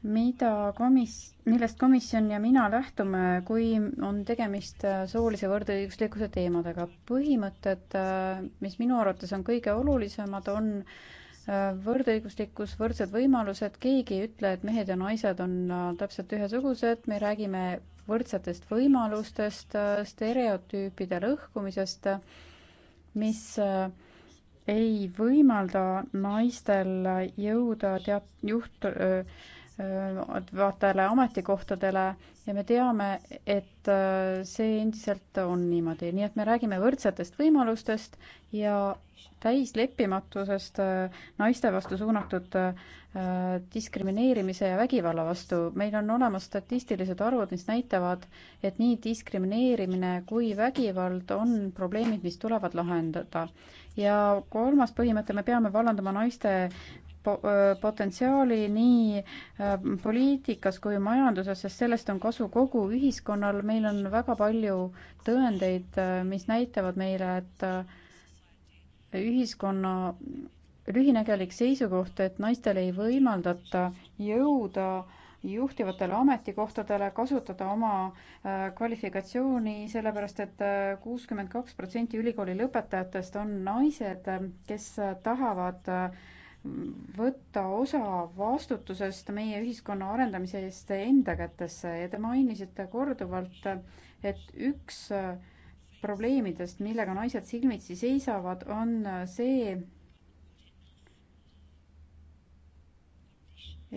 mida komis-, millest komisjon ja mina lähtume, kui on tegemist äh, soolise võrdõiguslikkuse teemadega. põhimõtted, äh, mis minu arvates on kõige olulisemad, on äh, võrdõiguslikkus, võrdsed võimalused, keegi ei ütle, et mehed ja naised on täpselt ühesugused, me räägime võrdsetest võimalustest, stereotüüpide lõhkumisest, mis ei võimalda naistel jõuda teat-, juht-, vaatajale ametikohtadele ja me teame, et äh, see endiselt on niimoodi, nii et me räägime võrdsetest võimalustest ja täisleppimatusest äh, naiste vastu suunatud äh, diskrimineerimise ja vägivalla vastu. meil on olemas statistilised arvud, mis näitavad, et nii diskrimineerimine kui vägivald on probleemid, mis tulevad lahendada. ja kolmas põhimõte, me peame vallandama naiste po-, potentsiaali nii poliitikas kui majanduses, sest sellest on kasu kogu ühiskonnal, meil on väga palju tõendeid, mis näitavad meile, et ühiskonna lühinägelik seisukoht, et naistele ei võimaldata jõuda juhtivatele ametikohtadele, kasutada oma kvalifikatsiooni, sellepärast et kuuskümmend kaks protsenti ülikooli lõpetajatest on naised, kes tahavad äh, võtta osa vastutusest meie ühiskonna arendamise eest enda kätesse ja te mainisite korduvalt, et üks probleemidest, millega naised silmitsi seisavad, on see,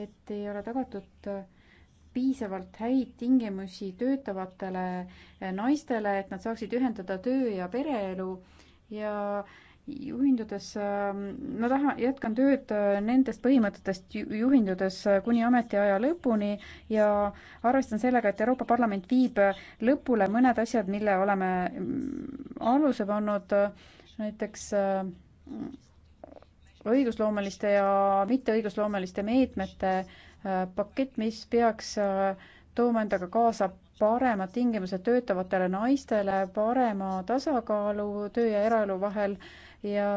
et ei ole tagatud piisavalt häid tingimusi töötavatele naistele, et nad saaksid ühendada töö ja pereelu ja äh, juhindudes, ähm, ma tahan, jätkan tööd äh, nendest põhimõtetest juhindudes äh, kuni ametiaja lõpuni ja arvestan sellega, et Euroopa Parlament viib äh, lõpule mõned asjad, mille oleme mm, aluse pannud, näiteks õigusloomeliste ja mitteõigusloomeliste meetmete pakett, mis peaks tooma endaga kaasa paremad tingimused töötavatele naistele, parema tasakaalu töö ja eraelu vahel ja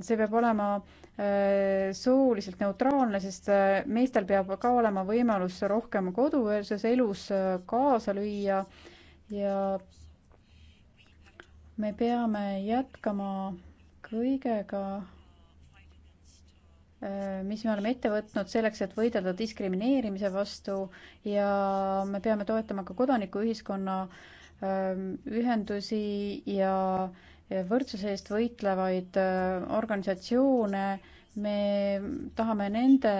see peab olema äh, sooliselt neutraalne, sest äh, meestel peab ka olema võimalus rohkem koduõelses elus äh, kaasa lüüa ja me peame jätkama kõigega, mis me oleme ette võtnud selleks, et võidelda diskrimineerimise vastu ja me peame toetama ka kodanikuühiskonna ähm, ühendusi ja äh, võrdsuse eest võitlevaid äh, organisatsioone, me tahame nende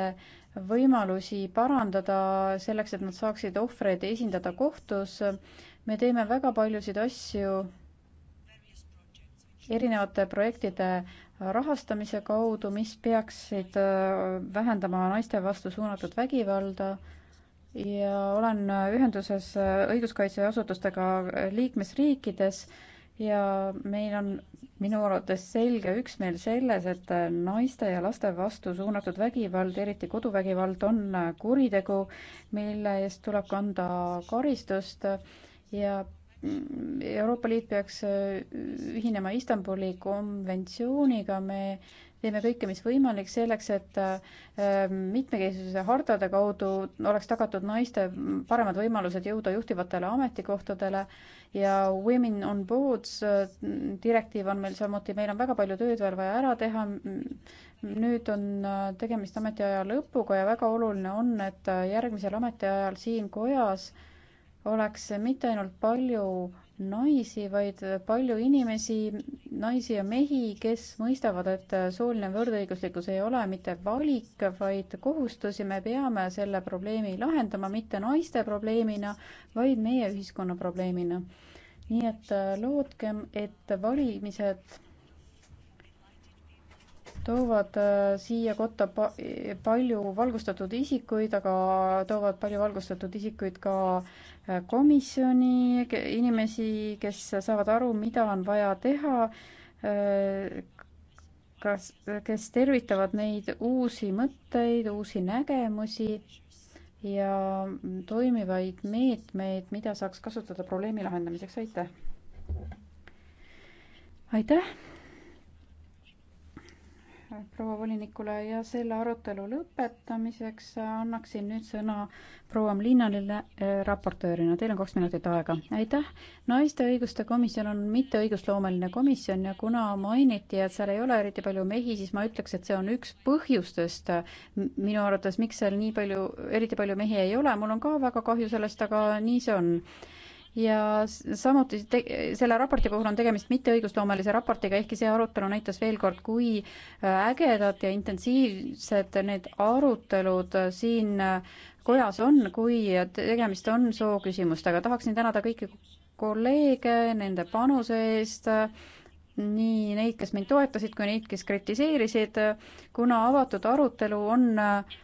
võimalusi parandada selleks, et nad saaksid ohvreid esindada kohtus. me teeme väga paljusid asju erinevate projektide rahastamise kaudu, mis peaksid äh, vähendama naiste vastu suunatud vägivalda ja olen ühenduses äh, õiguskaitseasutustega liikmesriikides ja meil on minu arvates selge üksmeel selles, et äh, naiste ja laste vastu suunatud vägivald, eriti koduvägivald, on äh, kuritegu, mille eest tuleb kanda karistust ja mm, Euroopa Liit peaks äh, ühinema Istanbuli konventsiooniga, me teeme kõike, mis võimalik selleks, et äh, mitmekesisuse hardade kaudu oleks tagatud naiste paremad võimalused jõuda juhtivatele ametikohtadele ja Women on Boards äh, direktiiv on meil samuti, meil on väga palju tööd veel vaja ära teha. nüüd on äh, tegemist ametiaja lõpuga ja väga oluline on, et järgmisel ametiajal siin kojas oleks mitte ainult palju naisi, vaid palju inimesi, naisi ja mehi, kes mõistavad, et sooline võrdõiguslikkus ei ole mitte valik, vaid kohustus ja me peame selle probleemi lahendama mitte naiste probleemina, vaid meie ühiskonna probleemina. nii et lootkem, et valimised toovad äh, siia kotta pa-, palju valgustatud isikuid, aga toovad palju valgustatud isikuid ka äh, komisjoni inimesi, kes saavad aru, mida on vaja teha, äh, kas, kes tervitavad neid uusi mõtteid, uusi nägemusi ja toimivaid meetmeid, mida saaks kasutada probleemi lahendamiseks, aitäh! aitäh! proua volinikule ja selle arutelu lõpetamiseks annaksin nüüd sõna proua Mlinalile äh, raportöörina. Teil on kaks minutit aega. aitäh. naiste õiguste komisjon on mitteõigusloomeline komisjon ja kuna mainiti, et seal ei ole eriti palju mehi, siis ma ütleks, et see on üks põhjustest minu arvates, miks seal nii palju, eriti palju mehi ei ole. mul on ka väga kahju sellest, aga nii see on ja samuti te-, selle raporti puhul on tegemist mitteõigusloomelise raportiga, ehkki see arutelu näitas veel kord, kui äh, ägedad ja intensiivsed need arutelud äh, siin äh, kojas on, kui tegemist on sooküsimustega. tahaksin tänada kõiki kolleege nende panuse eest, nii neid, kes mind toetasid, kui neid, kes kritiseerisid, kuna avatud arutelu on äh,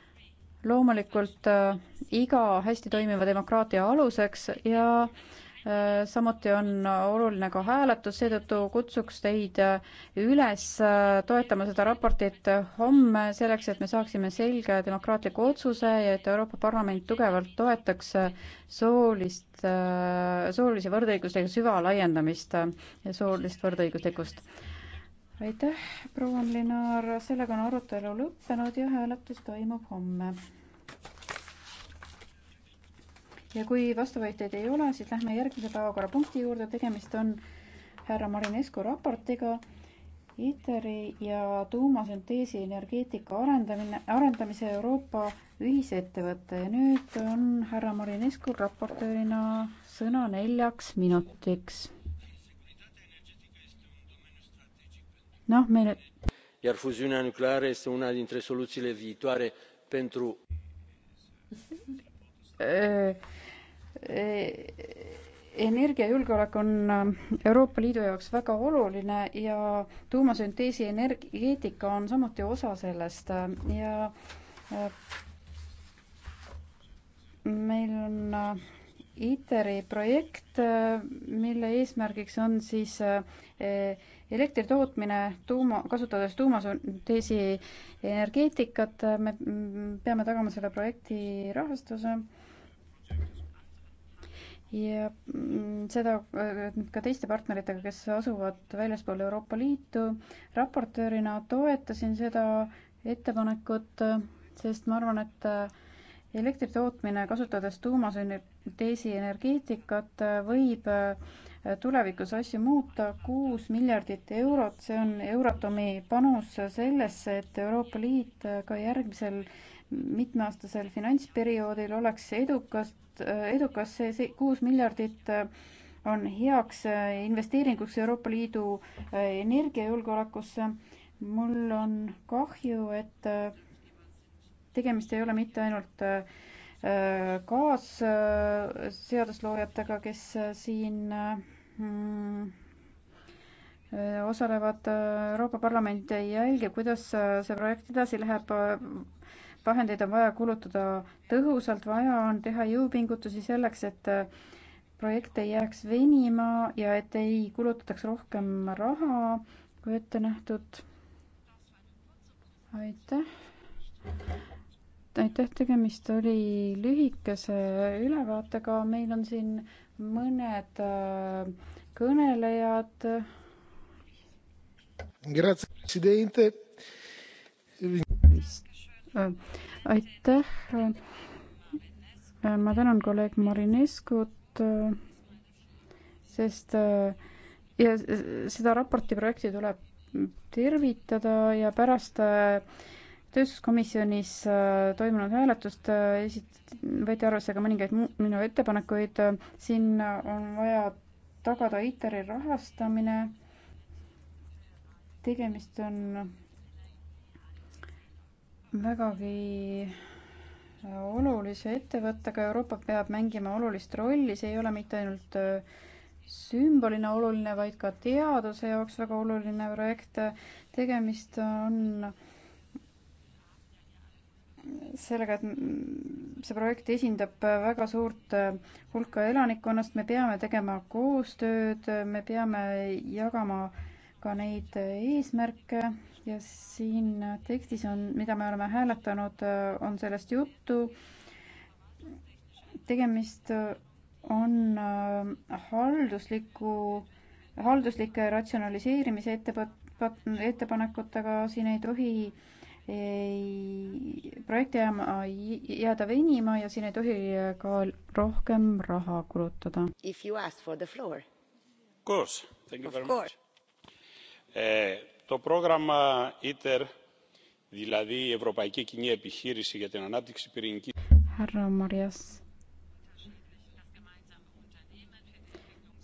loomulikult äh, iga hästi toimiva demokraatia aluseks ja äh, samuti on oluline ka hääletus, seetõttu kutsuks teid äh, üles toetama seda raportit homme, selleks et me saaksime selge demokraatliku otsuse ja et Euroopa Parlament tugevalt toetaks soolist, soolise võrdõiguslikkuse süvalaiendamist ja soolist võrdõiguslikkust aitäh, proua Mlinaar, sellega on arutelu lõppenud ja hääletus toimub homme. ja kui vastuväiteid ei ole, siis lähme järgmise päevakorrapunkti juurde, tegemist on härra Marinescu raportiga ITER-i ja tuumasünteesi energeetika arendamine, arendamise Euroopa ühisettevõte ja nüüd on härra Marinescu raportöörina sõna neljaks minutiks noh, meile. iar fuziunea nucleară este una dintre soluțiile viitoare pentru. E, e, energiajulgeolek on um, Euroopa Liidu jaoks väga oluline ja tuumasünteesi energeetika on samuti osa sellest um, ja uh, meil on uh, ITER-i projekt, äh, mille eesmärgiks on siis äh, e, elektri tootmine tuuma, kasutades tuumasünteesi energeetikat, me peame tagama selle projekti rahastuse ja mm, seda äh, ka teiste partneritega, kes asuvad väljaspool Euroopa Liitu. raportöörina toetasin seda ettepanekut, sest ma arvan, et elektri tootmine, kasutades tuumasünteesi energeetikat, võib äh, tulevikus asju muuta. kuus miljardit eurot, see on Euratomi panus sellesse, et Euroopa Liit äh, ka järgmisel mitmeaastasel finantsperioodil oleks edukas, äh, edukas see kuus miljardit on heaks investeeringuks Euroopa Liidu energiajulgeolekusse. mul on kahju, et tegemist ei ole mitte ainult äh, äh, kaasseadusloojatega, kes äh, siin mm, osalevad, Euroopa Parlament jälgib, kuidas see projekt edasi läheb. vahendeid on vaja kulutada tõhusalt, vaja on teha jõupingutusi selleks, et projekt ei jääks venima ja et ei kulutataks rohkem raha kui ette nähtud. aitäh aitäh, tegemist oli lühikese ülevaatega, meil on siin mõned äh, kõnelejad. Äh, aitäh. Äh, ma tänan kolleeg Marineskut, sest ja seda raporti projekti tuleb tervitada ja pärast äh, tööstuskomisjonis äh, toimunud hääletust äh, esit-, võeti arvesse ka mõningaid minu ettepanekuid, siin on vaja tagada ITER-i rahastamine, tegemist on vägagi äh, olulise ettevõttega, Euroopa peab mängima olulist rolli, see ei ole mitte ainult sümbolina oluline, vaid ka teaduse jaoks väga oluline projekt, tegemist on äh, sellega, et see projekt esindab väga suurt äh, hulka elanikkonnast, me peame tegema koostööd, me peame jagama ka neid eesmärke ja siin tekstis on, mida me oleme hääletanud, äh, on sellest juttu. tegemist äh, on haldusliku, halduslike ratsionaliseerimise ettepõt-, ettepanekutega, siin ei tohi äh, ei, projekt jääma, jääda venima ja siin ei tohi ka rohkem raha kulutada. If you ask for the floor. Of course, thank you of very course. much eh,. Το πρόγραμμα ITER, δηλαδή η Ευρωπαϊκή Κοινή Επιχείρηση για την Ανάπτυξη Πυρηνική. Härra Marias.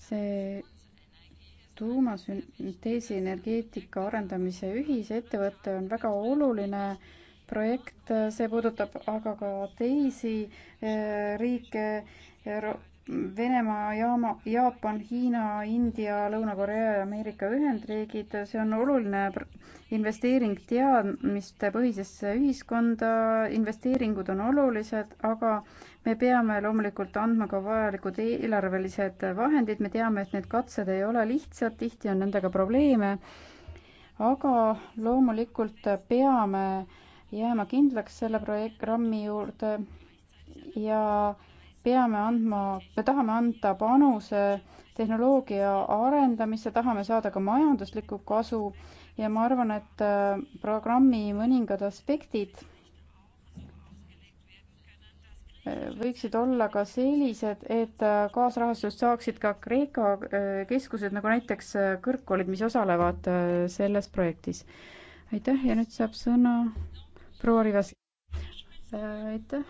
see tuumasünteesi energeetika arendamise ühisettevõte on väga oluline projekt, see puudutab aga ka teisi eh, riike, Venemaa, Jaama, Jaapan, Hiina, India, Lõuna-Korea ja Ameerika Ühendriigid, see on oluline investeering teadmistepõhisesse ühiskonda, investeeringud on olulised, aga me peame loomulikult andma ka vajalikud eelarvelised vahendid, me teame, et need katsed ei ole lihtsad, tihti on nendega probleeme, aga loomulikult peame jääma kindlaks selle programmi juurde ja peame andma, me tahame anda panuse tehnoloogia arendamisse, tahame saada ka majanduslikku kasu ja ma arvan, et äh, programmi mõningad aspektid äh, võiksid olla ka sellised, et äh, kaasrahastust saaksid ka Kreeka keskused, nagu näiteks kõrgkoolid, mis osalevad selles projektis. aitäh ja nüüd saab sõna proua Rivas. aitäh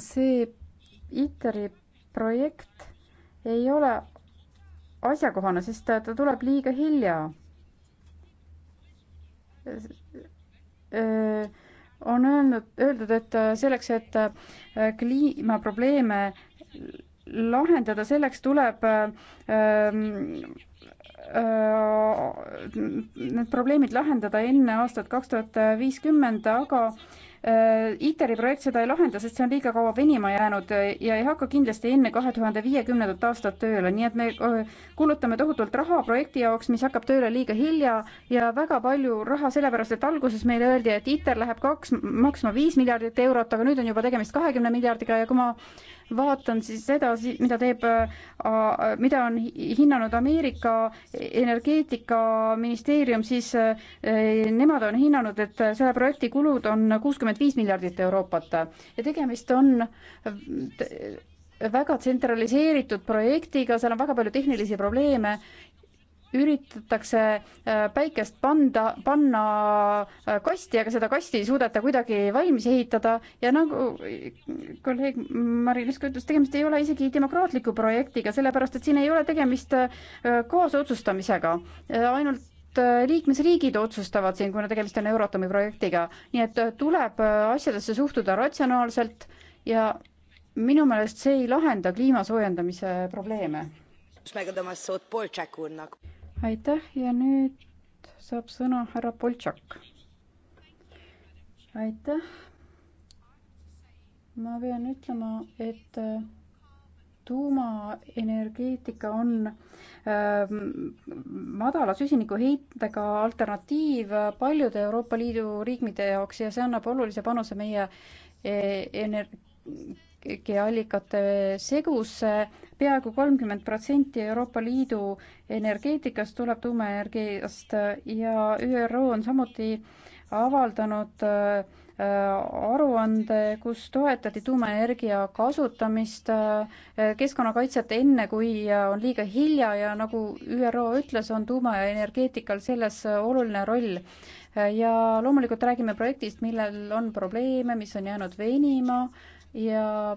see ITER-i projekt ei ole asjakohane, sest ta tuleb liiga hilja. on öelnud, öeldud, et selleks, et äh, kliimaprobleeme lahendada, selleks tuleb ähm, äh, need probleemid lahendada enne aastat kaks tuhat viiskümmend, aga Äh, ITER-i projekt seda ei lahenda, sest see on liiga kaua venima jäänud ja ei hakka kindlasti enne kahe tuhande viiekümnendat aastat tööle, nii et me äh, kulutame tohutult raha projekti jaoks, mis hakkab tööle liiga hilja ja väga palju raha sellepärast, et alguses meile öeldi, et ITER läheb kaks, maksma viis miljardit eurot, aga nüüd on juba tegemist kahekümne miljardiga ja kui ma vaatan siis seda, mida teeb, äh, mida on hinnanud Ameerika energeetikaministeerium, siis äh, nemad on hinnanud, et selle projekti kulud on kuuskümmend viis miljardit Euroopat ja tegemist on väga tsentraliseeritud projektiga, seal on väga palju tehnilisi probleeme üritatakse äh, päikest panda, panna äh, kasti, aga seda kasti ei suudeta kuidagi valmis ehitada ja nagu äh, kolleeg Mari Lisko ütles, tegemist ei ole isegi demokraatliku projektiga, sellepärast et siin ei ole tegemist kaasotsustamisega, ainult liikmesriigid otsustavad siin, kuna tegemist on Euratomi projektiga, nii et tuleb asjadesse suhtuda ratsionaalselt ja minu meelest see ei lahenda kliima soojendamise probleeme. Megadom a szót Polcsák úrnak aitäh ja nüüd saab sõna härra Boltšak. aitäh. ma pean ütlema, et äh, tuumaenergeetika on äh, madala süsinikuheitega alternatiiv paljude Euroopa Liidu liikmete jaoks ja see annab olulise panuse meie e-, energia energiaallikate segusse. peaaegu kolmkümmend protsenti Euroopa Liidu energeetikast tuleb tuumaenergiast ja ÜRO on samuti avaldanud äh, aruande, kus toetati tuumaenergia kasutamist, äh, keskkonnakaitset enne, kui äh, on liiga hilja ja nagu ÜRO ütles, on tuumaenergeetikal selles oluline roll ja loomulikult räägime projektist, millel on probleeme, mis on jäänud venima ja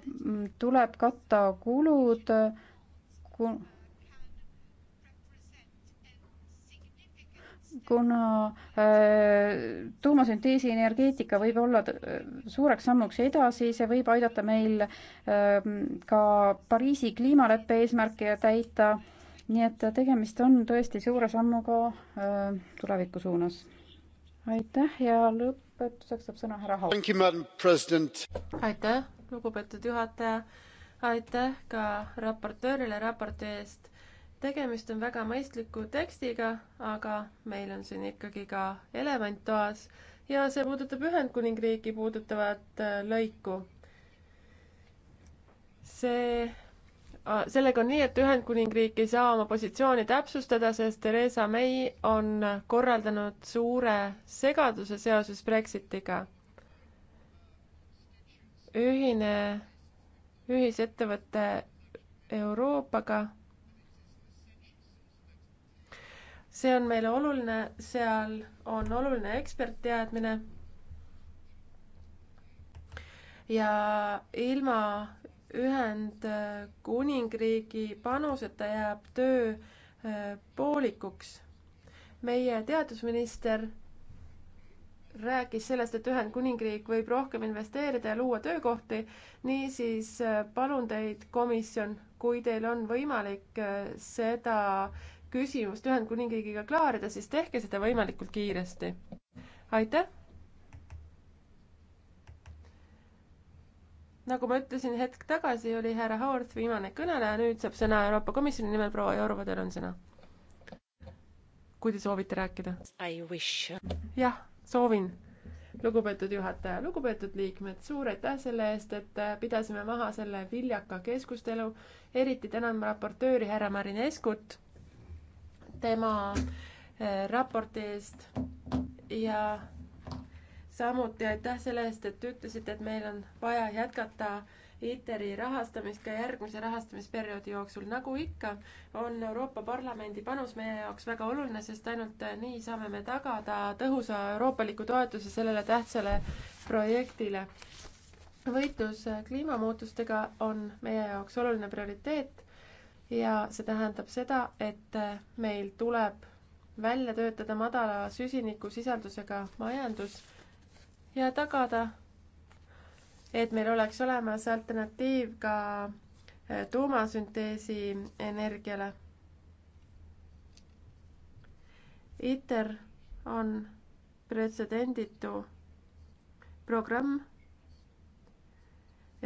tuleb katta kulud kuna äh, tuumasünteesi energeetika võib olla suureks sammuks edasi, see võib aidata meil äh, ka Pariisi kliimaleppe eesmärke täita. nii et tegemist on tõesti suure sammuga äh, tuleviku suunas. aitäh ja lõpetuseks saab sõna härra Haug. aitäh, lugupeetud juhataja, aitäh ka raportöörile raporti eest. tegemist on väga mõistliku tekstiga, aga meil on siin ikkagi ka elevant toas ja see puudutab Ühendkuningriiki puudutavat äh, lõiku. see sellega on nii, et Ühendkuningriik ei saa oma positsiooni täpsustada, sest Theresa May on korraldanud suure segaduse seoses Brexitiga ühine ühisettevõte Euroopaga. see on meile oluline, seal on oluline ekspertteadmine. ja ilma Ühendkuningriigi panuseta jääb töö äh, poolikuks. meie teadusminister rääkis sellest, et Ühendkuningriik võib rohkem investeerida ja luua töökohti, niisiis äh, palun teid, komisjon, kui teil on võimalik äh, seda küsimust Ühendkuningriigiga klaarida, siis tehke seda võimalikult kiiresti. aitäh! nagu ma ütlesin hetk tagasi, oli härra Howard viimane kõneleja, nüüd saab sõna Euroopa Komisjoni nimel proua Jourova, teil on sõna. kui te soovite rääkida. jah soovin, lugupeetud juhataja, lugupeetud liikmed, suur aitäh selle eest, et äh, pidasime maha selle viljaka keskustelu. eriti tänan raportööri härra Marineskut tema äh, raporti eest ja samuti aitäh selle eest, et ütlesite, et meil on vaja jätkata ITER-i rahastamist ka järgmise rahastamisperioodi jooksul. nagu ikka, on Euroopa Parlamendi panus meie jaoks väga oluline, sest ainult nii saame me tagada tõhusa euroopaliku toetuse sellele tähtsale projektile. võitlus kliimamuutustega on meie jaoks oluline prioriteet ja see tähendab seda, et meil tuleb välja töötada madala süsinikusisaldusega majandus ja tagada et meil oleks olemas alternatiiv ka eh, tuumasünteesi energiale. ITER on pretsedenditu programm,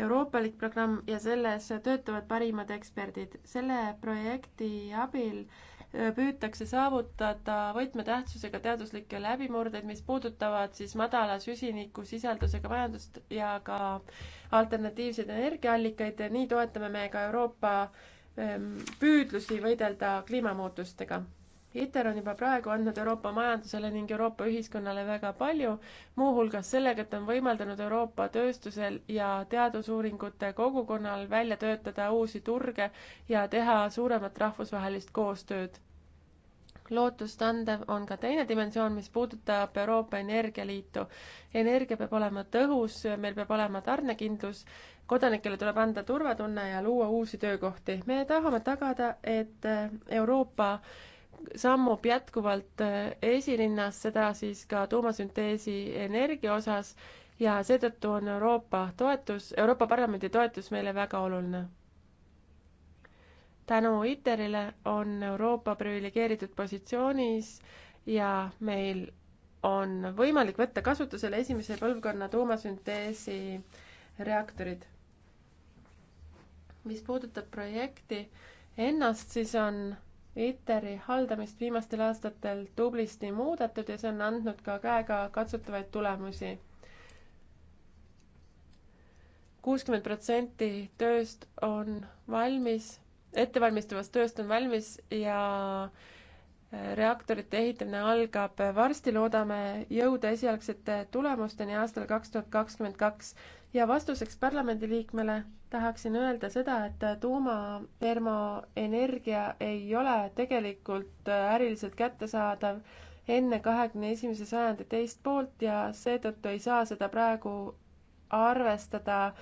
euroopalik programm ja selles töötavad parimad eksperdid. selle projekti abil äh, püütakse saavutada võtmetähtsusega teaduslikke läbimurdeid, mis puudutavad siis madala süsinikusisaldusega majandust ja ka alternatiivseid energiaallikaid, nii toetame me ka Euroopa ehm, püüdlusi võidelda kliimamuutustega ITER on juba praegu andnud Euroopa majandusele ning Euroopa ühiskonnale väga palju, muuhulgas sellega, et on võimaldanud Euroopa tööstusel ja teadusuuringute kogukonnal välja töötada uusi turge ja teha suuremat rahvusvahelist koostööd. lootustandev on ka teine dimensioon, mis puudutab Euroopa Energialiitu. energia peab olema tõhus, meil peab olema tarnekindlus, kodanikele tuleb anda turvatunne ja luua uusi töökohti. me tahame tagada, et Euroopa äh, sammub jätkuvalt äh, esirinnas, seda siis ka tuumasünteesi energia osas ja seetõttu on Euroopa toetus, Euroopa Parlamendi toetus meile väga oluline. tänu ITER-ile on Euroopa priviligeeritud positsioonis ja meil on võimalik võtta kasutusele esimese põlvkonna tuumasünteesi reaktorid. mis puudutab projekti ennast, siis on ITER-i haldamist viimastel aastatel tublisti muudetud ja see on andnud ka käegakatsutavaid tulemusi. kuuskümmend protsenti tööst on valmis, ettevalmistavast tööst on valmis ja äh, reaktorite ehitamine algab varsti, loodame jõuda esialgsete tulemusteni aastal kaks tuhat kakskümmend kaks ja vastuseks parlamendiliikmele tahaksin öelda seda, et tuumatermoenergia ei ole tegelikult äriliselt kättesaadav enne kahekümne esimese sajandi teist poolt ja seetõttu ei saa seda praegu arvestada äh,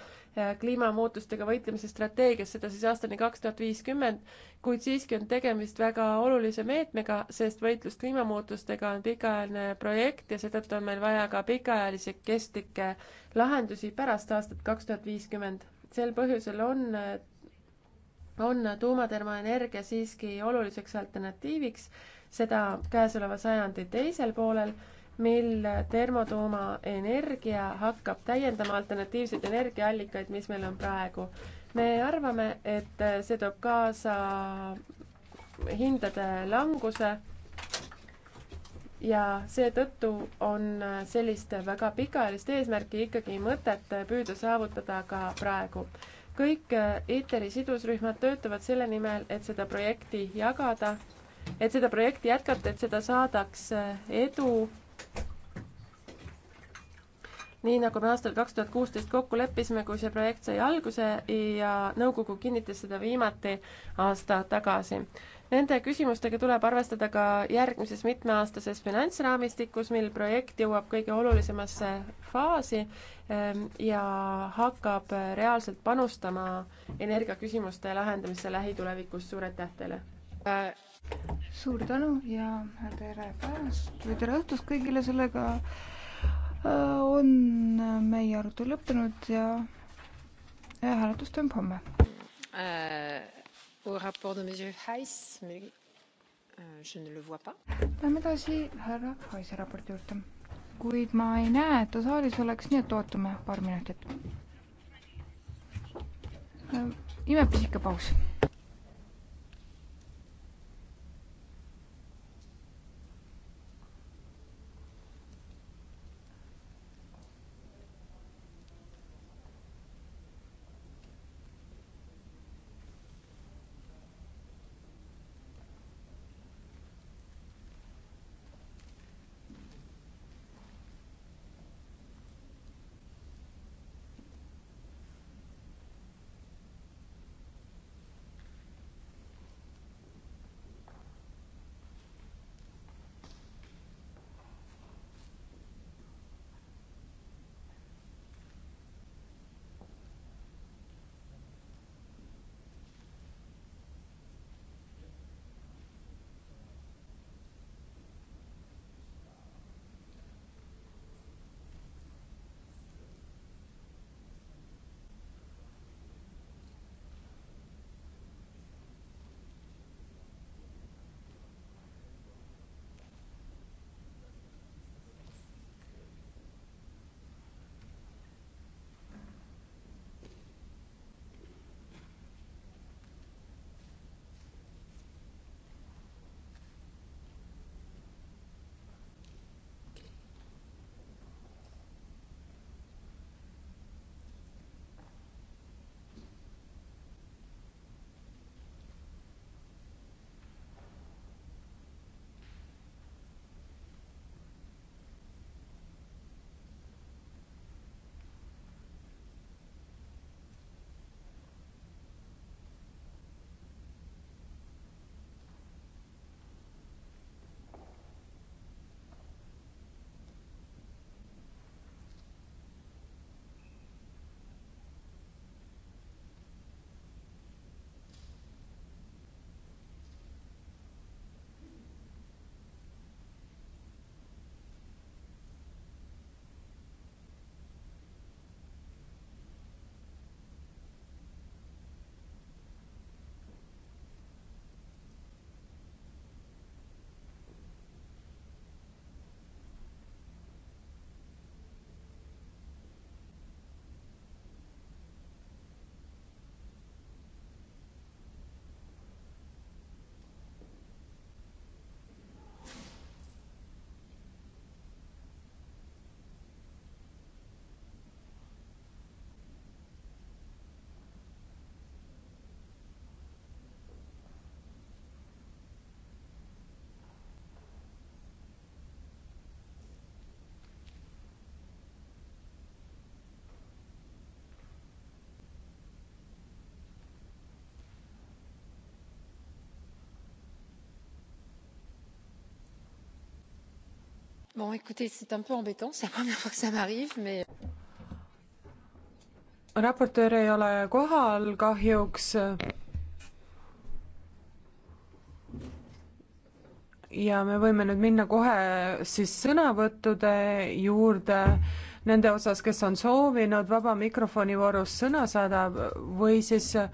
kliimamuutustega võitlemise strateegias, seda siis aastani kaks tuhat viiskümmend, kuid siiski on tegemist väga olulise meetmega, sest võitlus kliimamuutustega on pikaajaline projekt ja seetõttu on meil vaja ka pikaajalisi kestlikke lahendusi pärast aastat kaks tuhat viiskümmend sel põhjusel on, on tuumatermoenergia siiski oluliseks alternatiiviks, seda käesoleva sajandi teisel poolel, mil termotuumaenergia hakkab täiendama alternatiivseid energiaallikaid, mis meil on praegu. me arvame, et see toob kaasa hindade languse ja seetõttu on äh, sellist väga pikaajalist eesmärki ikkagi mõtet äh, püüda saavutada ka praegu. kõik äh, ITER-i sidusrühmad töötavad selle nimel, et seda projekti jagada, et seda projekti jätkata, et seda saadaks edu. nii nagu me aastal kaks tuhat kuusteist kokku leppisime, kui see projekt sai alguse ja nõukogu kinnitas seda viimati aasta tagasi Nende küsimustega tuleb arvestada ka järgmises mitmeaastases finantsraamistikus, mil projekt jõuab kõige olulisemasse faasi ehm, ja hakkab reaalselt panustama energiaküsimuste lahendamisse lähitulevikus. suur aitäh teile! suur tänu ja tere päevast või tere õhtust kõigile, sellega äh, on meie arutelu lõppenud ja hääletus toimub homme. Äh, Euh, Lähme edasi härra Haise raporti juurde. kuid ma ei näe, et ta saalis oleks, nii et ootame paar minutit. Äh, imepisike paus Bon, écoutez, c'est un peu embêtant, c'est la première fois que ça m'arrive, mais... raportöör ei ole kohal kahjuks. ja me võime nüüd minna kohe siis sõnavõttude juurde nende osas, kes on soovinud vaba mikrofoni voorus sõna saada või siis äh,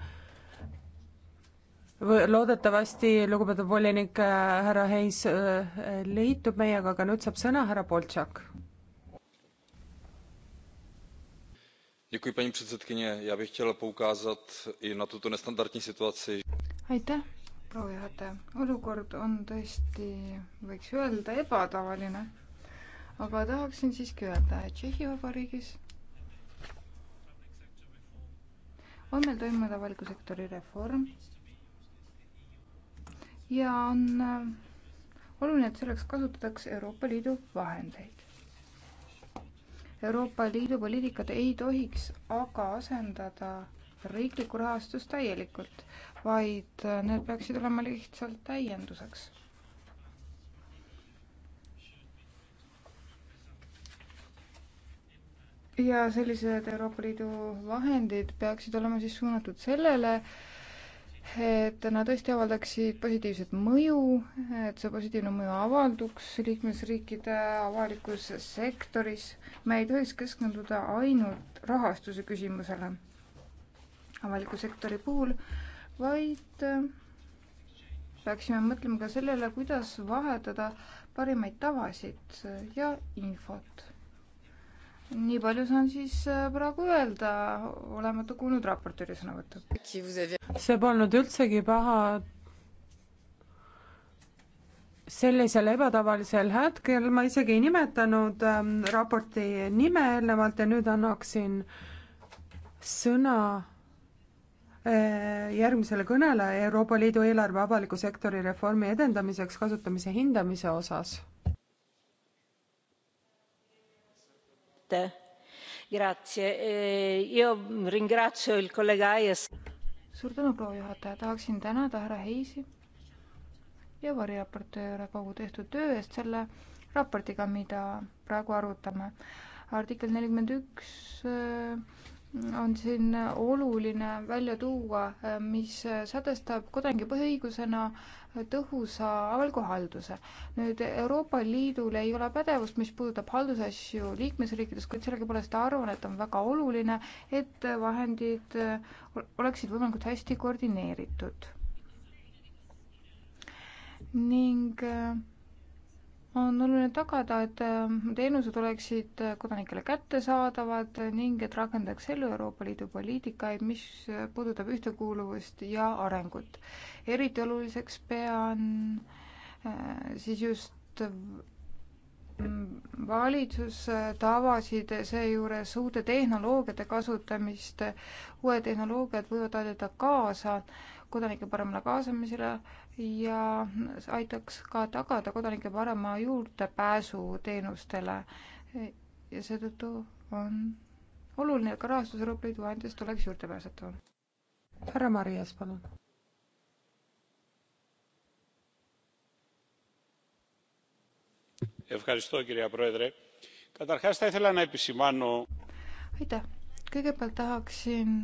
loodetavasti lugupeetud volinik äh, härra Heis äh, liitub meiega, aga nüüd saab sõna härra Boltšak. paní předsedající já bych chtěl poukázat i na tuto nestandardní situaci. aitäh, proua juhataja. olukord on tõesti, võiks öelda, ebatavaline. aga tahaksin siiski öelda, et Tšehhi Vabariigis on meil toimunud avaliku sektori reform ja on äh, oluline, et selleks kasutatakse Euroopa Liidu vahendeid. Euroopa Liidu poliitikat ei tohiks aga asendada riiklikku rahastust täielikult, vaid äh, need peaksid olema lihtsalt täienduseks. ja sellised Euroopa Liidu vahendid peaksid olema siis suunatud sellele, et nad tõesti avaldaksid positiivset mõju, et see positiivne mõju avalduks liikmesriikide avalikus sektoris. me ei tohiks keskenduda ainult rahastuse küsimusele avaliku sektori puhul, vaid äh, peaksime mõtlema ka sellele, kuidas vahetada parimaid tavasid ja infot nii palju saan siis äh, praegu öelda, olemata kuulnud raportööri sõnavõttu. see polnud üldsegi paha. sellisel ebatavalisel hetkel ma isegi ei nimetanud ähm, raporti nime eelnevalt ja nüüd annaksin sõna äh, järgmisele kõnele Euroopa Liidu eelarve avaliku sektori reformi edendamiseks kasutamise hindamise osas signora eh, juhataja tahaksin tänada härra hayesi ja variraportööre kogu tehtud töö eest selle raportiga mida praegu arutame. artikkel 41 äh, on siin oluline välja tuua, mis sätestab kodanike põhiõigusena tõhusa avaliku halduse. nüüd Euroopa Liidul ei ole pädevust, mis puudutab haldusasju liikmesriikides, kuid sellegipoolest arvan, et on väga oluline, et vahendid oleksid võimalikult hästi koordineeritud. ning äh, on oluline tagada, et äh, teenused oleksid äh, kodanikele kättesaadavad ning et rakendaks ellu Euroopa Liidu poliitikaid, mis äh, puudutab ühtekuuluvust ja arengut. eriti oluliseks pean siis just valitsus äh, tavasid seejuures uute tehnoloogiate kasutamist. uued tehnoloogiad võivad aidata kaasa kodanike paremale kaasamisele ja aitaks ka tagada kodanike parema juurdepääsu teenustele. ja seetõttu on oluline, et ka rahastus Euroopa Liidu vahenditest oleks juurdepääsetav. härra Marias, palun aitäh, kõigepealt tahaksin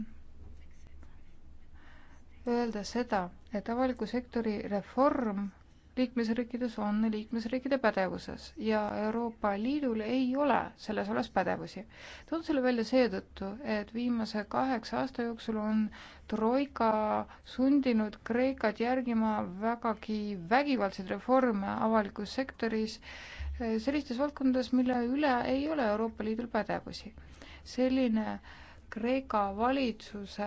öelda seda, et avaliku sektori reform liikmesriikides on liikmesriikide pädevuses ja Euroopa Liidul ei ole selles alas pädevusi. toon selle välja seetõttu, et viimase kaheksa aasta jooksul on Troika sundinud Kreekat järgima vägagi vägivaldseid reforme avalikus sektoris äh, sellistes valdkondades, mille üle ei ole Euroopa Liidul pädevusi. selline Kreeka valitsuse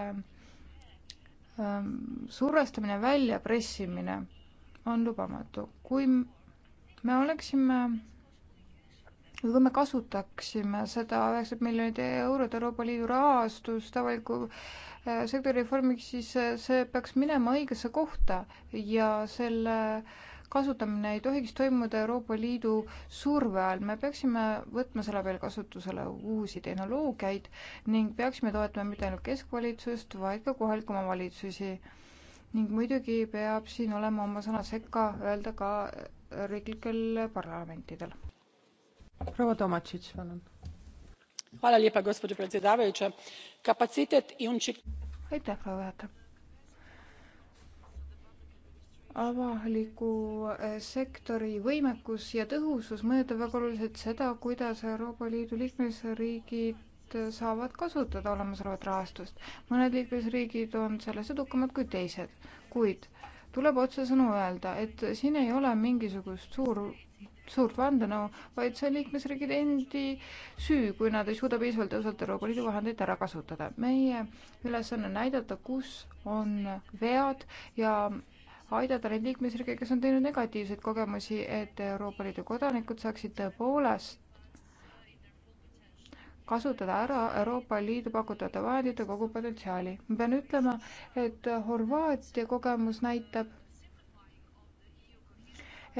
ähm, survestamine, väljapressimine on lubamatu. kui me oleksime või kui me kasutaksime seda üheksakümmend miljonit eurot Euroopa Liidu rahastust avaliku äh, sektori reformiks, siis äh, see peaks minema õigesse kohta ja selle äh, kasutamine ei tohiks toimuda Euroopa Liidu surve all. me peaksime võtma selle peale kasutusele uusi tehnoloogiaid ning peaksime toetama mitte ainult keskvalitsust, vaid ka kohalikke omavalitsusi. ning muidugi peab siin olema oma sõna sekka öelda ka riiklikel parlamentidel. proua Tomatšits, palun gospođo predsjednice kapacitet i avaliku eh, sektori võimekus ja tõhusus mõjutab väga oluliselt seda, kuidas Euroopa Liidu liikmesriigid eh, saavad kasutada olemasolevat rahastust. mõned liikmesriigid on selles edukamad kui teised, kuid tuleb otsesõnu öelda, et siin ei ole mingisugust suur, suurt vandenõu, vaid see on liikmesriigide endi süü, kui nad ei suuda piisavalt tõhusalt Euroopa Liidu vahendeid ära kasutada. meie ülesanne on näidata, kus on vead ja aidata neid liikmesriike, kes on teinud negatiivseid kogemusi, et Euroopa Liidu kodanikud saaksid tõepoolest kasutada ära Euroopa Liidu pakutavate vahendite kogu potentsiaali. ma pean ütlema, et Horvaatia kogemus näitab,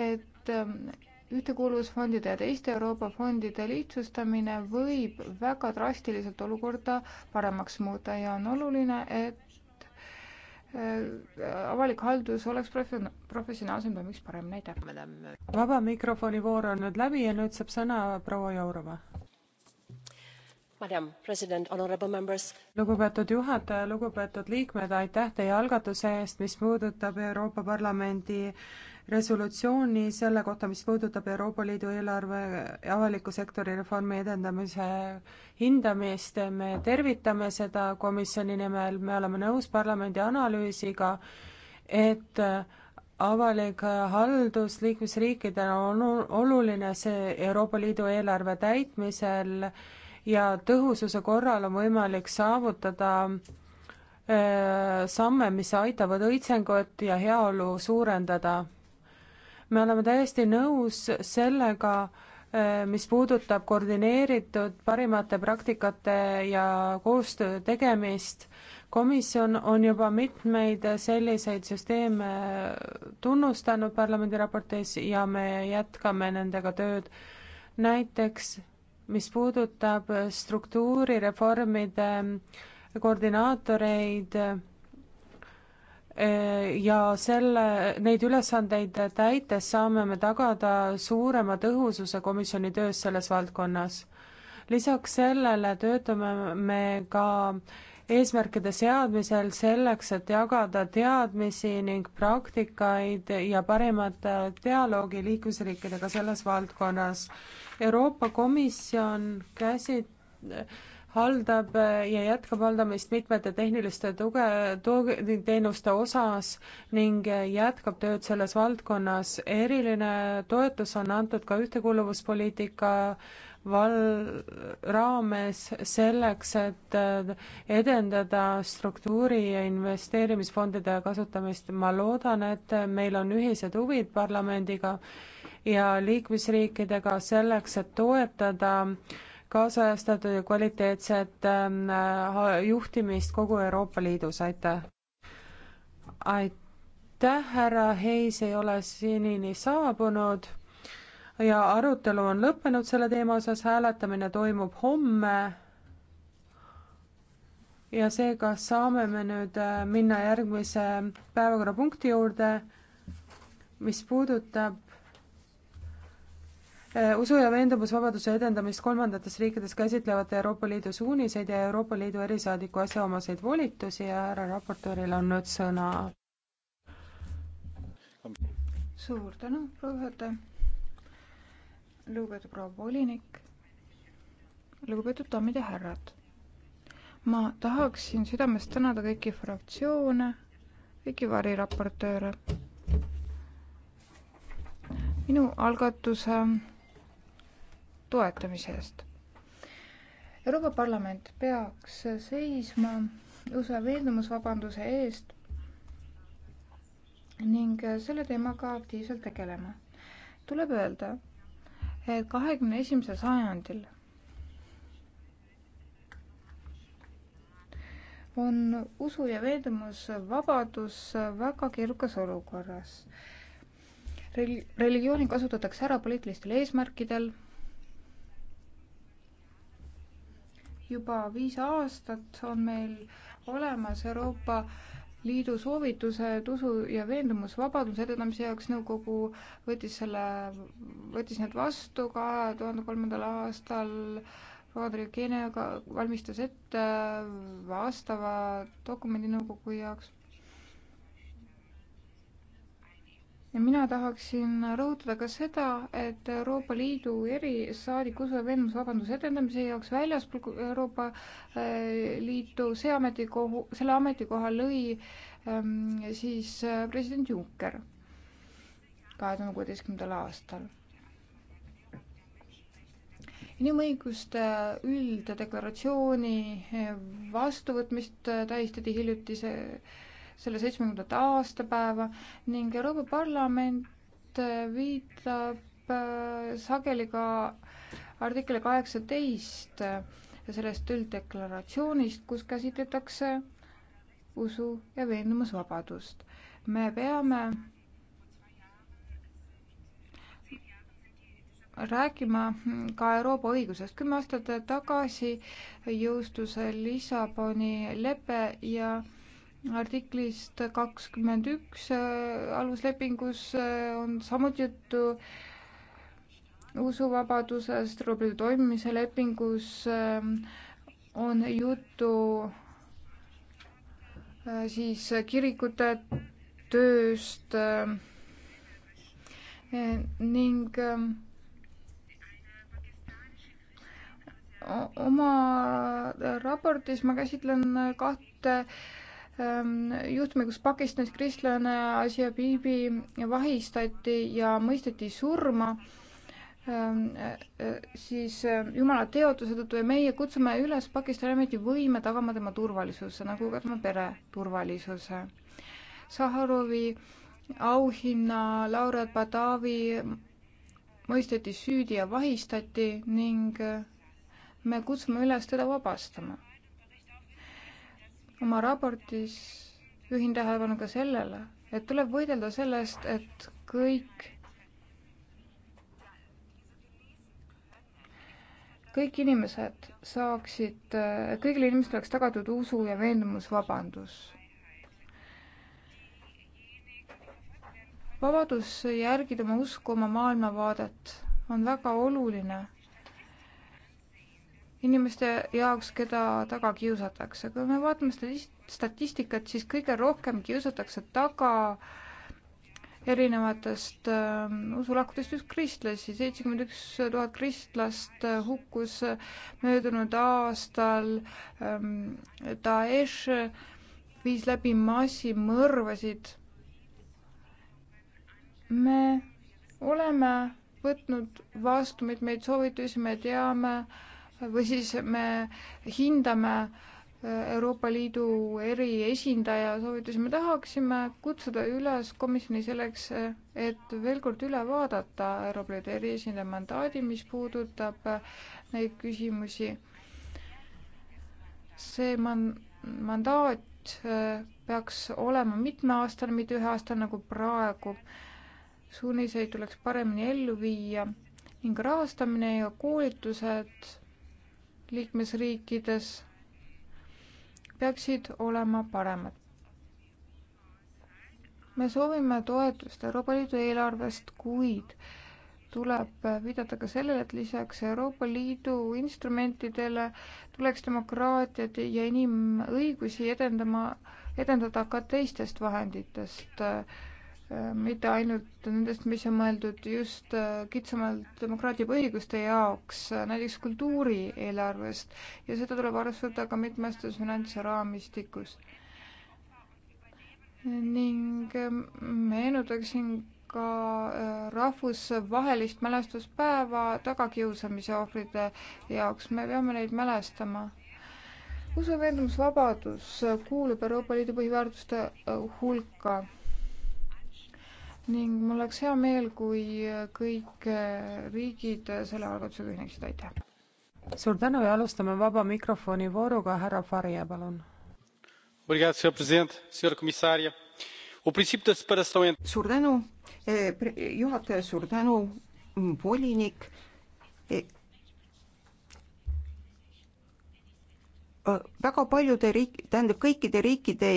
et ähm, ühtekuuluvusfondide ja teiste Euroopa fondide lihtsustamine võib väga drastiliselt olukorda paremaks muuta ja on oluline, et avalik haldus oleks profe-, professionaalsem, toimiks paremini, aitäh. vaba mikrofoni voor on nüüd läbi ja nüüd saab sõna proua Jourova. lugupeetud juhataja, lugupeetud liikmed, aitäh teie algatuse eest, mis puudutab Euroopa Parlamendi resolutsiooni selle kohta, mis puudutab Euroopa Liidu eelarve ja avaliku sektori reformi edendamise hindamist. me tervitame seda komisjoni nimel, me oleme nõus parlamendi analüüsiga, et avalik haldus liikmesriikidel on oluline see Euroopa Liidu eelarve täitmisel ja tõhususe korral on võimalik saavutada samme, mis aitavad õitsengut ja heaolu suurendada me oleme täiesti nõus sellega, äh, mis puudutab koordineeritud parimate praktikate ja koostöö tegemist. komisjon on juba mitmeid selliseid süsteeme tunnustanud parlamendi raportis ja me jätkame nendega tööd. näiteks, mis puudutab struktuurireformide koordinaatoreid ja selle, neid ülesandeid täites saame me tagada suurema tõhususe komisjoni töös selles valdkonnas. lisaks sellele töötame me ka eesmärkide seadmisel selleks, et jagada teadmisi ning praktikaid ja parimat dialoogi liikmesriikidega selles valdkonnas. Euroopa Komisjon käsit-, haldab äh, ja jätkab haldamist mitmete tehniliste tuge, teenuste osas ning äh, jätkab tööd selles valdkonnas. eriline toetus on antud ka ühtekuuluvuspoliitika val-, raames selleks, et äh, edendada struktuuri ja investeerimisfondide kasutamist. ma loodan, et meil on ühised huvid parlamendiga ja liikmesriikidega selleks, et toetada äh, kaasajastatud ja kvaliteetset ähm, juhtimist kogu Euroopa Liidus, aitäh! aitäh, härra Heis ei ole senini saabunud ja arutelu on lõppenud selle teema osas, hääletamine toimub homme ja seega saame me nüüd äh, minna järgmise päevakorrapunkti juurde, mis puudutab Eh, usu ja veendumusvabaduse edendamist kolmandates riikides käsitlevate Euroopa Liidu suuniseid ja Euroopa Liidu erisaadiku asjaomaseid volitusi ja härra raportööril on nüüd sõna. suur tänu, proua juhataja. lugupeetud proua volinik. lugupeetud daamid ja härrad. ma tahaksin südamest tänada kõiki fraktsioone, kõiki variraportööre. minu algatuse toetamise eest. Euroopa Parlament peaks seisma USA veendumusvabanduse eest ning selle teemaga aktiivselt tegelema. tuleb öelda, et kahekümne esimesel sajandil on usu ja veendumusvabadus väga keerukas olukorras Reli. religiooni kasutatakse ära poliitilistel eesmärkidel juba viis aastat on meil olemas Euroopa Liidu soovitused usu ja veendumusvabaduse edendamise jaoks. nõukogu võttis selle, võttis need vastu kahe tuhande kolmandal aastal. Rodri Keeniaga valmistas ette vastava dokumendi nõukogu jaoks ja mina tahaksin rõhutada ka seda, et Euroopa Liidu erisaadiku usu ja veendumusvabanduse edendamise jaoks väljaspool Euroopa äh, Liitu see ametikohu, selle ametikoha lõi ähm, siis äh, president Juncker kahe tuhande kuueteistkümnendal aastal inimõiguste ülddeklaratsiooni äh, vastuvõtmist tähistati hiljuti see selle seitsmekümnendat aastapäeva ning Euroopa Parlament äh, viitab äh, sageli ka artikli kaheksateist äh, sellest ülddeklaratsioonist, kus käsitletakse usu ja veendumusvabadust. me peame rääkima ka Euroopa õigusest. kümme aastat tagasi jõustus Lissaboni lepe ja artiklist kakskümmend üks äh, aluslepingus äh, on samuti juttu usuvabadusest, Euroopa Liidu toimimise lepingus äh, on juttu siis kirikute tööst ning oma raportis ma käsitlen kahte Ähm, juhtumi, kus Pakistanis kristlane Asia Bibi vahistati ja mõisteti surma, ähm, äh, äh, siis äh, Jumala teotuse tõttu ja meie kutsume üles Pakistani ametivõime tagama tema turvalisuse, nagu ka tema pere turvalisuse. Saharovi auhinna laureaat Badavi mõisteti süüdi ja vahistati ning me kutsume üles teda vabastama oma raportis juhin tähelepanu ka sellele, et tuleb võidelda selle eest, et kõik, kõik inimesed saaksid, kõigile inimestele oleks tagatud usu- ja veendumusvabandus. vabadus järgida oma usku, oma maailmavaadet on väga oluline inimeste jaoks, keda taga kiusatakse. kui me vaatame statistikat, siis kõige rohkem kiusatakse taga erinevatest äh, usulahkudest just kristlasi. seitsekümmend üks tuhat kristlast äh, hukkus äh, möödunud aastal ähm,. Daesh äh, viis läbi massimõrvasid. me oleme võtnud vastu mitmeid soovitusi, me teame äh, või siis me hindame äh, Euroopa Liidu eriesindaja soovitusi, me tahaksime kutsuda üles komisjoni selleks, äh, et veel kord üle vaadata Euroopa Liidu eriesindaja mandaadi, mis puudutab äh, neid küsimusi. see man-, mandaat peaks olema mitmeaastane, mitte üheaastane nagu praegu. suuniseid tuleks paremini ellu viia ning rahastamine ja koolitused liikmesriikides peaksid olema paremad. me soovime toetust Euroopa Liidu eelarvest, kuid tuleb viidata ka sellele, et lisaks Euroopa Liidu instrumentidele tuleks demokraatiat ja inimõigusi edendama, edendada ka teistest vahenditest äh, Äh, mitte ainult nendest, mis on mõeldud just äh, kitsamalt demokraatia põhiõiguste jaoks, äh, näiteks kultuurieelarvest ja seda tuleb arvestada ka mitmestes finantsraamistikus. ning meenutaksin ka rahvusvahelist mälestuspäeva tagakiusamise ohvrite jaoks, me peame neid mälestama usu- ja veendumusvabadus kuulub Euroopa Liidu põhiväärtuste hulka ning mul oleks hea meel, kui kõik riigid selle algatusega ühineksid, aitäh. suur tänu ja alustame vaba mikrofoni vooruga, härra Faria, palun. suur tänu, eh, juhataja, suur tänu, volinik eh, Äh, väga paljude riik, tähendab kõikide riikide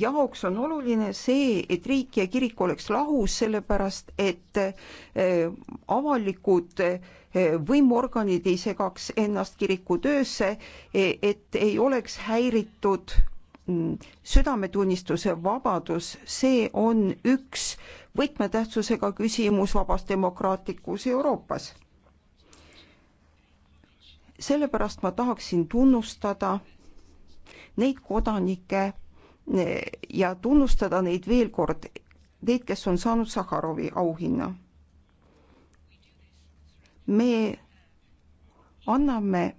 jaoks on oluline see, et riik ja kirik oleks lahus, sellepärast et äh, avalikud äh, võimuorganid ei segaks ennast kiriku töösse, e, et ei oleks häiritud mm, südametunnistuse vabadus, see on üks võtmetähtsusega küsimus vabas demokraatlikus Euroopas sellepärast ma tahaksin tunnustada neid kodanikke ja tunnustada neid veel kord, neid, kes on saanud Sahharovi auhinna. me anname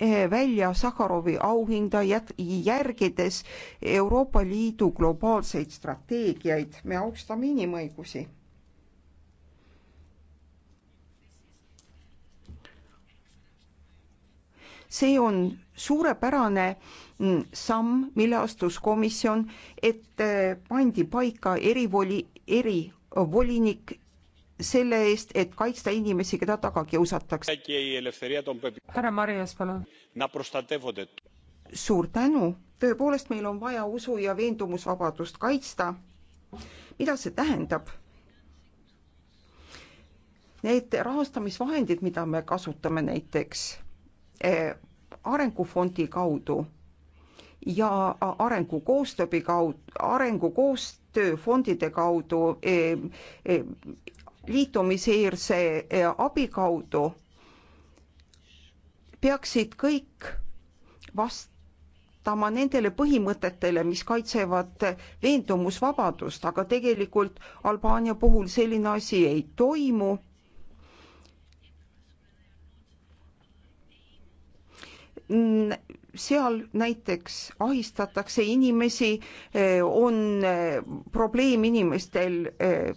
eh, välja Sahharovi auhinda jät-, järgides Euroopa Liidu globaalseid strateegiaid, me austame inimõigusi. see on suurepärane mm, samm, mille astus komisjon, et äh, pandi paika erivoli, erivolinik selle eest, et kaitsta inimesi, keda taga kiusatakse. härra Marias, palun. suur tänu, tõepoolest, meil on vaja usu ja veendumusvabadust kaitsta. mida see tähendab? Need rahastamisvahendid, mida me kasutame näiteks Eh, arengufondi kaudu ja arengukoostööbi kaudu, arengukoostööfondide eh, eh, kaudu, liitumiseerse abi kaudu peaksid kõik vastama nendele põhimõtetele, mis kaitsevad veendumusvabadust, aga tegelikult Albaania puhul selline asi ei toimu seal näiteks ahistatakse inimesi, eh, on eh, probleem inimestel eh,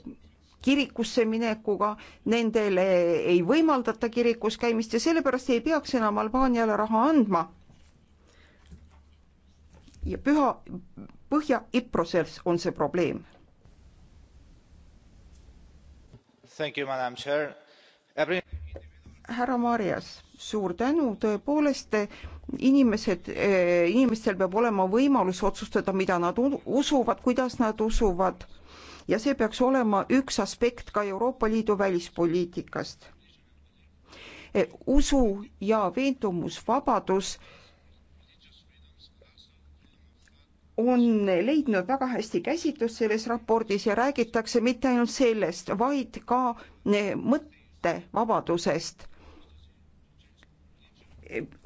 kirikusse minekuga, nendele ei võimaldata kirikus käimist ja sellepärast ei peaks enam Albaaniale raha andma. ja püha, Põhja-Iproses on see probleem. Every härra Marjas, suur tänu, tõepoolest inimesed, eh, inimestel peab olema võimalus otsustada, mida nad usuvad, kuidas nad usuvad ja see peaks olema üks aspekt ka Euroopa Liidu välispoliitikast. Eh, usu ja veendumusvabadus on leidnud väga hästi käsitlust selles raportis ja räägitakse mitte ainult sellest, vaid ka eh, mõttevabadusest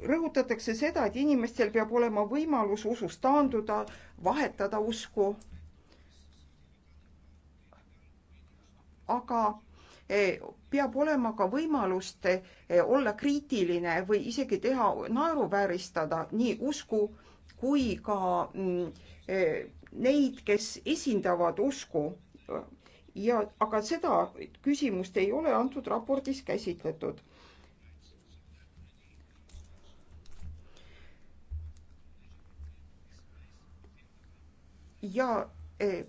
rõhutatakse seda, et inimestel peab olema võimalus usust taanduda, vahetada usku. aga eh, peab olema ka võimalust eh, olla kriitiline või isegi teha, naeruvääristada nii usku kui ka mm, eh, neid, kes esindavad usku. ja, aga seda küsimust ei ole antud raportis käsitletud ja eh,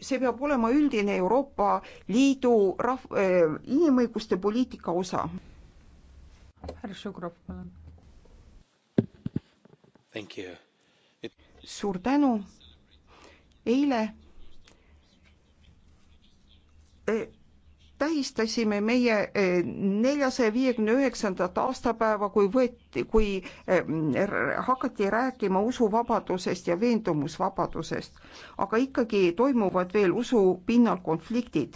see peab olema üldine Euroopa Liidu rahv-, eh, inimõiguste poliitika osa. härra Šugrov, palun. suur tänu. eile eh, tähistasime meie eh, neljasaja viiekümne üheksandat aastapäeva, kui võeti, kui eh, hakati rääkima usuvabadusest ja veendumusvabadusest, aga ikkagi toimuvad veel usu pinnal konfliktid.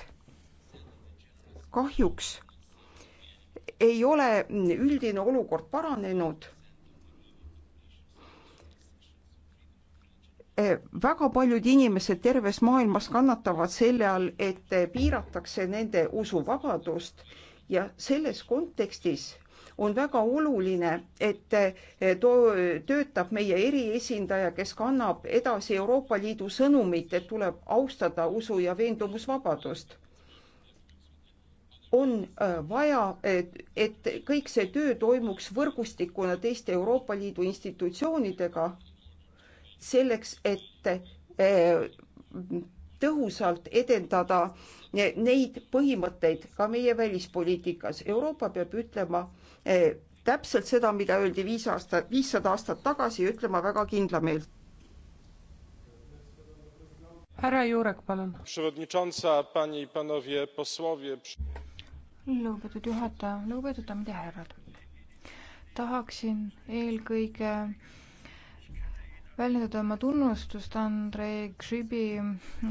kahjuks ei ole üldine olukord paranenud Eh, väga paljud inimesed terves maailmas kannatavad selle all, et eh, piiratakse nende usuvabadust ja selles kontekstis on väga oluline, et eh, too töötab meie eriesindaja, kes kannab edasi Euroopa Liidu sõnumit, et tuleb austada usu ja veendumusvabadust. on vaja, et kõik see töö toimuks võrgustikuna teiste Euroopa Liidu institutsioonidega selleks, et eh, tõhusalt edendada neid põhimõtteid ka meie välispoliitikas. Euroopa peab ütlema eh, täpselt seda, mida öeldi viis aastat, viissada aastat tagasi ja ütlema väga kindlameelt. härra Juurek, palun. lugupeetud juhataja, lugupeetud daamid ja härrad. tahaksin eelkõige väljendada oma tunnustust Andrei Gžibi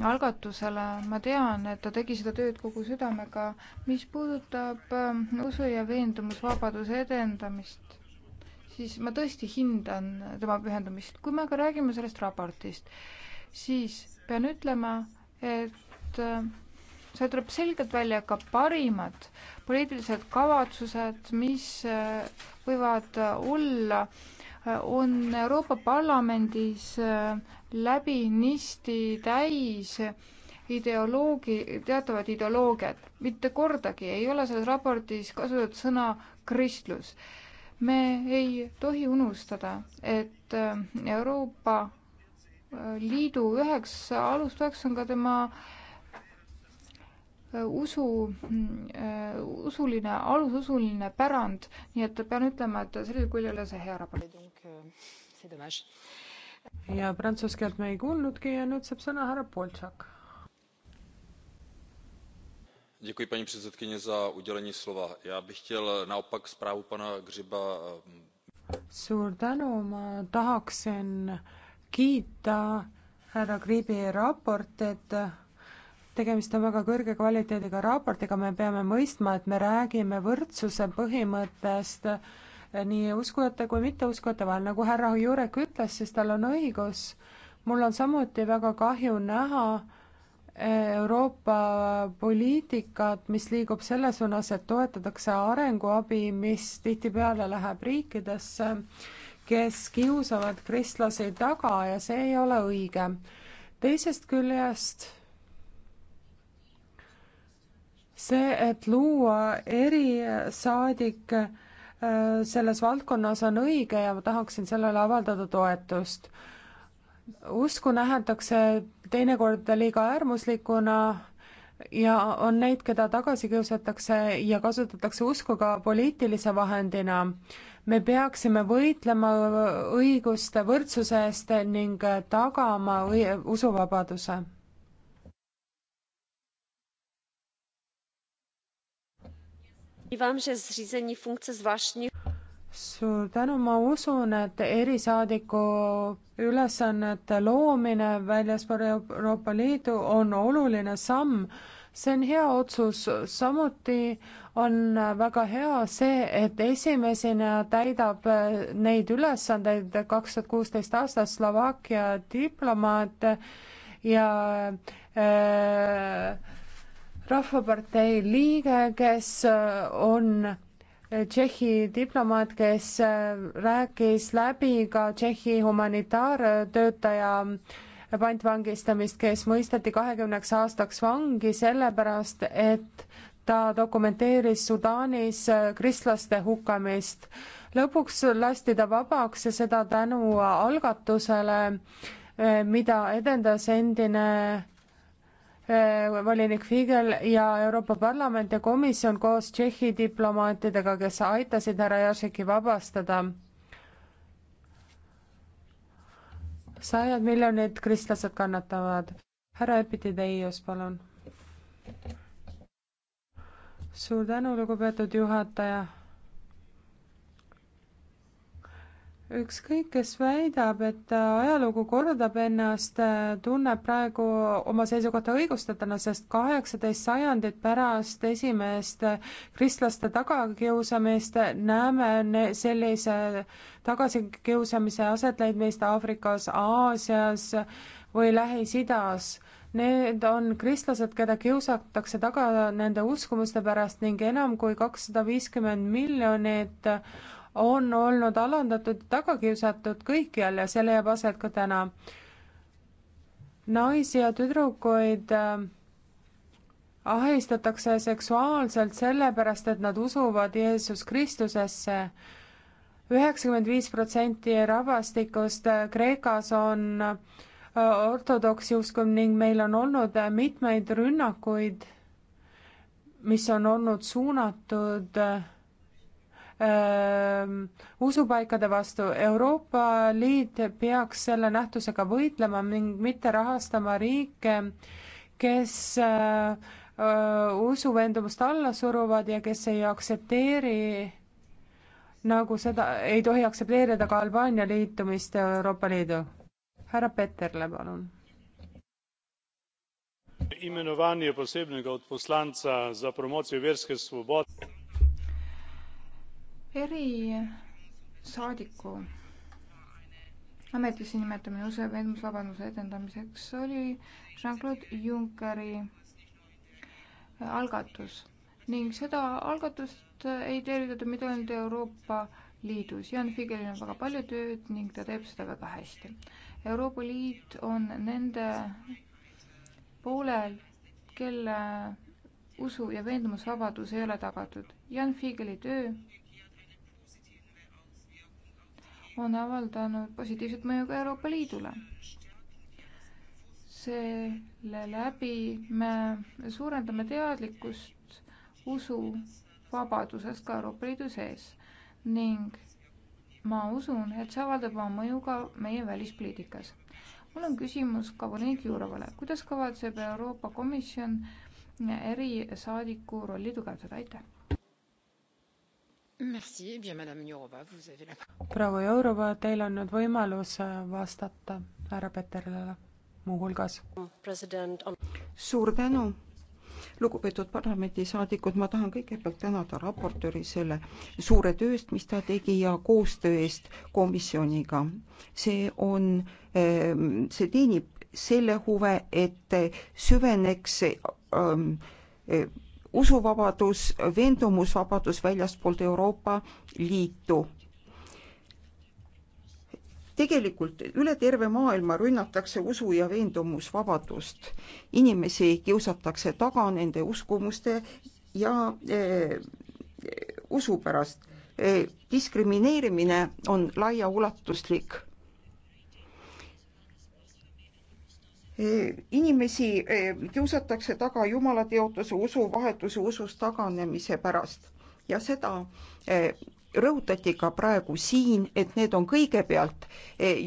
algatusele. ma tean, et ta tegi seda tööd kogu südamega. mis puudutab ähm, usu ja veendumusvabaduse edendamist, siis ma tõesti hindan tema pühendumist. kui me aga räägime sellest raportist, siis pean ütlema, et ähm, seal tuleb selgelt välja ka parimad poliitilised kavatsused, mis äh, võivad olla äh, on Euroopa Parlamendis äh, läbi nisti täis ideoloogi, teatavat ideoloogiat. mitte kordagi ei ole selles raportis kasutatud sõna kristlus. me ei tohi unustada, et äh, Euroopa äh, Liidu üheks alustajaks on ka tema usu, usuline, alususuline pärand, nii et pean ütlema, et sellisel kujul ei ole see hea raport. Euh, c'est dommage. ja prantsuse keelt me ei kuulnudki ja nüüd saab sõna härra Poltšak. Děkuji paní předsedkyně za udělení slova. Já bych chtěl naopak zprávu pana Gřiba. Ehm, Suur tänu, ma tahaksin kiita härra Gribi raportit tegemist on väga kõrge kvaliteediga raportiga, me peame mõistma, et me räägime võrdsuse põhimõttest äh, nii uskujate kui mitteuskujate vahel, nagu härra Jurek ütles, siis tal on õigus. mul on samuti väga kahju näha eh, Euroopa poliitikat, mis liigub selle suunas, et toetatakse arenguabi, mis tihtipeale läheb riikidesse, kes kiusavad kristlasi taga ja see ei ole õige. teisest küljest see, et luua erisaadik selles valdkonnas on õige ja ma tahaksin sellele avaldada toetust. usku nähetakse teinekord liiga äärmuslikuna ja on neid, keda tagasi kiusatakse ja kasutatakse usku ka poliitilise vahendina. me peaksime võitlema õiguste võrdsuse eest ning tagama usuvabaduse suur tänu, ma usun, et erisaadiku ülesannete loomine väljaspool Euroopa Liidu on oluline samm. see on hea otsus, samuti on väga hea see, et esimesena täidab neid ülesandeid kaks tuhat kuusteist aastas Slovakkia diplomaat ja äh, rahvapartei liige, kes äh, on äh, Tšehhi diplomaat, kes äh, rääkis läbi ka Tšehhi humanitaartöötaja pantvangistamist, kes mõisteti kahekümneks aastaks vangi sellepärast, et ta dokumenteeris Sudaanis kristlaste hukkamist. lõpuks lasti ta vabaks ja seda tänu algatusele, mida edendas endine Äh, volinik Figel ja Euroopa Parlament ja komisjon koos Tšehhi diplomaatidega, kes aitasid härra Jašeki vabastada. sajad miljonid kristlased kannatavad. härra Epitideios, palun. suur tänu, lugupeetud juhataja ükskõik, kes väidab, et ajalugu kordab ennast, tunneb praegu oma seisukohta õigustatuna, sest kaheksateist sajandit pärast esimest kristlaste tagakiusamist näeme sellise tagasikiusamise asetleidmist Aafrikas, Aasias või Lähis-Idas Need on kristlased, keda kiusatakse taga nende uskumuste pärast ning enam kui kakssada viiskümmend miljonit on olnud alandatud ja tagakiusatud kõikjal ja see leiab aset ka täna. naisi ja tüdrukuid äh, ahistatakse seksuaalselt sellepärast, et nad usuvad Jeesus Kristusesse üheksakümmend viis protsenti rahvastikust äh, Kreekas on äh, ortodoks uskum ning meil on olnud mitmeid rünnakuid, mis on olnud suunatud usupaikade vastu. Euroopa Liit peaks selle nähtusega võitlema ning mitte rahastama riike, kes usuveendumust alla suruvad ja kes ei aktsepteeri nagu seda, ei tohi aktsepteerida ka Albaania liitumist Euroopa Liidu. härra Peterle, palun. imenovanje posebnega odposlanca za promocijo verske svobode erisaadiku ametisse nimetamine USA välisvabaduse edendamiseks oli Jean-Claude Junckeri äh, algatus ning seda algatust äh, ei tervitatud mitte ainult Euroopa Liidus. Jan Figelil on väga palju tööd ning ta teeb seda väga hästi. Euroopa Liit on nende poolel, kelle usu ja veendumusvabadus ei ole tagatud. Jan Figeli töö on avaldanud positiivset mõju ka Euroopa Liidule. selle läbi me suurendame teadlikkust usuvabadusest ka Euroopa Liidu sees ning ma usun, et see avaldab oma mõju ka meie välispoliitikas. mul on küsimus ka volinik Jurovale, kuidas kavatseb Euroopa Komisjon erisaadiku rolli tugevdada, aitäh! Eh proua Jourova, teil on nüüd võimalus äh, vastata härra Peterlele muuhulgas. Um, suur tänu, lugupeetud parlamendisaadikud, ma tahan kõigepealt tänada raportööri selle suure töö eest, mis ta tegi ja koostöö eest komisjoniga. see on, ähm, see teenib selle huve, et süveneks ähm, usuvabadus, veendumusvabadus väljastpoolt Euroopa Liitu. tegelikult üle terve maailma rünnatakse usu ja veendumusvabadust. inimesi kiusatakse taga nende uskumuste ja eh, eh usu pärast eh,. diskrimineerimine on laiaulatuslik inimesi kiusatakse taga jumalateotuse, usuvahetuse, usust taganemise pärast ja seda rõhutati ka praegu siin, et need on kõigepealt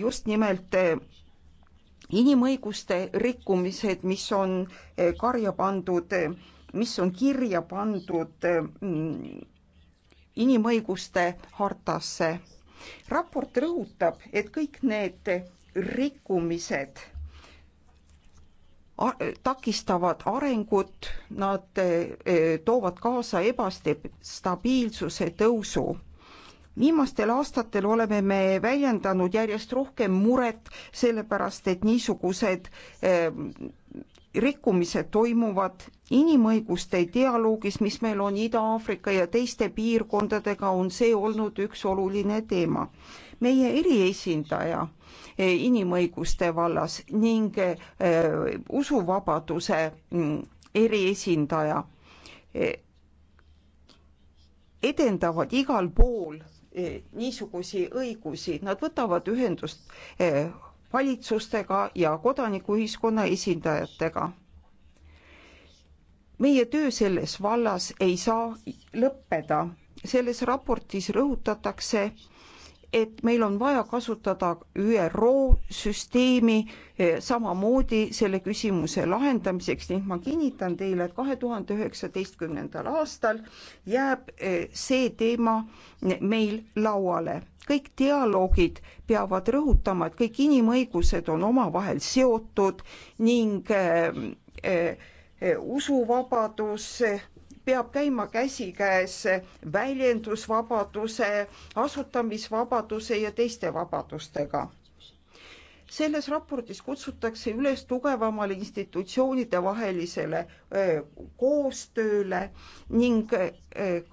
just nimelt inimõiguste rikkumised, mis on karja pandud, mis on kirja pandud mm, inimõiguste hartasse. raport rõhutab, et kõik need rikkumised takistavad arengut, nad eh, toovad kaasa ebastabiilsuse tõusu viimastel aastatel oleme me väljendanud järjest rohkem muret sellepärast, et niisugused eh, rikkumised toimuvad inimõiguste dialoogis, mis meil on Ida-Aafrika ja teiste piirkondadega, on see olnud üks oluline teema. meie eriesindaja eh, inimõiguste vallas ning eh, usuvabaduse mm, eriesindaja eh, edendavad igal pool niisugusi õigusi, nad võtavad ühendust valitsustega ja kodanikuühiskonna esindajatega. meie töö selles vallas ei saa lõppeda. selles raportis rõhutatakse et meil on vaja kasutada ÜRO süsteemi eh, samamoodi selle küsimuse lahendamiseks ning ma kinnitan teile, et kahe tuhande üheksateistkümnendal aastal jääb eh, see teema meil lauale. kõik dialoogid peavad rõhutama, et kõik inimõigused on omavahel seotud ning eh, usuvabadus, peab käima käsikäes väljendusvabaduse, asutamisvabaduse ja teiste vabadustega. selles raportis kutsutakse üles tugevamale institutsioonide vahelisele koostööle ning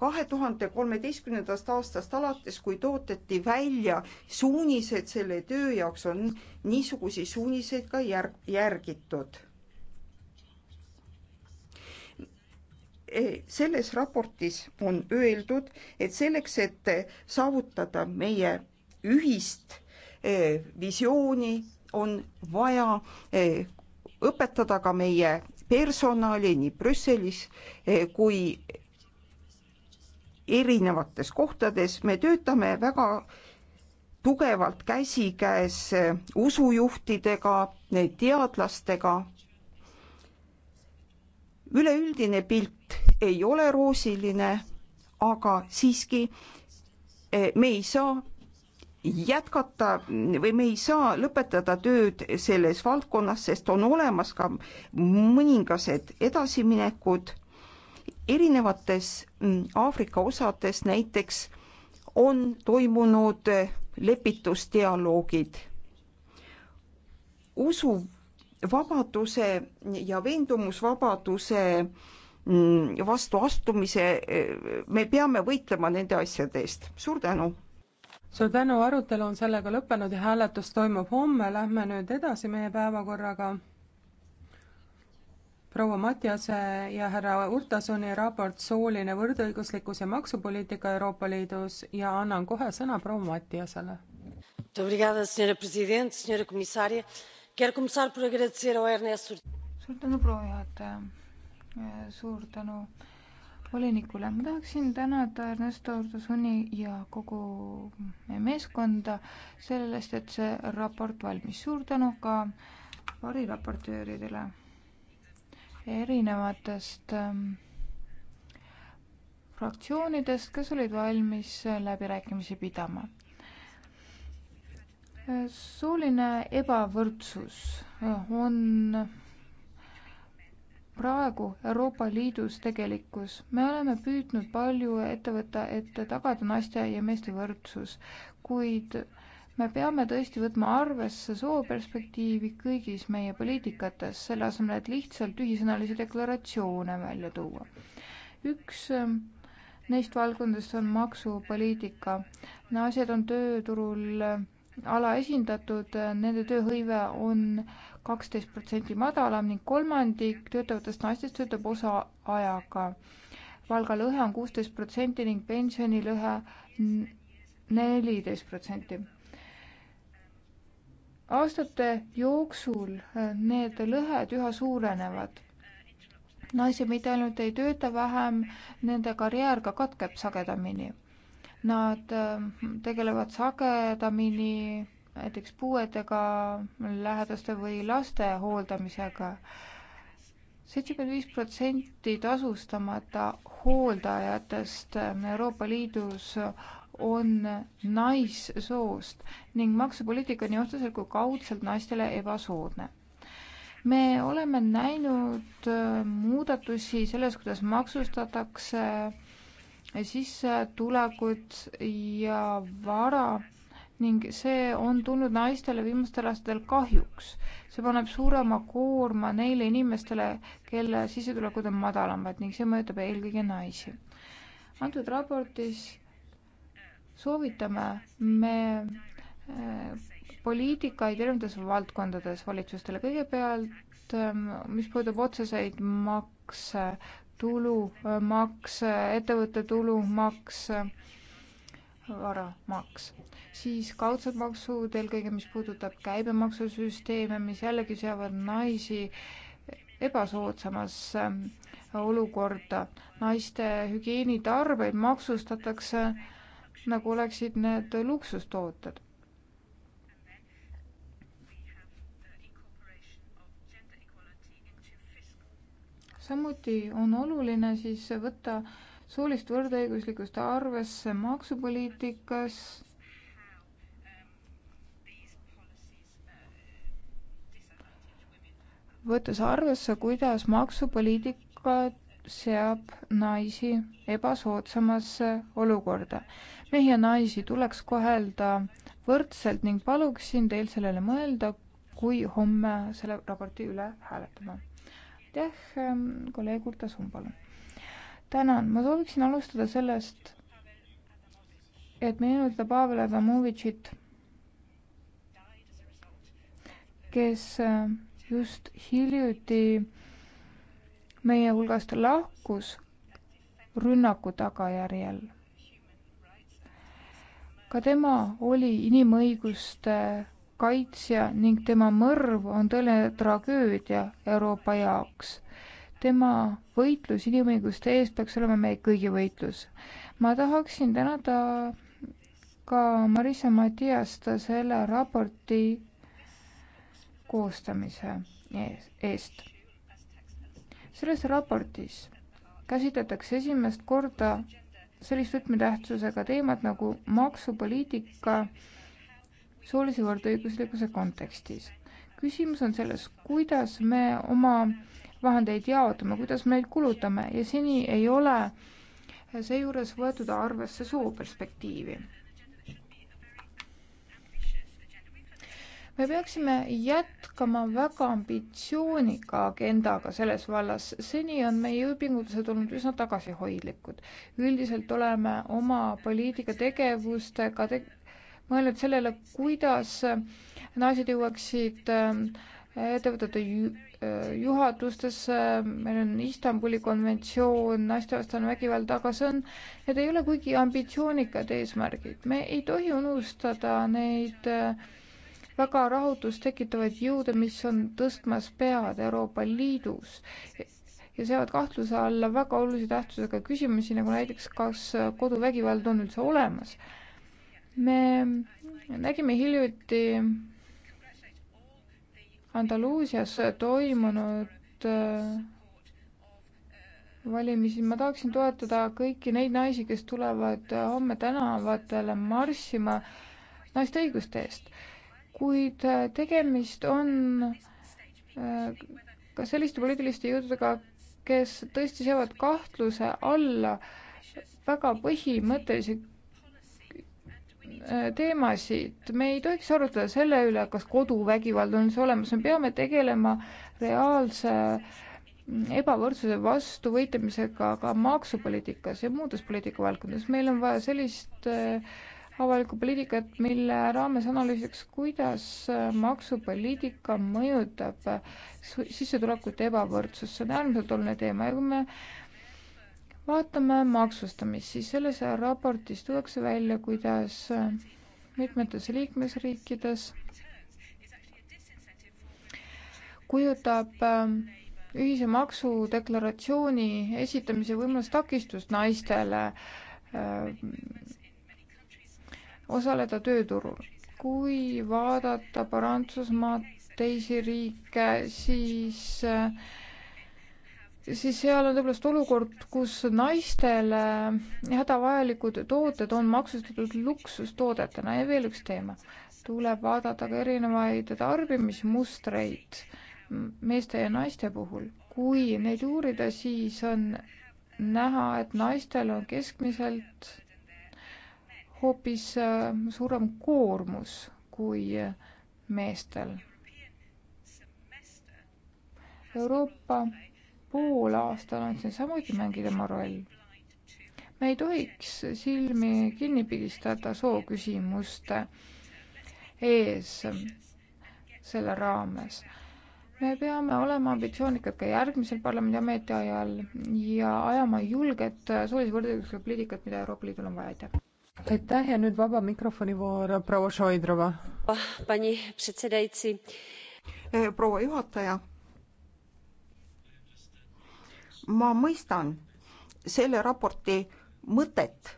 kahe tuhande kolmeteistkümnendast aastast alates, kui tooteti välja suunised selle töö jaoks, on niisuguseid suuniseid ka järg-, järgitud Eh, selles raportis on öeldud, et selleks, et saavutada meie ühist eh, visiooni, on vaja eh, õpetada ka meie personali nii Brüsselis kui erinevates kohtades. me töötame väga tugevalt käsikäes usujuhtidega, teadlastega üleüldine pilt ei ole roosiline, aga siiski eh, me ei saa jätkata või me ei saa lõpetada tööd selles valdkonnas, sest on olemas ka mõningased edasiminekud erinevates mm, Aafrika osades näiteks on toimunud lepitusdialoogid. usu vabaduse ja veendumusvabaduse mm, vastu astumise, me peame võitlema nende asjade eest, suur tänu! suur tänu, arutelu on sellega lõppenud ja hääletus toimub homme, lähme nüüd edasi meie päevakorraga. proua Matjase ja härra Urtasoni raport Sooline võrdõiguslikkus ja maksupoliitika Euroopa Liidus ja annan kohe sõna proua Matjasele suur tänu, proua juhataja. suur tänu volinikule. ma tahaksin tänada Ernesto Ordosoni ja kogu meie meeskonda sellest, et see raport valmis. suur tänu ka variraportööridele erinevatest ähm, fraktsioonidest, kes olid valmis läbirääkimisi pidama sooline ebavõrdsus on praegu Euroopa Liidus tegelikkus. me oleme püüdnud palju ette võtta, et tagada naiste ja meeste võrdsus, kuid me peame tõesti võtma arvesse sooperspektiivi kõigis meie poliitikates, selle asemel, et lihtsalt ühisõnalisi deklaratsioone välja tuua. üks ähm, neist valdkondadest on maksupoliitika. naised on tööturul äh, alaesindatud, nende tööhõive on kaksteist protsenti madalam ning kolmandik töötavatest naistest töötab osaajaga. palgalõhe on kuusteist protsenti ning pensionilõhe neliteist protsenti. aastate jooksul eh, need lõhed üha suurenevad. naised mitte ainult ei tööta vähem, nende karjäär ka katkeb sagedamini Nad ähm, tegelevad sagedamini näiteks puuetega lähedaste või laste hooldamisega. seitsekümmend viis protsenti tasustamata hooldajatest ähm, Euroopa Liidus on naissoost ning maksupoliitika on nii otseselt kui kaudselt naistele ebasoodne. me oleme näinud äh, muudatusi selles, kuidas maksustatakse äh, sissetulekut äh, ja vara ning see on tulnud naistele viimastel aastatel kahjuks. see paneb suurema koorma neile inimestele, kelle sissetulekud on madalamad ning see mõjutab eelkõige naisi. antud raportis soovitame me äh, poliitikaid erinevates valdkondades valitsustele. kõigepealt, ähm, mis puudutab otseseid makse, tulumaks, ettevõtte tulumaks, varamaks. siis kaudsed maksud, eelkõige mis puudutab käibemaksusüsteeme, mis jällegi seavad naisi ebasoodsamasse äh, olukorda. naiste hügieenitarbeid maksustatakse nagu oleksid need luksustooted samuti on oluline siis võtta soolist võrdõiguslikkust arvesse maksupoliitikas. võttes arvesse, kuidas maksupoliitika seab naisi ebasoodsamasse olukorda. mehi ja naisi tuleks kohelda võrdselt ning paluksin teil sellele mõelda, kui homme selle raporti üle hääletame aitäh, ähm, kolleeg Urta Sum, palun. tänan, ma sooviksin alustada sellest, et meenutada Pavel Adamovitšit, kes ähm, just hiljuti meie hulgast lahkus rünnaku tagajärjel. ka tema oli inimõiguste kaitsja ning tema mõrv on tõeline tragöödia Euroopa jaoks. tema võitlus inimõiguste eest peaks olema meie kõigi võitlus. ma tahaksin tänada ka Marissa Matiast selle raporti koostamise eest. selles raportis käsitletakse esimest korda sellist võtmetähtsusega teemat nagu maksupoliitika soolise võrdõiguslikkuse kontekstis. küsimus on selles, kuidas me oma vahendeid jaotame, kuidas me neid kulutame ja seni ei ole seejuures võetud arvesse sooperspektiivi me peaksime jätkama väga ambitsioonika agendaga selles vallas. seni on meie jõupingutused olnud üsna tagasihoidlikud. üldiselt oleme oma poliitika tegevustega te mõelnud sellele, kuidas naised jõuaksid äh, ettevõtete äh, juhatustesse, meil on Istanbuli konventsioon, naistevastane vägivald, aga see on, need ei ole kuigi ambitsioonikad eesmärgid. me ei tohi unustada neid äh, väga rahutust tekitavaid jõude, mis on tõstmas pead Euroopa Liidus ja seavad kahtluse alla väga olulise tähtsusega küsimusi, nagu näiteks, kas koduvägivald on üldse olemas me nägime hiljuti Andaluusias toimunud äh, valimisi, ma tahaksin toetada kõiki neid naisi, kes tulevad äh, homme tänavatele marssima naiste õiguste eest. kuid äh, tegemist on ka selliste poliitiliste jõududega, kes tõesti seavad kahtluse alla väga põhimõttelisi teemasid, me ei tohiks arutleda selle üle, kas koduvägivald on üldse olemas, me peame tegelema reaalse ebavõrdsuse vastu võitlemisega ka maksupoliitikas ja muudes poliitikavaldkondades. meil on vaja sellist äh, avalikku poliitikat, mille raames analüüsiks, kuidas äh, maksupoliitika mõjutab äh, sissetulekute ebavõrdsust, see on äärmiselt oluline teema ja kui me vaatame maksustamist, siis selles raportis tuuakse välja, kuidas mitmetes liikmesriikides kujutab ähm, ühise maksudeklaratsiooni esitamise võimalus takistust naistele ähm, osaleda tööturul. kui vaadata Prantsusmaad, teisi riike, siis äh, siis seal on tõepoolest olukord, kus naistele äh, hädavajalikud tooted on maksustatud luksustoodetena ja veel üks teema, tuleb vaadata ka erinevaid tarbimismustreid meeste ja naiste puhul. kui neid uurida, siis on näha, et naistel on keskmiselt hoopis äh, suurem koormus kui meestel. Euroopa poolaastal on siin samuti mängida oma roll. me ei tohiks silmi kinni pigistada sooküsimuste ees selle raames. me peame olema ambitsioonikad ka järgmisel parlamendi ametiajal ja ajama julget soolise võrdõiguslikkuse poliitikat, mida Euroopa Liidul on vaja, aitäh! aitäh ja nüüd vaba mikrofoni voor proua Šoidrova. proua juhataja ma mõistan selle raporti mõtet.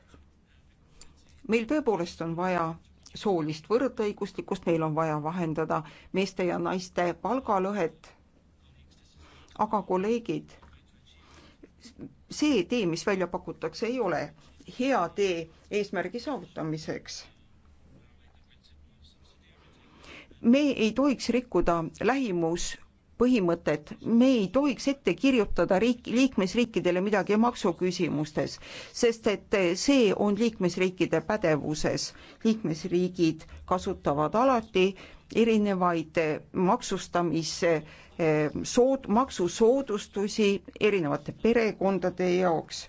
meil tõepoolest on vaja soolist võrdõiguslikkust, meil on vaja vahendada meeste ja naiste palgalõhet. aga kolleegid, see tee, mis välja pakutakse, ei ole hea tee eesmärgi saavutamiseks. me ei tohiks rikkuda lähimus põhimõtet, me ei tohiks ette kirjutada riik, liikmesriikidele midagi maksuküsimustes, sest et see on liikmesriikide pädevuses. liikmesriigid kasutavad alati erinevaid maksustamise eh, sood-, maksusoodustusi erinevate perekondade jaoks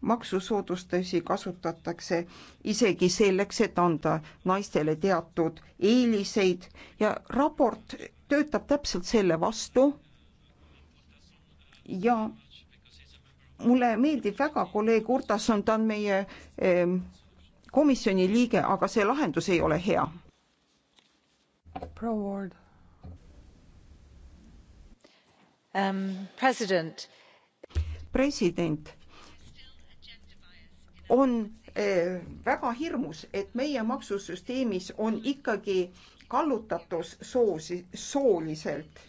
maksusoodustusi kasutatakse isegi selleks, et anda naistele teatud eeliseid ja raport töötab täpselt selle vastu. ja mulle meeldib väga kolleeg Urtason, ta on meie ehm, komisjoni liige, aga see lahendus ei ole hea. proua Ward um,. president president on eh, väga hirmus, et meie maksusüsteemis on ikkagi kallutatus soosi, sooliselt.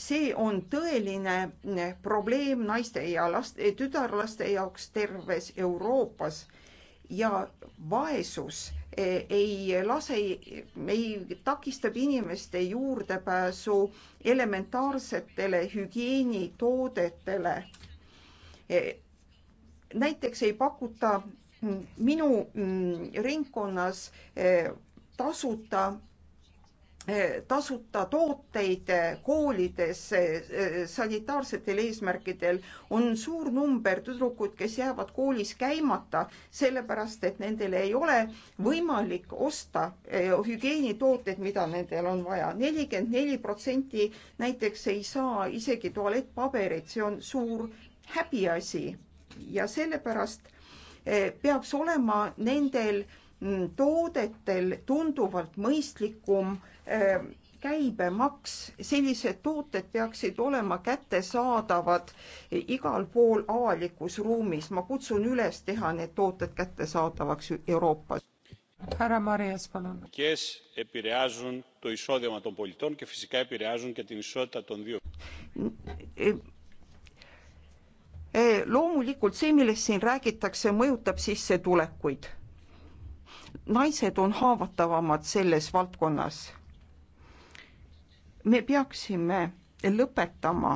see on tõeline eh, probleem naiste ja laste, eh, tütarlaste jaoks terves Euroopas ja vaesus ei lase, ei takistab inimeste juurdepääsu elementaarsetele hügieenitoodetele näiteks ei pakuta minu mm, ringkonnas eh, tasuta eh, tasuta tooteid eh, koolides sanitaarsetel eesmärkidel on suur number tüdrukuid, kes jäävad koolis käimata, sellepärast et nendel ei ole võimalik osta hügieenitooted, mida nendel on vaja. nelikümmend neli protsenti näiteks ei saa isegi tualettpaberit, see on suur häbiasi ja sellepärast eh, peaks olema nendel mm, toodetel tunduvalt mõistlikum eh, käibemaks, sellised tooted peaksid olema kättesaadavad igal pool avalikus ruumis. ma kutsun üles teha need tooted kättesaadavaks Euroopas. härra Marias, palun. kes επηρεάζουν το εισόδημα των πολιτών και φυσικά επηρεάζουν και την ισότητα των δύο E, loomulikult see, millest siin räägitakse, mõjutab sissetulekuid. naised on haavatavamad selles valdkonnas. me peaksime lõpetama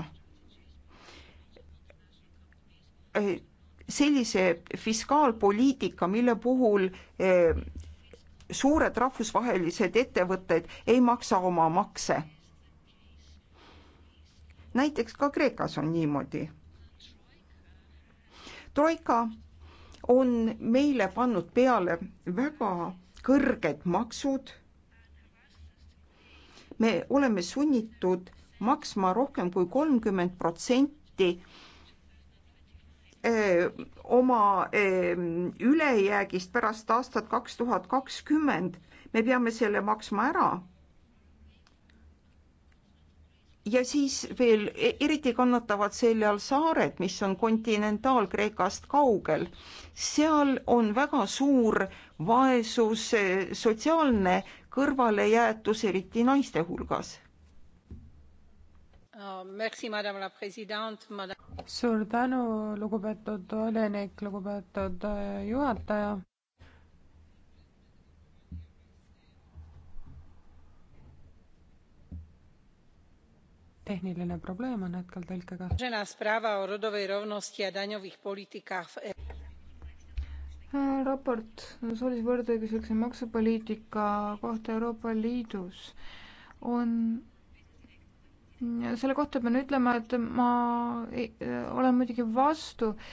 e, sellise fiskaalpoliitika, mille puhul e, suured rahvusvahelised ettevõtted ei maksa oma makse. näiteks ka Kreekas on niimoodi troika on meile pannud peale väga kõrged maksud. me oleme sunnitud maksma rohkem kui kolmkümmend protsenti eh, oma eh, ülejäägist pärast aastat kaks tuhat kakskümmend. me peame selle maksma ära ja siis veel e, eriti kannatavad selle all saared, mis on kontinentaalkreekast kaugel. seal on väga suur vaesus, e, sotsiaalne kõrvalejäetus, eriti naiste hulgas. Ah, suur tänu, lugupeetud volinik, lugupeetud e, juhataja. tehniline probleem on hetkel tõlkega. E- äh, raport soolise võrdõiguslikkuse maksupoliitika kohta Euroopa Liidus on selle kohta pean ütlema, et ma ei, äh, olen muidugi vastu äh,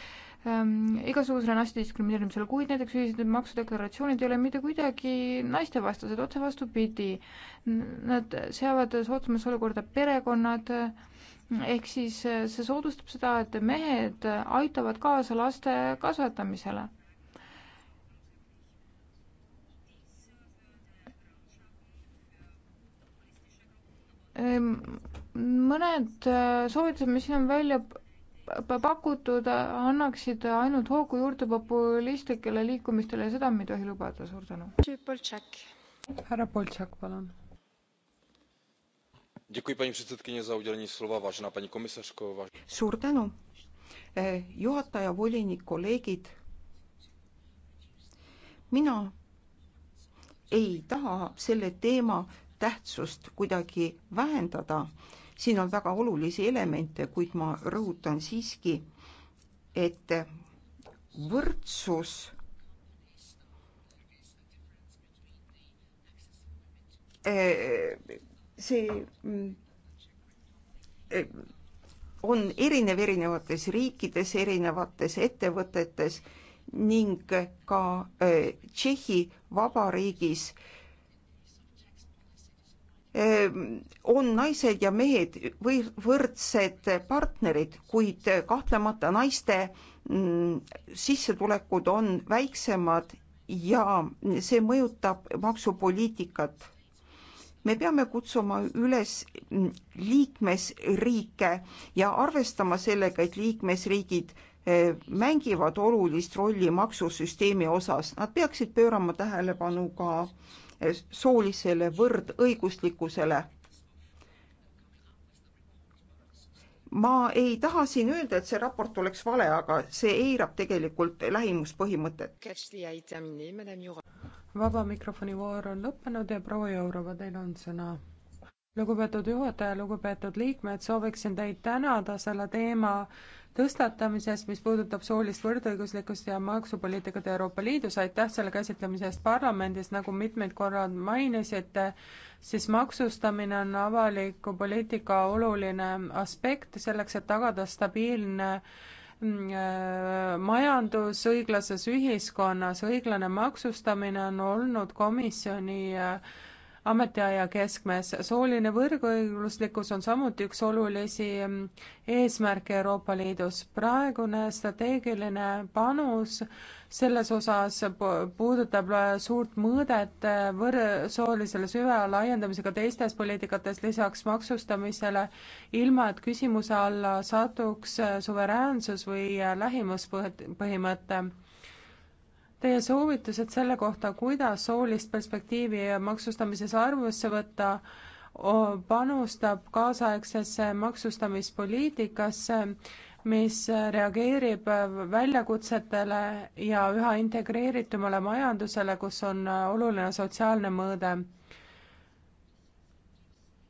ähm, igasugusele naiste diskrimineerimisele, kuid näiteks ühised maksudeklaratsioonid ei ole mitte kuidagi naistevastased, otse vastupidi. Nad seavad soodsamasse olukorda perekonnad, ehk siis eh, see soodustab seda, et mehed aitavad kaasa laste kasvatamisele. Ehm, mõned eh, soovitused, mis siin on välja pakutud, annaksid ainult hoogu juurde populistlikele liikumistele ja seda me ei tohi lubada, suur tänu. härra Boltšak, palun. suur tänu, eh, juhataja, volinik, kolleegid. mina ei taha selle teema tähtsust kuidagi vähendada siin on väga olulisi elemente, kuid ma rõhutan siiski, et võrdsus see on erinev erinevates riikides, erinevates ettevõtetes ning ka Tšehhi Vabariigis äh, Ehm, on naised ja mehed või võrdsed partnerid, kuid kahtlemata naiste mm, sissetulekud on väiksemad ja see mõjutab maksupoliitikat. me peame kutsuma üles mm, liikmesriike ja arvestama sellega, et liikmesriigid ehm, mängivad olulist rolli maksusüsteemi osas, nad peaksid pöörama tähelepanu ka äh, soolisele võrdõiguslikkusele. ma ei taha siin öelda, et see raport oleks vale, aga see eirab tegelikult lähimuspõhimõtet. vaba mikrofoni voor on lõppenud ja proua Jourova, teil on sõna lugupeetud juhataja, lugupeetud liikmed, sooviksin teid tänada selle teema tõstatamises, mis puudutab soolist võrdõiguslikkust ja maksupoliitikat Euroopa Liidus, aitäh selle käsitlemise eest parlamendis, nagu mitmeid korrad mainisite, siis maksustamine on avaliku poliitika oluline aspekt selleks, et tagada stabiilne mm, äh, majandus õiglases ühiskonnas, õiglane maksustamine on olnud komisjoni äh, ametiaja keskmes. sooline võrguõiguslikkus on samuti üks olulisi mm, eesmärke Euroopa Liidus. praegune strateegiline panus selles osas puudutab äh, suurt mõõdet äh, võr-, soolisele süve laiendamisega teistes poliitikates, lisaks maksustamisele, ilma et küsimuse alla satuks äh, suveräänsus või lähimuspõhimõte Teie soovitused selle kohta, kuidas soolist perspektiivi maksustamises arvesse võtta, panustab kaasaegsesse maksustamispoliitikasse, mis reageerib väljakutsetele ja üha integreeritumale majandusele, kus on oluline sotsiaalne mõõde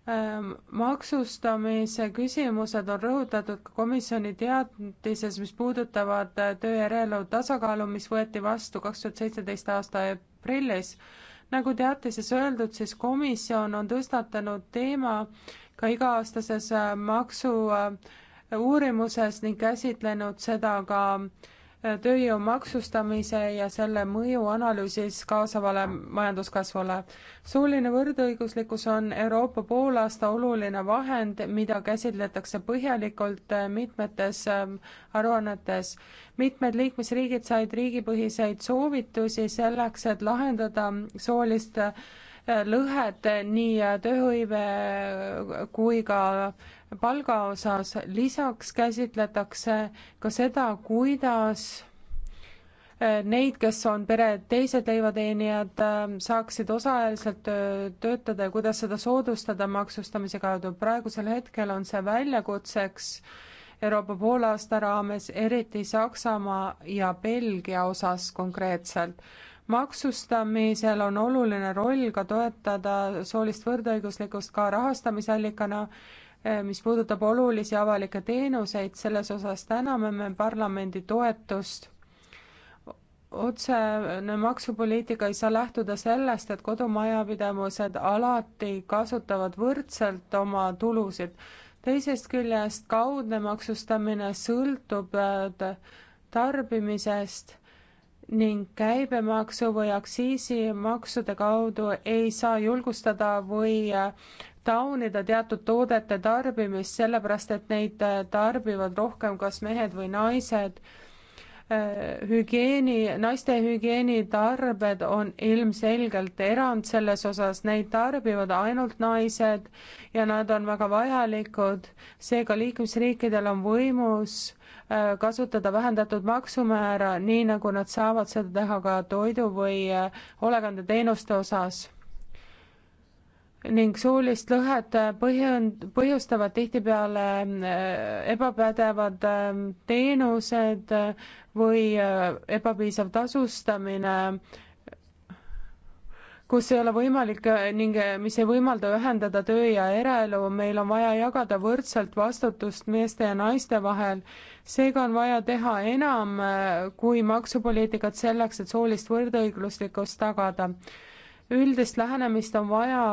Ehm, maksustamise küsimused on rõhutatud ka komisjoni teatises, mis puudutavad äh, töö ja eraelu tasakaalu, mis võeti vastu kaks tuhat seitseteist aasta aprillis. nagu teatises öeldud, siis komisjon on tõstatanud teema ka iga-aastases äh, maksu äh, uurimuses ning käsitlenud seda ka äh, Äh, tööjõu maksustamise ja selle mõju analüüsis kaasavale majanduskasvule. sooline võrdõiguslikkus on Euroopa poolaasta oluline vahend, mida käsitletakse põhjalikult äh, mitmetes äh, aruannetes. mitmed liikmesriigid said riigipõhiseid soovitusi selleks, et lahendada soolist lõhet nii tööhõive kui ka palga osas, lisaks käsitletakse ka seda, kuidas eh, neid, kes on pere teised leivateenijad, eh, saaksid osaajaliselt eh, töötada ja kuidas seda soodustada maksustamise kaudu. praegusel hetkel on see väljakutseks Euroopa poolaasta raames, eriti Saksamaa ja Belgia osas konkreetselt. maksustamisel on oluline roll ka toetada soolist võrdõiguslikkust ka rahastamisallikana Äh, mis puudutab olulisi avalikke teenuseid, selles osas täname me parlamendi toetust. otsene maksupoliitika ei saa lähtuda sellest, et kodumajapidamised alati kasutavad võrdselt oma tulusid. teisest küljest kaudne maksustamine sõltub äh, tarbimisest ning käibemaksu või aktsiisimaksude kaudu ei saa julgustada või äh, taunida teatud toodete tarbimist, sellepärast et neid äh, tarbivad rohkem kas mehed või naised. Äh, hügieeni, naiste hügieenitarbed on ilmselgelt erand selles osas, neid tarbivad ainult naised ja nad on väga vajalikud, seega liikmesriikidel on võimus äh, kasutada vähendatud maksumäära, nii nagu nad saavad seda teha ka toidu või hoolekandeteenuste osas ning soolist lõhet põhjend-, põhjustavad tihtipeale äh, ebapädevad ähm, teenused äh, või äh, ebapiisav tasustamine, kus ei ole võimalik ning mis ei võimalda ühendada töö ja eraelu, meil on vaja jagada võrdselt vastutust meeste ja naiste vahel. seega on vaja teha enam kui maksupoliitikat selleks, et soolist võrdõiguslikkust tagada. üldist lähenemist on vaja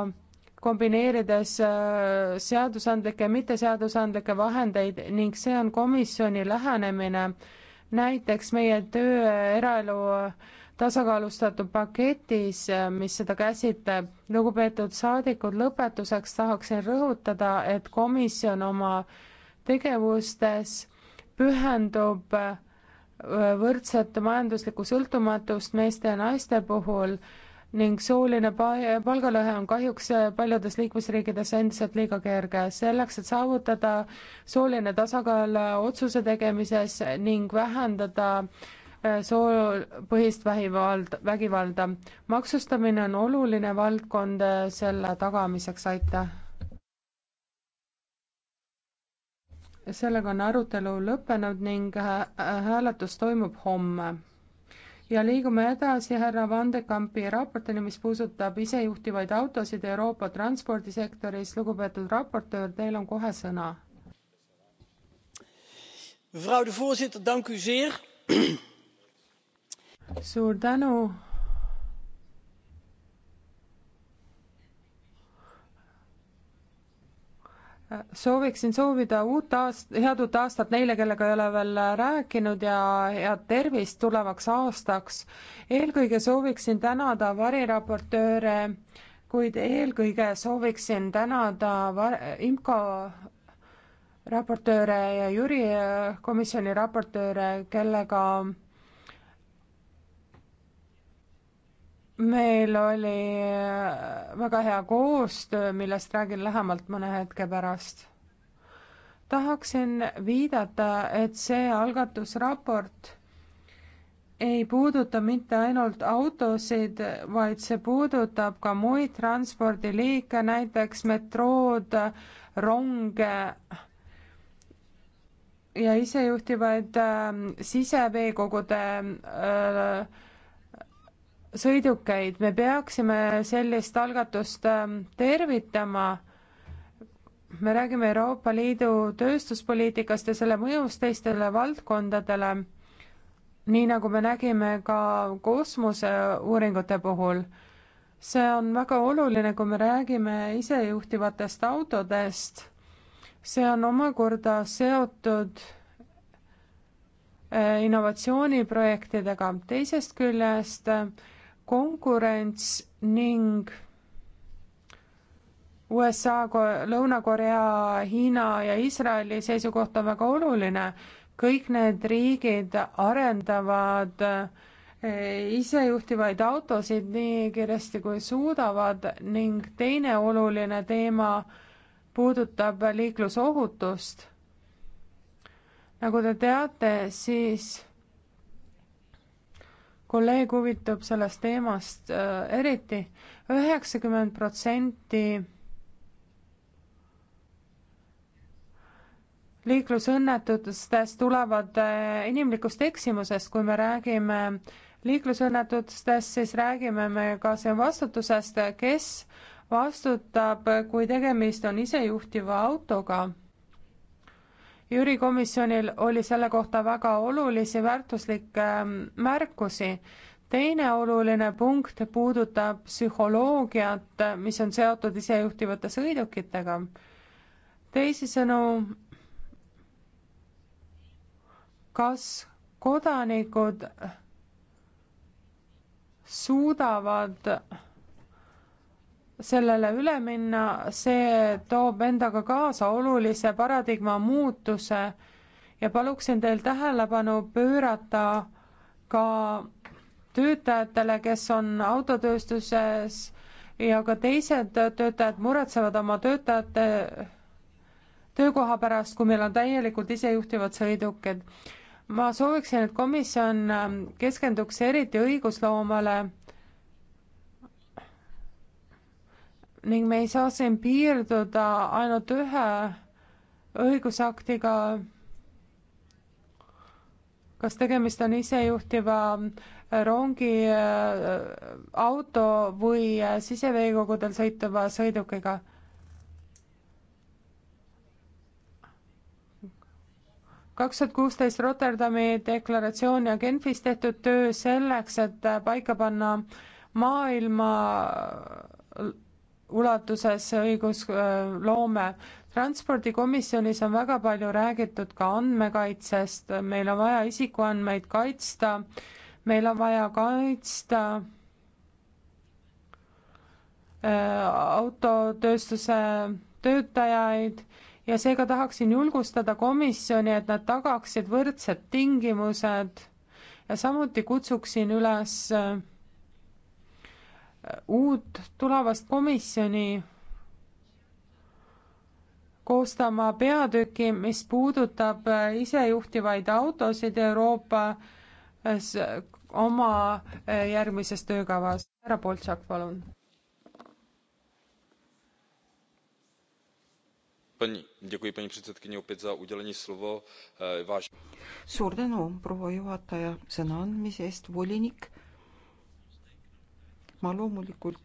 kombineerides äh, seadusandlikke ja mitteseadusandlikke vahendeid ning see on komisjoni lähenemine. näiteks meie töö eraelu tasakaalustatud paketis, äh, mis seda käsitleb. lugupeetud saadikud, lõpetuseks tahaksin rõhutada, et komisjon oma tegevustes pühendub äh, võrdset majanduslikku sõltumatust meeste ja naiste puhul ning sooline palgalõhe on kahjuks paljudes liikmesriikides endiselt liiga kerge. selleks, et saavutada sooline tasakaal otsuse tegemises ning vähendada äh, soopõhist vägivald, vägivalda. maksustamine on oluline valdkond äh, selle tagamiseks, aitäh. sellega on arutelu lõppenud ning hääletus toimub homme ja liigume edasi härra Vandekampi raportini, mis puudutab isejuhtivaid autosid Euroopa transpordisektoris. lugupeetud raportöör, teil on kohe sõna. suur tänu, sooviksin soovida uut aast-, head uut aastat neile, kellega ei ole veel rääkinud ja head tervist tulevaks aastaks. eelkõige sooviksin tänada variraportööre, kuid eelkõige sooviksin tänada var-, IMCO raportööre ja Jüri komisjoni raportööre, kellega meil oli äh, väga hea koostöö, millest räägin lähemalt mõne hetke pärast. tahaksin viidata, et see algatusraport ei puuduta mitte ainult autosid, vaid see puudutab ka muid transpordiliike, näiteks metrood, ronge ja isejuhtivaid äh, siseveekogude äh, sõidukeid, me peaksime sellist algatust ähm, tervitama. me räägime Euroopa Liidu tööstuspoliitikast ja selle mõjust teistele valdkondadele, nii nagu me nägime ka kosmoseuuringute puhul. see on väga oluline, kui me räägime isejuhtivatest autodest, see on omakorda seotud äh, innovatsiooniprojektidega, teisest küljest äh, konkurents ning USA, Lõuna-Korea, Hiina ja Iisraeli seisukoht on väga oluline. kõik need riigid arendavad eh, isejuhtivaid autosid nii kiiresti kui suudavad ning teine oluline teema puudutab liiklusohutust. nagu te teate, siis kolleeg huvitub sellest teemast äh, eriti. üheksakümmend protsenti liiklusõnnetustest tulevad äh, inimlikust eksimusest, kui me räägime liiklusõnnetustest, siis räägime me ka siin vastutusest, kes vastutab, kui tegemist on isejuhtiva autoga Jüri komisjonil oli selle kohta väga olulisi väärtuslikke ähm, märkusi. teine oluline punkt puudutab psühholoogiat, äh, mis on seotud isejuhtivate sõidukitega. teisisõnu, kas kodanikud suudavad sellele üle minna, see toob endaga kaasa olulise paradigma muutuse ja paluksin teil tähelepanu pöörata ka töötajatele, kes on autotööstuses ja ka teised töötajad muretsevad oma töötajate töökoha pärast, kui meil on täielikult isejuhtivad sõidukid. ma sooviksin, et komisjon keskenduks eriti õigusloomale ning me ei saa siin piirduda ainult ühe õigusaktiga, kas tegemist on isejuhtiva rongi, äh, auto või äh, siseveekogudel sõituva sõidukiga kaks tuhat kuusteist Rotterdami deklaratsioon ja Genfis tehtud töö selleks, et äh, paika panna maailma ulatuses õigusloome. transpordikomisjonis on väga palju räägitud ka andmekaitsest, meil on vaja isikuandmeid kaitsta, meil on vaja kaitsta äh, autotööstuse töötajaid ja seega tahaksin julgustada komisjoni, et nad tagaksid võrdsed tingimused ja samuti kutsuksin üles äh, uut tulevast komisjoni koostama peatüki, mis puudutab isejuhtivaid autosid Euroopas oma eh, järgmises töökavas. härra Boltšak, palun. Eh, suur tänu, proua juhataja, sõna andmise eest, volinik ma loomulikult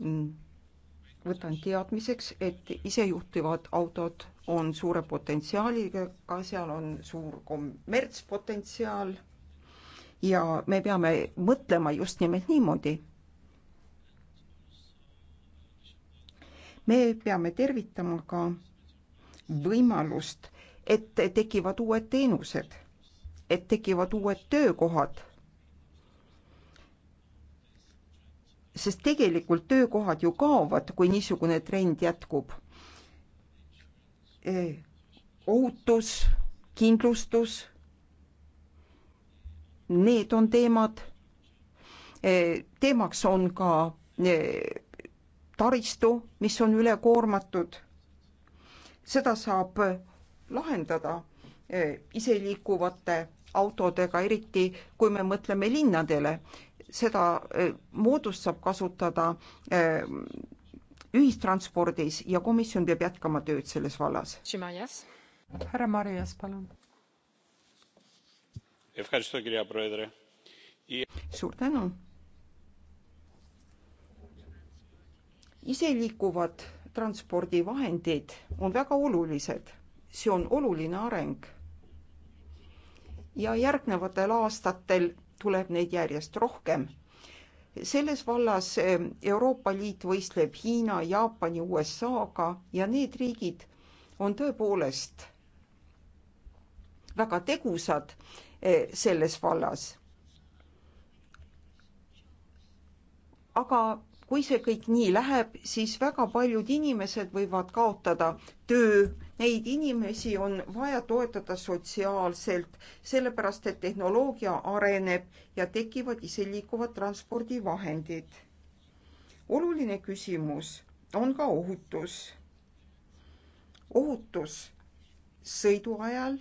mm, võtan teadmiseks, et isejuhtivad autod on suure potentsiaaliga, ka seal on suur kommertspotentsiaal ja me peame mõtlema just nimelt niimoodi. me peame tervitama ka võimalust, et tekivad uued teenused, et tekivad uued töökohad sest tegelikult töökohad ju kaovad, kui niisugune trend jätkub. ohutus, kindlustus, need on teemad. teemaks on ka taristu, mis on ülekoormatud. seda saab lahendada iseliikuvate autodega, eriti kui me mõtleme linnadele seda moodust saab kasutada ühistranspordis ja komisjon peab jätkama tööd selles vallas. härra Marias, palun. suur tänu. iseliikuvad transpordivahendid on väga olulised, see on oluline areng. ja järgnevatel aastatel tuleb neid järjest rohkem. selles vallas eh, Euroopa Liit võistleb Hiina, Jaapani, USA-ga ja need riigid on tõepoolest väga tegusad eh, selles vallas. aga kui see kõik nii läheb, siis väga paljud inimesed võivad kaotada töö Neid inimesi on vaja toetada sotsiaalselt, sellepärast et tehnoloogia areneb ja tekivad iseliikuvad transpordivahendid. oluline küsimus on ka ohutus. ohutus sõidu ajal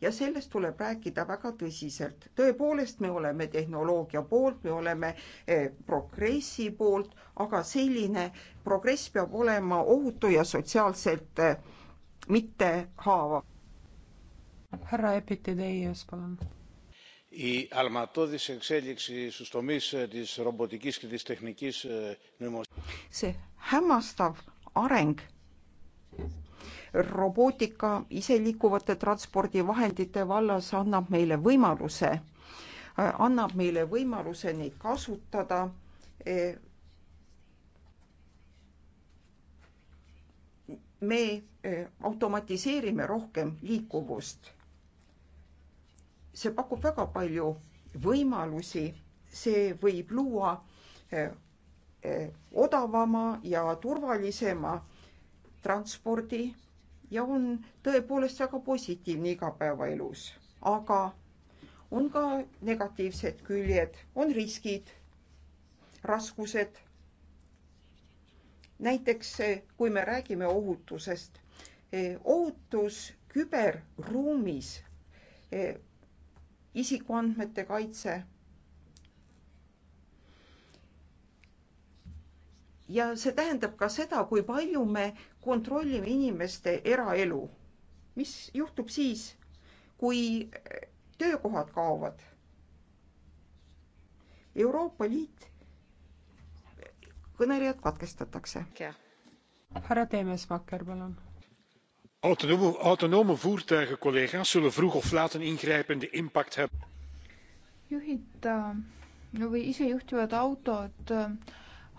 ja sellest tuleb rääkida väga tõsiselt. tõepoolest, me oleme tehnoloogia poolt, me oleme eh, progressi poolt, aga selline progress peab olema ohutu ja sotsiaalselt eh, mitte haavav. härra Epiti, teie ees, palun. Η αλματώδης εξέλιξη στους τομείς της ρομποτικής και της τεχνικής νοημοσύνης. See hämmastav areng robootika iseliikuvate transpordivahendite vallas annab meile võimaluse, äh, annab meile võimaluse neid kasutada eh, me eh, automatiseerime rohkem liikuvust. see pakub väga palju võimalusi, see võib luua eh, eh, odavama ja turvalisema transpordi ja on tõepoolest väga positiivne igapäevaelus, aga on ka negatiivsed küljed, on riskid, raskused näiteks eh, kui me räägime ohutusest, eh, ohutus küberruumis, eh, isikuandmete kaitse. ja see tähendab ka seda, kui palju me kontrollime inimeste eraelu. mis juhtub siis, kui töökohad kaovad? Euroopa Liit kõnelejad katkestatakse. härra Teemesmaker, palun. Autonome voertuigen, kollegas, zullen vroeg of laat een ingrijpende impact hebben. juhita äh, või isejuhtivad autod äh,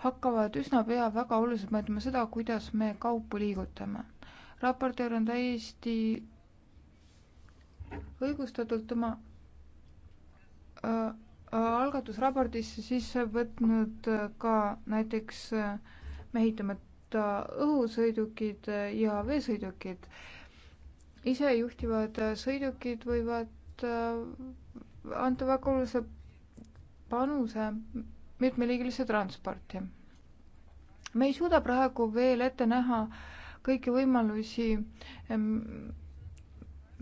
hakkavad üsna pea väga oluliselt mõõtma seda, kuidas me kaupu liigutame. raportöör on täiesti õigustatult oma öö, äh, algatusraportisse sisse võtnud ka näiteks äh, mehitamata õhusõidukid äh, ja veesõidukid. isejuhtivad äh, sõidukid võivad anda väga olulise panuse mitmeliigilisse transporti. me ei suuda praegu veel ette näha kõiki võimalusi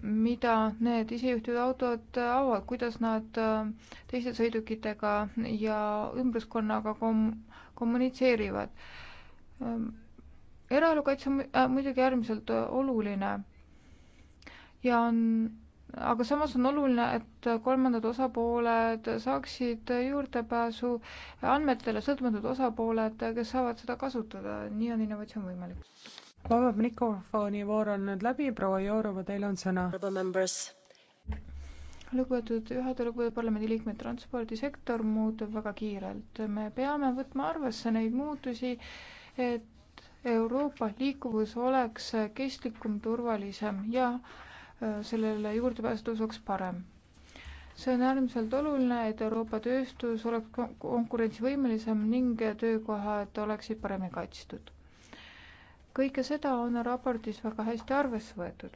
mida need isejuhtivad autod avavad, kuidas nad äh, teiste sõidukitega ja ümbruskonnaga kom-, kommunitseerivad. Ähm, eraelukaitse on äh, muidugi äärmiselt äh, oluline ja on, aga samas on oluline, et kolmandad osapooled saaksid juurdepääsu andmetele, sõltumatud osapooled, kes saavad seda kasutada, nii on innovatsioon võimalik vaba mikrofoni voor on nüüd läbi, proua Jourova, teil on sõna. lugupeetud juhataja, lugupeetud parlamendiliikmed, transpordisektor muutub väga kiirelt. me peame võtma arvesse neid muutusi, et Euroopa liikuvus oleks kestlikum, turvalisem ja äh, sellele juurdepääs tõuseks parem. see on äärmiselt oluline, et Euroopa tööstus oleks konkurentsivõimelisem ning töökohad oleksid paremini kaitstud kõike seda on raportis väga hästi arvesse võetud.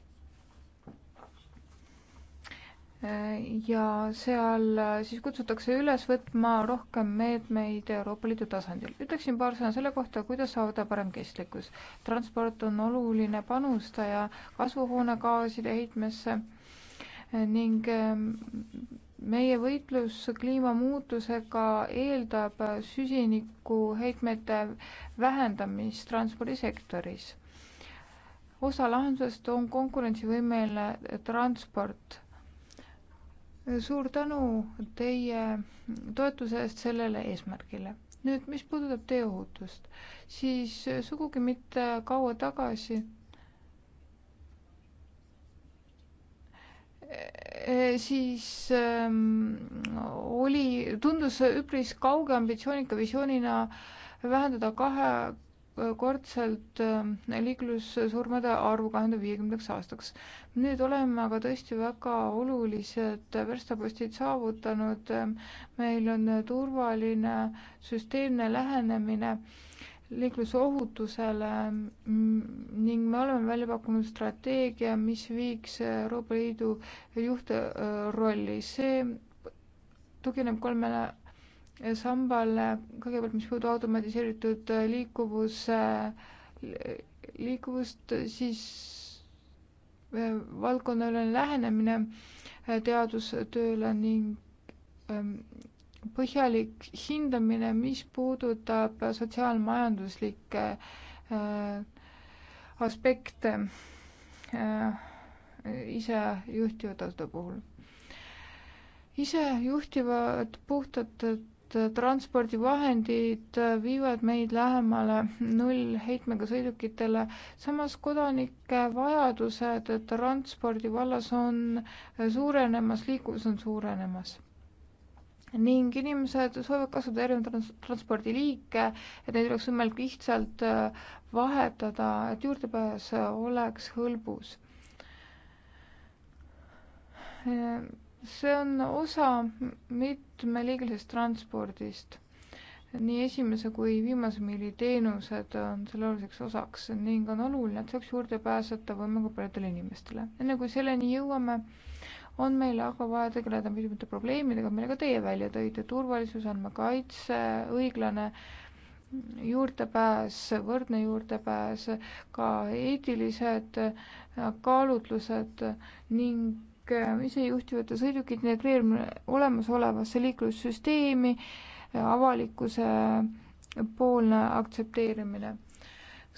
ja seal siis kutsutakse üles võtma rohkem meetmeid Euroopa Liidu tasandil. ütleksin paar sõna selle kohta, kuidas saada parem kestlikkus. transport on oluline panustaja kasvuhoonegaaside heitmesse ning meie võitlus kliimamuutusega eeldab süsinikuheitmete vähendamist transpordisektoris. osa lahendusest on konkurentsivõimeline transport. suur tänu teie toetuse eest sellele eesmärgile. nüüd, mis puudutab teeohutust, siis sugugi mitte kaua tagasi Äh, siis ähm, oli, tundus üpris kauge ambitsioonika visioonina vähendada kahekordselt äh, liiklussurmade arvu kahe tuhande viiekümnendaks aastaks. nüüd oleme aga tõesti väga olulised verstapostid saavutanud. meil on turvaline süsteemne lähenemine äh, liiklusohutusele mm, ning me oleme välja pakkunud strateegia, mis viiks Euroopa Liidu juhtrolli. see tugineb kolmele sambale, kõigepealt, mis puudutab automatiseeritud liikuvuse, liikuvust, siis valdkonnaülene lähenemine teadustööle ning põhjalik hindamine, mis puudutab sotsiaalmajanduslikke äh, aspekte äh, isejuhtivate puhul. isejuhtivad puhtad äh, transpordivahendid viivad meid lähemale nullheitmega sõidukitele, samas kodanike vajadused transpordi vallas on suurenemas, liikuvus on suurenemas ning inimesed soovivad kasutada erinevaid transpordiliike, et neid oleks võimalik lihtsalt äh, vahetada, et juurdepääs oleks hõlbus. see on osa mitmeliigilisest transpordist. nii esimese kui viimase miili teenused on selle oluliseks osaks ning on oluline, et see oleks juurdepääsetav võimalikult paljudele inimestele. enne kui selleni jõuame, on meil aga vaja tegeleda mitmete probleemidega, millega teie välja tõite, turvalisus, andmekaitse, õiglane juurdepääs, võrdne juurdepääs, ka eetilised kaalutlused ning äh, isejuhtivate sõidukite integreerimine olemasolevasse liiklussüsteemi, avalikkuse poolne aktsepteerimine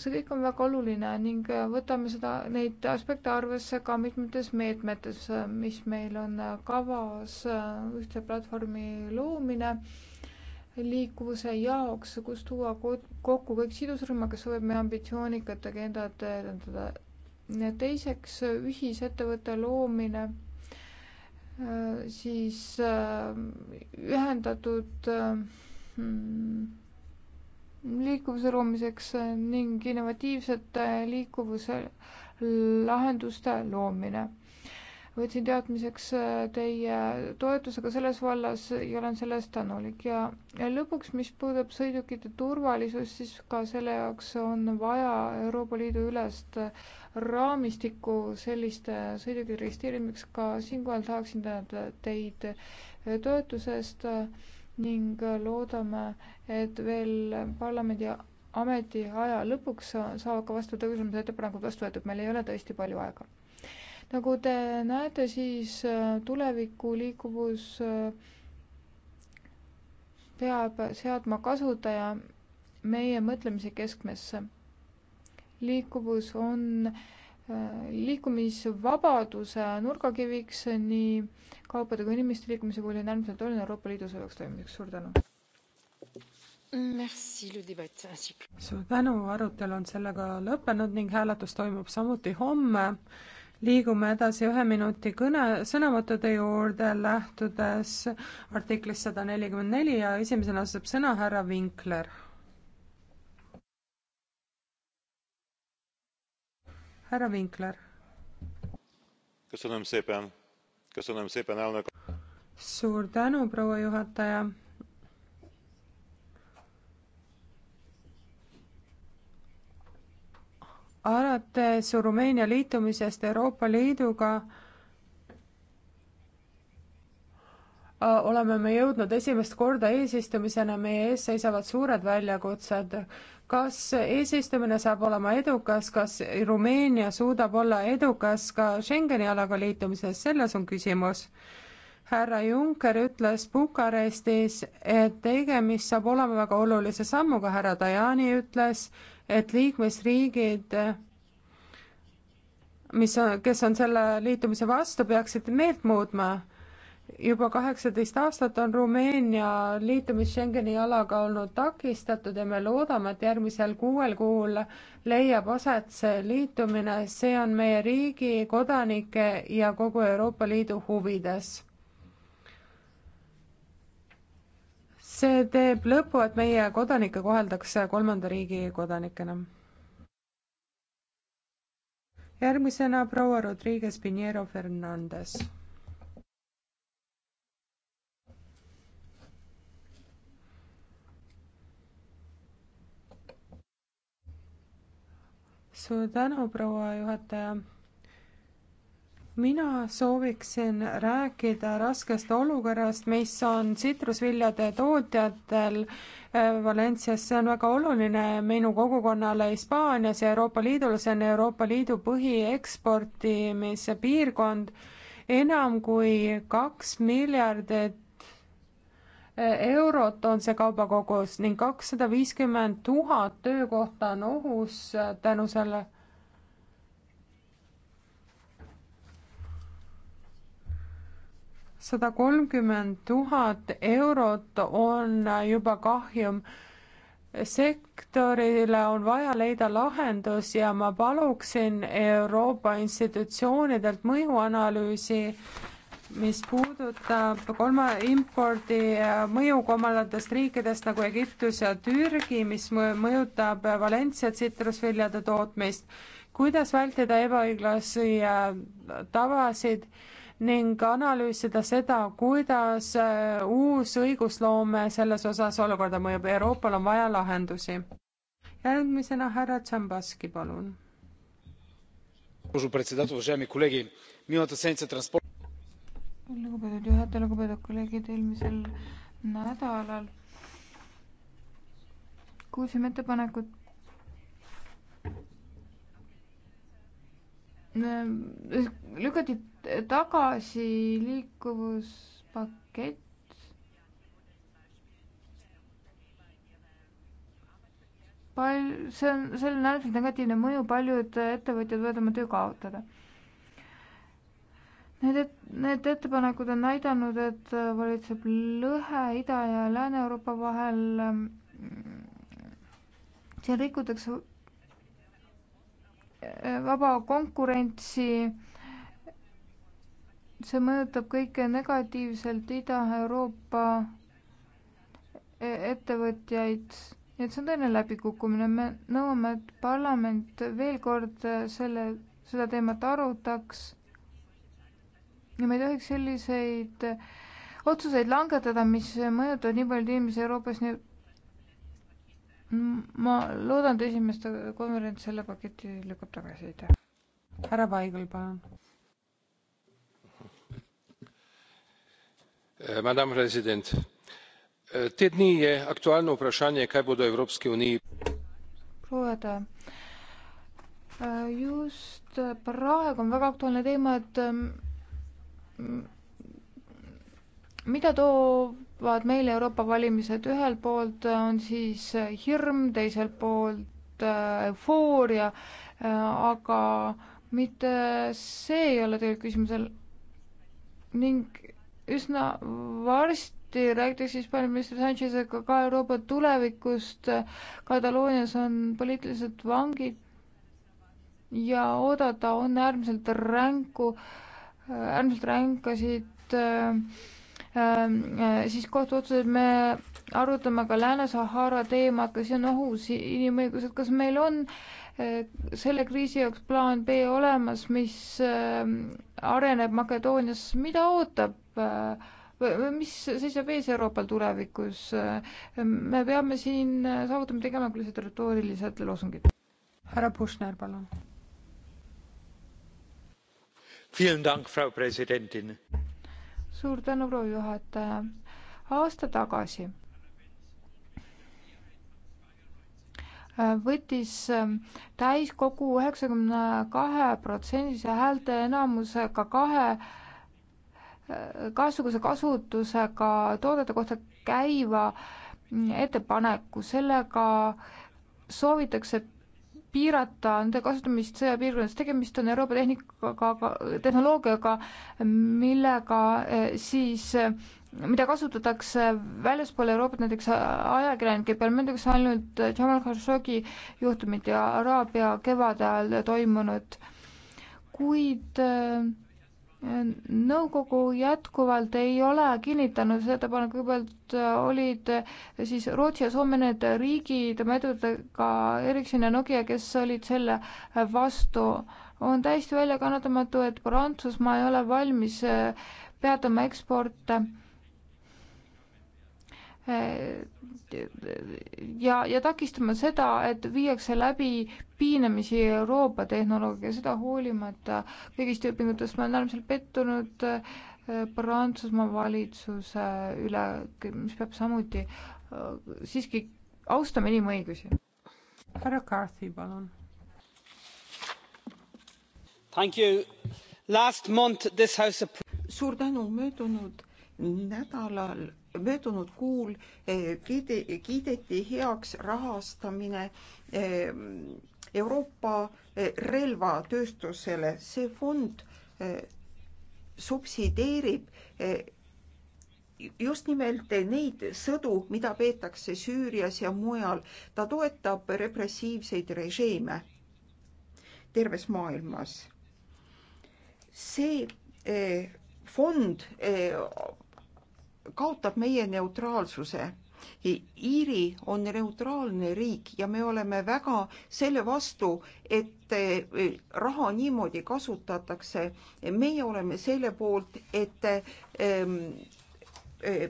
see kõik on väga oluline ning äh, võtame seda, neid aspekte arvesse ka mitmetes meetmetes, äh, mis meil on äh, kavas, ühtse platvormi loomine liikuvuse jaoks, kus tuua kokku kõik sidusrühmad, kes soovib meie ambitsioonikat agendat edendada. teiseks, ühisettevõtte loomine, siis ühendatud hmm, liikuvuse loomiseks ning innovatiivsete liikuvuse lahenduste loomine. võtsin teadmiseks äh, teie toetuse ka selles vallas ja olen selle eest tänulik ja, ja lõpuks, mis puudutab sõidukite turvalisust, siis ka selle jaoks on vaja Euroopa Liidu ülest raamistikku selliste sõidukite registreerimiseks, ka siinkohal tahaksin tänada teid toetuse eest ning loodame, et veel parlamendi ametiaja lõpuks saavad ka vastavad õigusloomeettepanekud vastu võetud, meil ei ole tõesti palju aega. nagu te näete, siis äh, tuleviku liikuvus äh, peab seadma kasutaja meie mõtlemise keskmesse. liikuvus on äh, liikumisvabaduse nurgakiviks nii kaupade kui inimeste liikumise puhul on äärmiselt oluline Euroopa Liidu sõjaks toimimiseks. suur tänu! suur tänu, arutelu on sellega lõppenud ning hääletus toimub samuti homme. liigume edasi ühe minuti kõne, sõnavõttude juurde, lähtudes artiklist sada nelikümmend neli ja esimesena saab sõna härra Vinkler härra Vinkler. suur tänu, proua juhataja. alates Rumeenia liitumisest Euroopa Liiduga oleme me jõudnud esimest korda eesistumisena, meie ees seisavad suured väljakutsed kas eesistumine saab olema edukas, kas Rumeenia suudab olla edukas ka Schengeni alaga liitumises, selles on küsimus. härra Juncker ütles Bukarestis, et tegemist saab olema väga olulise sammuga, härra Tajani ütles, et liikmesriigid mis on, kes on selle liitumise vastu, peaksid meelt muutma juba kaheksateist aastat on Rumeenia liitumist Schengeni alaga olnud takistatud ja me loodame, et järgmisel kuuel kuul leiab aset see liitumine, see on meie riigi, kodanike ja kogu Euroopa Liidu huvides. see teeb lõpu, et meie kodanikke koheldakse kolmanda riigi kodanikena. järgmisena proua Rodriguez Pinheiro Fernandes suur tänu, proua juhataja. mina sooviksin rääkida raskest olukorrast, mis on tsitrusviljade tootjatel äh, Valencias, see on väga oluline minu kogukonnale Hispaanias ja Euroopa Liidule, see on Euroopa Liidu põhieksportimise piirkond enam kui kaks miljardit eurot on see kaubakogus ning kakssada viiskümmend tuhat töökohta on ohus tänu selle sada kolmkümmend tuhat eurot on juba kahjum. sektorile on vaja leida lahendus ja ma paluksin Euroopa institutsioonidelt mõjuanalüüsi mis puudutab kolma impordi äh, mõju kolmandatest riikidest nagu Egiptus ja Türgi, mis mõjutab äh, Valencia tsitrusviljade tootmist. kuidas vältida ebaõiglasi äh, tavasid ning analüüsida seda, kuidas uus õigusloome selles osas olukorda mõjub. Euroopal on vaja lahendusi. järgmisena härra Tšambaski, palun lugupeetud juhataja, lugupeetud kolleegid, eelmisel nädalal kuulsime ettepanekut ehm, lükati tagasi liikuvuspakett. pal-, see on, sellel on äärmiselt negatiivne mõju, paljud ettevõtjad võivad oma töö kaotada Need et,, need ettepanekud on näidanud, et äh, valitseb lõhe Ida- ja Lääne-Euroopa vahel. Ähm, siin rikutakse äh, vaba konkurentsi. see mõjutab kõike negatiivselt Ida-Euroopa e-, ettevõtjaid nii et see on tõeline läbikukkumine, me nõuame, et parlament veel kord äh, selle, seda teemat arutaks ja me ei tohiks selliseid äh, otsuseid langetada, mis mõjutavad nii paljusid inimesi Euroopas, nii ma loodan, et esimeste konverents selle paketi lükkab tagasi, aitäh. härra Paigel, palun. Äh, madam president, äh, te dni je eh, aktualno vprašanje, kaj bodo Evropski uniji. proua Eda just praegu on väga aktuaalne teema, et ähm, mida toovad meile Euroopa valimised, ühelt poolt on siis hirm, teiselt poolt äh, eufooria, äh, aga mitte see ei ole tegelikult küsimusel ning üsna varsti räägitakse Hispaania minister Sanchezega ka Euroopa tulevikust. Kataloonias on poliitilised vangid ja oodata on äärmiselt ränku äh, äärmiselt ränkasid äh, äh, siis kohtuotsused, me arutame ka Lääne-Sahara teemat, kas see on ohus, inimõigused, kas meil on äh, selle kriisi jaoks plaan B olemas, mis areneb Makedoonias, mida ootab või mis seisab ees Euroopal tulevikus? me peame siin saavutama tegema küll lihtsalt retoorilised loosungid. härra Pushner, palun frau präsidentin! suur tänu proua juhataja! aasta tagasi võttis ähm, täiskogu üheksakümne kahe protsendise häälteenamusega kahe äh, kahesuguse kasutusega toodete kohta käiva ettepaneku. sellega soovitakse piirata nende kasutamist sõjapiirkondades, tegemist on Euroopa tehnikaga, tehnoloogiaga, millega eh, siis eh, mida kasutatakse väljaspool Euroopat näiteks ajakirjanike peal, mõeldakse ainult Jamal Khashoggi juhtumit ja Araabia kevade ajal toimunut, kuid äh, nõukogu jätkuvalt ei ole kinnitanud seda ettepanekut, kõigepealt äh, olid äh, siis Rootsi ja Soome need riigid medudega Ericsson ja Nokia, kes olid selle äh, vastu. on täiesti väljakannatamatu, et Prantsusmaa ei ole valmis peatama eksporte Äh, ja, ja takistama seda, et viiakse läbi piinamisi Euroopa tehnoloogiaga, seda hoolimata kõigist õpingutest, ma olen äärmiselt pettunud äh, Prantsusmaa valitsuse üle, mis peab samuti äh, siiski austama inimõigusi. härra Carthy, palun. suur tänu, möödunud nädalal möödunud kuul eh, kiideti heaks rahastamine eh, Euroopa eh, relvatööstusele. see fond subsideerib just nimelt neid sõdu, mida peetakse Süürias ja mujal. ta toetab repressiivseid režiime terves maailmas. see fond kaotab meie neutraalsuse. Iiri on neutraalne riik ja me oleme väga selle vastu, et eh, raha niimoodi kasutatakse. meie oleme selle poolt, et, ehm, eh,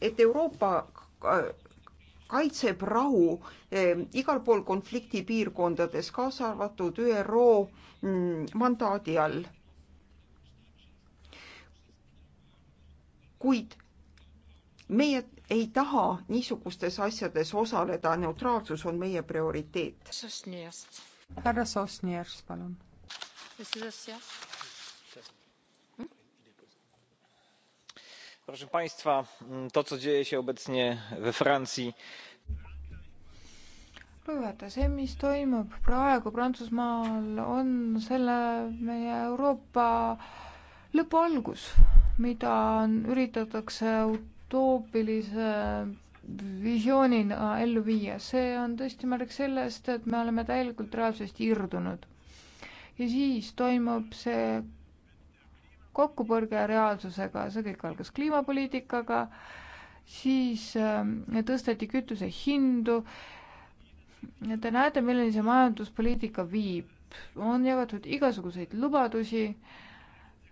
et Euroopa kaitseb rahu ehm, igal pool konfliktipiirkondades, kaasa arvatud ÜRO mm, mandaadi all kuid meie ei taha niisugustes asjades osaleda, neutraalsus on meie prioriteet. härra Sosnjärv, palun. Hmm? proszę państwa to co dzieje się obecnie we francji juhataja see mis toimub praegu prantsusmaal on selle meie euroopa lõpu algus mida üritatakse utoopilise visioonina ellu viia, see on tõesti märk sellest, et me oleme täielikult reaalsusest irdunud. ja siis toimub see kokkupõrge reaalsusega, see kõik algas kliimapoliitikaga, siis äh, tõsteti kütuse hindu. Te näete, milleni see majanduspoliitika viib, on jagatud igasuguseid lubadusi äh,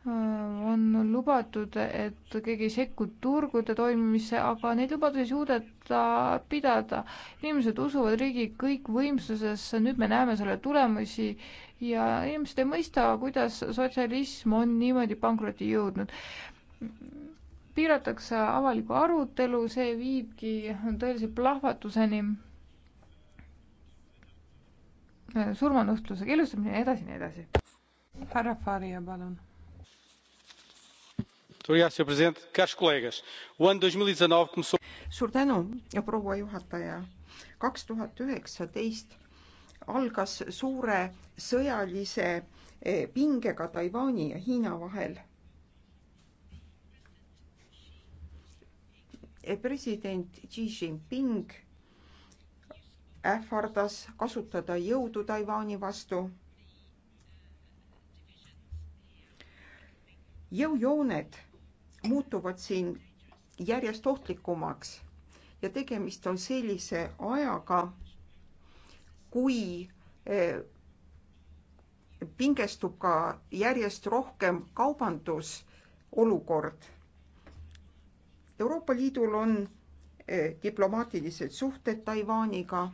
on lubatud, et keegi ei sekku turgude toimimisse, aga neid lubadusi ei suudeta pidada. inimesed usuvad riigi kõikvõimsusesse, nüüd me näeme selle tulemusi ja inimesed ei mõista, kuidas sotsialism on niimoodi pankrotti jõudnud. piiratakse avalikku arutelu, see viibki tõelise plahvatuseni, surmanuhtluse keelustamine ja nii edasi ja nii edasi. härra Faria, palun E suur tänu, proua juhataja. kaks tuhat üheksateist algas suure sõjalise eh, pingega Taiwan'i ja Hiina vahel. Eh, president Xi Jinping ähvardas kasutada jõudu Taiwan'i vastu. jõujooned muutuvad siin järjest ohtlikumaks ja tegemist on sellise ajaga, kui eh, pingestub ka järjest rohkem kaubandusolukord. Euroopa Liidul on eh, diplomaatilised suhted Taiwaniga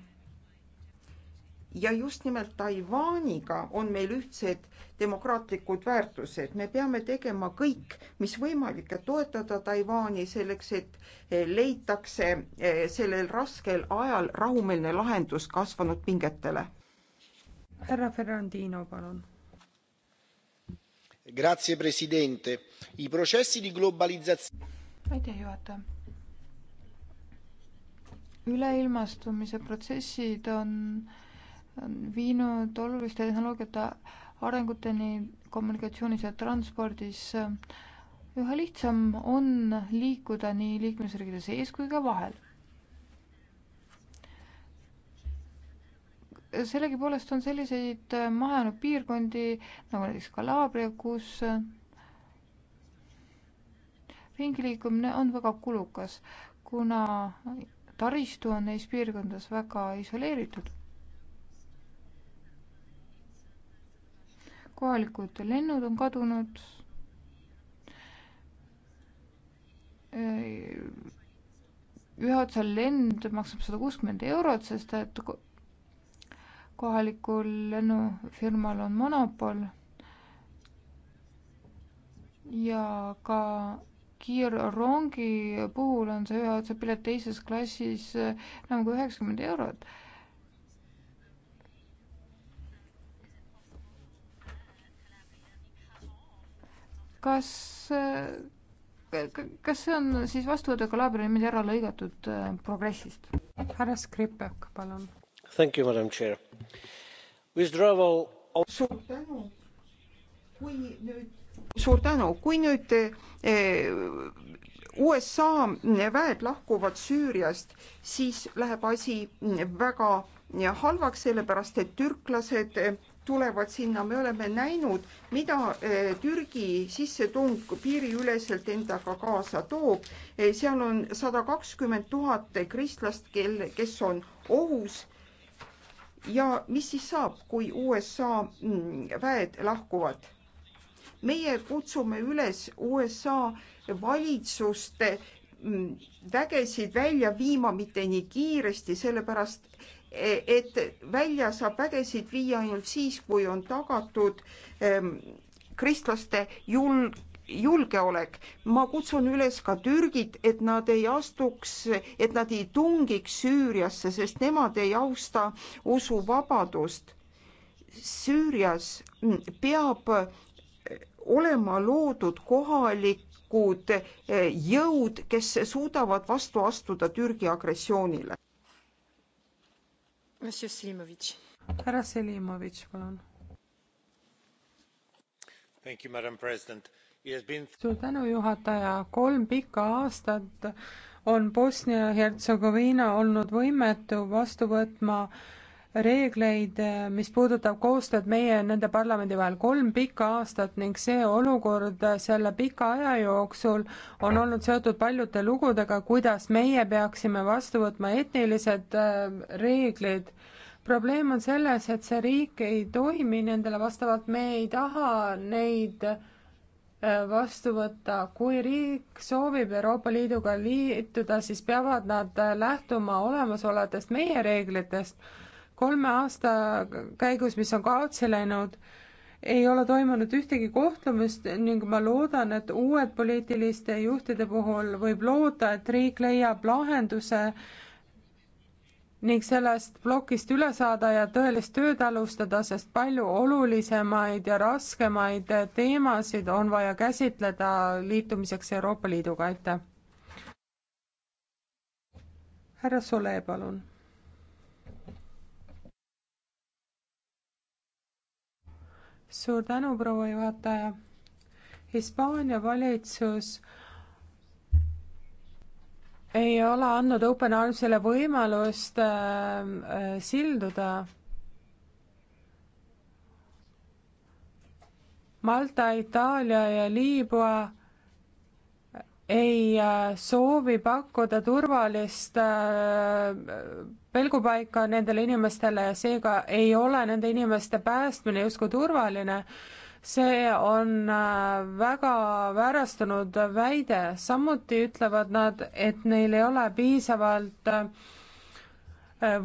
ja just nimelt Taiwaniga on meil ühtsed demokraatlikud väärtused. me peame tegema kõik, mis võimalik, et toetada Taiwan'i selleks, et eh, leitakse eh, sellel raskel ajal rahumeelne lahendus kasvanud pingetele. härra Ferrandino, palun. Grazie presidente, i processi di globalizzazione. aitäh, juhataja üleilmastumise protsessid on, on viinud oluliste tehnoloogiate arenguteni kommunikatsioonis ja transpordis, üha lihtsam on liikuda nii liikmesriikide sees kui ka vahel sellegipoolest on selliseid mahajäänud piirkondi nagu näiteks Kalaabria, kus ringiliikumine on väga kulukas, kuna taristu on neis piirkondades väga isoleeritud. kohalikud lennud on kadunud. Äh, ühe otsa lend maksab sada kuuskümmend eurot, sest et kohalikul lennufirmal on monopol. ja ka kiirrongi puhul on see ühe otsa pilet teises klassis enam äh, nagu kui üheksakümmend eurot kas, kas see on siis vastuvõtuga laabri niimoodi ära lõigatud äh, progressist? härra Skripek, palun. Thank you, madam chair. Withdrawal of... suur tänu. kui nüüd, suur tänu, kui nüüd eh, USA väed lahkuvad Süüriast, siis läheb asi väga halvaks, sellepärast et türklased eh, tulevad sinna, me oleme näinud, mida eh, Türgi sissetung piiriüleselt endaga kaasa toob. Eh, seal on sada kakskümmend tuhat kristlast, kel, kes on ohus. ja mis siis saab, kui USA mm, väed lahkuvad? meie kutsume üles USA valitsust mm, vägesid välja viima mitte nii kiiresti, sellepärast et välja saab vägesid viia ainult siis, kui on tagatud ähm, kristlaste julg julgeolek. ma kutsun üles ka Türgit, et nad ei astuks, et nad ei tungiks Süüriasse, sest nemad ei austa usuvabadust. Süürias mm, peab eh, olema loodud kohalikud eh, jõud, kes suudavad vastu astuda Türgi agressioonile härra Selimovitš, palun. Been... suur tänu, juhataja. kolm pikka aastat on Bosnia-Hertsegoviina olnud võimetu vastu võtma äh, reegleid, mis puudutab koostööd meie ja nende parlamendi vahel. kolm pikka aastat ning see olukord selle pika aja jooksul on olnud seotud paljude lugudega, kuidas meie peaksime vastu võtma etnilised äh, reeglid. probleem on selles, et see riik ei toimi nendele vastavalt, me ei taha neid äh, vastu võtta. kui riik soovib Euroopa Liiduga liituda, siis peavad nad äh, lähtuma olemasolevatest meie reeglitest kolme aasta käigus, mis on kaotsi läinud, ei ole toimunud ühtegi kohtumist ning ma loodan, et uued poliitiliste juhtide puhul võib loota, et riik leiab lahenduse ning sellest plokist üle saada ja tõelist tööd alustada, sest palju olulisemaid ja raskemaid teemasid on vaja käsitleda liitumiseks Euroopa Liiduga, aitäh. härra Sole, palun suur tänu, proua juhataja. Hispaania valitsus ei ole andnud Open Armsile võimalust äh, äh, silduda. Malta, Itaalia ja Liibüa ei äh, soovi pakkuda turvalist äh, pelgupaika nendele inimestele ja seega ei ole nende inimeste päästmine justkui turvaline, see on äh, väga väärastunud väide, samuti ütlevad nad, et neil ei ole piisavalt äh,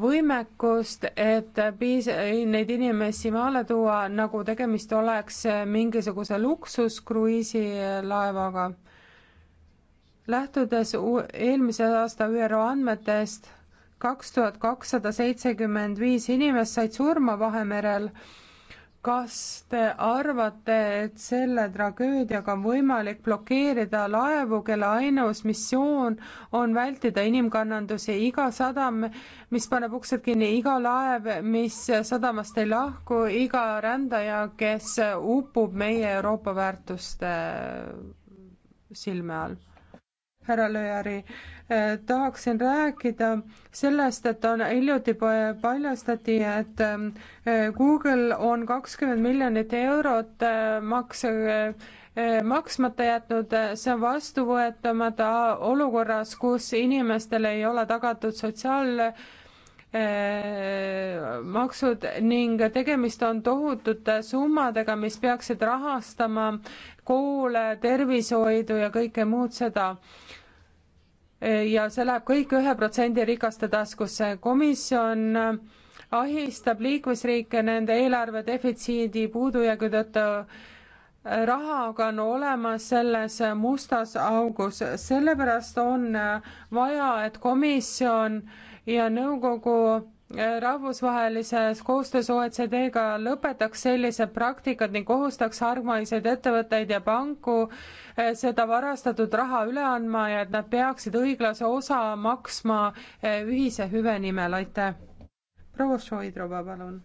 võimekust, et piis-, neid inimesi maale tuua, nagu tegemist oleks äh, mingisuguse luksuskruiisilaevaga. lähtudes eelmise aasta ÜRO andmetest, kaks tuhat kakssada seitsekümmend viis inimest said surma Vahemerel. kas te arvate, et selle tragöödiaga on võimalik blokeerida laevu, kelle ainus missioon on vältida inimkannadusi, iga sadam, mis paneb uksed kinni, iga laev, mis sadamast ei lahku, iga rändaja, kes upub meie Euroopa väärtuste silme all? härra Lööri tahaksin rääkida sellest, et on hiljuti paljastati, et ähm, Google on kakskümmend miljonit eurot äh, makse äh, maksmata jätnud, äh, see on vastuvõetamata olukorras, kus inimestele ei ole tagatud sotsiaal maksud ning tegemist on tohutute summadega, mis peaksid rahastama koole, tervishoidu ja kõike muud seda ja see läheb kõik ühe protsendi rikaste taskusse. komisjon ahistab liikmesriike nende eelarve defitsiidi puudujäägi tõttu. raha aga on olemas selles mustas augus, sellepärast on vaja, et komisjon ja nõukogu rahvusvahelises koostöös OECD-ga lõpetaks sellised praktikad ning kohustaks hargmaiseid ettevõtteid ja panku eh, seda varastatud raha üle andma ja et nad peaksid õiglase osa maksma eh, ühise hüve nimel, aitäh. proua Šoidrova, palun.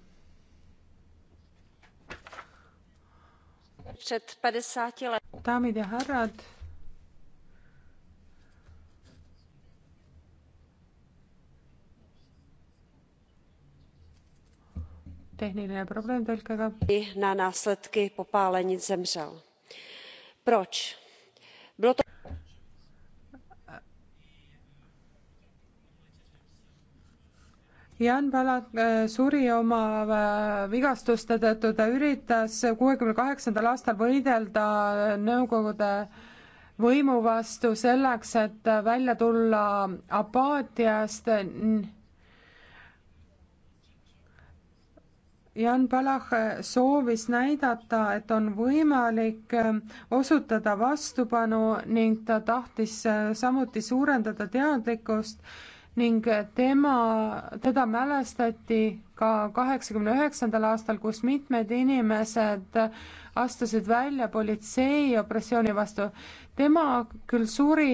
daamid ja härrad tehniline probleem tõlkega. na následky popálenin zemřel. proč? bylo to. Jan Palak eh, suri oma eh, vigastuste tõttu, ta üritas kuuekümne kaheksandal aastal võidelda Nõukogude võimu vastu selleks, et välja tulla apaatiast Jan Palach soovis näidata, et on võimalik äh, osutada vastupanu ning ta tahtis äh, samuti suurendada teadlikkust ning tema, teda mälestati ka kaheksakümne üheksandal aastal, kus mitmed inimesed astusid välja politsei opressiooni vastu. tema küll suri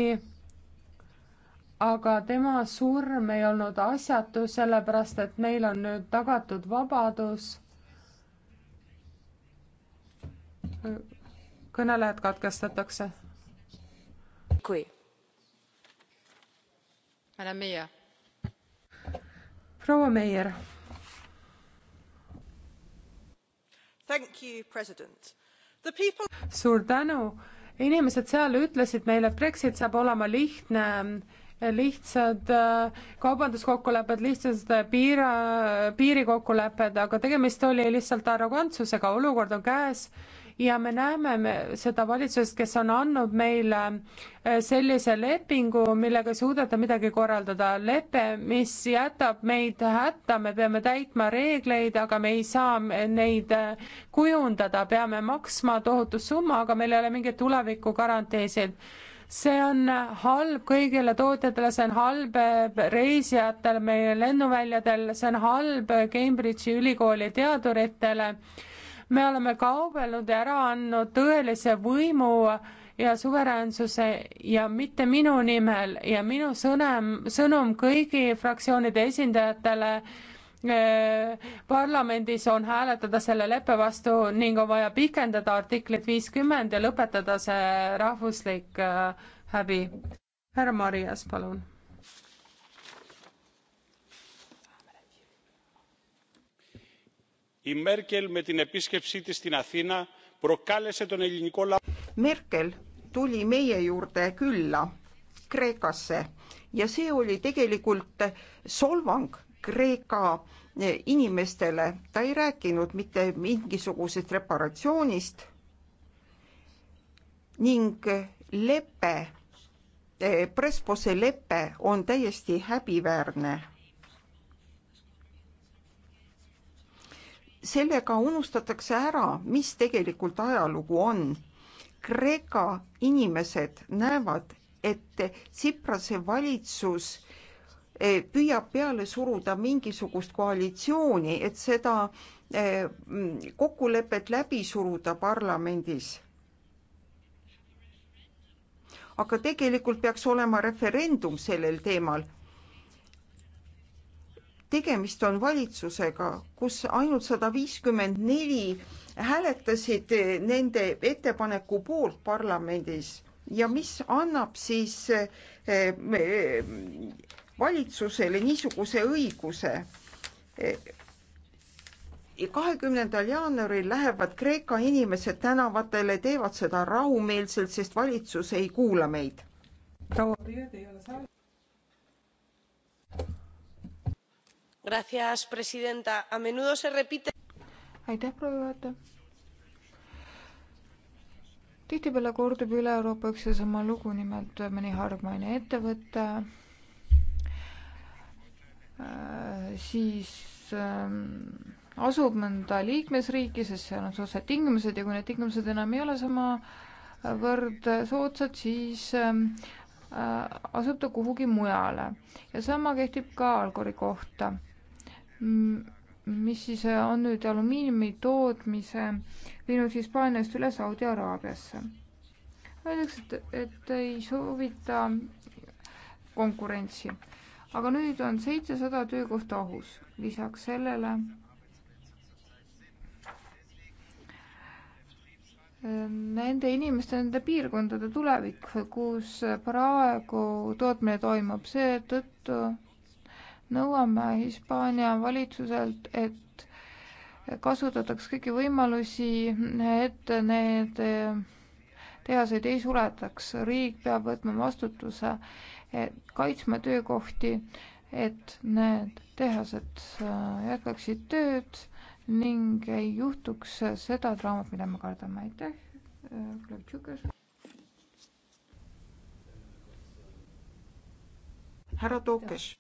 aga tema surm ei olnud asjatu, sellepärast et meil on nüüd tagatud vabadus. kõnelejad katkestatakse. kui? Madame Meier. proua Meier. People... suur tänu. inimesed seal ütlesid meile, et Brexit saab olema lihtne lihtsad äh, kaubanduskokkulepped, lihtsad äh, piira, piirikokkulepped, aga tegemist oli lihtsalt arrogantsusega, olukord on käes ja me näeme me seda valitsust, kes on andnud meile äh, sellise lepingu, millega ei suudeta midagi korraldada. lepe, mis jätab meid hätta, me peame täitma reegleid, aga me ei saa neid kujundada, peame maksma tohutu summa, aga meil ei ole mingeid tulevikugarantiisid see on halb kõigile tootjatele, see on halb reisijatele meie lennuväljadel, see on halb Cambridge'i ülikooli teaduritele. me oleme kaubelnud ja ära andnud tõelise võimu ja suveräänsuse ja mitte minu nimel ja minu sõnum, sõnum kõigi fraktsioonide esindajatele Äh, parlamendis on hääletada selle leppe vastu ning on vaja pikendada artiklit viiskümmend ja lõpetada see rahvuslik äh, häbi. härra Marias, palun. Merkel tuli meie juurde külla Kreekasse ja see oli tegelikult solvang Kreeka inimestele, ta ei rääkinud mitte mingisugusest reparatsioonist ning lepe, Prespose lepe on täiesti häbiväärne. sellega unustatakse ära, mis tegelikult ajalugu on. Kreeka inimesed näevad, et Tsiprase valitsus Eh, püüab peale suruda mingisugust koalitsiooni, et seda eh, kokkulepet läbi suruda parlamendis. aga tegelikult peaks olema referendum sellel teemal. tegemist on valitsusega, kus ainult sada viiskümmend neli hääletasid eh, nende ettepaneku poolt parlamendis ja mis annab siis eh, eh, valitsusele niisuguse õiguse. kahekümnendal jaanuaril lähevad Kreeka inimesed tänavatele, teevad seda rahumeelselt, sest valitsus ei kuula meid. proua Piret ei ole saalis. Gracias, presidenta. A menudo se repite. aitäh, proua juhataja tihtipeale kordub üle Euroopa üks ja sama lugu, nimelt mõni hargmaine ettevõte Äh, siis ähm, asub mõnda liikmesriiki, sest seal on soodsad tingimused ja kui need tingimused enam ei ole samavõrd äh, äh, soodsad, siis ähm, asub ta kuhugi mujale. ja sama kehtib ka algori kohta, mis siis on nüüd alumiiniumi tootmise viinud Hispaaniast üle Saudi Araabiasse. Öeldakse, et, et ei soovita konkurentsi aga nüüd on seitsesada töökohta ohus. lisaks sellele ehm, nende inimeste, nende piirkondade tulevik, kus praegu tootmine toimub, seetõttu nõuame Hispaania valitsuselt, et kasutataks kõiki võimalusi, et need tehaseid ei suletaks, riik peab võtma vastutuse kaitsma töökohti, et need tehased äh, jätkaksid tööd ning ei juhtuks seda draamat, mida me kardame. aitäh, äh, Kalev Tšukas. härra Tookes.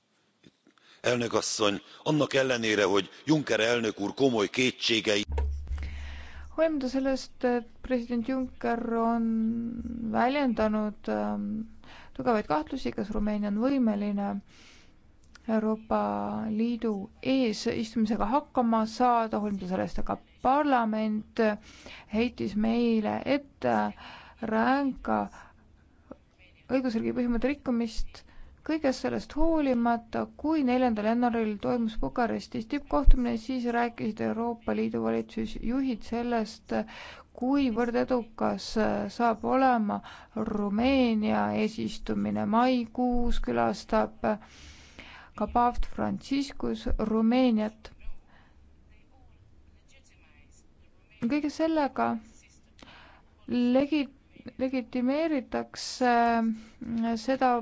elnök asszony, annak ellenére, hogy Juncker elnök úr komoly kétségei hoolimata sellest, et president Juncker on väljendanud ähm, tugevaid kahtlusi, kas Rumeenia on võimeline Euroopa Liidu eesistumisega hakkama saada, hoolimata sellest aga parlament heitis meile ette ränka õigusriigi põhimõtte rikkumist kõigest sellest hoolimata, kui neljandal jaanuaril toimus Bukarestis tippkohtumine, siis rääkisid Euroopa Liidu valitsusjuhid sellest, kuivõrd edukas äh, saab olema Rumeenia eesistumine maikuus, külastab äh, ka paavst Franciscus Rumeeniat. kõige sellega legi-, legitimeeritakse äh, seda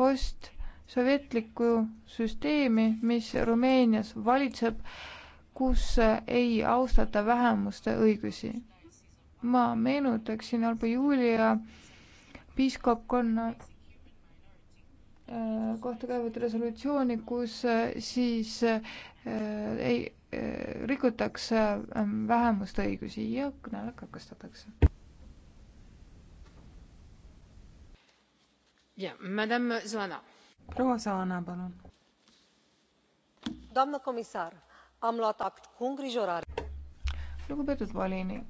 postsovjetlikku süsteemi, mis Rumeenias valitseb, kus ei austata vähemuste õigusi ma meenutaksin Alba Julia piiskopkonna äh, kohta käivat resolutsiooni, kus äh, siis äh, ei, rikutakse ähm, vähemuste õigusi ja kõnele katkestatakse. proua Saana, palun. lugupeetud volinik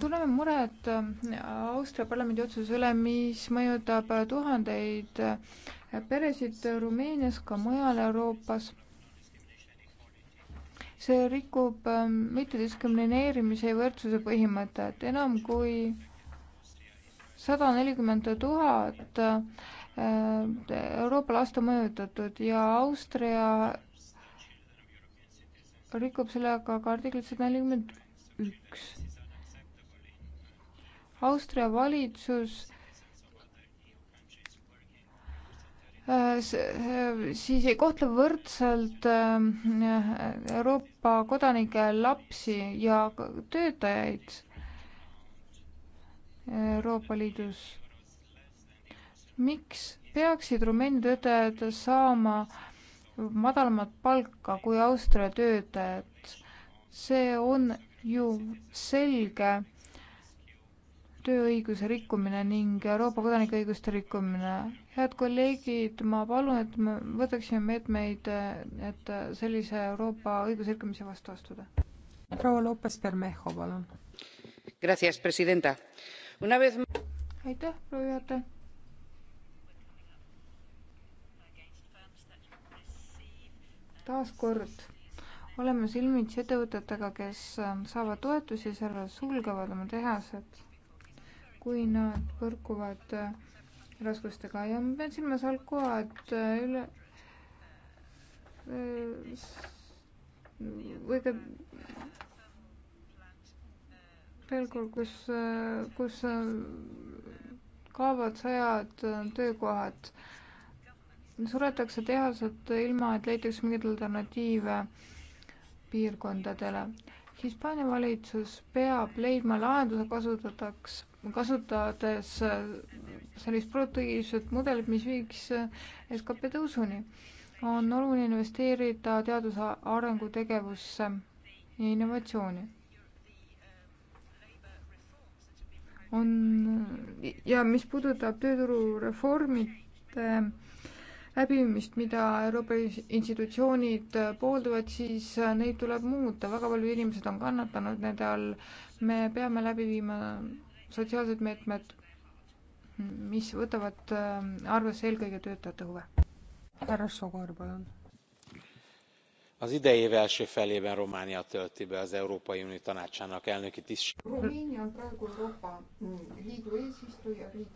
tunneme muret äh, Austria parlamendi otsuse üle, mis mõjutab tuhandeid äh, peresid Rumeenias, ka mujal Euroopas. see rikub äh, mittediskrimineerimise ja võrdsuse põhimõtet. enam kui sada nelikümmend tuhat Euroopa last on mõjutatud ja Austria rikub sellega ka artiklit sada nelikümmend üks Austria valitsus äh, äh, siis ei kohtle võrdselt äh, Euroopa kodanike lapsi ja töötajaid Euroopa Liidus. miks peaksid Rumeenia töötajad saama madalamat palka kui Austria töötajad? see on ju selge tööõiguse rikkumine ning Euroopa kodanikeõiguste rikkumine. head kolleegid, ma palun, et me võtaksime meetmeid, et sellise Euroopa õiguse rikkumise vastu astuda. proua Lopez Bermejo, palun. Vez... aitäh, proua juhataja. taaskord oleme silmitsi ettevõtetega, kes saavad toetusi, seejuures sulgevad oma tehased kui nad põrkuvad äh, raskustega ja ma pean silmas algkohad äh, üle äh, või ka pelgul, kus, kus kaovad sajad töökohad, suretakse tehased ilma, et leitaks mingeid alternatiive piirkondadele. Hispaania valitsus peab leidma lahenduse, kasutataks kasutades äh, sellist produktiivset mudelit, mis viiks äh, skp tõusuni. on oluline investeerida teaduse arengutegevusse ja innovatsiooni. on ja mis puudutab tööturureformide läbimist, mida Euroopa institutsioonid pooldavad, siis äh, neid tuleb muuta, väga paljud inimesed on kannatanud nende all. me peame läbi viima sotsiaalsed meetmed, mis võtavad äh, arvesse eelkõige töötajate huve. härra Sogor, palun. Az idei év első felében Románia tölti be az Európai Unió tanácsának elnöki tisztségét. Románia on praegu Euroopa mm, Liidu eesistujariik.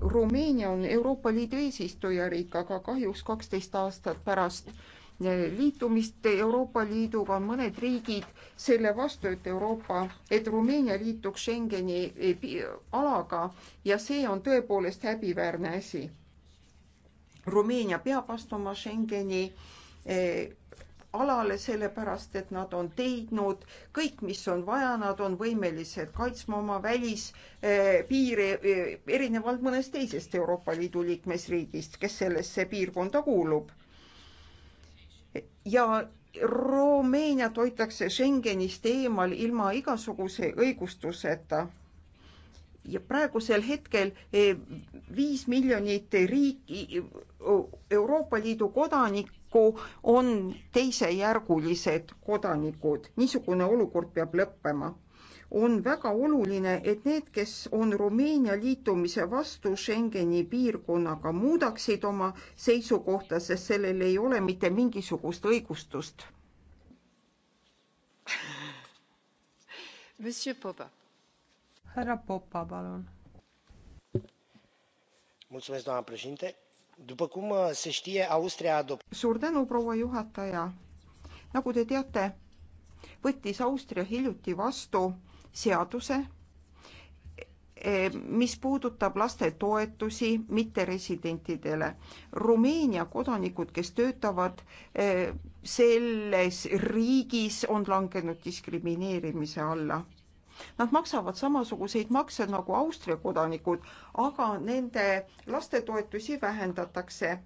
Rumeenia on Euroopa Liidu eesistujariik, aga kahjuks kaksteist aastat pärast liitumist Euroopa Liiduga, on mõned riigid selle vastu, et Euroopa, et Rumeenia liituks Schengeni eh, alaga ja see on tõepoolest häbiväärne asi. Rumeenia peab astuma Schengeni eh, alale, sellepärast et nad on teinud kõik, mis on vaja, nad on võimelised kaitsma oma välispiire eh, erinevalt mõnest teisest Euroopa Liidu liikmesriigist, kes sellesse piirkonda kuulub ja Rumeeniat hoitakse Schengenist eemal ilma igasuguse õigustuseta. ja praegusel hetkel eh, viis miljonit riiki, Euroopa Liidu kodanikku on teisejärgulised kodanikud, niisugune olukord peab lõppema on väga oluline, et need, kes on Rumeenia liitumise vastu Schengeni piirkonnaga, muudaksid oma seisukohta, sest sellel ei ole mitte mingisugust õigustust. härra Popa, palun. doamnă președintă după cum uh, se știe austria a adoptat. suur tänu proua juhataja nagu te teate võttis austria hiljuti vastu seaduse, eh, mis puudutab lastetoetusi mitteresidentidele. Rumeenia kodanikud, kes töötavad eh, selles riigis, on langenud diskrimineerimise alla Nad maksavad samasuguseid makse nagu Austria kodanikud, aga nende lastetoetusi vähendatakse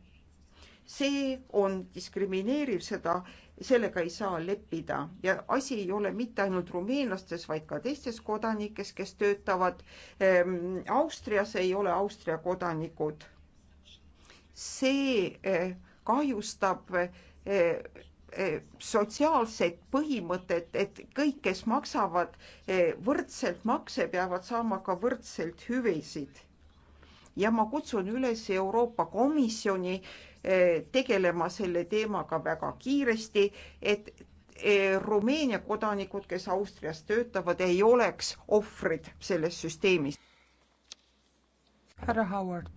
see on diskrimineeriv, seda, sellega ei saa leppida ja asi ei ole mitte ainult rumeenlastes, vaid ka teistes kodanikes, kes töötavad ähm, Austrias, ei ole Austria kodanikud. see äh, kahjustab äh, sotsiaalset põhimõtet, et kõik, kes maksavad võrdselt makse, peavad saama ka võrdselt hüvesid. ja ma kutsun üles Euroopa Komisjoni äh, Eh, tegelema selle teemaga väga kiiresti, et eh, Rumeenia kodanikud, kes Austrias töötavad, ei oleks ohvrid selles süsteemis. härra Howard,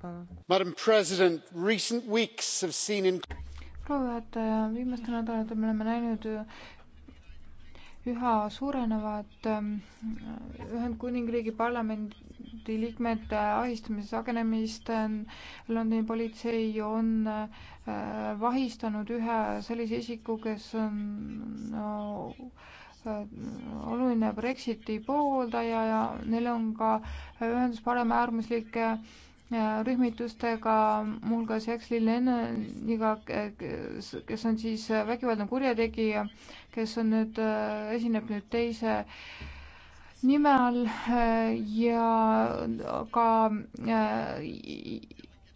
palun. proua juhataja, viimastel nädalatel me oleme näinud üha suurenevad ähm, Ühendkuningriigi parlamendi liikmete äh, ahistamise sagenemist. Äh, Londoni politsei on äh, vahistanud ühe sellise isiku, kes on no, oluline Brexiti pooldaja ja neil on ka ühendus paremäärmuslike rühmitustega, muuhulgas Jaxli Lennoniga, kes on siis vägivaldne kurjategija, kes on nüüd, äh, esineb nüüd teise nime all äh, ja ka äh,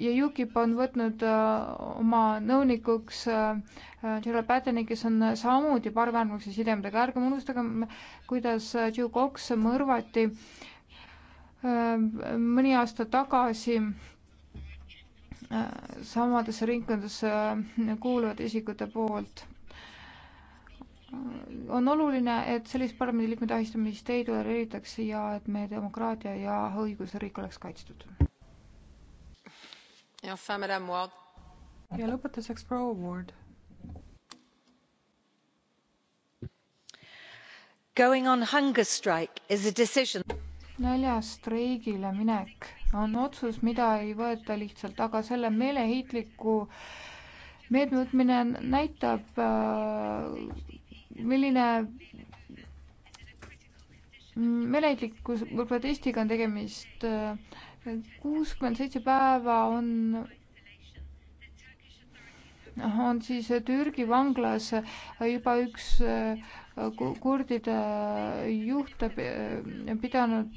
ja UKIP on võtnud oma nõunikuks Joe Pattoni, kes on samuti parväärmuse sidemedega, ärgem unustagem, kuidas Joe Cox mõrvati äh, mõni aasta tagasi äh, samadesse ringkondadesse äh, kuuluvate isikute poolt. on oluline, et sellist parlamendiliikmete ahistamist ei tolereeritaks ja et meie demokraatia ja õigusriik oleks kaitstud. ja lõpetuseks proua Ward. Going on hunger strike is a decision näljastreigile minek on otsus, mida ei võeta lihtsalt, aga selle meeleheitliku meetme võtmine näitab, äh, milline meeleheitliku protestiga on tegemist. kuuskümmend seitse päeva on on siis Türgi vanglas juba üks äh, kurdide juht pidanud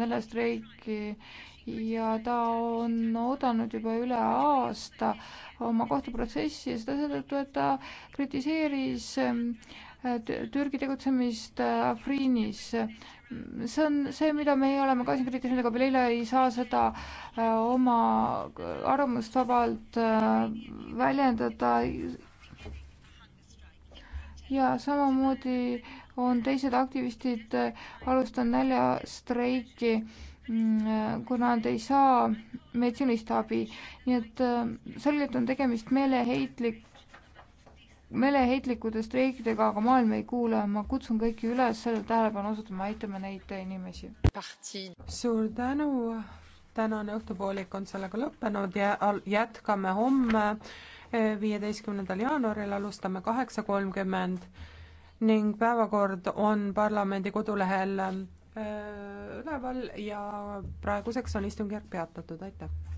nende streiki ja ta on oodanud juba üle aasta oma kohtuprotsessi ja seda seetõttu, et ta kritiseeris ehm, Türgi tegutsemist äh, Afriinis. see on see, mida meie oleme ka siin kritiseerinud, aga veel eile ei saa seda äh, oma arvamust vabalt äh, väljendada ja samamoodi on teised aktivistid äh, alustanud näljastreiki, mm, äh, kuna nad ei saa meditsiinilist abi. nii et äh, selgelt on tegemist meeleheitlik, meeleheitlikute streikidega, aga maailm ei kuule. ma kutsun kõiki üles sellele tähelepanu osutama, aitame neid inimesi. suur tänu. tänane õhtupoolik on sellega lõppenud ja jätkame homme viieteistkümnendal jaanuaril alustame kaheksa kolmkümmend ning päevakord on parlamendi kodulehel äh, üleval ja praeguseks on istungjärk peatatud, aitäh!